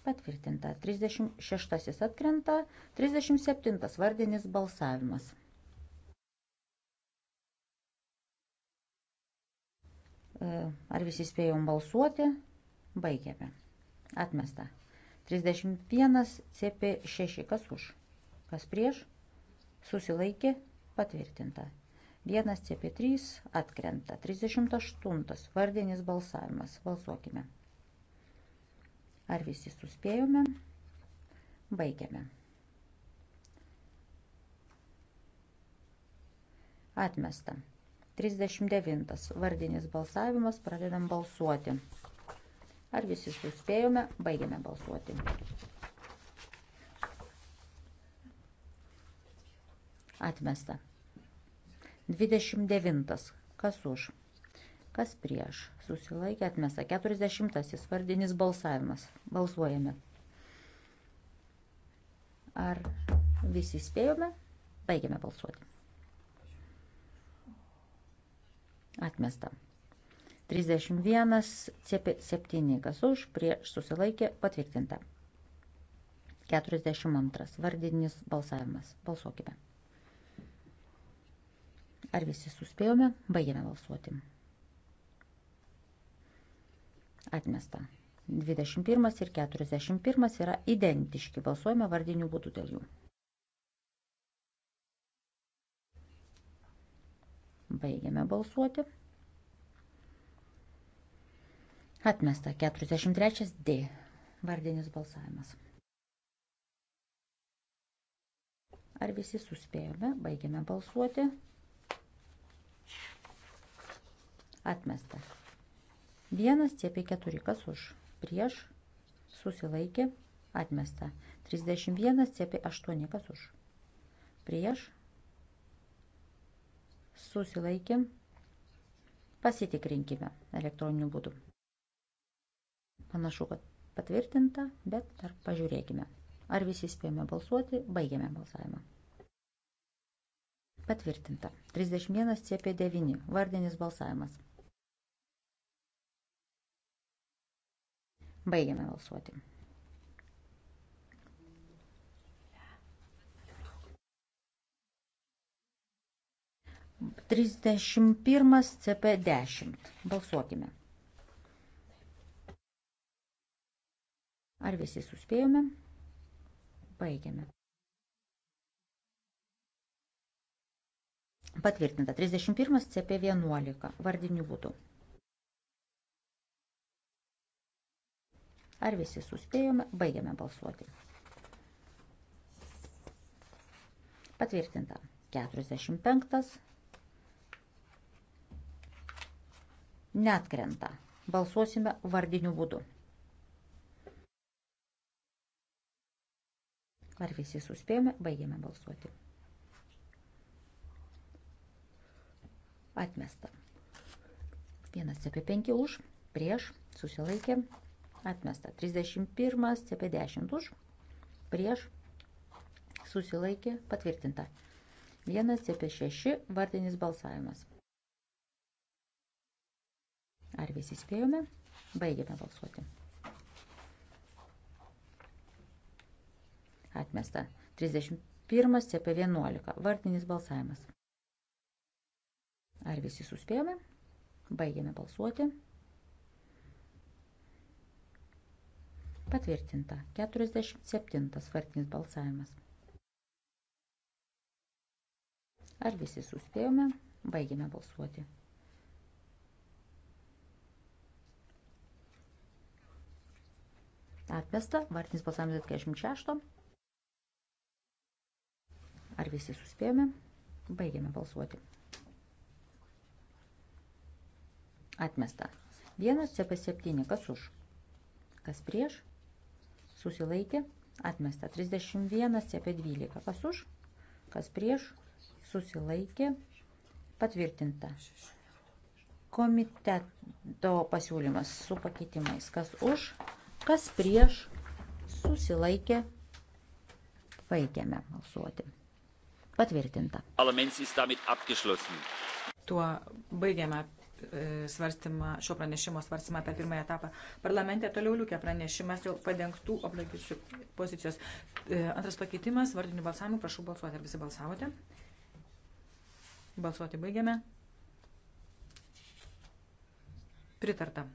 patvirtinta. 36 atkrenta, 37 vardinis balsavimas. E, ar visi spėjom balsuoti? Baigėme. Atmesta. 31 CP6. Kas už? Kas prieš? Susilaikė. Patvirtinta. 1 CP3 atkrenta. 38 vardinis balsavimas. Balsuokime. Ar visi suspėjome? Baigiame. Atmesta. 39. Vardinis balsavimas. Pradedam balsuoti. Ar visi suspėjome? Baigiame balsuoti. Atmesta. 29. Kas už? Kas prieš? Susilaikė atmesta. 40. Vardinis balsavimas. Balsuojame. Ar visi spėjome? Baigiame balsuoti. Atmesta. 31, 7, kas už, prieš susilaikė, patvirtinta. 42, vardinis balsavimas. Balsuokime. Ar visi suspėjome? Baigėme balsuoti. Atmesta. 21 ir 41 yra identiški. Balsuojame vardinių būdų dėl jų. Baigiame balsuoti. Atmesta 43 D. Vardinis balsavimas. Ar visi suspėjome? Baigiame balsuoti. Atmesta 1 cp 4 kas už prieš susilaikė atmesta 31 cp 8 kas už prieš susilaikė pasitikrinkime elektroniniu būdu panašu kad patvirtinta bet dar pažiūrėkime ar visi spėjome balsuoti baigėme balsavimą patvirtinta 31 cp 9 vardinis balsavimas Baigiame balsuoti. Trisdešimt pirmas CP dešimt. Balsuokime. Ar visi suspėjome? Baigiame. Patvirtinta 31 CP11 vardinių būdų. Ar visi suspėjome? Baigiame balsuoti. Patvirtinta. 45. Netkrenta. Balsuosime vardiniu būdu. Ar visi suspėjome? Baigėme balsuoti. Atmesta. 1,75 už, prieš, susilaikė, atmesta. 31 C50 už, prieš, susilaikė, patvirtinta. 1 C6 vardinis balsavimas. Ar visi spėjome? Baigėme balsuoti. Atmesta. 31 CP11 vardinis balsavimas. Ar visi suspėjome? Baigėme balsuoti. Patvirtinta. 47 vartinis balsavimas. Ar visi suspėjome? Baigėme balsuoti. Atmesta. Vartinis balsavimas 46. Ar visi suspėjome? Baigėme balsuoti. Atmesta. 1 CP7. Kas už? Kas prieš? susilaikė, atmesta 31, CP12, kas už, kas prieš, susilaikė, patvirtinta. Komiteto pasiūlymas su pakeitimais, kas už, kas prieš, susilaikė, baigiame balsuoti. Patvirtinta. Tuo baigiame E, svarstymą, šio pranešimo svarstymą per pirmąją etapą. Parlamente toliau liukia pranešimas jau padengtų obligacijų pozicijos. E, antras pakeitimas, vardinių balsavimų, prašau balsuoti. Ar visi balsavote? Balsuoti baigiame. Pritarta.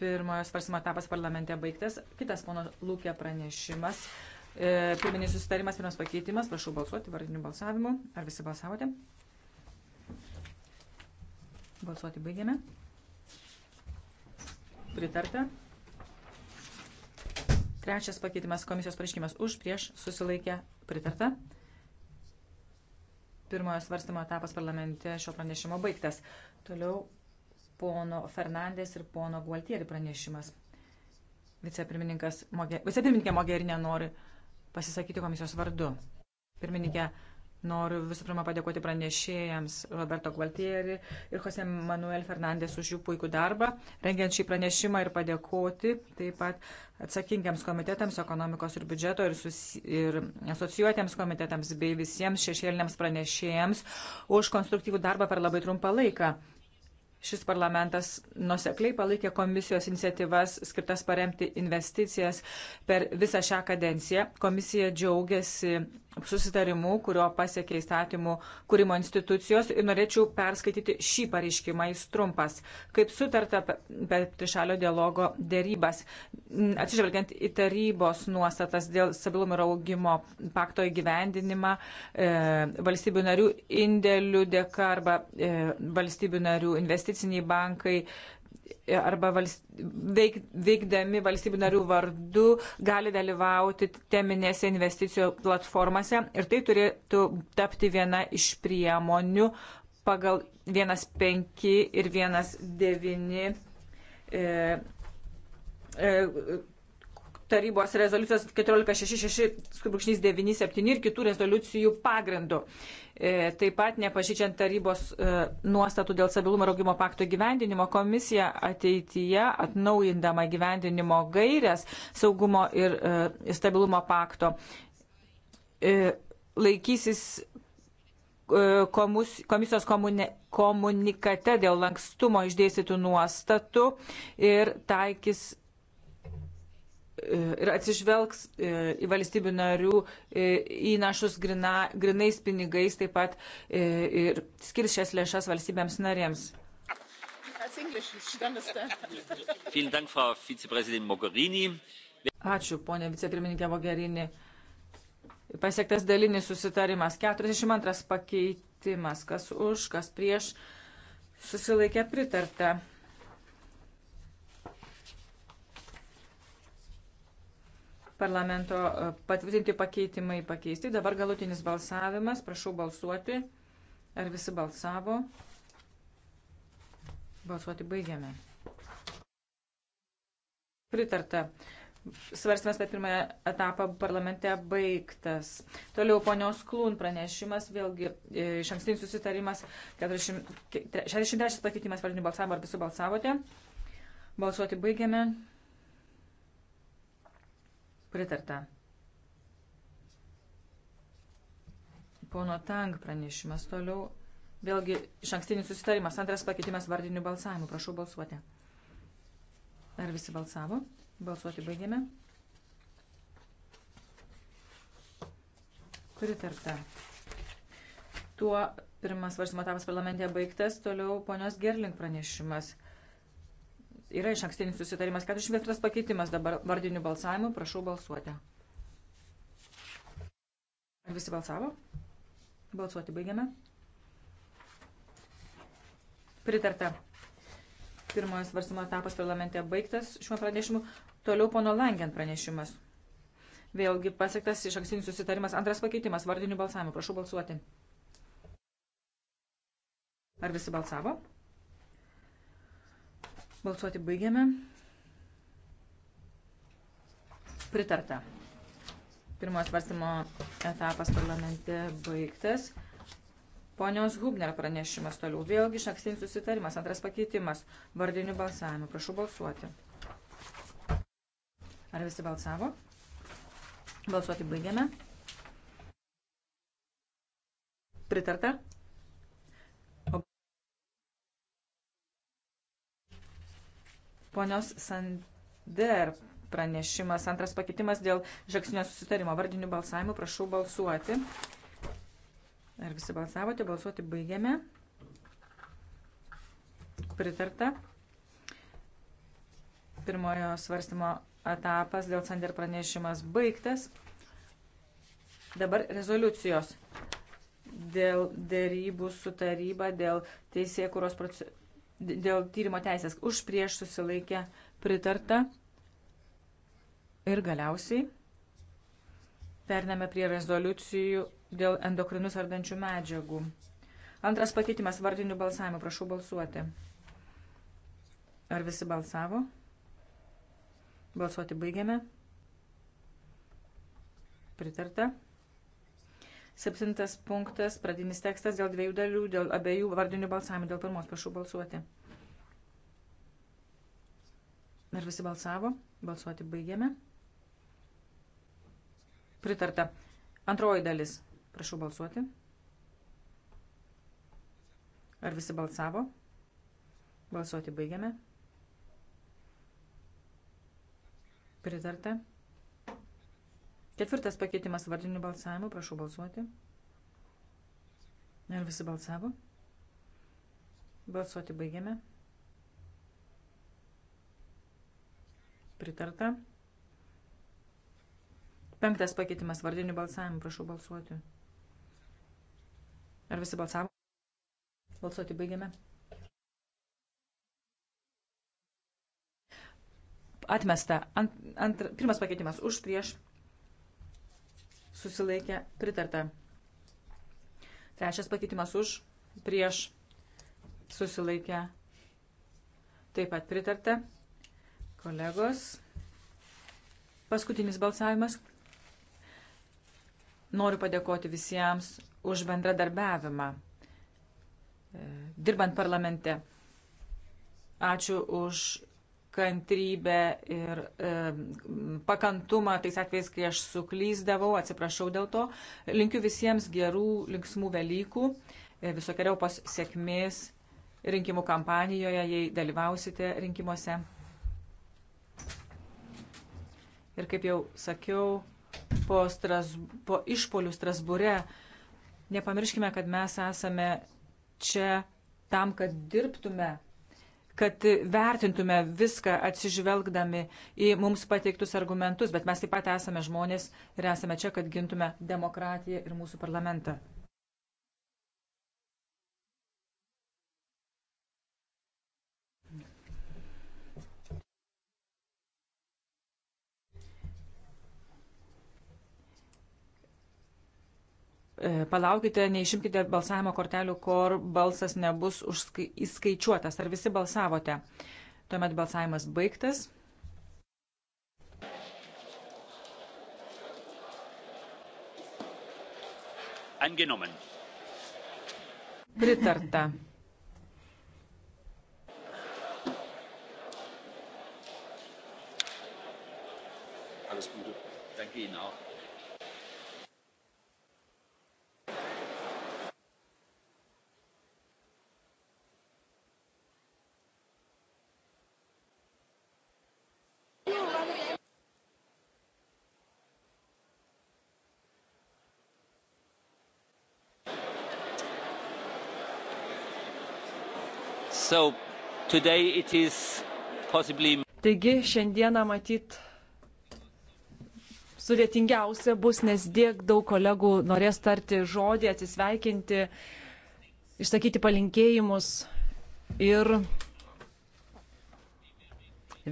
Pirmojo svarstymo etapas parlamente baigtas. Kitas pono Lūkė pranešimas. E, pirminis susitarimas, pirmas pakeitimas. Prašau balsuoti vardiniu balsavimu. Ar visi balsavote? Balsuoti baigiame. Pritarta. Trečias pakeitimas komisijos pareiškimas už, prieš, susilaikę, pritarta. Pirmojo svarstymo etapas parlamente šio pranešimo baigtas. Toliau pono Fernandės ir pono Gualtieri pranešimas. Vicepirmininkė Mogerinė nori pasisakyti komisijos vardu. Pirmininkė, Noriu visų pirma padėkoti pranešėjams Roberto Gualtieri ir Jose Manuel Fernandės už jų puikų darbą, rengiant šį pranešimą ir padėkoti taip pat atsakingiams komitetams, ekonomikos ir biudžeto ir, susi, ir asocijuotiems komitetams bei visiems šešėliniams pranešėjams už konstruktyvų darbą per labai trumpą laiką. Šis parlamentas nusekliai palaikė komisijos iniciatyvas skirtas paremti investicijas per visą šią kadenciją. Komisija džiaugiasi susitarimu, kurio pasiekė įstatymų kūrimo institucijos ir norėčiau perskaityti šį pareiškimą, jis trumpas. Kaip sutarta per trišalio dialogo dėrybas, mm, atsižvelgiant į tarybos nuostatas dėl stabilumo ir augimo pakto įgyvendinimą, e, valstybių narių indėlių dėka arba e, valstybių narių investiciniai bankai, arba valst, veik, veikdami valstybių narių vardu gali dalyvauti teminėse investicijų platformose ir tai turėtų tapti viena iš priemonių pagal 1.5 ir 1.9 e, e, tarybos rezoliucijos 1466-9 ir kitų rezoliucijų pagrindu. E, taip pat nepažydžiant tarybos e, nuostatų dėl stabilumo ir augimo pakto gyvendinimo, komisija ateityje atnaujindama gyvendinimo gairias saugumo ir e, stabilumo pakto laikysis komus, komisijos komune, komunikate dėl lankstumo išdėstytų nuostatų ir taikys ir atsižvelgs e, į valstybių narių e, įnašus grina, grinais pinigais taip pat e, ir skirs šias lėšas valstybėms narėms. Ačiū, ponė vicepirmininkė Mogherini. Pasiektas dalinis susitarimas. 42 pakeitimas. Kas už, kas prieš. Susilaikė pritarta. parlamento e, patvirtinti pakeitimai pakeisti. Dabar galutinis balsavimas. Prašau balsuoti. Ar visi balsavo? Balsuoti baigiame. Pritarta. Svarstymas per pirmąją etapą parlamente baigtas. Toliau ponios Klūn pranešimas, vėlgi e, iš ankstinis susitarimas, 43 pakeitimas valdinių balsavimo, ar visi balsavote. Balsuoti baigiame. Pritarta. Pono Tang pranešimas toliau. Vėlgi, iš ankstinis susitarimas. Antras pakeitimas vardinių balsavimų. Prašau balsuoti. Ar visi balsavo? Balsuoti baigėme. Pritarta. Tuo pirmas varstymo etapas parlamente baigtas. Toliau ponios Gerling pranešimas. Yra iš ankstinis susitarimas. 41 pakeitimas dabar vardinių balsavimų. Prašau balsuoti. Ar visi balsavo? Balsuoti baigiame. Pritarta. Pirmojo svarstymo etapas parlamente baigtas šiuo pranešimu. Toliau pono Langen pranešimas. Vėlgi pasiektas iš ankstinis susitarimas. Antras pakeitimas vardinių balsavimų. Prašau balsuoti. Ar visi balsavo? Balsuoti baigiame. Pritarta. Pirmojo svarstymo etapas parlamente baigtas. Ponios Hubner pranešimas toliau. Vėlgi išankstinis susitarimas. Antras pakeitimas. Vardinių balsavimų. Prašau balsuoti. Ar visi balsavo? Balsuoti baigiame. Pritarta. Ponios Sander pranešimas. Antras pakeitimas dėl žaksnio susitarimo. Vardinių balsavimų prašau balsuoti. Ar visi balsavote? Balsuoti baigiame. Pritarta. Pirmojo svarstymo etapas dėl Sander pranešimas baigtas. Dabar rezoliucijos dėl dėrybų su taryba, dėl teisėkuros procedūros dėl tyrimo teisės už prieš susilaikę pritarta. Ir galiausiai pername prie rezoliucijų dėl endokrinus ardančių medžiagų. Antras pakeitimas vardinių balsavimų. Prašau balsuoti. Ar visi balsavo? Balsuoti baigiame. Pritarta. Septintas punktas, pradinis tekstas dėl dviejų dalių, dėl abiejų vardinių balsavimų, dėl pirmos prašau balsuoti. Ar visi balsavo? Balsuoti baigėme. Pritarta. Antroji dalis. Prašau balsuoti. Ar visi balsavo? Balsuoti baigiame. Pritarta. Ketvirtas pakeitimas vardiniu balsavimu. Prašau balsuoti. Ar visi balsavo? Balsuoti baigiame. Pritarta. Penktas pakeitimas vardiniu balsavimu. Prašau balsuoti. Ar visi balsavo? Balsuoti baigiame. Atmesta. Ant, ant, pirmas pakeitimas už prieš susilaikė pritarta. Trečias pakeitimas už, prieš susilaikė taip pat pritarta. Kolegos, paskutinis balsavimas. Noriu padėkoti visiems už bendradarbiavimą, e, dirbant parlamente. Ačiū už kantrybę ir e, pakantumą tais atvejais, kai aš suklyzdavau, atsiprašau dėl to. Linkiu visiems gerų, linksmų Velykų, e, visokiojopos sėkmės rinkimų kampanijoje, jei dalyvausite rinkimuose. Ir kaip jau sakiau, po, Stras, po išpolių Strasbūre, nepamirškime, kad mes esame čia tam, kad dirbtume kad vertintume viską atsižvelgdami į mums pateiktus argumentus, bet mes taip pat esame žmonės ir esame čia, kad gintume demokratiją ir mūsų parlamentą. E, palaukite, neišimkite balsavimo kortelių, kol balsas nebus užskai, įskaičiuotas. Ar visi balsavote? Tuomet balsavimas baigtas. Angenomen. Pritarta. Alles Gute. Danke Ihnen auch. So, possibly... Taigi šiandieną matyt sudėtingiausia bus, nes tiek daug kolegų norės tarti žodį, atsisveikinti, išsakyti palinkėjimus ir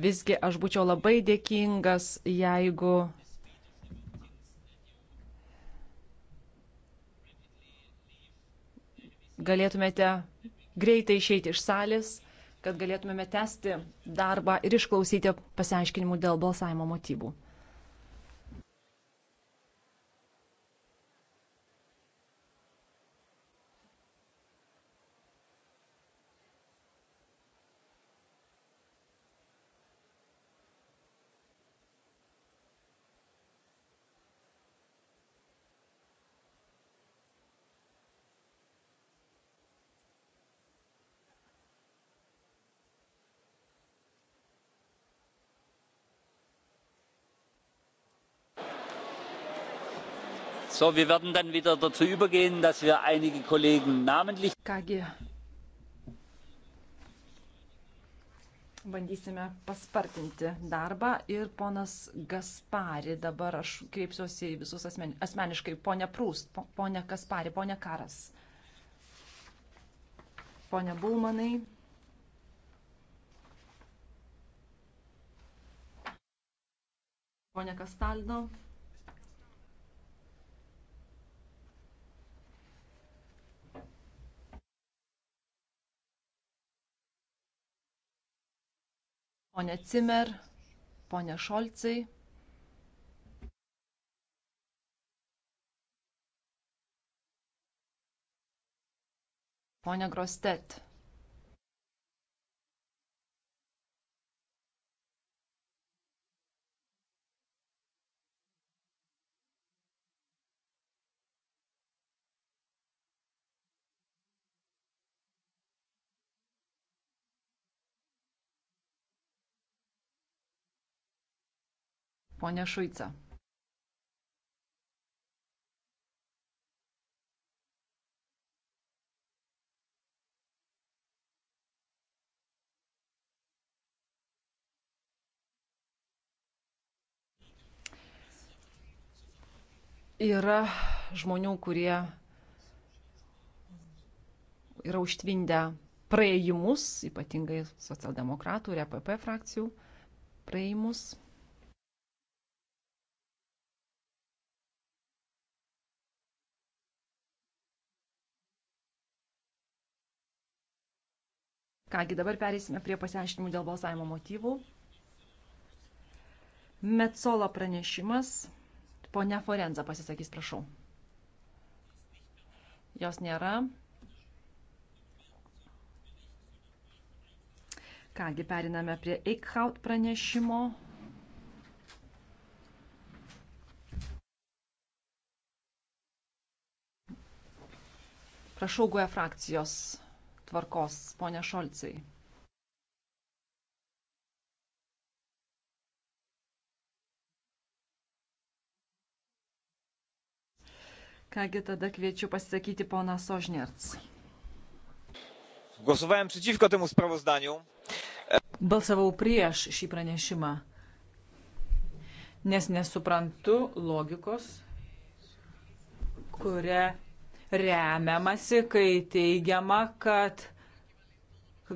visgi aš būčiau labai dėkingas, jeigu galėtumėte greitai išeiti iš salės, kad galėtumėme tęsti darbą ir išklausyti pasiaiškinimų dėl balsavimo motyvų. So, wir werden dann wieder dazu übergehen, dass wir einige Kollegen namentlich. Kągi. Bandysime paspartinti darbą ir ponas Gaspari, dabar aš kreipsiuosi į visus asmeni, asmeniškai, ponia Prūst, ponia Gaspari, ponia Karas, ponia Bulmanai. Ponia Castaldo. Pone Cimer, pone Šolcai. Pone Grostet. ponė Šuica. Yra žmonių, kurie yra užtvindę praėjimus, ypatingai socialdemokratų ir EPP frakcijų praėjimus. Kągi, dabar perėsime prie pasiaiškinimų dėl balsavimo motyvų. Metsola pranešimas. Pone Forenza pasisakys, prašau. Jos nėra. Kągi, periname prie Eichhaut pranešimo. Prašau, guoja frakcijos tvarkos, ponė Šolcai. Kągi tada kviečiu pasisakyti poną Sožnierc. Głosowałem przeciwko temu sprawozdaniu. Balsavau prieš šį pranešimą, nes nesuprantu logikos, kuria remiamasi, kai teigiama, kad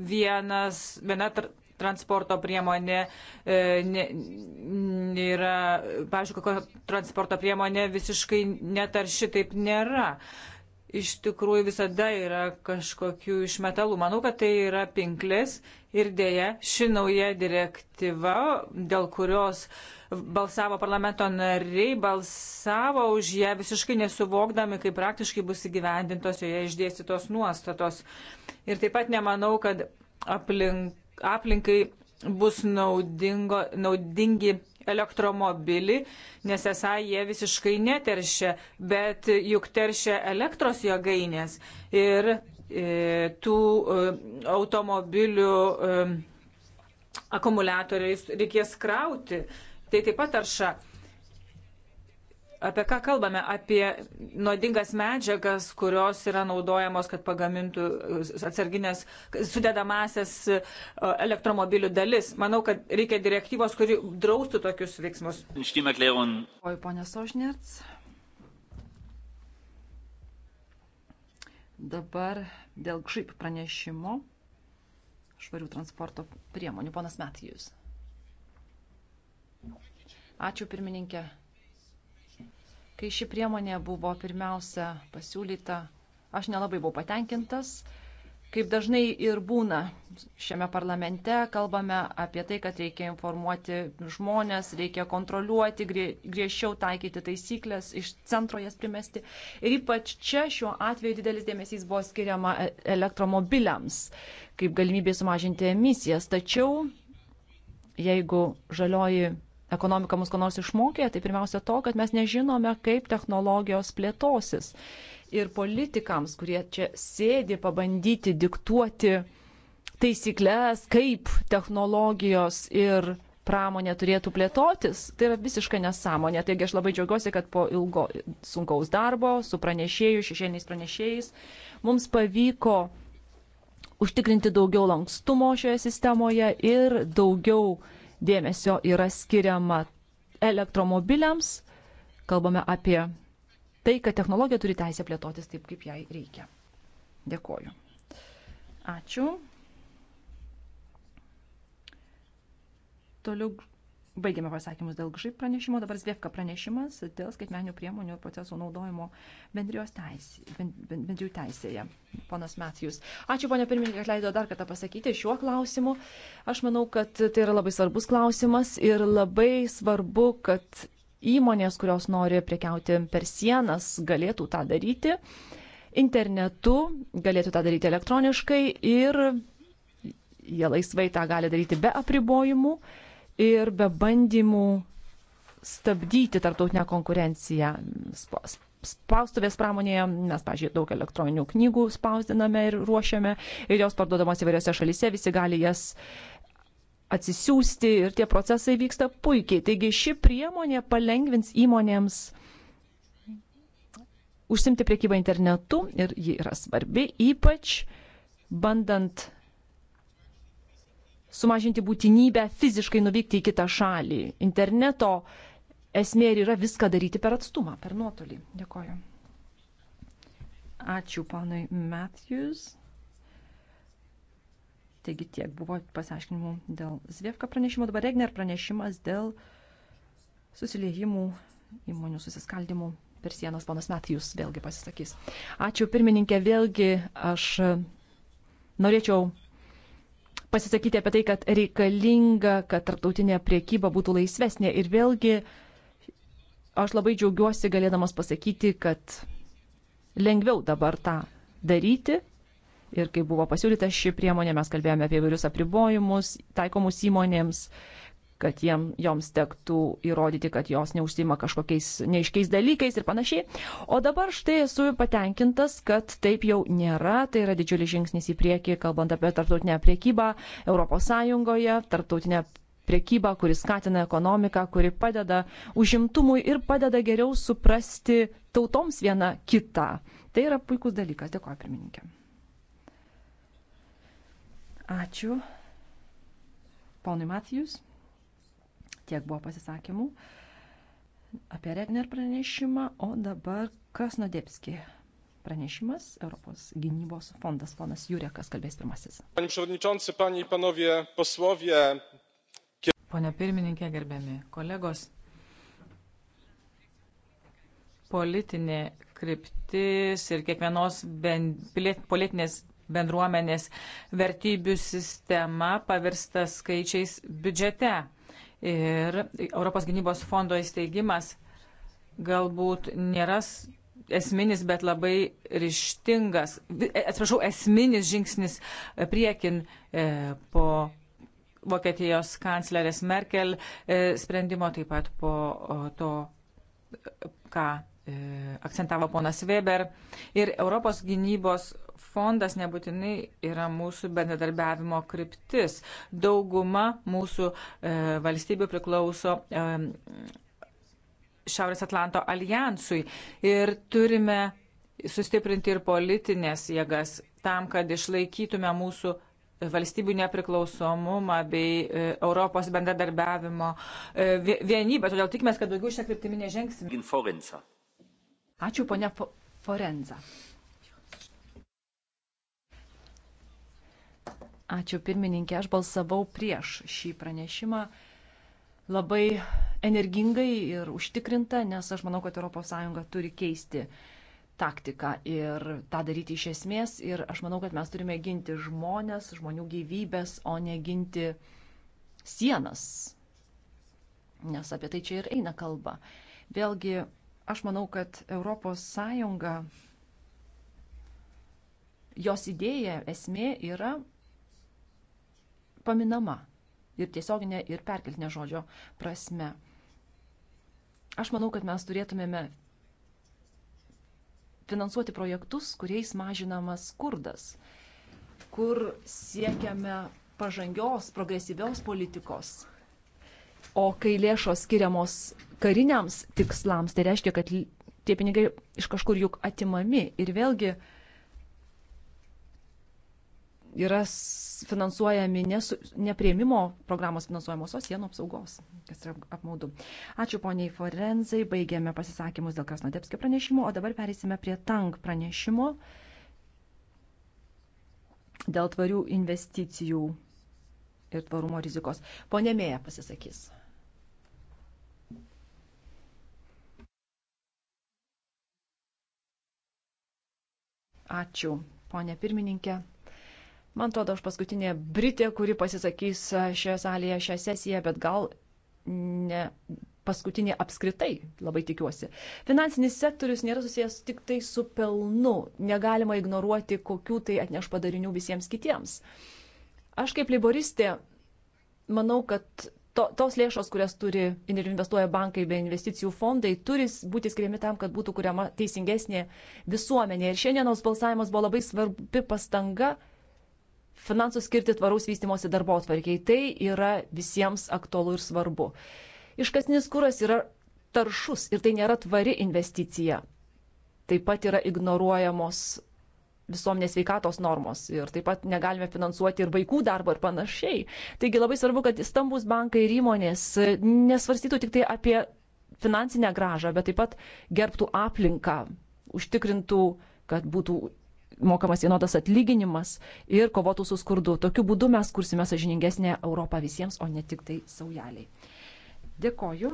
vienas, viena tra transporto priemonė e, ne, yra, pažiūrėjau, kokia transporto priemonė visiškai netarši, taip nėra iš tikrųjų visada yra kažkokių išmetalų. Manau, kad tai yra pinklis ir dėja ši nauja direktyva, dėl kurios balsavo parlamento nariai, balsavo už ją visiškai nesuvokdami, kaip praktiškai bus įgyvendintos joje išdėstytos nuostatos. Ir taip pat nemanau, kad aplink, aplinkai bus naudingo, naudingi elektromobilį, nes esą jie visiškai neteršia, bet juk teršia elektros jėgainės ir e, tų e, automobilių e, akumuliatoriais reikės krauti. Tai taip pat tarša apie ką kalbame? Apie nuodingas medžiagas, kurios yra naudojamos, kad pagamintų atsarginės sudedamasias e, elektromobilių dalis. Manau, kad reikia direktyvos, kuri draustų tokius veiksmus. Oi, ponė Sožnėts. Dabar dėl kšyp pranešimo švarių transporto priemonių. Ponas Matijus. Ačiū pirmininkė. Kai ši priemonė buvo pirmiausia pasiūlyta, aš nelabai buvau patenkintas. Kaip dažnai ir būna šiame parlamente, kalbame apie tai, kad reikia informuoti žmonės, reikia kontroliuoti, griežčiau taikyti taisyklės, iš centro jas primesti. Ir ypač čia šiuo atveju didelis dėmesys buvo skiriama e, elektromobiliams, kaip galimybė sumažinti emisijas. Tačiau jeigu žalioji ekonomika mus ko nors išmokė, tai pirmiausia to, kad mes nežinome, kaip technologijos plėtosis. Ir politikams, kurie čia sėdi, pabandyti diktuoti taisyklės, kaip technologijos ir pramonė turėtų plėtotis, tai yra visiška nesąmonė. Taigi aš labai džiaugiuosi, kad po ilgo sunkaus darbo su pranešėjų, šešėliniais pranešėjais mums pavyko užtikrinti daugiau lankstumo šioje sistemoje ir daugiau uh, dėmesio yra skiriama elektromobiliams. Kalbame apie tai, kad technologija turi teisę plėtotis taip, kaip jai reikia. Dėkoju. Ačiū. Toliau Baigiame pasakymus dėl GŽIP pranešimo, dabar Zviefka pranešimas dėl skaitmeninių priemonių ir procesų naudojimo bendrijos teisė, bendrijų teisėje. Ponas Matijus. Ačiū, ponė pirmininkė, kad leido dar kartą pasakyti šiuo klausimu. Aš manau, kad tai yra labai svarbus klausimas ir labai svarbu, kad įmonės, kurios nori prekiauti per sienas, galėtų tą daryti internetu, galėtų tą daryti elektroniškai ir jie laisvai tą gali daryti be apribojimų ir be bandymų stabdyti tarptautinę konkurenciją. Spaustuvės pramonėje mes, pažiūrėjau, daug elektroninių knygų spausdiname ir ruošiame ir jos parduodamos įvairiose šalyse, visi gali jas atsisiųsti ir tie procesai vyksta puikiai. Taigi ši priemonė palengvins įmonėms užsimti priekybą internetu ir ji yra svarbi, ypač bandant sumažinti būtinybę fiziškai nuvykti į kitą šalį. Interneto esmė ir yra viską daryti per atstumą, per nuotolį. Dėkoju. Ačiū panui Matthews. Taigi tiek buvo pasiaiškinimų dėl Zviefka pranešimo, dabar Regner pranešimas dėl susiliejimų įmonių susiskaldimų per sienas. Ponas Matijus vėlgi pasisakys. Ačiū pirmininkė, vėlgi aš norėčiau pasisakyti apie tai, kad reikalinga, kad tarptautinė priekyba būtų laisvesnė. Ir vėlgi aš labai džiaugiuosi galėdamas pasakyti, kad lengviau dabar tą daryti. Ir kai buvo pasiūlyta ši priemonė, mes kalbėjome apie vairius apribojimus taikomus įmonėms, kad jiem, joms tektų įrodyti, kad jos neužsima kažkokiais neiškiais dalykais ir panašiai. O dabar štai esu patenkintas, kad taip jau nėra. Tai yra didžiulis žingsnis į priekį, kalbant apie tarptautinę priekybą ES, tarptautinę priekybą, kuri skatina ekonomiką, kuri padeda užimtumui ir padeda geriau suprasti tautoms vieną kitą. Tai yra puikus dalykas. Dėkuoju, pirmininkė. Ačiū. Ponui Matijus. Tiek buvo pasisakymų apie Regner pranešimą, o dabar Krasnodėpski pranešimas, Europos gynybos fondas, ponas Jurekas kalbės pirmasis. Pone pirmininkė, gerbiami kolegos, politinė kryptis ir kiekvienos ben, politinės bendruomenės vertybių sistema pavirsta skaičiais biudžete. Ir Europos gynybos fondo įsteigimas galbūt nėra esminis, bet labai ryštingas, e, atsiprašau, esminis žingsnis priekin e, po Vokietijos kanclerės Merkel e, sprendimo, taip pat po to, ką akcentavo ponas Weber. Ir Europos gynybos fondas nebūtinai yra mūsų bendradarbiavimo kryptis. Dauguma mūsų e, valstybių priklauso. E, Šiaurės Atlanto alijansui ir turime sustiprinti ir politinės jėgas tam, kad išlaikytume mūsų valstybių nepriklausomumą bei e, Europos bendradarbiavimo e, vienybę. Todėl tikimės, kad daugiau šią kryptimį nežengsime. Ačiū, ponia Forenza. Ačiū pirmininkė, aš balsavau prieš šį pranešimą labai energingai ir užtikrinta, nes aš manau, kad ES turi keisti taktiką ir tą daryti iš esmės. Ir aš manau, kad mes turime ginti žmonės, žmonių gyvybės, o ne ginti sienas. Nes apie tai čia ir eina kalba. Vėlgi, aš manau, kad ES, jos idėja, esmė yra paminama ir tiesioginė, ir perkeltinė žodžio prasme. Aš manau, kad mes turėtumėme finansuoti projektus, kuriais mažinamas skurdas, kur siekiame pažangios, progresyvios politikos. O kai lėšos skiriamos kariniams tikslams, tai reiškia, kad tie pinigai iš kažkur juk atimami. Ir vėlgi yra finansuojami ne, su, ne prieimimo programos finansuojamos, o sienų apsaugos, kas yra apmaudu. Ačiū poniai Forenzai, baigėme pasisakymus dėl Krasnodepskio pranešimo, o dabar perėsime prie tank pranešimo dėl tvarių investicijų ir tvarumo rizikos. Pone Mėja pasisakys. Ačiū, ponė pirmininkė. Man atrodo, aš paskutinė Britė, kuri pasisakys šioje salėje šią sesiją, bet gal ne paskutinė apskritai, labai tikiuosi. Finansinis sektorius nėra susijęs tik tai su pelnu. Negalima ignoruoti, kokių tai atneš padarinių visiems kitiems. Aš kaip liboristė manau, kad to, tos lėšos, kurias turi ir investuoja bankai bei investicijų fondai, turi būti skiriami tam, kad būtų kuriama teisingesnė visuomenė. Ir šiandienos balsavimas buvo labai svarbi pastanga finansus skirti tvaraus vystimosi darbo atvarkiai. Tai yra visiems aktualu ir svarbu. Iškasnis kuras yra taršus ir tai nėra tvari investicija. Taip pat yra ignoruojamos visuomenės veikatos normos ir taip pat negalime finansuoti ir vaikų darbo ir panašiai. Taigi labai svarbu, kad stambus bankai ir įmonės nesvarstytų tik tai apie finansinę gražą, bet taip pat gerbtų aplinką, užtikrintų, kad būtų mokamas vienodas atlyginimas ir kovotų su skurdu. Tokiu būdu mes kursime sažiningesnę Europą visiems, o ne tik tai saujeliai. Dėkoju,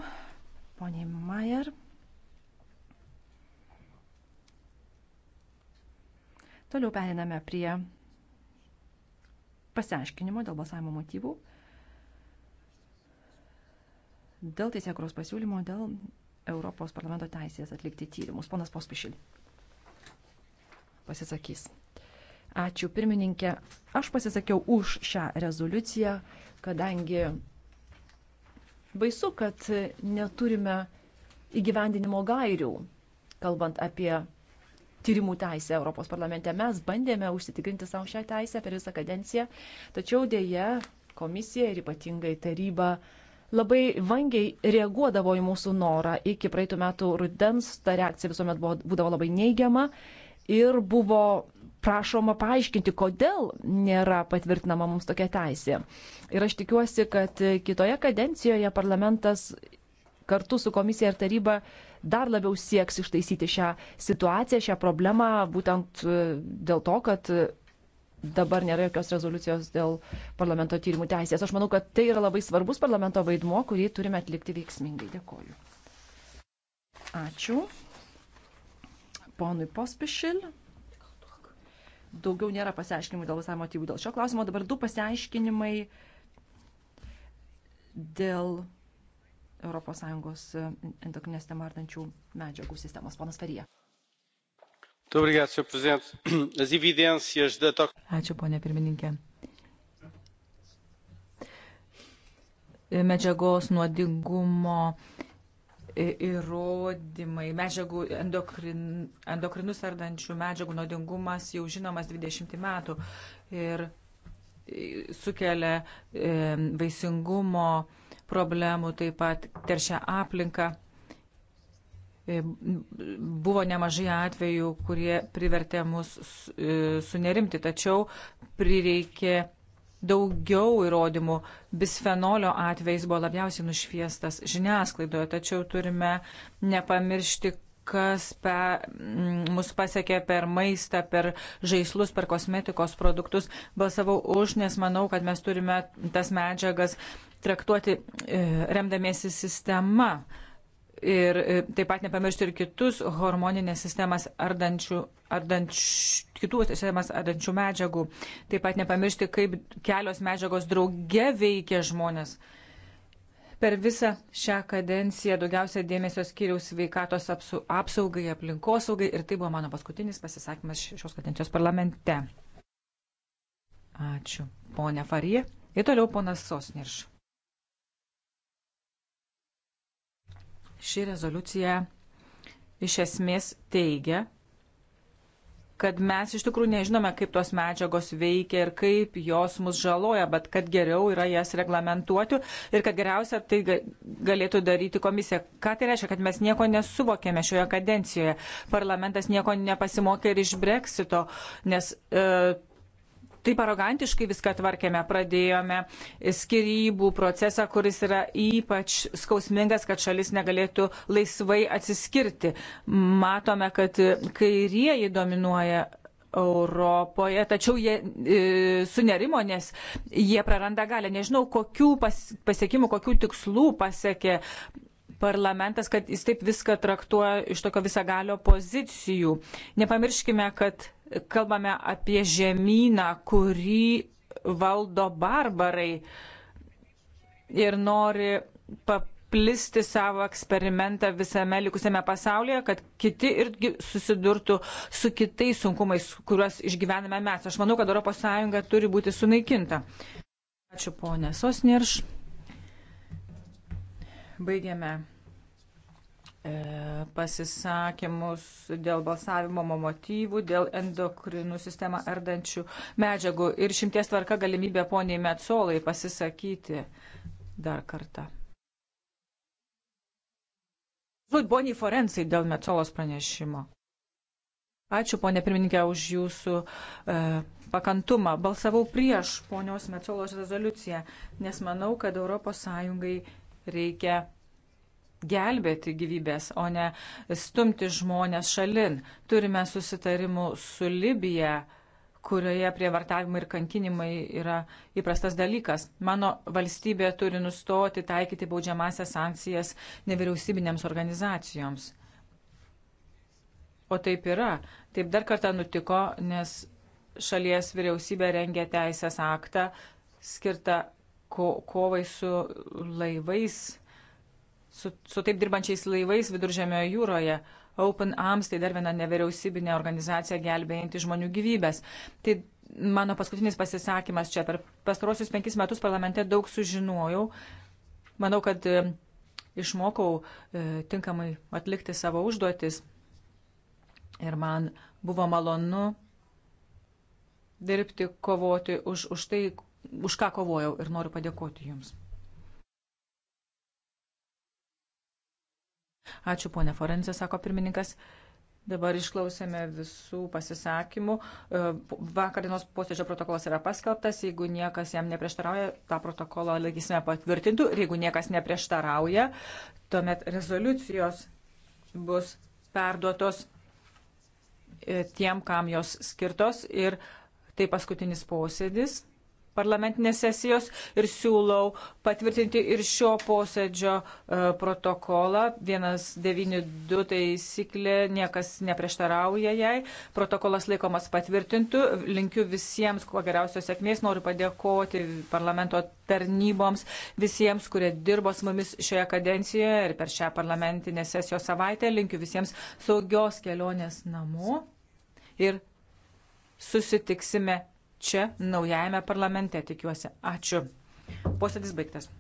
poniai Majer. Toliau periname prie pasiaiškinimo dėl balsavimo motyvų, dėl teisėkuros pasiūlymo, dėl Europos parlamento teisės atlikti tyrimus. Ponas Pospišil pasisakys. Ačiū pirmininkė. Aš pasisakiau už šią rezoliuciją, kadangi baisu, kad neturime įgyvendinimo gairių, kalbant apie tyrimų teisę Europos parlamente. Mes bandėme užsitikrinti savo šią teisę per visą kadenciją, tačiau dėje komisija ir ypatingai taryba labai vangiai reaguodavo į mūsų norą. Iki praeitų metų rudens ta reakcija visuomet buvo, būdavo labai neigiama ir buvo prašoma paaiškinti, kodėl nėra patvirtinama mums tokia teisė. Ir aš tikiuosi, kad kitoje kadencijoje parlamentas kartu su komisija ir taryba dar labiau sieks ištaisyti šią situaciją, šią problemą, būtent e, dėl to, kad dabar nėra jokios rezoliucijos dėl parlamento tyrimų teisės. Aš manau, kad tai yra labai svarbus parlamento vaidmo, kurį turime atlikti veiksmingai. Dėkoju. Ačiū ponui Pospišil. Daugiau nėra pasiaiškinimų dėl visai motyvų dėl šio klausimo. Dabar du pasiaiškinimai dėl ES endokrinės temartančių medžiagų sistemos. Ponas Farija. Ačiū, ponė pirmininkė. Medžiagos nuodingumo įrodymai, medžiagų endokrin, endokrinus ardančių medžiagų nuodingumas jau žinomas 20 metų ir sukelia e, vaisingumo problemų, taip pat teršia aplinką. E, buvo nemažai atvejų, kurie privertė mus e, sunerimti, tačiau prireikė daugiau įrodymų. Bisfenolio atvejs buvo labiausiai nušviestas žiniasklaidoje, tačiau turime nepamiršti, kas pe, mm, mus pasiekė per maistą, per žaislus, per kosmetikos produktus. Balsavau už, nes manau, kad mes turime tas medžiagas traktuoti e, remdamiesi sistema. Ir e, taip pat nepamiršti ir kitus hormoninės sistemas ardančių, ardanč, kitų sistemas ardančių medžiagų. Taip pat nepamiršti, kaip kelios medžiagos drauge veikia žmonės. Per visą šią kadenciją daugiausia dėmesio skiriau sveikatos apsaugai, aplinkosaugai ir tai buvo mano paskutinis pasisakymas šios kadencijos parlamente. Ačiū. Pone Farija. Ir toliau ponas Sosnirš. Ši rezoliucija iš esmės teigia, kad mes iš tikrųjų nežinome, kaip tos medžiagos veikia ir kaip jos mus žaloja, bet kad geriau yra jas reglamentuoti ir kad geriausia tai galėtų daryti komisija. Ką tai reiškia, kad mes nieko nesuvokėme šioje kadencijoje? Parlamentas nieko nepasimokė ir iš breksito, nes e, taip arogantiškai viską tvarkėme, pradėjome skirybų procesą, kuris yra ypač skausmingas, kad šalis negalėtų laisvai atsiskirti. Matome, kad kairieji dominuoja Europoje, tačiau jie e, sunerimo, nes jie praranda galę. Nežinau, kokių pas, pasiekimų, kokių tikslų pasiekė parlamentas, kad jis taip viską traktuoja iš tokio visagalio pozicijų. Nepamirškime, kad kalbame apie žemyną, kurį valdo barbarai ir nori paplisti savo eksperimentą visame likusiame pasaulyje, kad kiti irgi susidurtų su kitais sunkumais, kuriuos išgyvename mes. Aš manau, kad ES turi būti sunaikinta. Ačiū ponė Sosnirš. Baigiame. E, pasisakymus dėl balsavimo motyvų, dėl endokrinų sistemą ardančių medžiagų ir šimties tvarka galimybė poniai Metsolai pasisakyti dar kartą. Žud, boniai Forensai dėl Metsolos pranešimo. Ačiū, ponė pirmininkė, už jūsų e, pakantumą. Balsavau prieš ponios Metsolos rezoliuciją, nes manau, kad ES reikia gelbėti gyvybės, o ne stumti žmonės šalin. Turime susitarimų su Libija, kurioje prievartavimai ir kankinimai yra įprastas dalykas. Mano valstybė turi nustoti taikyti baudžiamasias sankcijas nevyriausybinėms organizacijoms. O taip yra. Taip dar kartą nutiko, nes šalies vyriausybė rengė teisės aktą skirtą ko kovai su laivais su, su taip dirbančiais laivais viduržėmio jūroje. Open Arms tai dar viena nevyriausybinė organizacija gelbėjanti žmonių gyvybės. Tai mano paskutinis pasisakymas čia. Per pastarosius penkis metus parlamente daug sužinojau. Manau, kad e, išmokau e, tinkamai atlikti savo užduotis. Ir man buvo malonu dirbti, kovoti už, už tai, už ką kovojau. Ir noriu padėkoti Jums. Ačiū, ponė Forenzė, sako pirmininkas. Dabar išklausėme visų pasisakymų. E, vakar dienos posėdžio protokolas yra paskelbtas. Jeigu niekas jam neprieštarauja, tą protokolą laikysime patvirtintų. Ir jeigu niekas neprieštarauja, tuomet rezoliucijos bus perduotos e, tiem, kam jos skirtos. Ir tai paskutinis posėdis parlamentinės sesijos ir siūlau patvirtinti ir šio posėdžio e, protokolą. 192 taisyklė, niekas neprieštarauja jai. Protokolas laikomas patvirtintų. Linkiu visiems kuo geriausios sėkmės. Noriu padėkoti parlamento tarnyboms, visiems, kurie dirbo su mumis šioje kadencijoje ir per šią parlamentinę sesijos savaitę. Linkiu visiems saugios kelionės namo. Ir susitiksime čia naujajame parlamente, tikiuosi. Ačiū. Posėdis baigtas.